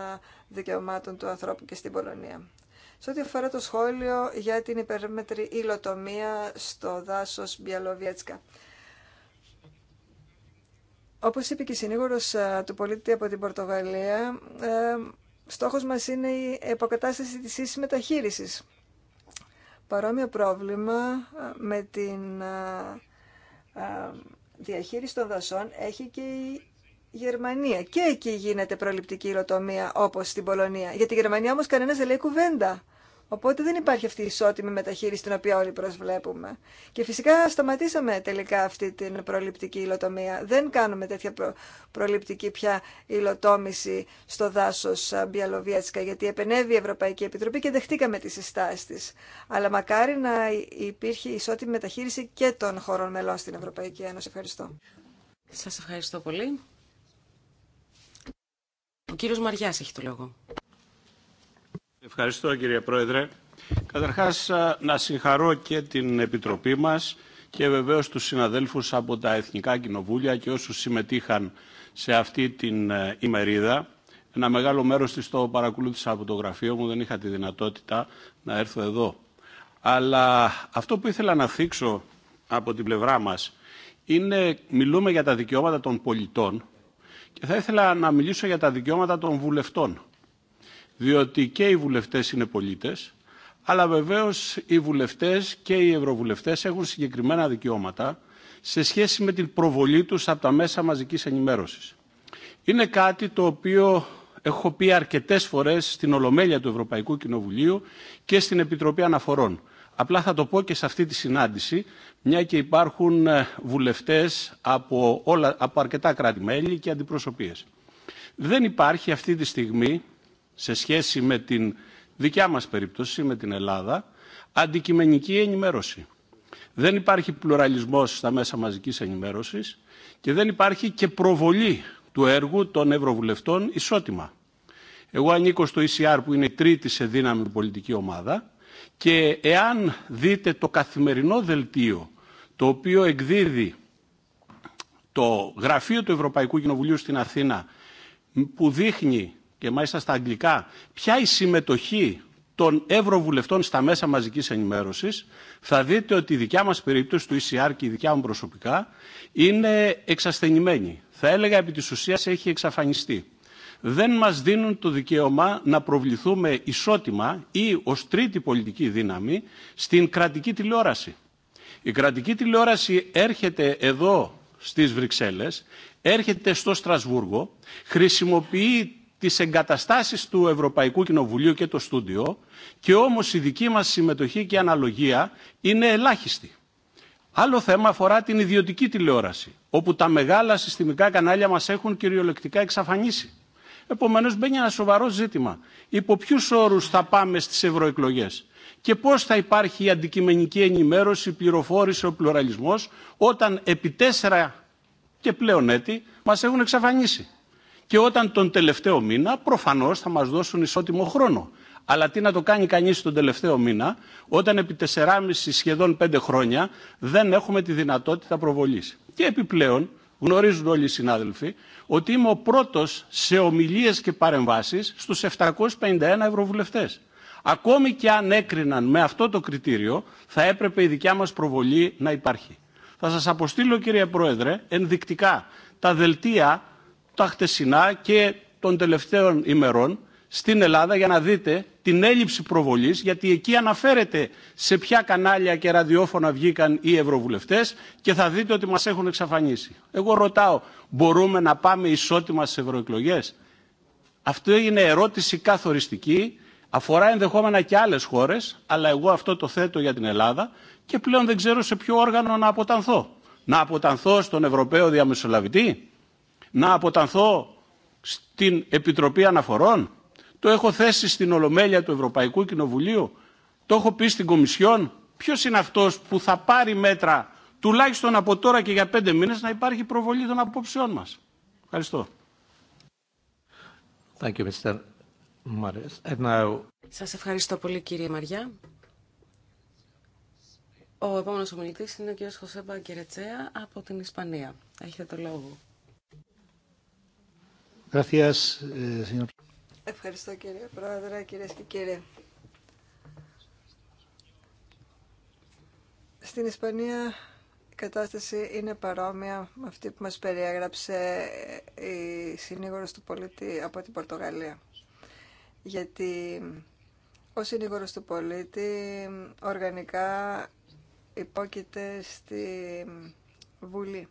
[SPEAKER 7] δικαιωμάτων του ανθρώπου και στην Πολωνία. Σε ό,τι αφορά το σχόλιο για την υπερμετρή υλοτομία στο δάσος Μπιαλοβιέτσκα. Όπως είπε και η συνήγορος του πολίτη από την Πορτογαλία, ε, στόχος μας είναι η υποκατάσταση της ίσης μεταχείρισης. Παρόμοιο πρόβλημα ε, με την ε, διαχείριση των δασών έχει και η Γερμανία. Και εκεί γίνεται προληπτική υλοτομία όπως στην Πολωνία. Για τη Γερμανία όμως κανένας δεν λέει κουβέντα. Οπότε δεν υπάρχει αυτή η ισότιμη μεταχείριση την οποία όλοι προσβλέπουμε. Και φυσικά σταματήσαμε τελικά αυτή την προληπτική υλοτομία. Δεν κάνουμε τέτοια προληπτική πια υλοτόμηση στο δάσος Μπιαλοβιέτσκα, γιατί επενεύει η Ευρωπαϊκή Επιτροπή και δεχτήκαμε τι συστάσεις τη. Αλλά μακάρι να υπήρχε ισότιμη μεταχείριση και των χωρών μελών στην Ευρωπαϊκή Ένωση. Ευχαριστώ.
[SPEAKER 5] Σα ευχαριστώ πολύ. Ο κύριος Μαριά έχει το λόγο.
[SPEAKER 6] Ευχαριστώ κύριε Πρόεδρε. Καταρχάς να συγχαρώ και την Επιτροπή μας και βεβαίως τους συναδέλφους από τα Εθνικά Κοινοβούλια και όσους συμμετείχαν σε αυτή την ε, ημερίδα. Ένα μεγάλο μέρος της το παρακολούθησα από το γραφείο μου, δεν είχα τη δυνατότητα να έρθω εδώ. Αλλά αυτό που ήθελα να θίξω από την πλευρά μας είναι, μιλούμε για τα δικαιώματα των πολιτών και θα ήθελα να μιλήσω για τα δικαιώματα των βουλευτών διότι και οι βουλευτές είναι πολίτες, αλλά βεβαίως οι βουλευτές και οι ευρωβουλευτές έχουν συγκεκριμένα δικαιώματα σε σχέση με την προβολή τους από τα μέσα μαζικής ενημέρωσης. Είναι κάτι το οποίο έχω πει αρκετές φορές στην Ολομέλεια του Ευρωπαϊκού Κοινοβουλίου και στην Επιτροπή Αναφορών. Απλά θα το πω και σε αυτή τη συνάντηση, μια και υπάρχουν ε, βουλευτές από, όλα, από αρκετά κράτη-μέλη και αντιπροσωπείες. Δεν υπάρχει αυτή τη στιγμή σε σχέση με την δικιά μας περίπτωση, με την Ελλάδα, αντικειμενική ενημέρωση. Δεν υπάρχει πλουραλισμός στα μέσα μαζικής ενημέρωσης και δεν υπάρχει και προβολή του έργου των Ευρωβουλευτών ισότιμα. Εγώ ανήκω στο ECR που είναι η τρίτη σε δύναμη πολιτική ομάδα και εάν δείτε το καθημερινό δελτίο το οποίο εκδίδει το γραφείο του Ευρωπαϊκού Κοινοβουλίου στην Αθήνα που δείχνει και μάλιστα στα αγγλικά ποια η συμμετοχή των ευρωβουλευτών στα μέσα μαζικής ενημέρωσης, θα δείτε ότι η δικιά μας περίπτωση του ECR και η δικιά μου προσωπικά είναι εξασθενημένη. Θα έλεγα επί της ουσίας έχει εξαφανιστεί. Δεν μας δίνουν το δικαίωμα να προβληθούμε ισότιμα ή ως τρίτη πολιτική δύναμη στην κρατική τηλεόραση. Η κρατική τηλεόραση έρχεται εδώ στις Βρυξέλλες, έρχεται στο Στρασβούργο, χρησιμοποιεί τις εγκαταστάσεις του Ευρωπαϊκού Κοινοβουλίου και το στούντιο και όμως η δική μας συμμετοχή και αναλογία είναι ελάχιστη. Άλλο θέμα αφορά την ιδιωτική τηλεόραση, όπου τα μεγάλα συστημικά κανάλια μας έχουν κυριολεκτικά εξαφανίσει. Επομένως μπαίνει ένα σοβαρό ζήτημα. Υπό ποιου όρου θα πάμε στις ευρωεκλογέ και πώς θα υπάρχει η αντικειμενική ενημέρωση, η πληροφόρηση, ο πλουραλισμός όταν επί τέσσερα και πλέον έτη μας έχουν εξαφανίσει και όταν τον τελευταίο μήνα προφανώ θα μα δώσουν ισότιμο χρόνο. Αλλά τι να το κάνει κανεί τον τελευταίο μήνα όταν επί 4,5 σχεδόν 5 χρόνια δεν έχουμε τη δυνατότητα προβολή. Και επιπλέον γνωρίζουν όλοι οι συνάδελφοι ότι είμαι ο πρώτο σε ομιλίε και παρεμβάσει στου 751 ευρωβουλευτέ. Ακόμη και αν έκριναν με αυτό το κριτήριο θα έπρεπε η δικιά μα προβολή να υπάρχει. Θα σας αποστείλω κύριε Πρόεδρε ενδεικτικά τα δελτία τα χτεσινά και των τελευταίων ημερών στην Ελλάδα για να δείτε την έλλειψη προβολής γιατί εκεί αναφέρεται σε ποια κανάλια και ραδιόφωνα βγήκαν οι ευρωβουλευτές και θα δείτε ότι μας έχουν εξαφανίσει. Εγώ ρωτάω, μπορούμε να πάμε ισότιμα στις ευρωεκλογέ. Αυτό είναι ερώτηση καθοριστική, αφορά ενδεχόμενα και άλλες χώρες, αλλά εγώ αυτό το θέτω για την Ελλάδα και πλέον δεν ξέρω σε ποιο όργανο να αποτανθώ. Να αποτανθώ στον Ευρωπαίο Διαμεσολαβητή, να αποτανθώ στην Επιτροπή Αναφορών. Το έχω θέσει στην Ολομέλεια του Ευρωπαϊκού Κοινοβουλίου. Το έχω πει στην Κομισιόν. Ποιος είναι αυτός που θα πάρει μέτρα τουλάχιστον από τώρα και για πέντε μήνες να υπάρχει προβολή των απόψεών μας. Ευχαριστώ. Thank you, Mr.
[SPEAKER 5] Σας ευχαριστώ πολύ κύριε Μαριά. Ο επόμενος ομιλητής είναι ο κύριος Χωσέμπα Κερετσέα από την Ισπανία. Έχετε το λόγο.
[SPEAKER 2] Eh,
[SPEAKER 7] Ευχαριστώ κύριε Πρόεδρε, κυρίε και κύριοι. Στην Ισπανία η κατάσταση είναι παρόμοια με αυτή που μας περιέγραψε η συνήγορος του πολίτη από την Πορτογαλία. Γιατί ο συνήγορος του πολίτη οργανικά υπόκειται στη Βουλή.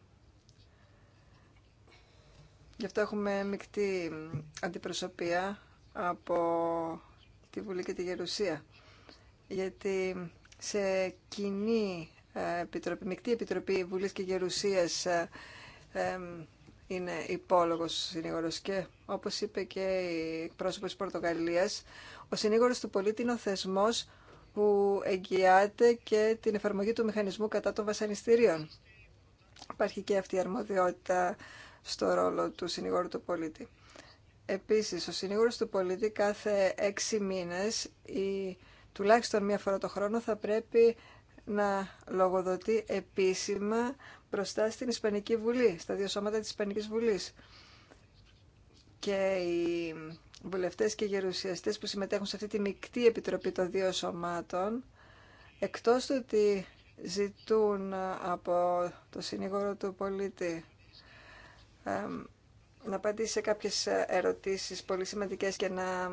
[SPEAKER 7] Γι' αυτό έχουμε μεικτή αντιπροσωπεία από τη Βουλή και τη Γερουσία. Γιατί σε κοινή ε, επιτροπή, μεικτή επιτροπή Βουλής και Γερουσίας ε, είναι υπόλογος συνήγορος και όπως είπε και η πρόσωπος της Πορτογαλίας, ο συνήγορος του πολίτη είναι ο θεσμός που εγγυάται και την εφαρμογή του μηχανισμού κατά των βασανιστήριων. Υπάρχει και αυτή η αρμοδιότητα στο ρόλο του συνηγόρου του πολίτη. Επίσης, ο συνήγορος του πολίτη κάθε έξι μήνες ή τουλάχιστον μία φορά το χρόνο θα πρέπει να λογοδοτεί επίσημα μπροστά στην Ισπανική Βουλή, στα δύο σώματα της Ισπανικής Βουλής. Και οι βουλευτές και οι γερουσιαστές που συμμετέχουν σε αυτή τη μεικτή επιτροπή των δύο σωμάτων, εκτός του ότι ζητούν από το συνήγορο του πολίτη να απαντήσει σε κάποιες ερωτήσεις πολύ σημαντικές και να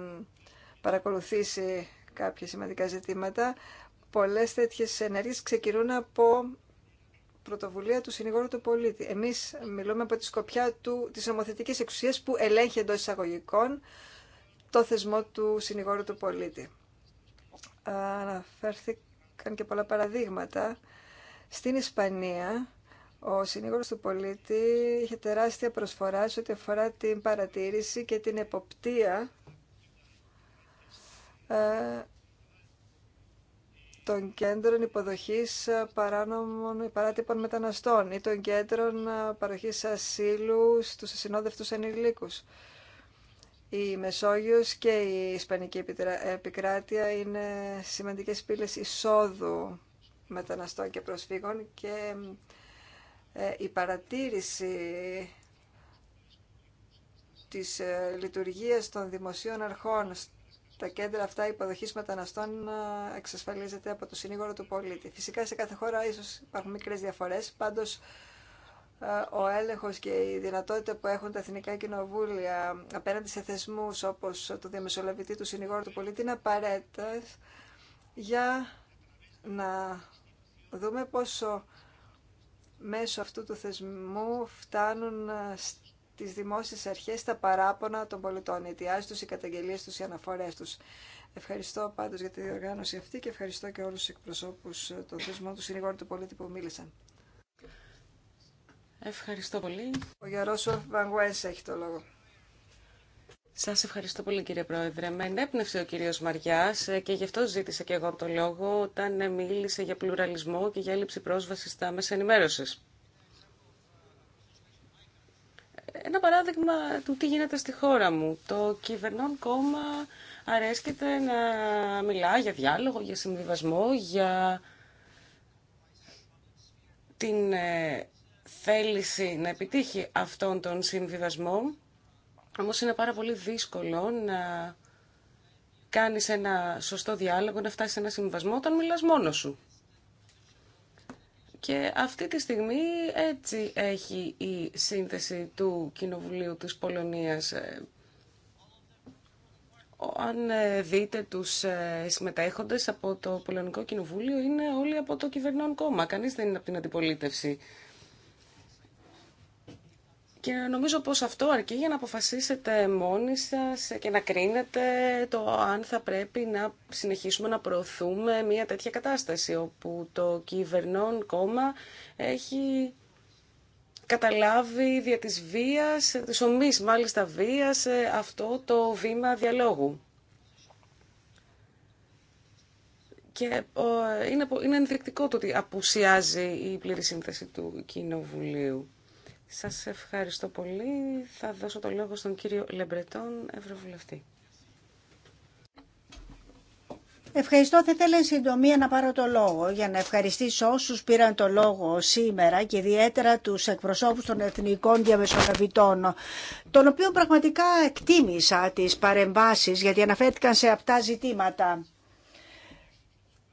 [SPEAKER 7] παρακολουθήσει κάποια σημαντικά ζητήματα. Πολλές τέτοιες ενέργειες ξεκινούν από πρωτοβουλία του συνηγόρου του πολίτη. Εμείς μιλούμε από τη σκοπιά του, της νομοθετικής εξουσίας που ελέγχει εντό εισαγωγικών το θεσμό του συνηγόρου του πολίτη. Αναφέρθηκαν και πολλά παραδείγματα. Στην Ισπανία ο συνήγορος του πολίτη είχε τεράστια προσφορά σε ό,τι αφορά την παρατήρηση και την εποπτεία ε, των κέντρων υποδοχής ε, παράνομων παράτυπων μεταναστών ή των κέντρων ε, παροχής ασύλου στους ασυνόδευτους ενηλίκους. Η Μεσόγειος και η Ισπανική επικράτεια είναι σημαντικές πύλες εισόδου μεταναστών και προσφύγων και ε, η παρατήρηση της ε, λειτουργίας των δημοσίων αρχών τα κέντρα αυτά υποδοχή μεταναστών ε, εξασφαλίζεται από το συνήγορο του πολίτη. Φυσικά σε κάθε χώρα ίσω υπάρχουν μικρέ διαφορέ, Πάντως ο έλεγχο και η δυνατότητα που έχουν τα εθνικά κοινοβούλια απέναντι σε θεσμού όπω το διαμεσολαβητή του συνήγορου του πολίτη είναι απαραίτητα για να δούμε πόσο μέσω αυτού του θεσμού φτάνουν ε, στις δημόσιες αρχές τα παράπονα των πολιτών, οι αιτιάσεις τους, οι καταγγελίες τους, οι αναφορές τους. Ευχαριστώ πάντως για τη διοργάνωση αυτή και ευχαριστώ και όλους τους εκπροσώπους ε, των θεσμών του συνηγόρου του πολίτη που μίλησαν. Ευχαριστώ πολύ. Ο Γερόσοφ Βαγουένς έχει το λόγο.
[SPEAKER 5] Σας ευχαριστώ πολύ κύριε Πρόεδρε. Με ενέπνευσε ο κύριος Μαριά ε, και γι' αυτό ζήτησα και εγώ το λόγο όταν ε, μίλησε για πλουραλισμό και για έλλειψη πρόσβασης στα μέσα ενημέρωση. Ένα παράδειγμα του τι γίνεται στη χώρα μου. Το κυβερνών κόμμα αρέσκεται να μιλά για διάλογο, για συμβιβασμό, για την ε, θέληση να επιτύχει αυτόν τον συμβιβασμό όμως είναι πάρα πολύ δύσκολο να κάνεις ένα σωστό διάλογο, να φτάσεις σε ένα συμβασμό όταν μιλάς μόνος σου. Και αυτή τη στιγμή έτσι έχει η σύνθεση του Κοινοβουλίου της Πολωνίας. Ε, αν ε, δείτε τους ε, συμμετέχοντες από το Πολωνικό Κοινοβούλιο, είναι όλοι από το κυβερνόν κόμμα. Κανείς δεν είναι από την αντιπολίτευση. Και νομίζω πως αυτό αρκεί για να αποφασίσετε μόνοι σας και να κρίνετε το αν θα πρέπει να συνεχίσουμε να προωθούμε μια τέτοια κατάσταση όπου το κυβερνών κόμμα έχει καταλάβει δια της βίας, της ομής μάλιστα βίας, αυτό το βήμα διαλόγου. Και είναι ενδεικτικό το ότι απουσιάζει η πλήρη σύνθεση του Κοινοβουλίου. Σας ευχαριστώ πολύ. Θα δώσω το λόγο στον κύριο Λεμπρετόν, Ευρωβουλευτή.
[SPEAKER 4] Ευχαριστώ. Θα ήθελα συντομία να πάρω το λόγο για να ευχαριστήσω όσους πήραν το λόγο σήμερα και ιδιαίτερα τους εκπροσώπους των εθνικών διαμεσολαβητών, των οποίων πραγματικά εκτίμησα τις παρεμβάσεις γιατί αναφέρθηκαν σε αυτά ζητήματα.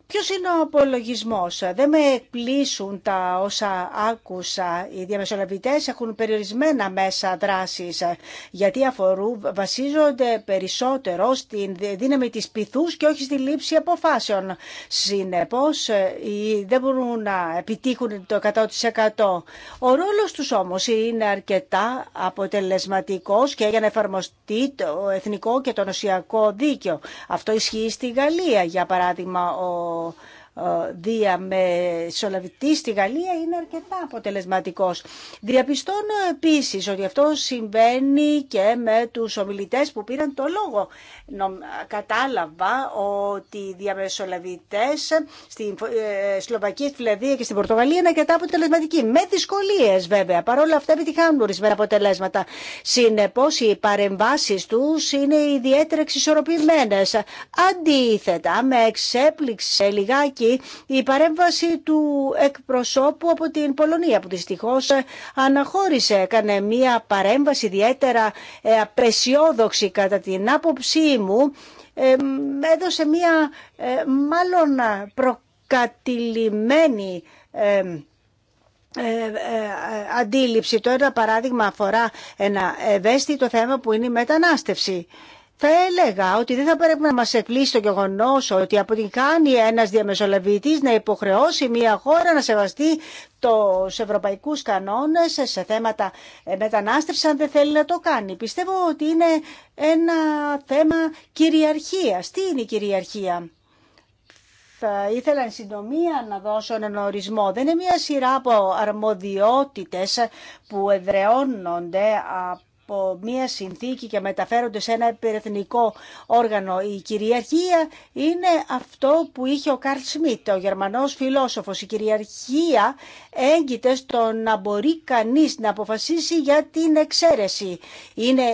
[SPEAKER 4] Ποιος είναι ο απολογισμός. Δεν με εκπλήσουν τα όσα άκουσα. Οι διαμεσολαβητές έχουν περιορισμένα μέσα δράσης γιατί αφορούν, βασίζονται περισσότερο στην δύναμη της πυθούς και όχι στη λήψη αποφάσεων. Συνεπώς δεν μπορούν να επιτύχουν το 100%. Ο ρόλος τους όμως είναι αρκετά αποτελεσματικός και για να εφαρμοστεί το εθνικό και το νοσιακό δίκαιο. Αυτό ισχύει στη Γαλλία για παράδειγμα ο είναι διαμεσολαβητής στη Γαλλία είναι αρκετά αποτελεσματικός. Διαπιστώνω επίσης ότι αυτό συμβαίνει και με τους ομιλητές που πήραν το λόγο. Κατάλαβα ότι οι διαμεσολαβητές στη ε, Σλοβακία, στη Φιλανδία και στην Πορτογαλία είναι αρκετά αποτελεσματικοί. Με δυσκολίες βέβαια. Παρ' όλα αυτά επιτυχάνουν ορισμένα αποτελέσματα. Συνεπώς οι παρεμβάσεις τους είναι ιδιαίτερα εξισορροπημένες. Αντίθετα, με εξέπληξε λιγάκι η παρέμβαση του εκπροσώπου από την Πολωνία που δυστυχώ αναχώρισε κανένα μία αναχώρησε. Έκανε μια παρέμβαση ιδιαίτερα ε, απεσιόδοξη κατά την άποψή μου. Έδωσε μια ε, μάλλον προκατηλημένη ε, αντίληψη. Το ένα παράδειγμα αφορά ένα ευαίσθητο θέμα που είναι η μετανάστευση θα έλεγα ότι δεν θα πρέπει να μας εκπλήσει το γεγονός ότι από την κάνει ένας διαμεσολαβητής να υποχρεώσει μια χώρα να σεβαστεί τους ευρωπαϊκούς κανόνες σε θέματα ε, μετανάστευσης αν δεν θέλει να το κάνει. Πιστεύω ότι είναι ένα θέμα κυριαρχίας. Τι είναι η κυριαρχία? Θα ήθελα εν συντομία να δώσω έναν ορισμό. Δεν είναι μια σειρά από αρμοδιότητες που εδρεώνονται από από μία συνθήκη και μεταφέρονται σε ένα υπερεθνικό όργανο. Η κυριαρχία είναι αυτό που είχε ο Καρλ Σμιτ, ο Γερμανός φιλόσοφος. Η κυριαρχία έγκυται στο να μπορεί κανείς να αποφασίσει για την εξαίρεση. Είναι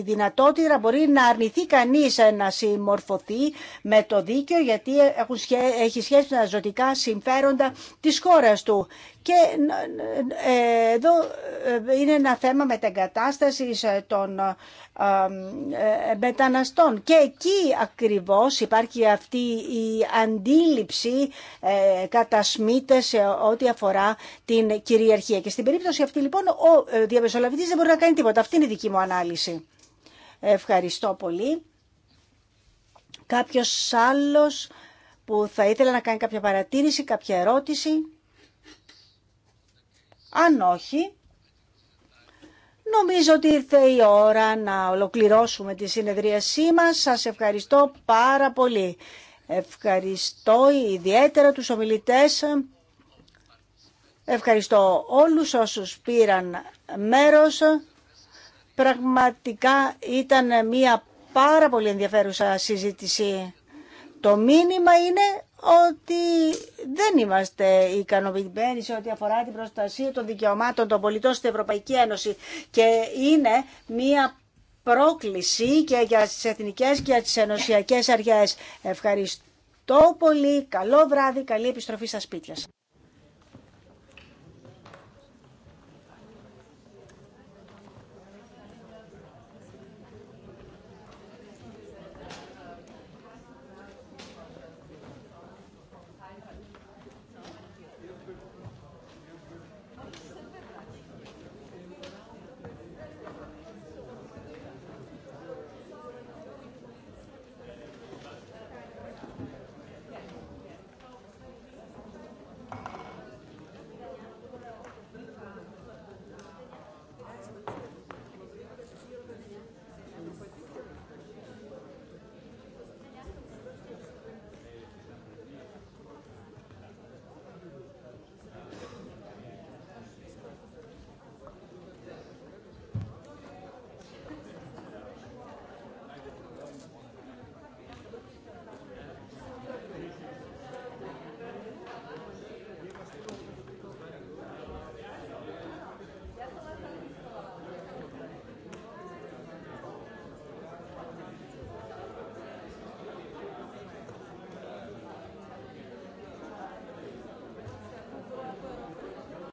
[SPEAKER 4] η, δυνατότητα να μπορεί να αρνηθεί κανείς να συμμορφωθεί με το δίκαιο γιατί έχουν, έχει σχέση με τα ζωτικά συμφέροντα της χώρας του. Και ε, εδώ ε, είναι ένα θέμα μετεγκατάσταση ε, των μεταναστών. Και εκεί ακριβώς υπάρχει αυτή η αντίληψη κατασμήτε σε ό,τι αφορά την κυριαρχία. Και στην περίπτωση αυτή λοιπόν ο διαμεσολαβητής δεν μπορεί να κάνει τίποτα. Αυτή είναι η δική μου ανάλυση. Ευχαριστώ πολύ. Κάποιος άλλος που θα ήθελε να κάνει κάποια παρατήρηση, κάποια ερώτηση. Αν όχι, νομίζω ότι ήρθε η ώρα να ολοκληρώσουμε τη συνεδρίασή μας. Σας ευχαριστώ πάρα πολύ. Ευχαριστώ ιδιαίτερα τους ομιλητές. Ευχαριστώ όλους όσους πήραν μέρος. Πραγματικά ήταν μια πάρα πολύ ενδιαφέρουσα συζήτηση. Το μήνυμα είναι ότι δεν είμαστε ικανοποιημένοι σε ό,τι αφορά την προστασία των δικαιωμάτων των πολιτών στην Ευρωπαϊκή Ένωση και είναι μία πρόκληση και για τις εθνικές και για τις ενωσιακές αρχές. Ευχαριστώ πολύ. Καλό βράδυ. Καλή επιστροφή στα σπίτια σας.